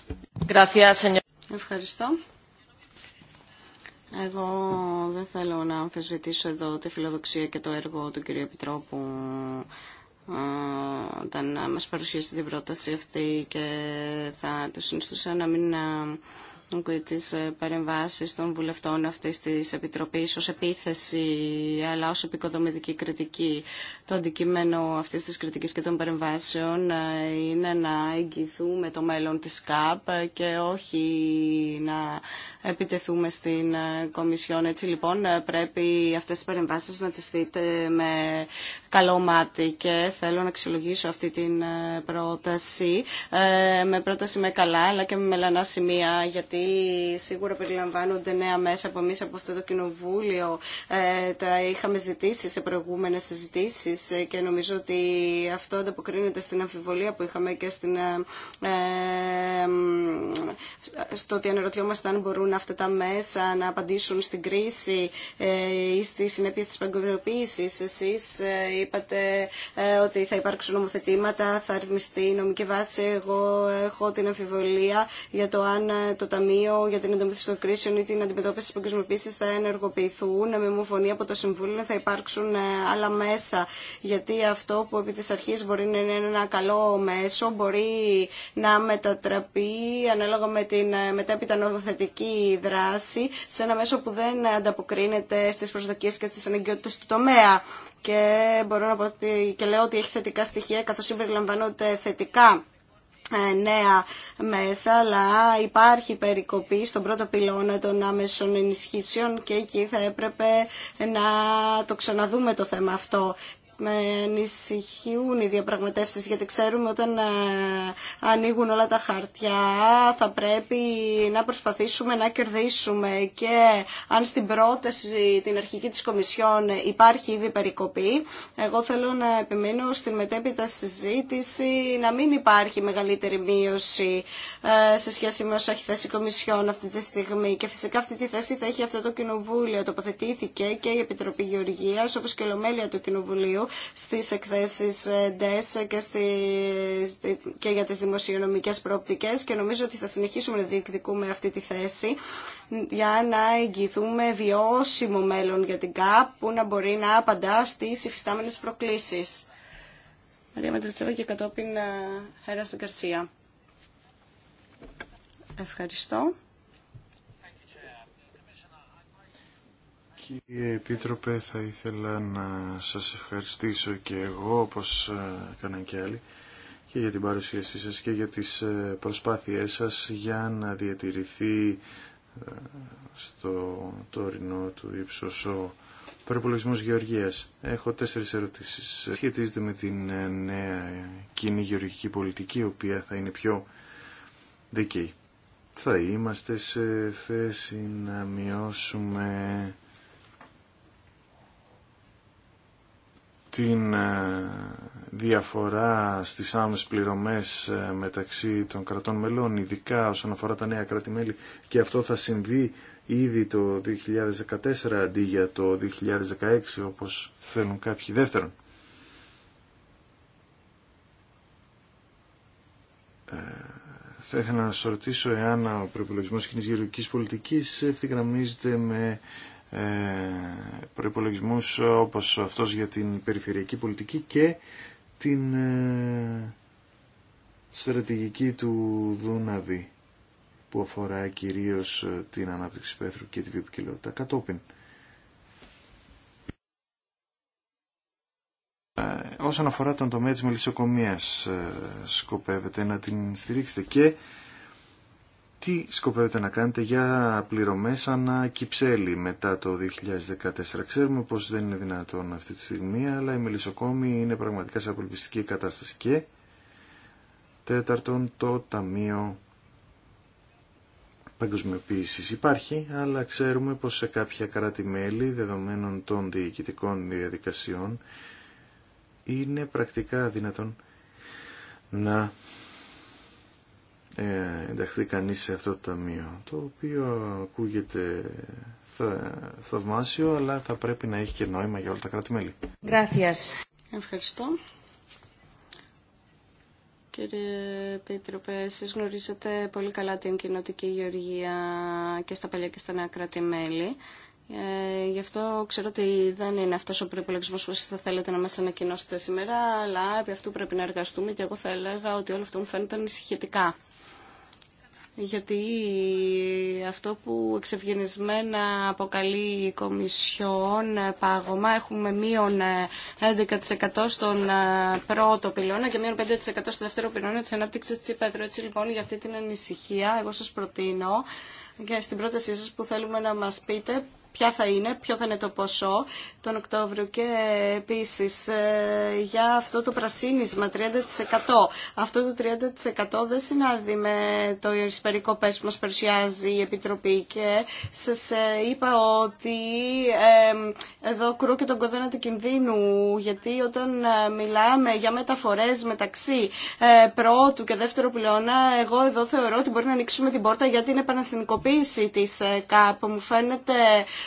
Ευχαριστώ. Εγώ δεν θέλω να αμφισβητήσω εδώ τη φιλοδοξία και το έργο του κυρίου Επιτρόπου ε, όταν μας παρουσίασε την πρόταση αυτή και θα του συνιστούσα να μην ε, τις ε, παρεμβάσει των βουλευτών αυτής της Επιτροπής ως επίθεση αλλά ως επικοδομητική κριτική. Το αντικείμενο αυτής της κριτικής και των παρεμβάσεων ε, είναι να εγγυηθούμε το μέλλον της ΚΑΠ και όχι να επιτεθούμε στην ε, Κομισιόν. Έτσι λοιπόν πρέπει αυτές τις παρεμβάσει να τις δείτε με καλό μάτι και θέλω να αξιολογήσω αυτή την πρόταση με πρόταση με καλά αλλά και με μελανά σημεία γιατί γιατί σίγουρα περιλαμβάνονται νέα μέσα από εμεί από αυτό το κοινοβούλιο. Ε, τα είχαμε ζητήσει σε προηγούμενες συζητήσεις ε, και νομίζω ότι αυτό ανταποκρίνεται στην αμφιβολία που είχαμε και στην, ε, στο ότι αναρωτιόμαστε αν μπορούν αυτά τα μέσα να απαντήσουν στην κρίση ή στις συνέπειες της παγκοσμιοποίησης. Εσείς είπατε ότι θα υπάρξουν νομοθετήματα, θα αρμιστεί η νομική βάση. Εγώ έχω την αμφιβολία για το αν το Ταμείο Ταμείο για την Αντιμετώπιση των Κρίσεων ή την Αντιμετώπιση τη Παγκοσμιοποίηση θα ενεργοποιηθούν με μοφωνία από το Συμβούλιο, θα υπάρξουν ε, άλλα μέσα. Γιατί αυτό που επί τη αρχή μπορεί να είναι ένα καλό μέσο μπορεί να μετατραπεί ανάλογα με την ε, μετέπειτα νομοθετική δράση σε ένα μέσο που δεν ανταποκρίνεται στι προσδοκίε και στι αναγκαιότητε του τομέα. Και μπορώ να πω ότι, και λέω ότι έχει θετικά στοιχεία καθώ συμπεριλαμβάνονται θετικά ε, νέα μέσα, αλλά υπάρχει περικοπή στον πρώτο πυλώνα των άμεσων ενισχύσεων και εκεί θα έπρεπε να το ξαναδούμε το θέμα αυτό με ανησυχούν οι διαπραγματεύσει γιατί ξέρουμε όταν ε, ανοίγουν όλα τα χαρτιά θα πρέπει να προσπαθήσουμε να κερδίσουμε και αν στην πρόταση την αρχική της Κομισιόν υπάρχει ήδη περικοπή εγώ θέλω να επιμείνω στην μετέπειτα συζήτηση να μην υπάρχει μεγαλύτερη μείωση ε, σε σχέση με όσα έχει θέσει η Κομισιόν αυτή τη στιγμή και φυσικά αυτή τη θέση θα έχει αυτό το Κοινοβούλιο τοποθετήθηκε και η Επιτροπή Γεωργίας όπως και η του Κοινοβουλίου στις εκθέσεις ε, και, και για τις δημοσιονομικές προοπτικές και νομίζω ότι θα συνεχίσουμε να διεκδικούμε αυτή τη θέση για να εγγυηθούμε βιώσιμο μέλλον για την ΚΑΠ που να μπορεί να απαντά στις υφιστάμενες προκλήσεις. Μαρία και κατόπιν ε, Χέρας Γκαρσία. Ευχαριστώ. Κύριε Επίτροπε, θα ήθελα να σας ευχαριστήσω και εγώ, όπως ε, έκαναν και άλλοι, και για την παρουσίασή σας και για τις ε, προσπάθειές σας για να διατηρηθεί ε, στο τωρινό του ύψος ο προπολογισμός γεωργίας. Έχω τέσσερις ερωτήσεις. Σχετίζεται με την νέα κοινή γεωργική πολιτική, η οποία θα είναι πιο δική. Θα είμαστε σε θέση να μειώσουμε την ε, διαφορά στις άμεσες πληρωμές ε, μεταξύ των κρατών μελών, ειδικά όσον αφορά τα νέα κράτη-μέλη και αυτό θα συμβεί ήδη το 2014 αντί για το 2016 όπως θέλουν κάποιοι δεύτερον. Ε, θα ήθελα να σας ρωτήσω εάν ο προπολογισμός κοινής γεωργικής πολιτικής ευθυγραμμίζεται με ε, Προπολογισμού όπως αυτός για την περιφερειακή πολιτική και την ε, στρατηγική του Δούναβη που αφορά κυρίως ε, την ανάπτυξη πέθρου και τη βιοποικιλότητα κατόπιν. Όσον αφορά τον τομέα της μελισσοκομείας σκοπεύετε να την στηρίξετε και τι σκοπεύετε να κάνετε για πληρωμές ανά κυψέλη μετά το 2014. Ξέρουμε πως δεν είναι δυνατόν αυτή τη στιγμή, αλλά η μελισσοκόμη είναι πραγματικά σε απολυπιστική κατάσταση. Και τέταρτον, το Ταμείο Παγκοσμιοποίησης υπάρχει, αλλά ξέρουμε πως σε κάποια κράτη-μέλη, δεδομένων των διοικητικών διαδικασιών, είναι πρακτικά δυνατόν να ε, ενταχθεί κανείς σε αυτό το ταμείο, το οποίο ακούγεται θα, θαυμάσιο, αλλά θα πρέπει να έχει και νόημα για όλα τα κράτη-μέλη. Ευχαριστώ. Κύριε Πίτροπε εσείς γνωρίζετε πολύ καλά την κοινοτική γεωργία και στα παλιά και στα νέα κράτη-μέλη. Ε, γι' αυτό ξέρω ότι δεν είναι αυτός ο προϋπολογισμός που εσείς θα θέλετε να μας ανακοινώσετε σήμερα, αλλά επί αυτού πρέπει να εργαστούμε και εγώ θα έλεγα ότι όλο αυτό μου φαίνεται ανησυχητικά γιατί αυτό που εξευγενισμένα αποκαλεί η Κομισιόν ε, πάγωμα έχουμε μείον 11% ε, στον ε, πρώτο πυλώνα και μείον 5% στο δεύτερο πυλώνα της ανάπτυξης της υπέτρου. Έτσι λοιπόν για αυτή την ανησυχία εγώ σας προτείνω και στην πρότασή σας που θέλουμε να μας πείτε ποια θα είναι, ποιο θα είναι το ποσό τον Οκτώβριο και επίσης ε, για αυτό το πρασίνισμα 30%. Αυτό το 30% δεν συνάδει με το πέσμα που μας παρουσιάζει η Επιτροπή και σας ε, είπα ότι εδώ κρούω και τον κοδόνα του κινδύνου γιατί όταν ε, μιλάμε για μεταφορές μεταξύ πρώτου και δεύτερου πυλώνα εγώ εδώ θεωρώ ότι μπορεί να ανοίξουμε την πόρτα για την επαναθηνικοποίηση της ΚΑΠ. Μου φαίνεται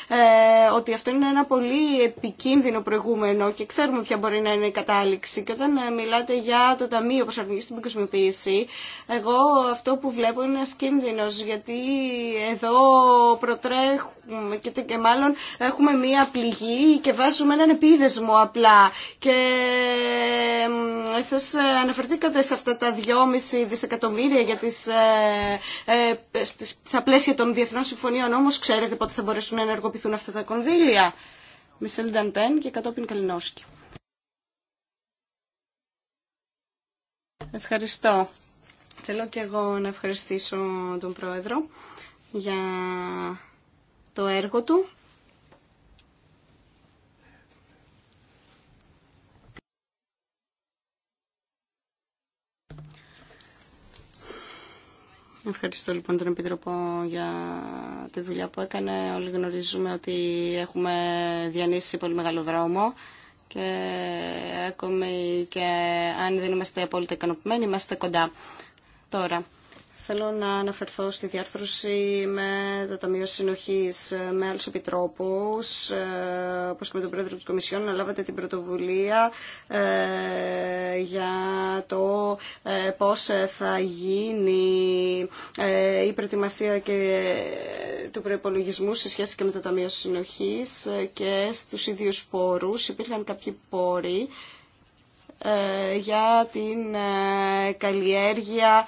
ε, ότι αυτό είναι ένα πολύ επικίνδυνο προηγούμενο και ξέρουμε ποια μπορεί να είναι η κατάληξη. Και όταν ε, μιλάτε για το Ταμείο Προσαρμογή στην Πικοσμιοποίηση, εγώ αυτό που βλέπω είναι ένα κίνδυνο γιατί εδώ προτρέχουν και, και μάλλον έχουμε μία πληγή και βάζουμε έναν επίδεσμο απλά. Και σας ε, αναφερθήκατε σε αυτά τα 2,5 δισεκατομμύρια για τις, ε, ε, στις, στα πλαίσια των διεθνών συμφωνίων, όμως ξέρετε πότε θα μπορέσουν να ενεργοποιηθούν αυτά τα κονδύλια. Μισελ Νταντέν και κατόπιν Καλινόσκι. Ευχαριστώ. Θέλω και εγώ να ευχαριστήσω τον Πρόεδρο για το έργο του. Ευχαριστώ λοιπόν τον Επίτροπο για τη δουλειά που έκανε. Όλοι γνωρίζουμε ότι έχουμε διανύσει πολύ μεγάλο δρόμο και ακόμη και αν δεν είμαστε απόλυτα ικανοποιημένοι είμαστε κοντά τώρα. Θέλω να αναφερθώ στη διάρθρωση με το Ταμείο Συνοχής με άλλους επιτρόπους, ε, όπως και με τον Πρόεδρο της Κομισιόν, να λάβατε την πρωτοβουλία ε, για το ε, πώς θα γίνει η προετοιμασία και του προϋπολογισμού σε σχέση και με το Ταμείο Συνοχής και στους ίδιους πόρους. Υπήρχαν κάποιοι πόροι για την καλλιέργεια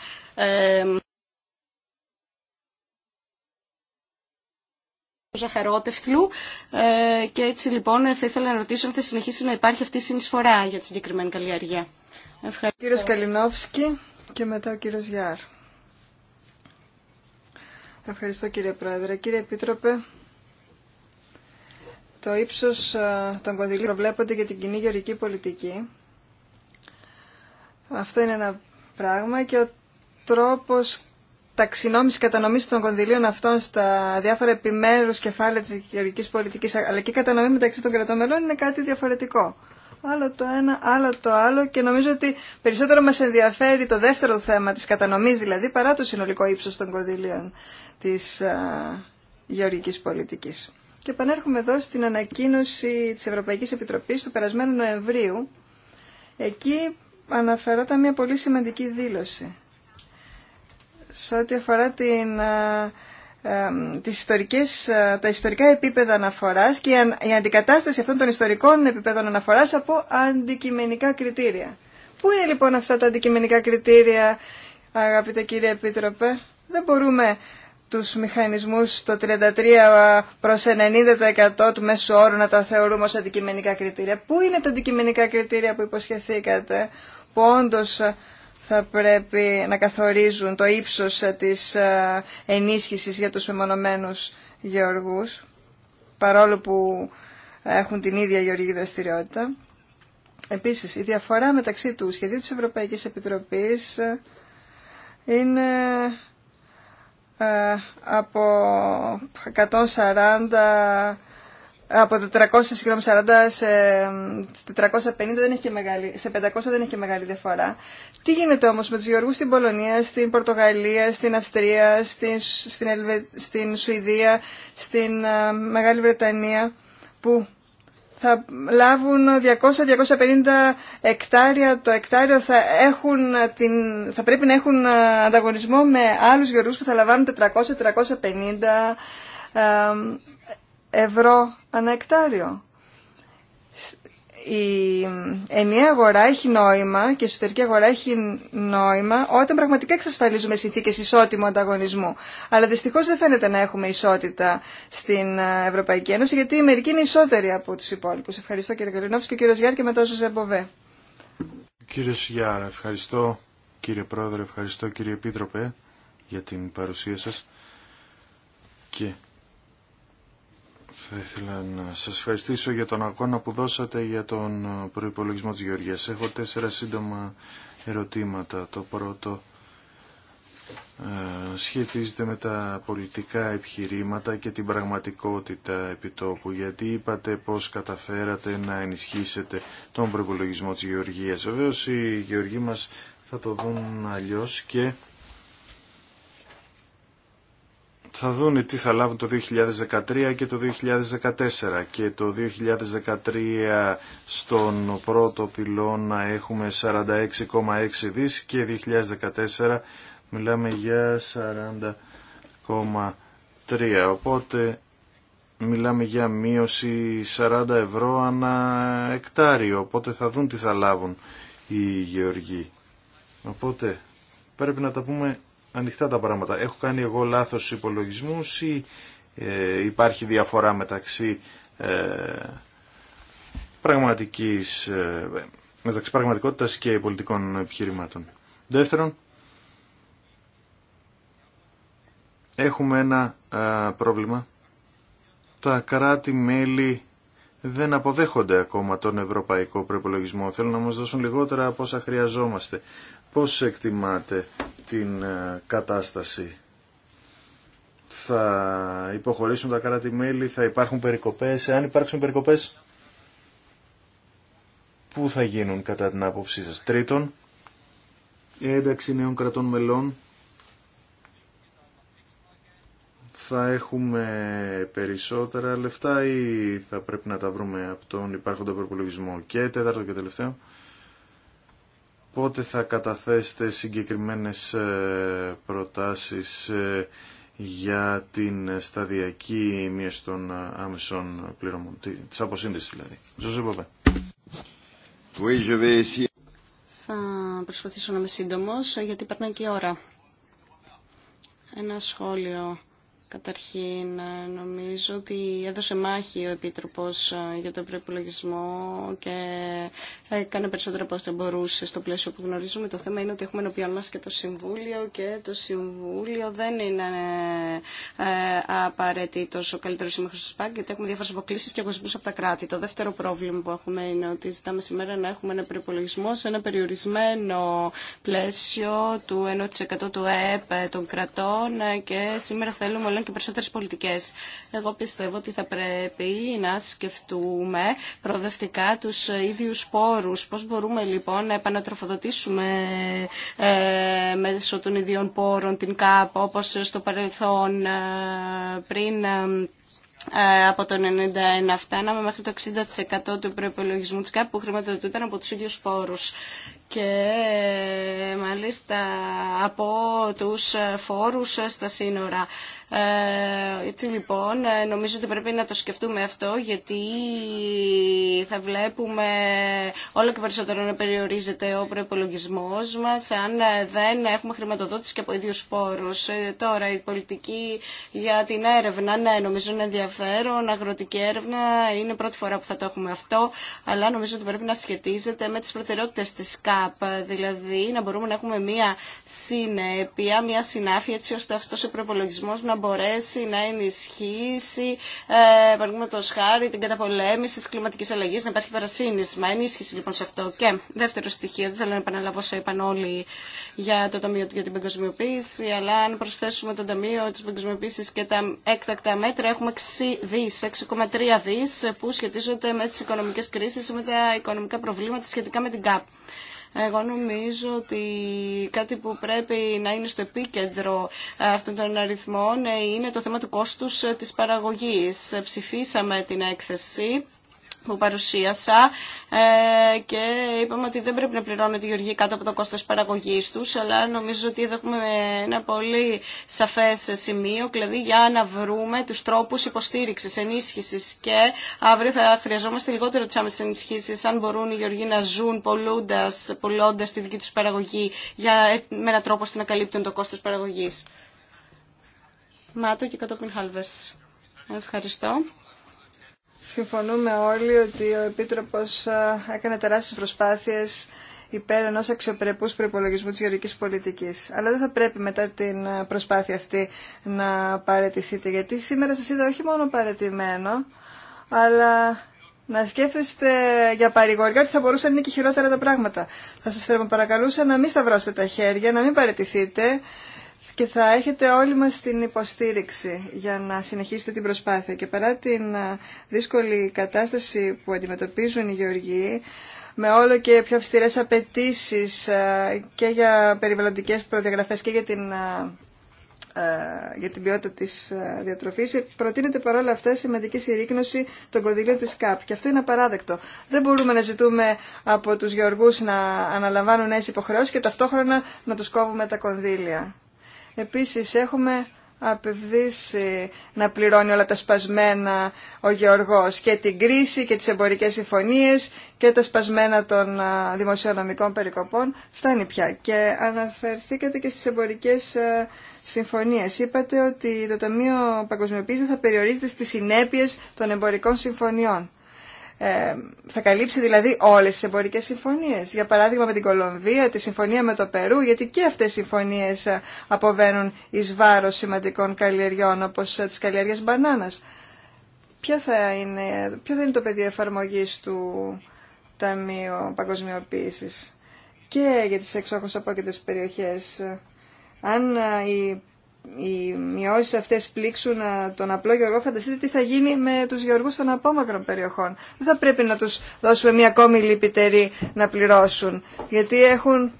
ζαχαρότευθλου ε, και έτσι λοιπόν θα ήθελα να ρωτήσω αν θα συνεχίσει να υπάρχει αυτή η συνεισφορά για τη συγκεκριμένη καλλιέργεια. Ευχαριστώ. Κύριος Καλινόφσκι και μετά ο κύριος Γιάρ. Ευχαριστώ κύριε Πρόεδρε. Κύριε Επίτροπε, το ύψος ε, των κονδυλίων προβλέπονται για την κοινή γεωρική πολιτική. Αυτό είναι ένα πράγμα και ο τρόπος ταξινόμηση κατανομή των κονδυλίων αυτών στα διάφορα επιμέρου κεφάλαια τη γεωργική πολιτική, αλλά και η κατανομή μεταξύ των κρατών είναι κάτι διαφορετικό. Άλλο το ένα, άλλο το άλλο και νομίζω ότι περισσότερο μας ενδιαφέρει το δεύτερο θέμα της κατανομής, δηλαδή παρά το συνολικό ύψος των κονδυλίων της α, γεωργικής πολιτικής. Και επανέρχομαι εδώ στην ανακοίνωση της Ευρωπαϊκής Επιτροπής του περασμένου Νοεμβρίου. Εκεί αναφερόταν μια πολύ σημαντική δήλωση σε ό,τι αφορά την, ε, ε, τις ιστορικές, ε, τα ιστορικά επίπεδα αναφοράς και η αντικατάσταση αυτών των ιστορικών επίπεδων αναφοράς από αντικειμενικά κριτήρια. Πού είναι λοιπόν αυτά τα αντικειμενικά κριτήρια, αγαπητέ κύριε Επίτροπε. Δεν μπορούμε τους μηχανισμούς το 33 προς 90% του μέσου όρου να τα θεωρούμε ως αντικειμενικά κριτήρια. Πού είναι τα αντικειμενικά κριτήρια που υποσχεθήκατε, που όντως θα πρέπει να καθορίζουν το ύψος ε, της ε, ενίσχυσης για τους μεμονωμένους γεωργούς, παρόλο που έχουν την ίδια γεωργική δραστηριότητα. Επίσης, η διαφορά μεταξύ του σχεδίου της Ευρωπαϊκής Επιτροπής ε, είναι από 140 από 440 σε 450 δεν έχει και μεγάλη, σε 500 δεν έχει και μεγάλη διαφορά. Τι γίνεται όμως με τους γεωργούς στην Πολωνία, στην Πορτογαλία, στην Αυστρία, στην, στην, στην Σουηδία, στην ε, Μεγάλη Βρετανία που θα λάβουν 200-250 εκτάρια. Το εκτάριο θα, έχουν την, θα πρέπει να έχουν ανταγωνισμό με άλλους γεωργούς που θα λαμβάνουν 400-450 ευρώ ανά Η ενιαία αγορά έχει νόημα και η εσωτερική αγορά έχει νόημα όταν πραγματικά εξασφαλίζουμε συνθήκε ισότιμου ανταγωνισμού. Αλλά δυστυχώς δεν φαίνεται να έχουμε ισότητα στην Ευρωπαϊκή Ένωση γιατί η μερική είναι ισότερη από του υπόλοιπου. Ευχαριστώ κύριε Καλινόφης και κύριο Γιάρ και μετά όσο Ζεμποβέ. Κύριε Σιγιάρα, ευχαριστώ κύριε Πρόεδρε, ευχαριστώ κύριε Επίτροπε για την παρουσία σα. και θα ήθελα να σας ευχαριστήσω για τον αγώνα που δώσατε για τον προϋπολογισμό της Γεωργίας. Έχω τέσσερα σύντομα ερωτήματα. Το πρώτο ε, σχετίζεται με τα πολιτικά επιχειρήματα και την πραγματικότητα επιτόπου. Γιατί είπατε πώς καταφέρατε να ενισχύσετε τον προϋπολογισμό της Γεωργίας. Βεβαίως οι Γεωργοί μας θα το δουν αλλιώς και θα δουν τι θα λάβουν το 2013 και το 2014 και το 2013 στον πρώτο πυλώνα έχουμε 46,6 δις και 2014 μιλάμε για 40,3 οπότε μιλάμε για μείωση 40 ευρώ ανά εκτάριο οπότε θα δουν τι θα λάβουν οι γεωργοί οπότε πρέπει να τα πούμε ανοιχτά τα πράγματα. Έχω κάνει εγώ λάθος υπολογισμούς ή ε, υπάρχει διαφορά μεταξύ ε, πραγματικής, ε, μεταξύ πραγματικότητας και πολιτικών επιχειρημάτων. Δεύτερον, έχουμε ένα ε, πρόβλημα. Τα κράτη-μέλη δεν αποδέχονται ακόμα τον ευρωπαϊκό προπολογισμό. Θέλουν να μας δώσουν λιγότερα από όσα χρειαζόμαστε. Πώς εκτιμάτε την ε, κατάσταση. Θα υποχωρήσουν τα κράτη-μέλη, θα υπάρχουν περικοπές. Εάν υπάρξουν περικοπές, πού θα γίνουν κατά την άποψή σας. Τρίτον, η ένταξη νέων κρατών μελών. Θα έχουμε περισσότερα λεφτά ή θα πρέπει να τα βρούμε από τον υπάρχοντα προπολογισμό. Και τέταρτο και τελευταίο πότε θα καταθέσετε συγκεκριμένες ε, προτάσεις ε, για την σταδιακή μείωση των ε, άμεσων πληρωμών, της αποσύνδεσης δηλαδή. Ζωζέ Θα προσπαθήσω να είμαι σύντομος γιατί περνάει και η ώρα. Ένα σχόλιο Καταρχήν, νομίζω ότι έδωσε μάχη ο Επίτροπος ε, για τον προπολογισμό και έκανε περισσότερο από ό,τι μπορούσε στο πλαίσιο που γνωρίζουμε. Το θέμα είναι ότι έχουμε ενώπιον μας και το Συμβούλιο και το Συμβούλιο δεν είναι ε, απαραίτητο ο καλύτερος σύμμαχος του ΣΠΑΚ γιατί έχουμε διάφορες αποκλήσεις και εγωσμούς από τα κράτη. Το δεύτερο πρόβλημα που έχουμε είναι ότι ζητάμε σήμερα να έχουμε ένα προπολογισμό σε ένα περιορισμένο πλαίσιο του 1% του ΕΕΠ των κρατών ε, και σήμερα θέλουμε και περισσότερες πολιτικές. Εγώ πιστεύω ότι θα πρέπει να σκεφτούμε προοδευτικά τους ίδιους πόρους. Πώς μπορούμε λοιπόν να επανατροφοδοτήσουμε ε, μέσω των ίδιων πόρων την ΚΑΠ όπω στο παρελθόν ε, πριν ε, από το 1991 φτάναμε μέχρι το 60% του προπολογισμού της ΚΑΠ που χρηματοδοτούνταν από τους ίδιους πόρους και μάλιστα από τους φόρους στα σύνορα. Ε, έτσι λοιπόν νομίζω ότι πρέπει να το σκεφτούμε αυτό γιατί θα βλέπουμε όλο και περισσότερο να περιορίζεται ο προπολογισμό μας αν δεν έχουμε χρηματοδότηση και από ίδιου φόρους. Ε, τώρα η πολιτική για την έρευνα, ναι νομίζω είναι ενδιαφέρον, αγροτική έρευνα είναι πρώτη φορά που θα το έχουμε αυτό αλλά νομίζω ότι πρέπει να σχετίζεται με τις προτεραιότητες της ΚΑ δηλαδή να μπορούμε να έχουμε μία συνέπεια, μία συνάφεια έτσι ώστε αυτός ο προπολογισμό να μπορέσει να ενισχύσει, ε, παραδείγματο χάρη, την καταπολέμηση τη κλιματική αλλαγή, να υπάρχει παρασύνισμα. Ενίσχυση λοιπόν σε αυτό. Και δεύτερο στοιχείο, δεν θέλω να επαναλαβώ σε είπαν για το Ταμείο για την Παγκοσμιοποίηση, αλλά αν προσθέσουμε το Ταμείο τη Παγκοσμιοποίηση και τα έκτακτα μέτρα, έχουμε 6 δι, 6,3 δι που σχετίζονται με τι οικονομικέ κρίσει, με τα οικονομικά προβλήματα σχετικά με την ΚΑΠ. Εγώ νομίζω ότι κάτι που πρέπει να είναι στο επίκεντρο αυτών των αριθμών είναι το θέμα του κόστους ε, της παραγωγής. Ψηφίσαμε την έκθεση που παρουσίασα ε, και είπαμε ότι δεν πρέπει να πληρώνω τη γεωργία κάτω από το κόστος παραγωγής τους, αλλά νομίζω ότι εδώ έχουμε ένα πολύ σαφές σημείο, δηλαδή για να βρούμε τους τρόπους υποστήριξης, ενίσχυσης και αύριο θα χρειαζόμαστε λιγότερο τις άμεσες ενισχύσεις, αν μπορούν οι γεωργοί να ζουν πολλούντας, τη δική τους παραγωγή για, ε, με έναν τρόπο ώστε να καλύπτουν το κόστος παραγωγής. Μάτο και κατόπιν Ευχαριστώ. Συμφωνούμε όλοι ότι ο Επίτροπος ε, έκανε τεράστιες προσπάθειες υπέρ ενός αξιοπρεπούς προϋπολογισμού της γεωργικής πολιτικής. Αλλά δεν θα πρέπει μετά την ε, προσπάθεια αυτή να παρετηθείτε. γιατί σήμερα σας είδα όχι μόνο παρετημένο, αλλά να σκέφτεστε για παρηγοριά ότι θα μπορούσαν να είναι και χειρότερα τα πράγματα. Θα σας θέλω παρακαλούσα να μην σταυρώσετε τα χέρια, να μην παρετηθείτε και θα έχετε όλοι μας την υποστήριξη για να συνεχίσετε την προσπάθεια. Και παρά την δύσκολη κατάσταση που αντιμετωπίζουν οι γεωργοί, με όλο και πιο αυστηρέ απαιτήσει και για περιβαλλοντικές προδιαγραφές και για την, για την ποιότητα της διατροφής, προτείνεται παρόλα αυτά σημαντική συρρήκνωση των κονδυλίων της ΚΑΠ. Και αυτό είναι απαράδεκτο. Δεν μπορούμε να ζητούμε από τους γεωργούς να αναλαμβάνουν νέες υποχρεώσεις και ταυτόχρονα να τους κόβουμε τα κονδύλια. Επίσης έχουμε απευδίσει να πληρώνει όλα τα σπασμένα ο Γεωργός και την κρίση και τις εμπορικές συμφωνίες και τα σπασμένα των δημοσιονομικών περικοπών φτάνει πια. Και αναφερθήκατε και στις εμπορικές συμφωνίες. Είπατε ότι το Ταμείο Παγκοσμιοποίησης θα περιορίζεται στις συνέπειες των εμπορικών συμφωνιών. Ε, θα καλύψει δηλαδή όλες τις εμπορικές συμφωνίες. Για παράδειγμα με την Κολομβία, τη συμφωνία με το Περού, γιατί και αυτές οι συμφωνίες ε, αποβαίνουν εις βάρος σημαντικών καλλιεργιών, όπως ε, τις καλλιέργειες μπανάνας. Ποια θα είναι, ποιο θα είναι το πεδίο εφαρμογής του Ταμείου Παγκοσμιοποίησης και για τις εξόχως απόκειτες περιοχές. Αν η οι μειώσει αυτέ πλήξουν ε, τον απλό γεωργό, φανταστείτε τι θα γίνει με του γεωργού των απόμακρων περιοχών. Δεν θα πρέπει να του δώσουμε μία ακόμη λυπητερή να πληρώσουν, γιατί έχουν,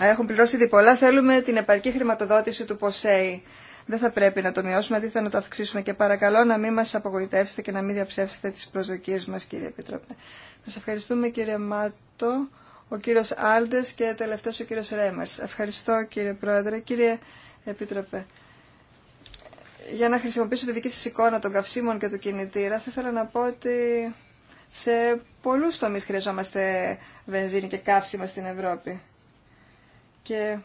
έχουν πληρώσει διπολά. Θέλουμε την επαρκή χρηματοδότηση του ΠΟΣΕΙ. Δεν θα πρέπει να το μειώσουμε, αντίθετα να το αυξήσουμε. Και παρακαλώ να μην μα απογοητεύσετε και να μην διαψεύσετε τι προσδοκίε μα, κύριε Επίτροπε. Σα ευχαριστούμε, κύριε Μάτο, ο κύριο Άλντε και τελευταίο ο κύριο Ρέμερ. Ευχαριστώ, κύριε Πρόεδρε. Κύριε Επίτροπε, για να χρησιμοποιήσω τη δική σας εικόνα των καυσίμων και του κινητήρα, θα ήθελα να πω ότι σε πολλούς τομείς χρειαζόμαστε βενζίνη και καύσιμα στην Ευρώπη. Και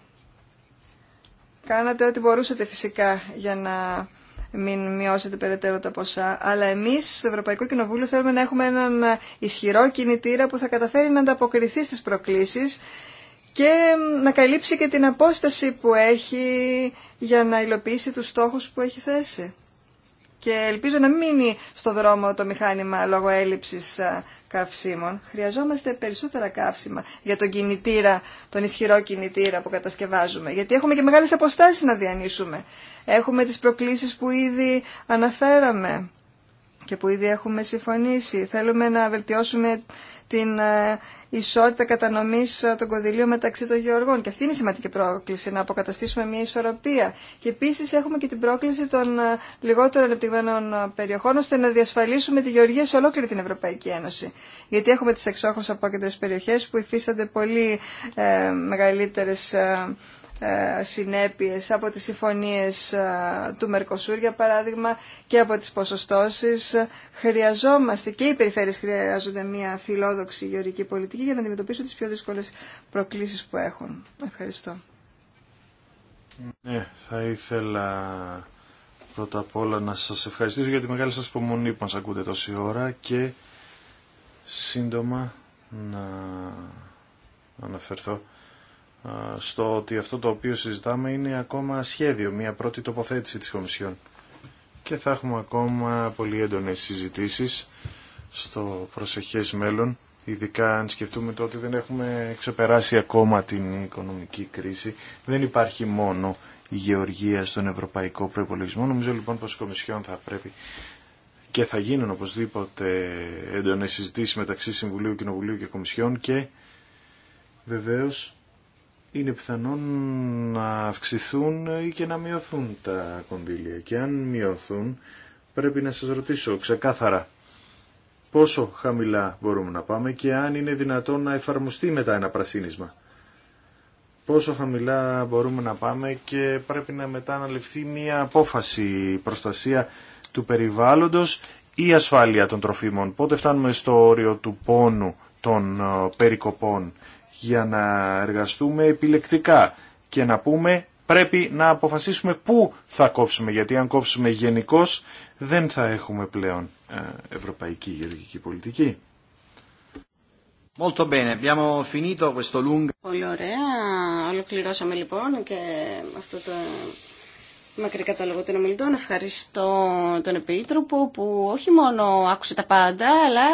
κάνατε ό,τι μπορούσατε φυσικά για να μην μειώσετε περαιτέρω τα ποσά. Αλλά εμείς στο Ευρωπαϊκό Κοινοβούλιο θέλουμε να έχουμε έναν ισχυρό κινητήρα που θα καταφέρει να ανταποκριθεί στις προκλήσεις και να καλύψει και την απόσταση που έχει για να υλοποιήσει τους στόχους που έχει θέσει. Και ελπίζω να μείνει στο δρόμο το μηχάνημα λόγω έλλειψης καυσίμων. Χρειαζόμαστε περισσότερα καύσιμα για τον κινητήρα, τον ισχυρό κινητήρα που κατασκευάζουμε. Γιατί έχουμε και μεγάλες αποστάσεις να διανύσουμε. Έχουμε τις προκλήσεις που ήδη αναφέραμε και που ήδη έχουμε συμφωνήσει. Θέλουμε να βελτιώσουμε την ε, ισότητα κατανομής ε, των κονδυλίων μεταξύ των γεωργών. Και αυτή είναι η σημαντική πρόκληση, να αποκαταστήσουμε μια ισορροπία. Και επίση έχουμε και την πρόκληση των ε, λιγότερων ανεπτυγμένων περιοχών, ώστε να διασφαλίσουμε τη γεωργία σε ολόκληρη την Ευρωπαϊκή Ένωση. Γιατί έχουμε τι εξόχω απόκεντρε περιοχέ που υφίστανται πολύ ε, μεγαλύτερες ε, συνέπειες από τις συμφωνίες ε, του Μερκοσούρ για παράδειγμα και από τις ποσοστώσεις χρειαζόμαστε και οι περιφέρειες χρειάζονται μια φιλόδοξη γεωρική πολιτική για να αντιμετωπίσουν τις πιο δύσκολες προκλήσεις που έχουν. Ευχαριστώ. Ναι, θα ήθελα πρώτα απ' όλα να σας ευχαριστήσω για τη μεγάλη σας υπομονή που μας ακούτε τόση ώρα και σύντομα να αναφερθώ στο ότι αυτό το οποίο συζητάμε είναι ακόμα σχέδιο, μια πρώτη τοποθέτηση της Κομισιόν. Και θα έχουμε ακόμα πολύ έντονες συζητήσεις στο προσεχές μέλλον, ειδικά αν σκεφτούμε το ότι δεν έχουμε ξεπεράσει ακόμα την οικονομική κρίση. Δεν υπάρχει μόνο η γεωργία στον ευρωπαϊκό προϋπολογισμό. Νομίζω λοιπόν πως η Κομισιόν θα πρέπει και θα γίνουν οπωσδήποτε έντονες συζητήσεις μεταξύ Συμβουλίου, Κοινοβουλίου και Κομισιόν και βεβαίως είναι πιθανόν να αυξηθούν ή και να μειωθούν τα κονδύλια. Και αν μειωθούν, πρέπει να σας ρωτήσω ξεκάθαρα πόσο χαμηλά μπορούμε να πάμε και αν είναι δυνατόν να εφαρμοστεί μετά ένα πρασίνισμα. Πόσο χαμηλά μπορούμε να πάμε και πρέπει να μετά αναλυφθεί μια απόφαση προστασία του περιβάλλοντος ή ασφάλεια των τροφίμων. Πότε φτάνουμε στο όριο του πόνου των ε, περικοπών για να εργαστούμε επιλεκτικά και να πούμε πρέπει να αποφασίσουμε πού θα κόψουμε, γιατί αν κόψουμε γενικώ δεν θα έχουμε πλέον ε, ευρωπαϊκή γεωργική πολιτική. Molto bene, abbiamo finito questo lungo. Πολύ ωραία, ολοκληρώσαμε λοιπόν και αυτό το μακρύ κατάλογο των ομιλητών. Ευχαριστώ τον Επίτροπο που όχι μόνο άκουσε τα πάντα, αλλά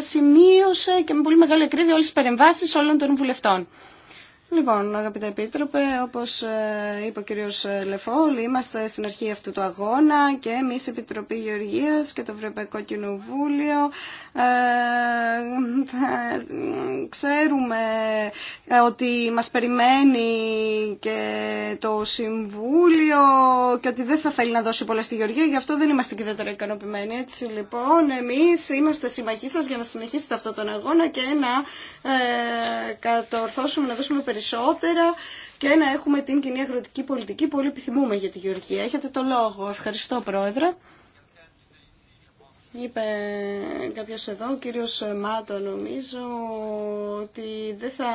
σημείωσε και με πολύ μεγάλη ακρίβεια όλες τις παρεμβάσεις όλων των βουλευτών. Λοιπόν, αγαπητέ Επίτροπε, όπως ε, είπε ο κύριος ε, Λεφόλ, είμαστε στην αρχή αυτού του αγώνα και εμείς η Επιτροπή Γεωργίας και το Ευρωπαϊκό Κοινοβούλιο ε, ξέρουμε ε, ότι μας περιμένει και το Συμβούλιο και ότι δεν θα θέλει να δώσει πολλά στη Γεωργία, γι' αυτό δεν είμαστε και ιδιαίτερα ικανοποιημένοι. Έτσι λοιπόν, εμείς είμαστε συμμαχοί σας για να συνεχίσετε αυτόν τον αγώνα και να ε, κατορθώσουμε να δώσουμε περισσότερο περισσότερα και να έχουμε την κοινή αγροτική πολιτική που όλοι επιθυμούμε για τη Γεωργία. Έχετε το λόγο. Ευχαριστώ, Πρόεδρε. Είπε κάποιος εδώ, ο κύριος Μάτο, νομίζω ότι δεν θα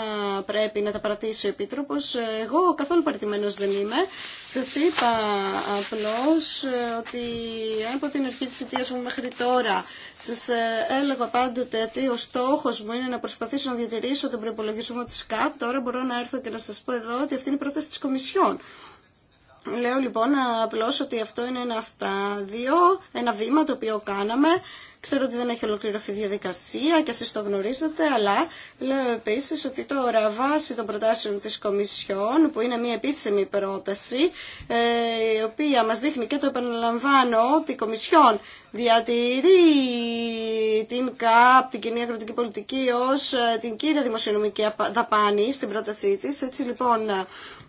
πρέπει να τα παρατήσει ο Επίτροπος. Εγώ καθόλου παρατημένος δεν είμαι. Σας είπα απλώς ε, ότι από την αρχή της αιτίας μου μέχρι τώρα σας ε, έλεγα πάντοτε ότι ο στόχος μου είναι να προσπαθήσω να διατηρήσω τον προπολογισμό της ΚΑΠ. Τώρα μπορώ να έρθω και να σας πω εδώ ότι αυτή είναι η πρόταση της Κομισιόν. Λέω λοιπόν απλώ ότι αυτό είναι ένα στάδιο, ένα βήμα το οποίο κάναμε. Ξέρω ότι δεν έχει ολοκληρωθεί η διαδικασία και εσείς το γνωρίζετε, αλλά λέω επίσης ότι τώρα βάσει των προτάσεων της Κομισιόν, που είναι μια επίσημη πρόταση, ε, η οποία μας δείχνει και το επαναλαμβάνω ότι η Κομισιόν διατηρεί την ΚΑΠ, την Κοινή Αγροτική Πολιτική, ως ε, την κύρια δημοσιονομική δαπάνη στην πρότασή της. Έτσι λοιπόν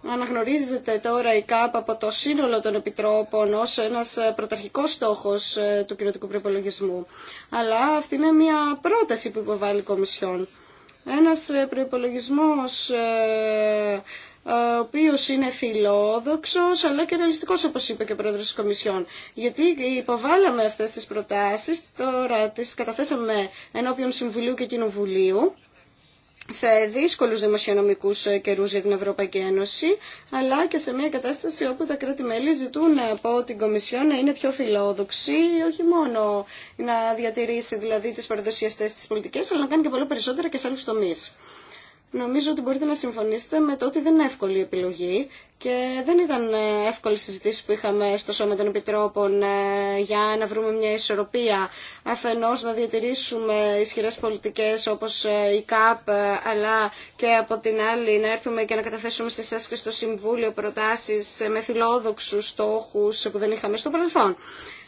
αναγνωρίζεται τώρα η ΚΑΠ από το σύνολο των επιτρόπων ως ένας ε, πρωταρχικός στόχος ε, του κοινωτικού προπολογισμού. Αλλά αυτή είναι μια πρόταση που υποβάλλει η Κομισιόν. Ένας ε, προϋπολογισμός ο οποίο είναι φιλόδοξο αλλά και ρεαλιστικό όπω είπε και ο πρόεδρο τη Κομισιόν. Γιατί υποβάλαμε αυτέ τι προτάσει, τώρα τι καταθέσαμε ενώπιον Συμβουλίου και Κοινοβουλίου σε δύσκολους δημοσιονομικούς ε, καιρούς για την Ευρωπαϊκή Ένωση, αλλά και σε μια κατάσταση όπου τα κράτη-μέλη ζητούν από την Κομισιόν να είναι πιο φιλόδοξη, όχι μόνο να διατηρήσει δηλαδή τις παραδοσιαστές της πολιτικές, αλλά να κάνει και πολλά περισσότερα και σε άλλους τομείς. Νομίζω ότι μπορείτε να συμφωνήσετε με το ότι δεν είναι εύκολη η επιλογή και δεν ήταν ε, εύκολη συζήτηση που είχαμε στο Σώμα των Επιτρόπων ε, για να βρούμε μια ισορροπία αφενός να διατηρήσουμε ισχυρές πολιτικές όπως ε, η ΚΑΠ αλλά και από την άλλη να έρθουμε και να καταθέσουμε σε εσά και στο Συμβούλιο προτάσει με φιλόδοξους στόχους που δεν είχαμε στο παρελθόν.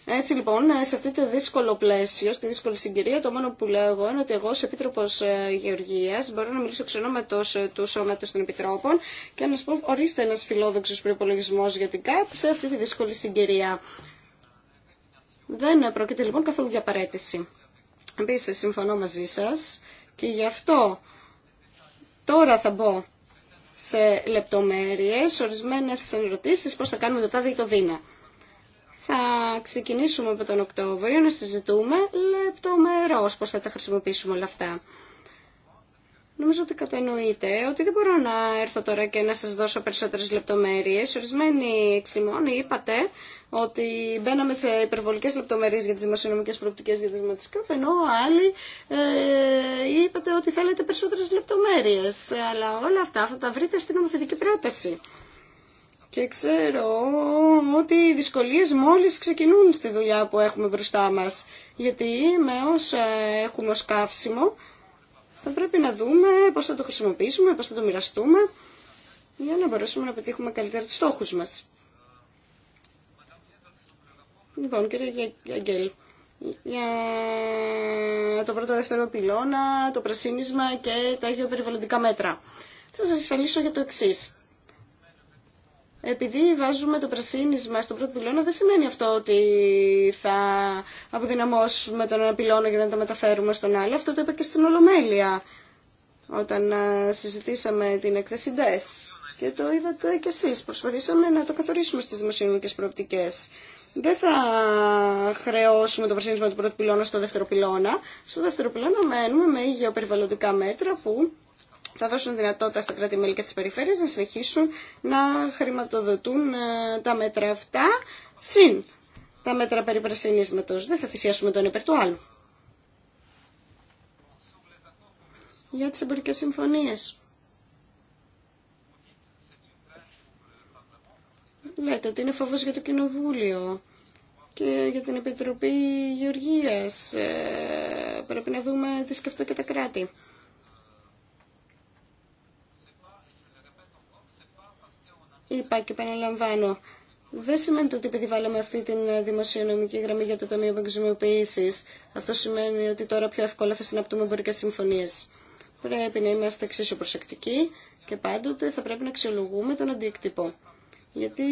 Έτσι λοιπόν, σε αυτή το δύσκολο πλαίσιο, στη δύσκολη συγκυρία, το μόνο που λέω εγώ είναι ότι εγώ, ως Επίτροπος ε, Γεωργίας, μπορώ να μιλήσω εξ ε, του Σώματος των Επιτρόπων και να σα πω, ορίστε ένας φιλόδοξος προπολογισμό για την ΚΑΠ σε αυτή τη δύσκολη συγκυρία. Δεν πρόκειται λοιπόν καθόλου για παρέτηση. Επίση, συμφωνώ μαζί σας και γι' αυτό τώρα θα μπω σε λεπτομέρειες, ορισμένε ερωτήσει, πώ θα κάνουμε το τάδε ή το δίνα θα ξεκινήσουμε από τον Οκτώβριο να συζητούμε λεπτομερώς πώς θα τα χρησιμοποιήσουμε όλα αυτά. Νομίζω ότι κατανοείτε ότι δεν μπορώ να έρθω τώρα και να σας δώσω περισσότερες λεπτομέρειες. Ορισμένοι εξημών είπατε ότι μπαίναμε σε υπερβολικές λεπτομέρειες για τις δημοσιονομικές προοπτικές για τις ΚΑΠ, ενώ άλλοι ε, είπατε ότι θέλετε περισσότερες λεπτομέρειες. Αλλά όλα αυτά θα τα βρείτε στην νομοθετική πρόταση. Και ξέρω ότι οι δυσκολίες μόλις ξεκινούν στη δουλειά που έχουμε μπροστά μας. Γιατί με όσα έχουμε ως καύσιμο θα πρέπει να δούμε πώς θα το χρησιμοποιήσουμε, πώς θα το μοιραστούμε για να μπορέσουμε να πετύχουμε καλύτερα τους στόχους μας. Λοιπόν, κύριε Γιαγγέλ, για το πρώτο δεύτερο πυλώνα, το πρασίνισμα και τα αγιοπεριβαλλοντικά μέτρα. Θα σας ασφαλίσω για το εξής επειδή βάζουμε το πρασίνισμα στον πρώτο πυλώνα, δεν σημαίνει αυτό ότι θα αποδυναμώσουμε τον ένα πυλώνα για να τα μεταφέρουμε στον άλλο. Αυτό το είπα και στην Ολομέλεια, όταν συζητήσαμε την έκθεση Και το είδατε κι εσείς. Προσπαθήσαμε να το καθορίσουμε στις δημοσιονομικές προοπτικές. Δεν θα χρεώσουμε το πρασίνισμα του πρώτου πυλώνα στο δεύτερο πυλώνα. Στο δεύτερο πυλώνα μένουμε με υγειοπεριβαλλοντικά μέτρα που θα δώσουν δυνατότητα στα κράτη-μέλη και στις περιφέρειες να συνεχίσουν να χρηματοδοτούν ε, τα μέτρα αυτά συν τα μέτρα περί πρασινίσματος. Δεν θα θυσιάσουμε τον υπέρ του άλλου. Για τις εμπορικές συμφωνίες. Λέτε ότι είναι φόβος για το Κοινοβούλιο και για την Επιτροπή Γεωργίας. Ε, πρέπει να δούμε τι σκεφτό και τα κράτη. είπα και επαναλαμβάνω, δεν σημαίνει ότι επειδή βάλαμε αυτή τη ε, δημοσιονομική γραμμή για το Ταμείο Παγκοσμιοποίηση, αυτό σημαίνει ότι τώρα πιο εύκολα θα συναπτούμε εμπορικέ συμφωνίε. Πρέπει να είμαστε εξίσου προσεκτικοί και πάντοτε θα πρέπει να αξιολογούμε τον αντίκτυπο. Γιατί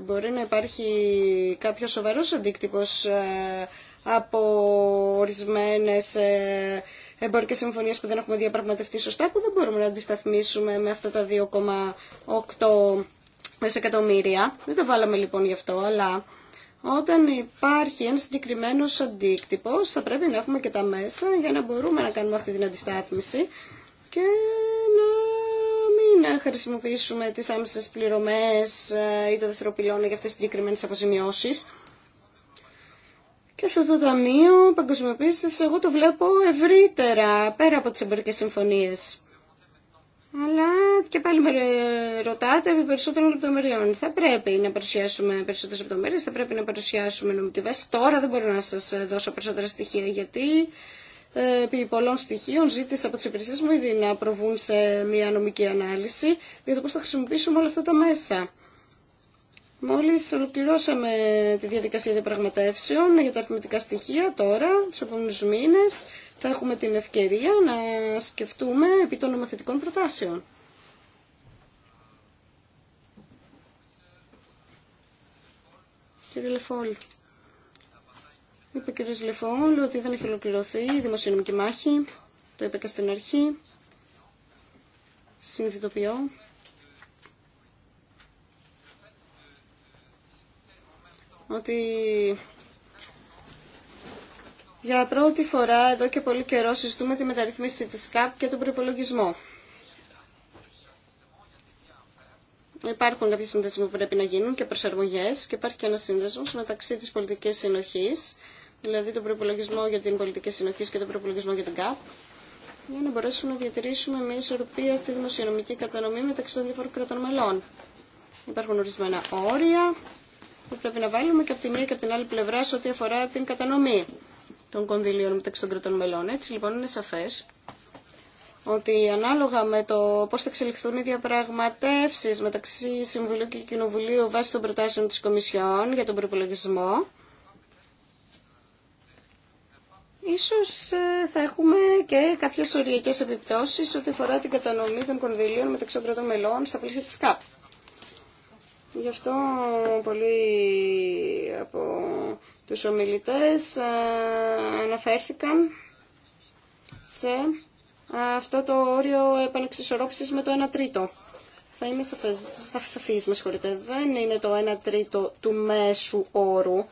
μπορεί να υπάρχει κάποιο σοβαρό αντίκτυπο ε, από ορισμένες ε, εμπορικέ συμφωνίε που δεν έχουμε διαπραγματευτεί σωστά, που δεν μπορούμε να αντισταθμίσουμε με αυτά τα 2,8 δισεκατομμύρια. Δεν τα βάλαμε λοιπόν γι' αυτό, αλλά όταν υπάρχει ένα συγκεκριμένο αντίκτυπο, θα πρέπει να έχουμε και τα μέσα για να μπορούμε να κάνουμε αυτή την αντιστάθμιση και να μην χρησιμοποιήσουμε τι άμεσε πληρωμέ ε, ή το δεύτερο για αυτές τις συγκεκριμένε αποζημιώσεις. Και αυτό το Ταμείο Παγκοσμιοποίησης εγώ το βλέπω ευρύτερα, πέρα από τις εμπορικές συμφωνίες. Αλλά και πάλι με ρωτάτε επί περισσότερων λεπτομεριών. Θα πρέπει να παρουσιάσουμε περισσότερε λεπτομέρειε, θα πρέπει να παρουσιάσουμε νομική βάση. Τώρα δεν μπορώ να σα δώσω περισσότερα στοιχεία, γιατί ε, επί πολλών στοιχείων ζήτησα από τι υπηρεσίε μου ήδη να προβούν σε μια νομική ανάλυση για το πώ θα χρησιμοποιήσουμε όλα αυτά τα μέσα. Μόλις ολοκληρώσαμε τη διαδικασία διαπραγματεύσεων για τα αριθμητικά στοιχεία τώρα, τους επόμενου μήνες, θα έχουμε την ευκαιρία να σκεφτούμε επί των νομοθετικών προτάσεων. Κύριε Λεφόλ, είπε ο κύριο Λεφόλ ότι δεν έχει ολοκληρωθεί η δημοσιονομική μάχη, το είπε και στην αρχή, συνειδητοποιώ ότι για πρώτη φορά εδώ και πολύ καιρό συζητούμε τη μεταρρυθμίση της ΚΑΠ και τον προπολογισμό. Υπάρχουν κάποιοι σύνδεσμοι που πρέπει να γίνουν και προσαρμογές και υπάρχει και ένα σύνδεσμο μεταξύ της πολιτικής συνοχής, δηλαδή τον προπολογισμό για την πολιτική συνοχή και τον προπολογισμό για την ΚΑΠ, για να μπορέσουμε να διατηρήσουμε μια ισορροπία στη δημοσιονομική κατανομή μεταξύ των διαφόρων κρατών μελών. Υπάρχουν ορισμένα όρια που πρέπει να βάλουμε και από τη μία και από την άλλη πλευρά σε ό,τι αφορά την κατανομή των κονδυλίων μεταξύ των κρατών μελών. Έτσι λοιπόν είναι σαφέ ότι ανάλογα με το πώ θα εξελιχθούν οι διαπραγματεύσει μεταξύ Συμβουλίου και Κοινοβουλίου βάσει των προτάσεων τη Κομισιόν για τον προπολογισμό, ίσως ε, θα έχουμε και κάποιες οριακές επιπτώσεις ό,τι αφορά την κατανομή των κονδυλίων μεταξύ των κρατών μελών στα πλαίσια της ΚΑΠ. Γι' αυτό πολλοί από τους ομιλητές ε, αναφέρθηκαν σε αυτό το όριο επανεξισορρόπησης με το 1 τρίτο. Θα είμαι σαφής, σαφής, με συγχωρείτε. Δεν είναι το 1 τρίτο του μέσου όρου.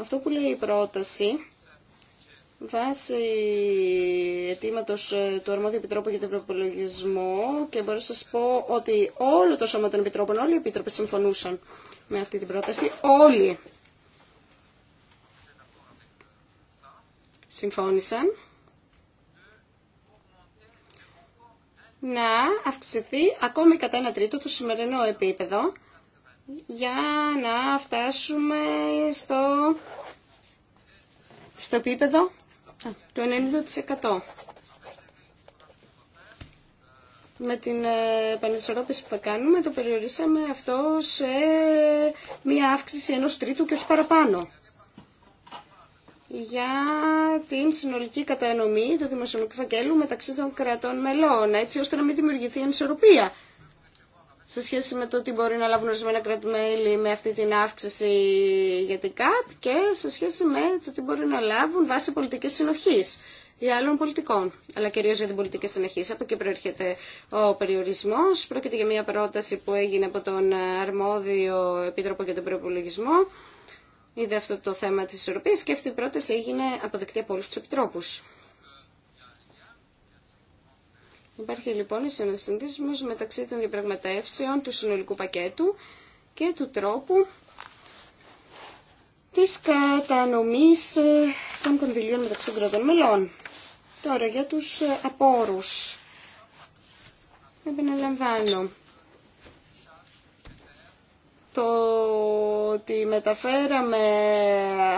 Αυτό που λέει η πρόταση Βάσει αιτήματο ε, του Αρμόδιου Επιτρόπου για τον Προπολογισμό και μπορώ να σα πω ότι όλο το Σώμα των Επιτρόπων, όλοι οι Επίτροποι συμφωνούσαν με αυτή την πρόταση. Όλοι συμφώνησαν να αυξηθεί ακόμη κατά ένα τρίτο το σημερινό επίπεδο για να φτάσουμε στο, στο επίπεδο το 90% με την ε, επανισορρόπηση που θα κάνουμε το περιορίσαμε αυτό σε μία αύξηση ενός τρίτου και όχι παραπάνω. Για την συνολική κατανομή του δημοσιονομικού φακέλου μεταξύ των κρατών μελών, έτσι ώστε να μην δημιουργηθεί ανισορροπία σε σχέση με το τι μπορεί να λάβουν κρατημέλη με αυτή την αύξηση για την ΚΑΠ και σε σχέση με το τι μπορεί να λάβουν βάση πολιτική συνοχή ή άλλων πολιτικών, αλλά κυρίω για την πολιτική συνοχή. Από εκεί προέρχεται ο περιορισμό. Πρόκειται για μια πρόταση που έγινε από τον αρμόδιο Επίτροπο για τον Προπολογισμό. Είδε αυτό το θέμα τη ισορροπία και αυτή η πρόταση έγινε αποδεκτή από όλου του επιτρόπους. Υπάρχει λοιπόν συνδυσμός μεταξύ των διαπραγματεύσεων του συνολικού πακέτου και του τρόπου της κατανομής ε, των κονδυλίων μεταξύ των κρατών μελών. Τώρα για τους ε, απόρους. Επαναλαμβάνω το ότι μεταφέραμε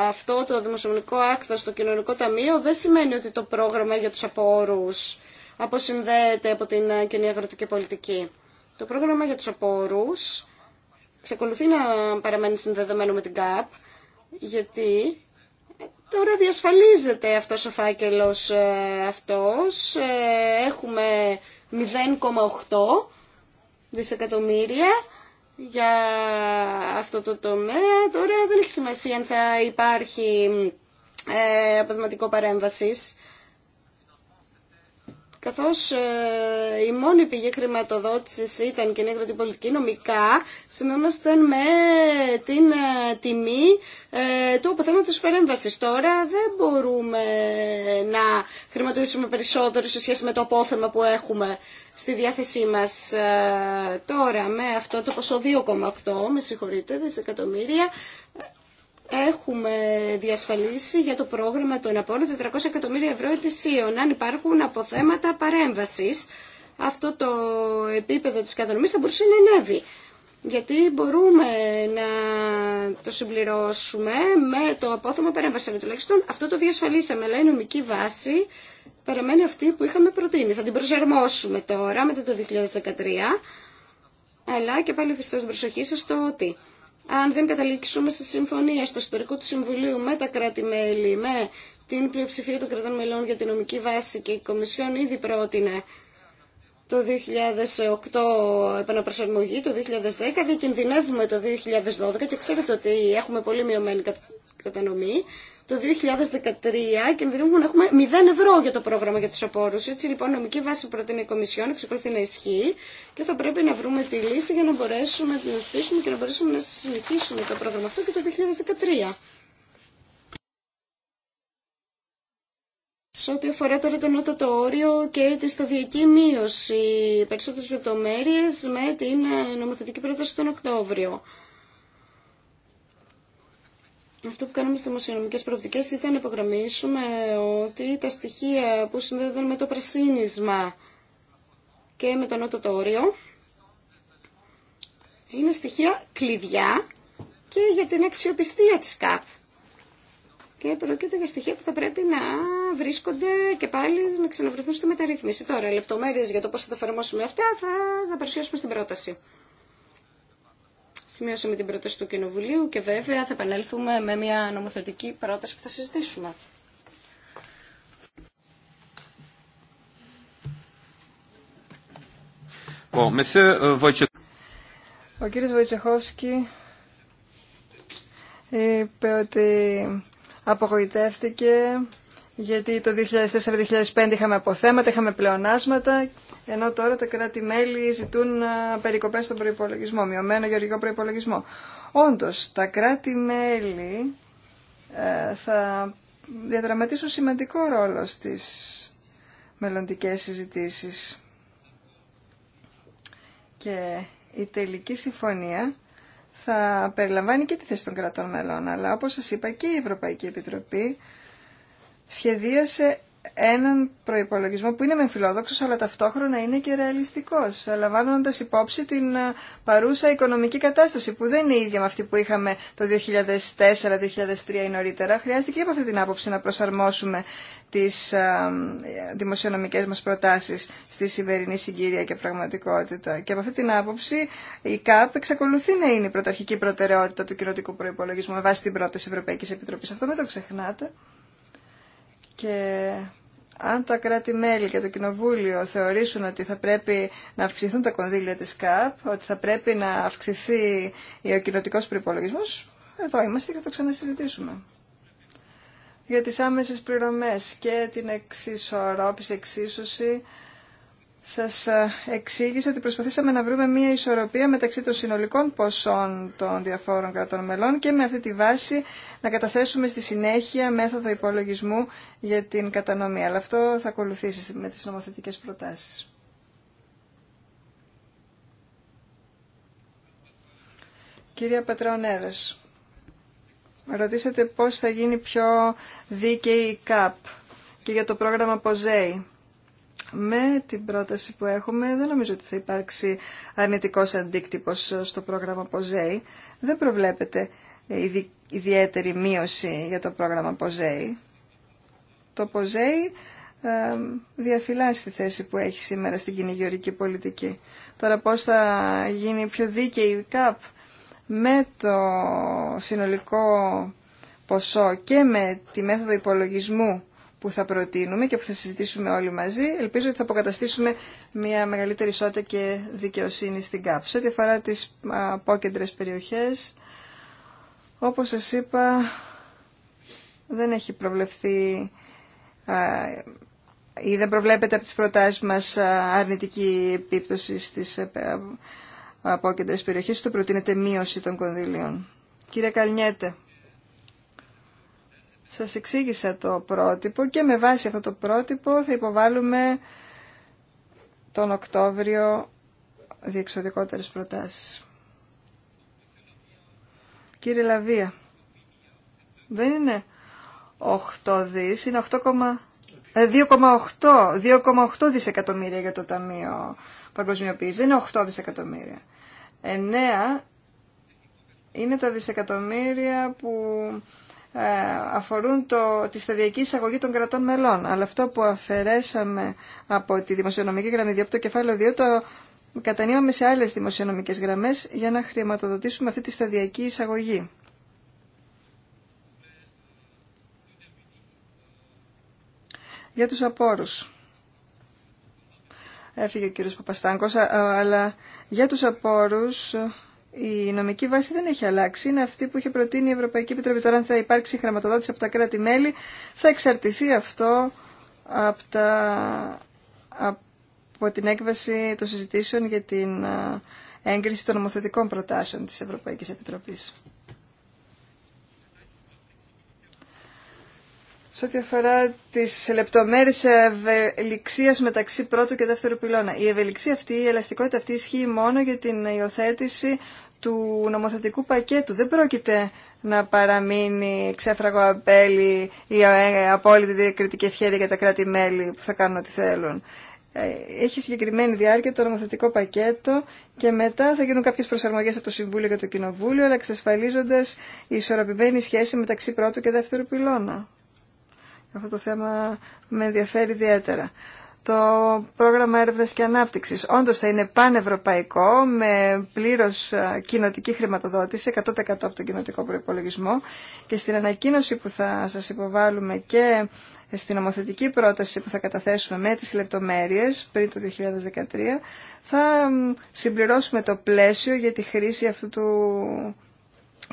αυτό το δημοσιονομικό άκθο στο κοινωνικό ταμείο δεν σημαίνει ότι το πρόγραμμα για τους απόρους αποσυνδέεται από την κοινή αγροτική πολιτική. Το πρόγραμμα για τους απόρους ξεκολουθεί να παραμένει συνδεδεμένο με την ΚΑΠ, γιατί τώρα διασφαλίζεται αυτός ο φάκελος ε, αυτός. Ε, έχουμε 0,8 δισεκατομμύρια για αυτό το τομέα. Τώρα δεν έχει σημασία αν θα υπάρχει ε, αποδηματικό παρέμβασης καθώς ε, η μόνη πηγή χρηματοδότησης ήταν και είναι πολιτική νομικά, συνόμασταν με την ε, τιμή ε, του αποθέματος τη παρέμβασης. Τώρα δεν μπορούμε να χρηματοδοτήσουμε περισσότερο σε σχέση με το απόθεμα που έχουμε στη διάθεσή μας τώρα με αυτό το ποσό 2,8, με συγχωρείτε, δισεκατομμύρια, έχουμε διασφαλίσει για το πρόγραμμα των απόλων 400 εκατομμύρια ευρώ ετησίων. Αν υπάρχουν αποθέματα παρέμβασης, αυτό το επίπεδο της κατανομής θα μπορούσε να ανέβει. Γιατί μπορούμε να το συμπληρώσουμε με το απόθεμα παρέμβαση, αλλά τουλάχιστον αυτό το διασφαλίσαμε. Αλλά η νομική βάση παραμένει αυτή που είχαμε προτείνει. Θα την προσαρμόσουμε τώρα μετά το 2013, αλλά και πάλι ευχαριστώ την προσοχή σας στο ότι αν δεν καταλήξουμε σε συμφωνία στο ιστορικό του Συμβουλίου με τα κράτη-μέλη, με την πλειοψηφία των κρατών μελών για την νομική βάση και η Κομισιόν ήδη πρότεινε το 2008 επαναπροσαρμογή, το 2010 δεν κινδυνεύουμε το 2012 και ξέρετε ότι έχουμε πολύ μειωμένη κατανομή το 2013 και κινδυνεύουν να έχουμε 0 ευρώ για το πρόγραμμα για του οπόρου. Έτσι λοιπόν, η νομική βάση που προτείνει η Κομισιόν εξακολουθεί να ισχύει και θα πρέπει να βρούμε τη λύση για να μπορέσουμε να την αφήσουμε και να μπορέσουμε να συνεχίσουμε το πρόγραμμα αυτό και το 2013. Σε ό,τι αφορά τώρα το νότατο όριο και τη σταδιακή μείωση, περισσότερε λεπτομέρειε με την ε, νομοθετική πρόταση τον Οκτώβριο. Αυτό που κάναμε στις δημοσιονομικέ προοπτικέ ήταν να υπογραμμίσουμε ότι τα στοιχεία που συνδέονται με το πρασίνισμα και με το νότο όριο είναι στοιχεία κλειδιά και για την αξιοπιστία της ΚΑΠ. Και πρόκειται για στοιχεία που θα πρέπει να βρίσκονται και πάλι να ξαναβρεθούν στη μεταρρύθμιση. Τώρα, λεπτομέρειες για το πώς θα το εφαρμόσουμε αυτά θα, θα παρουσιάσουμε στην πρόταση. Σημειώσαμε την πρόταση του Κοινοβουλίου και βέβαια θα επανέλθουμε με μια νομοθετική πρόταση που θα συζητήσουμε. Euh, Ο κύριος Βοητσεχόφσκι είπε ότι απογοητεύτηκε γιατί το 2004-2005 είχαμε αποθέματα, είχαμε πλεονάσματα ενώ τώρα τα κράτη-μέλη ζητούν ε, περικοπές στον προϋπολογισμό, μειωμένο γεωργικό προϋπολογισμό. Όντως, τα κράτη-μέλη ε, θα διαδραματίσουν σημαντικό ρόλο στις μελλοντικέ συζητήσει. Και η τελική συμφωνία θα περιλαμβάνει και τη θέση των κρατών μελών, αλλά όπως σας είπα και η Ευρωπαϊκή Επιτροπή σχεδίασε έναν προπολογισμό που είναι με φιλόδοξος αλλά ταυτόχρονα είναι και ρεαλιστικός, λαμβάνοντα υπόψη την ε, παρούσα οικονομική κατάσταση που δεν είναι ίδια με αυτή που είχαμε το 2004-2003 ή νωρίτερα. Χρειάστηκε και από αυτή την άποψη να προσαρμόσουμε τι ε, δημοσιονομικέ μα προτάσει στη σημερινή συγκύρια και πραγματικότητα. Και από αυτή την άποψη η ΚΑΠ εξακολουθεί να είναι η πρωταρχική προτεραιότητα του κοινοτικού προϋπολογισμού με βάση την πρόταση Ευρωπαϊκή Επιτροπή. Αυτό με το ξεχνάτε. Και αν τα κράτη-μέλη και το Κοινοβούλιο θεωρήσουν ότι θα πρέπει να αυξηθούν τα κονδύλια της ΚΑΠ, ότι θα πρέπει να αυξηθεί ο κοινοτικό προϋπολογισμός, εδώ είμαστε και θα το ξανασυζητήσουμε. Για τις άμεσες πληρωμές και την εξισορρόπηση, εξίσωση σας ε, εξήγησα ότι προσπαθήσαμε να βρούμε μια ισορροπία μεταξύ των συνολικών ποσών των διαφόρων κρατών μελών και με αυτή τη βάση να καταθέσουμε στη συνέχεια μέθοδο υπολογισμού για την κατανομή. Αλλά αυτό θα ακολουθήσει με τις νομοθετικές προτάσεις. Κυρία Πατραονέρες, ρωτήσατε πώς θα γίνει πιο δίκαιη η ΚΑΠ και για το πρόγραμμα ΠΟΖΕΙ με την πρόταση που έχουμε δεν νομίζω ότι θα υπάρξει αρνητικός αντίκτυπος στο πρόγραμμα ΠΟΖΕΙ. Δεν προβλέπεται ιδιαίτερη μείωση για το πρόγραμμα ΠΟΖΕΙ. Το ΠΟΖΕΙ διαφυλάσσει τη θέση που έχει σήμερα στην κυνηγιορική πολιτική. Τώρα πώς θα γίνει πιο δίκαιη η ΚΑΠ με το συνολικό ποσό και με τη μέθοδο υπολογισμού που θα προτείνουμε και που θα συζητήσουμε όλοι μαζί, ελπίζω ότι θα αποκαταστήσουμε μια μεγαλύτερη ισότητα και δικαιοσύνη στην ΚΑΠ. Σε ό,τι αφορά τις απόκεντρες περιοχές, όπως σας είπα, δεν έχει προβλεφθεί ή δεν προβλέπεται από τις προτάσεις μας αρνητική επίπτωση στις ε, απόκεντρες περιοχές, το προτείνεται μείωση των κονδύλιων. Κύριε Καλνιέτε, σας εξήγησα το πρότυπο και με βάση αυτό το πρότυπο θα υποβάλουμε τον Οκτώβριο διεξοδικότερες προτάσεις. Κύριε Λαβία, δεν είναι 8 δις, είναι 2,8 ε, δισεκατομμύρια για το Ταμείο Παγκοσμιοποίησης. Δεν είναι 8 δισεκατομμύρια. 9 είναι τα δισεκατομμύρια που ε, αφορούν το, τη σταδιακή εισαγωγή των κρατών μελών. Αλλά αυτό που αφαιρέσαμε από τη δημοσιονομική γραμμή 2, από το κεφάλαιο 2, το κατανείμαμε σε άλλες δημοσιονομικές γραμμές για να χρηματοδοτήσουμε αυτή τη σταδιακή εισαγωγή. Για τους απόρους. Έφυγε ο κύριος Παπαστάνκος, αλλά για τους απόρους η νομική βάση δεν έχει αλλάξει. Είναι αυτή που είχε προτείνει η Ευρωπαϊκή Επιτροπή. Τώρα, αν θα υπάρξει χρηματοδότηση από τα κράτη-μέλη, θα εξαρτηθεί αυτό από, τα, την έκβαση των συζητήσεων για την έγκριση των νομοθετικών προτάσεων της Ευρωπαϊκής Επιτροπής. Σε ό,τι αφορά τι λεπτομέρειε ευελιξία μεταξύ πρώτου και δεύτερου πυλώνα. Η ευελιξία αυτή, η ελαστικότητα αυτή ισχύει μόνο για την υιοθέτηση του νομοθετικού πακέτου. Δεν πρόκειται να παραμείνει ξέφραγο απέλη ή ε, απόλυτη διακριτική ευχαίρεια για τα κράτη-μέλη που θα κάνουν ό,τι θέλουν. Ε, έχει συγκεκριμένη διάρκεια το νομοθετικό πακέτο και μετά θα γίνουν κάποιες προσαρμογές από το Συμβούλιο και το Κοινοβούλιο, αλλά εξασφαλίζοντας η ισορροπημένη σχέση μεταξύ πρώτου και δεύτερου πυλώνα. Αυτό το θέμα με ενδιαφέρει ιδιαίτερα το πρόγραμμα έρευνας και ανάπτυξης. Όντως θα είναι πανευρωπαϊκό με πλήρως κοινοτική χρηματοδότηση, 100% από τον κοινοτικό προϋπολογισμό και στην ανακοίνωση που θα σας υποβάλουμε και στην ομοθετική πρόταση που θα καταθέσουμε με τις λεπτομέρειες πριν το 2013 θα συμπληρώσουμε το πλαίσιο για τη χρήση αυτού του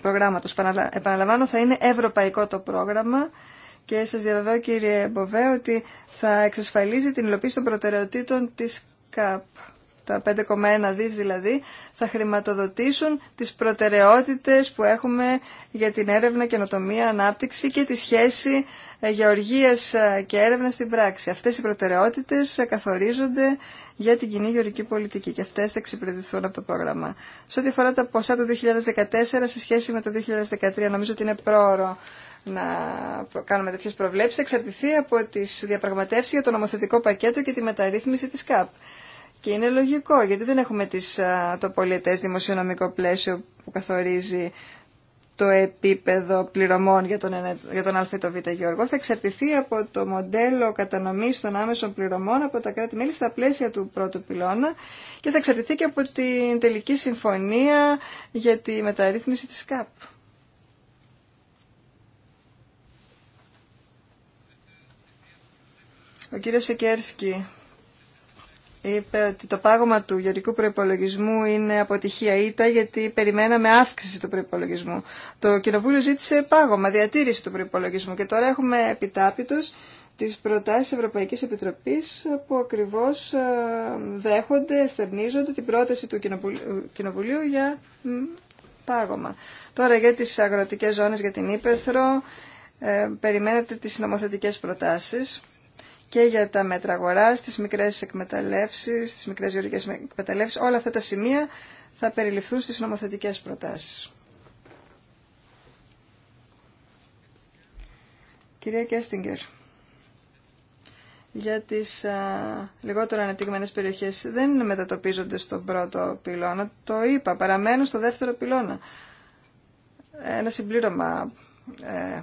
προγράμματος. Επαναλαμβάνω θα είναι ευρωπαϊκό το πρόγραμμα και σα διαβεβαίω κύριε Μποβέ ότι θα εξασφαλίζει την υλοποίηση των προτεραιοτήτων τη ΚΑΠ. Τα 5,1 δις δηλαδή θα χρηματοδοτήσουν τις προτεραιότητες που έχουμε για την έρευνα, καινοτομία, ανάπτυξη και τη σχέση ε, γεωργίας ε, και έρευνα στην πράξη. Αυτές οι προτεραιότητες ε, καθορίζονται για την κοινή γεωργική πολιτική και αυτές θα εξυπηρετηθούν από το πρόγραμμα. Σε ό,τι αφορά τα ποσά του 2014 σε σχέση με το 2013 νομίζω ότι είναι πρόωρο να κάνουμε τέτοιε προβλέψει, θα εξαρτηθεί από τι διαπραγματεύσει για το νομοθετικό πακέτο και τη μεταρρύθμιση τη ΚΑΠ. Και είναι λογικό, γιατί δεν έχουμε τις, το πολιτέ δημοσιονομικό πλαίσιο που καθορίζει το επίπεδο πληρωμών για τον, για τον Α θα εξαρτηθεί από το μοντέλο κατανομής των άμεσων πληρωμών από τα κράτη-μέλη στα πλαίσια του πρώτου πυλώνα και θα εξαρτηθεί και από την τελική συμφωνία για τη μεταρρύθμιση της ΚΑΠ. Ο κύριος Σεκέρσκι είπε ότι το πάγωμα του γεωρικού προϋπολογισμού είναι αποτυχία ήττα γιατί περιμέναμε αύξηση του προϋπολογισμού. Το Κοινοβούλιο ζήτησε πάγωμα, διατήρηση του προϋπολογισμού και τώρα έχουμε επιτάπητος τις προτάσεις Ευρωπαϊκής Επιτροπής που ακριβώς ε, δέχονται, στερνίζονται την πρόταση του Κοινοβουλίου για πάγωμα. Τώρα για τις αγροτικές ζώνες, για την Ήπεθρο, ε, περιμένετε τις νομοθετικές προτάσεις και για τα μέτρα αγορά, τις μικρές εκμεταλλεύσεις, τις μικρές γεωργικές εκμεταλλεύσεις. Όλα αυτά τα σημεία θα περιληφθούν στις νομοθετικέ προτάσεις. Κυρία Κέστιγκερ, για τι λιγότερο ανεπτυγμένε περιοχές δεν μετατοπίζονται στον πρώτο πυλώνα. Το είπα, παραμένουν στο δεύτερο πυλώνα. Ένα συμπλήρωμα ε,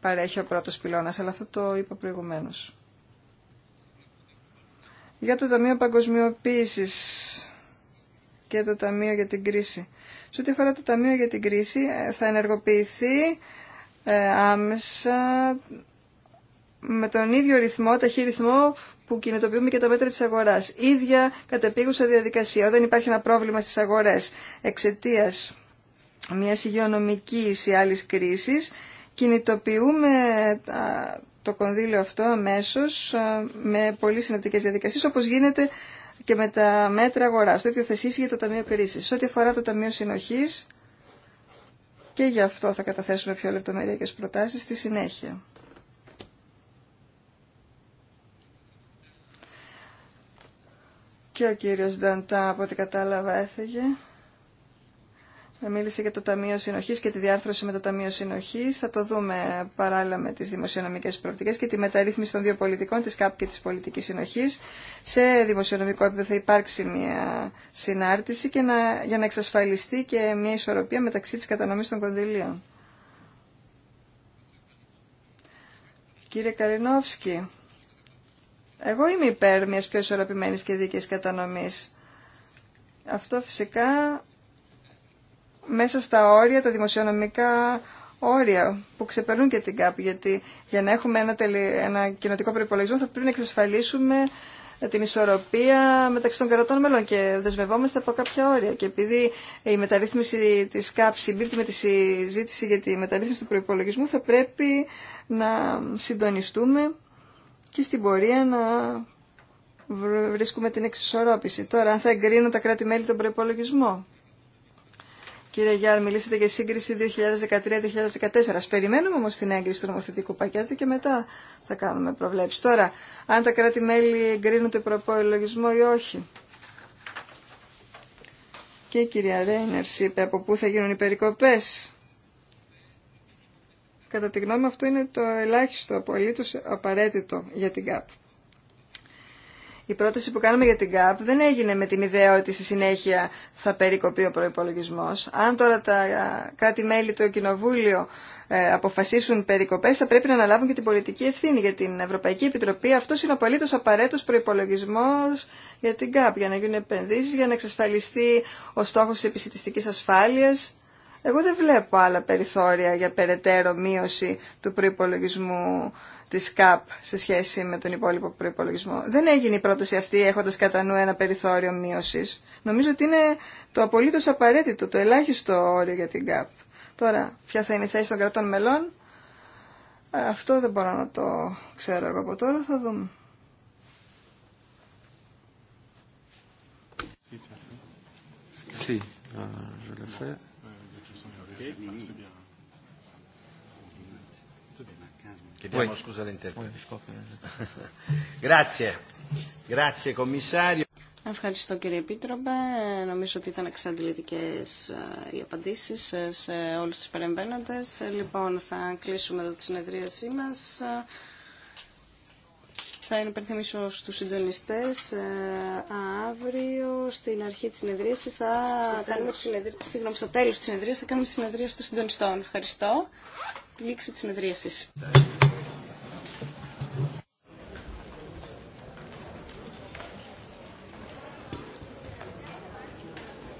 παρέχει ο πρώτος πυλώνας, αλλά αυτό το είπα προηγουμένως για το Ταμείο Παγκοσμιοποίησης και το Ταμείο για την Κρίση. Σε ό,τι αφορά το Ταμείο για την Κρίση ε, θα ενεργοποιηθεί ε, άμεσα με τον ίδιο ρυθμό, ταχύ ρυθμό που κινητοποιούμε και τα μέτρα της αγοράς. Ίδια κατεπήγουσα διαδικασία. Όταν υπάρχει ένα πρόβλημα στις αγορές εξαιτία μιας υγειονομικής ή άλλης κρίσης, κινητοποιούμε το κονδύλιο αυτό αμέσω με πολύ συνεπτικέ διαδικασίε, όπω γίνεται και με τα μέτρα αγορά. Το ίδιο θα για το Ταμείο Κρίση. Σε ό,τι αφορά το Ταμείο Συνοχή, και γι' αυτό θα καταθέσουμε πιο λεπτομεριακέ προτάσει στη συνέχεια. Και ο κύριος Νταντά, από ό,τι κατάλαβα, έφυγε μίλησε για το Ταμείο Συνοχής και τη διάρθρωση με το Ταμείο Συνοχής. Θα το δούμε παράλληλα με τις δημοσιονομικές προοπτικέ και τη μεταρρύθμιση των δύο πολιτικών, της ΚΑΠ και τη πολιτικής συνοχής. Σε δημοσιονομικό επίπεδο θα υπάρξει μια συνάρτηση και να, για να εξασφαλιστεί και μια ισορροπία μεταξύ της κατανομή των κονδυλίων. Κύριε Καρινόφσκι, εγώ είμαι υπέρ μια πιο ισορροπημένη και δίκαιη κατανομή. Αυτό φυσικά μέσα στα όρια, τα δημοσιονομικά όρια που ξεπερνούν και την ΚΑΠ, γιατί για να έχουμε ένα, ένα κοινοτικό προπολογισμό θα πρέπει να εξασφαλίσουμε την ισορροπία μεταξύ των κρατών μελών και δεσμευόμαστε από κάποια όρια. Και επειδή η μεταρρύθμιση της ΚΑΠ συμπίπτει με τη συζήτηση για τη μεταρρύθμιση του προπολογισμού, θα πρέπει να συντονιστούμε και στην πορεία να βρίσκουμε την εξισορρόπηση. Τώρα, αν θα εγκρίνουν τα κράτη-μέλη τον προπολογισμό. Κύριε Γιάννη, μιλήσατε για σύγκριση 2013-2014. Ας περιμένουμε όμως την έγκριση του νομοθετικού πακέτου και μετά θα κάνουμε προβλέψεις. Τώρα, αν τα κράτη-μέλη εγκρίνουν το προπολογισμό ή όχι. Και η κυρία Ρέινερς είπε από πού θα γίνουν οι περικοπές. Κατά τη γνώμη αυτό είναι το ελάχιστο απολύτως απαραίτητο για την ΚΑΠ η πρόταση που κάναμε για την ΚΑΠ δεν έγινε με την ιδέα ότι στη συνέχεια θα περικοπεί ο προπολογισμό. Αν τώρα τα κράτη-μέλη, του Κοινοβούλιο ε, αποφασίσουν περικοπές θα πρέπει να αναλάβουν και την πολιτική ευθύνη για την Ευρωπαϊκή Επιτροπή. Αυτό είναι ο απολύτω απαραίτητο προπολογισμό για την ΚΑΠ, για να γίνουν επενδύσει, για να εξασφαλιστεί ο στόχο τη επισητιστική ασφάλεια. Εγώ δεν βλέπω άλλα περιθώρια για περαιτέρω μείωση του προπολογισμού Τη ΚΑΠ σε σχέση με τον υπόλοιπο προπολογισμό. Δεν έγινε η πρόταση αυτή έχοντα κατά νου ένα περιθώριο μείωση. Νομίζω ότι είναι το απολύτω απαραίτητο, το ελάχιστο όριο για την ΚΑΠ. Τώρα, ποια θα είναι η θέση των κρατών μελών, αυτό δεν μπορώ να το ξέρω εγώ από τώρα, θα δούμε. Sí, euh, je le fais. Chiediamo scusa Grazie. Grazie commissario. Ευχαριστώ κύριε Επίτροπε. Νομίζω ότι ήταν εξαντλητικές ε, οι απαντήσεις ε, σε όλους τους παρεμβαίνοντες. Ε, λοιπόν, θα κλείσουμε εδώ τη συνεδρίασή μας. Θα υπενθυμίσω στους συντονιστές αύριο στην αρχή της συνεδρίασης θα κάνουμε τη συνεδρίαση, συγγνώμη, στο τέλος της συνεδρίας θα κάνουμε τη συνεδρία των συντονιστών. Ευχαριστώ. Λήξη της συνεδρίασης.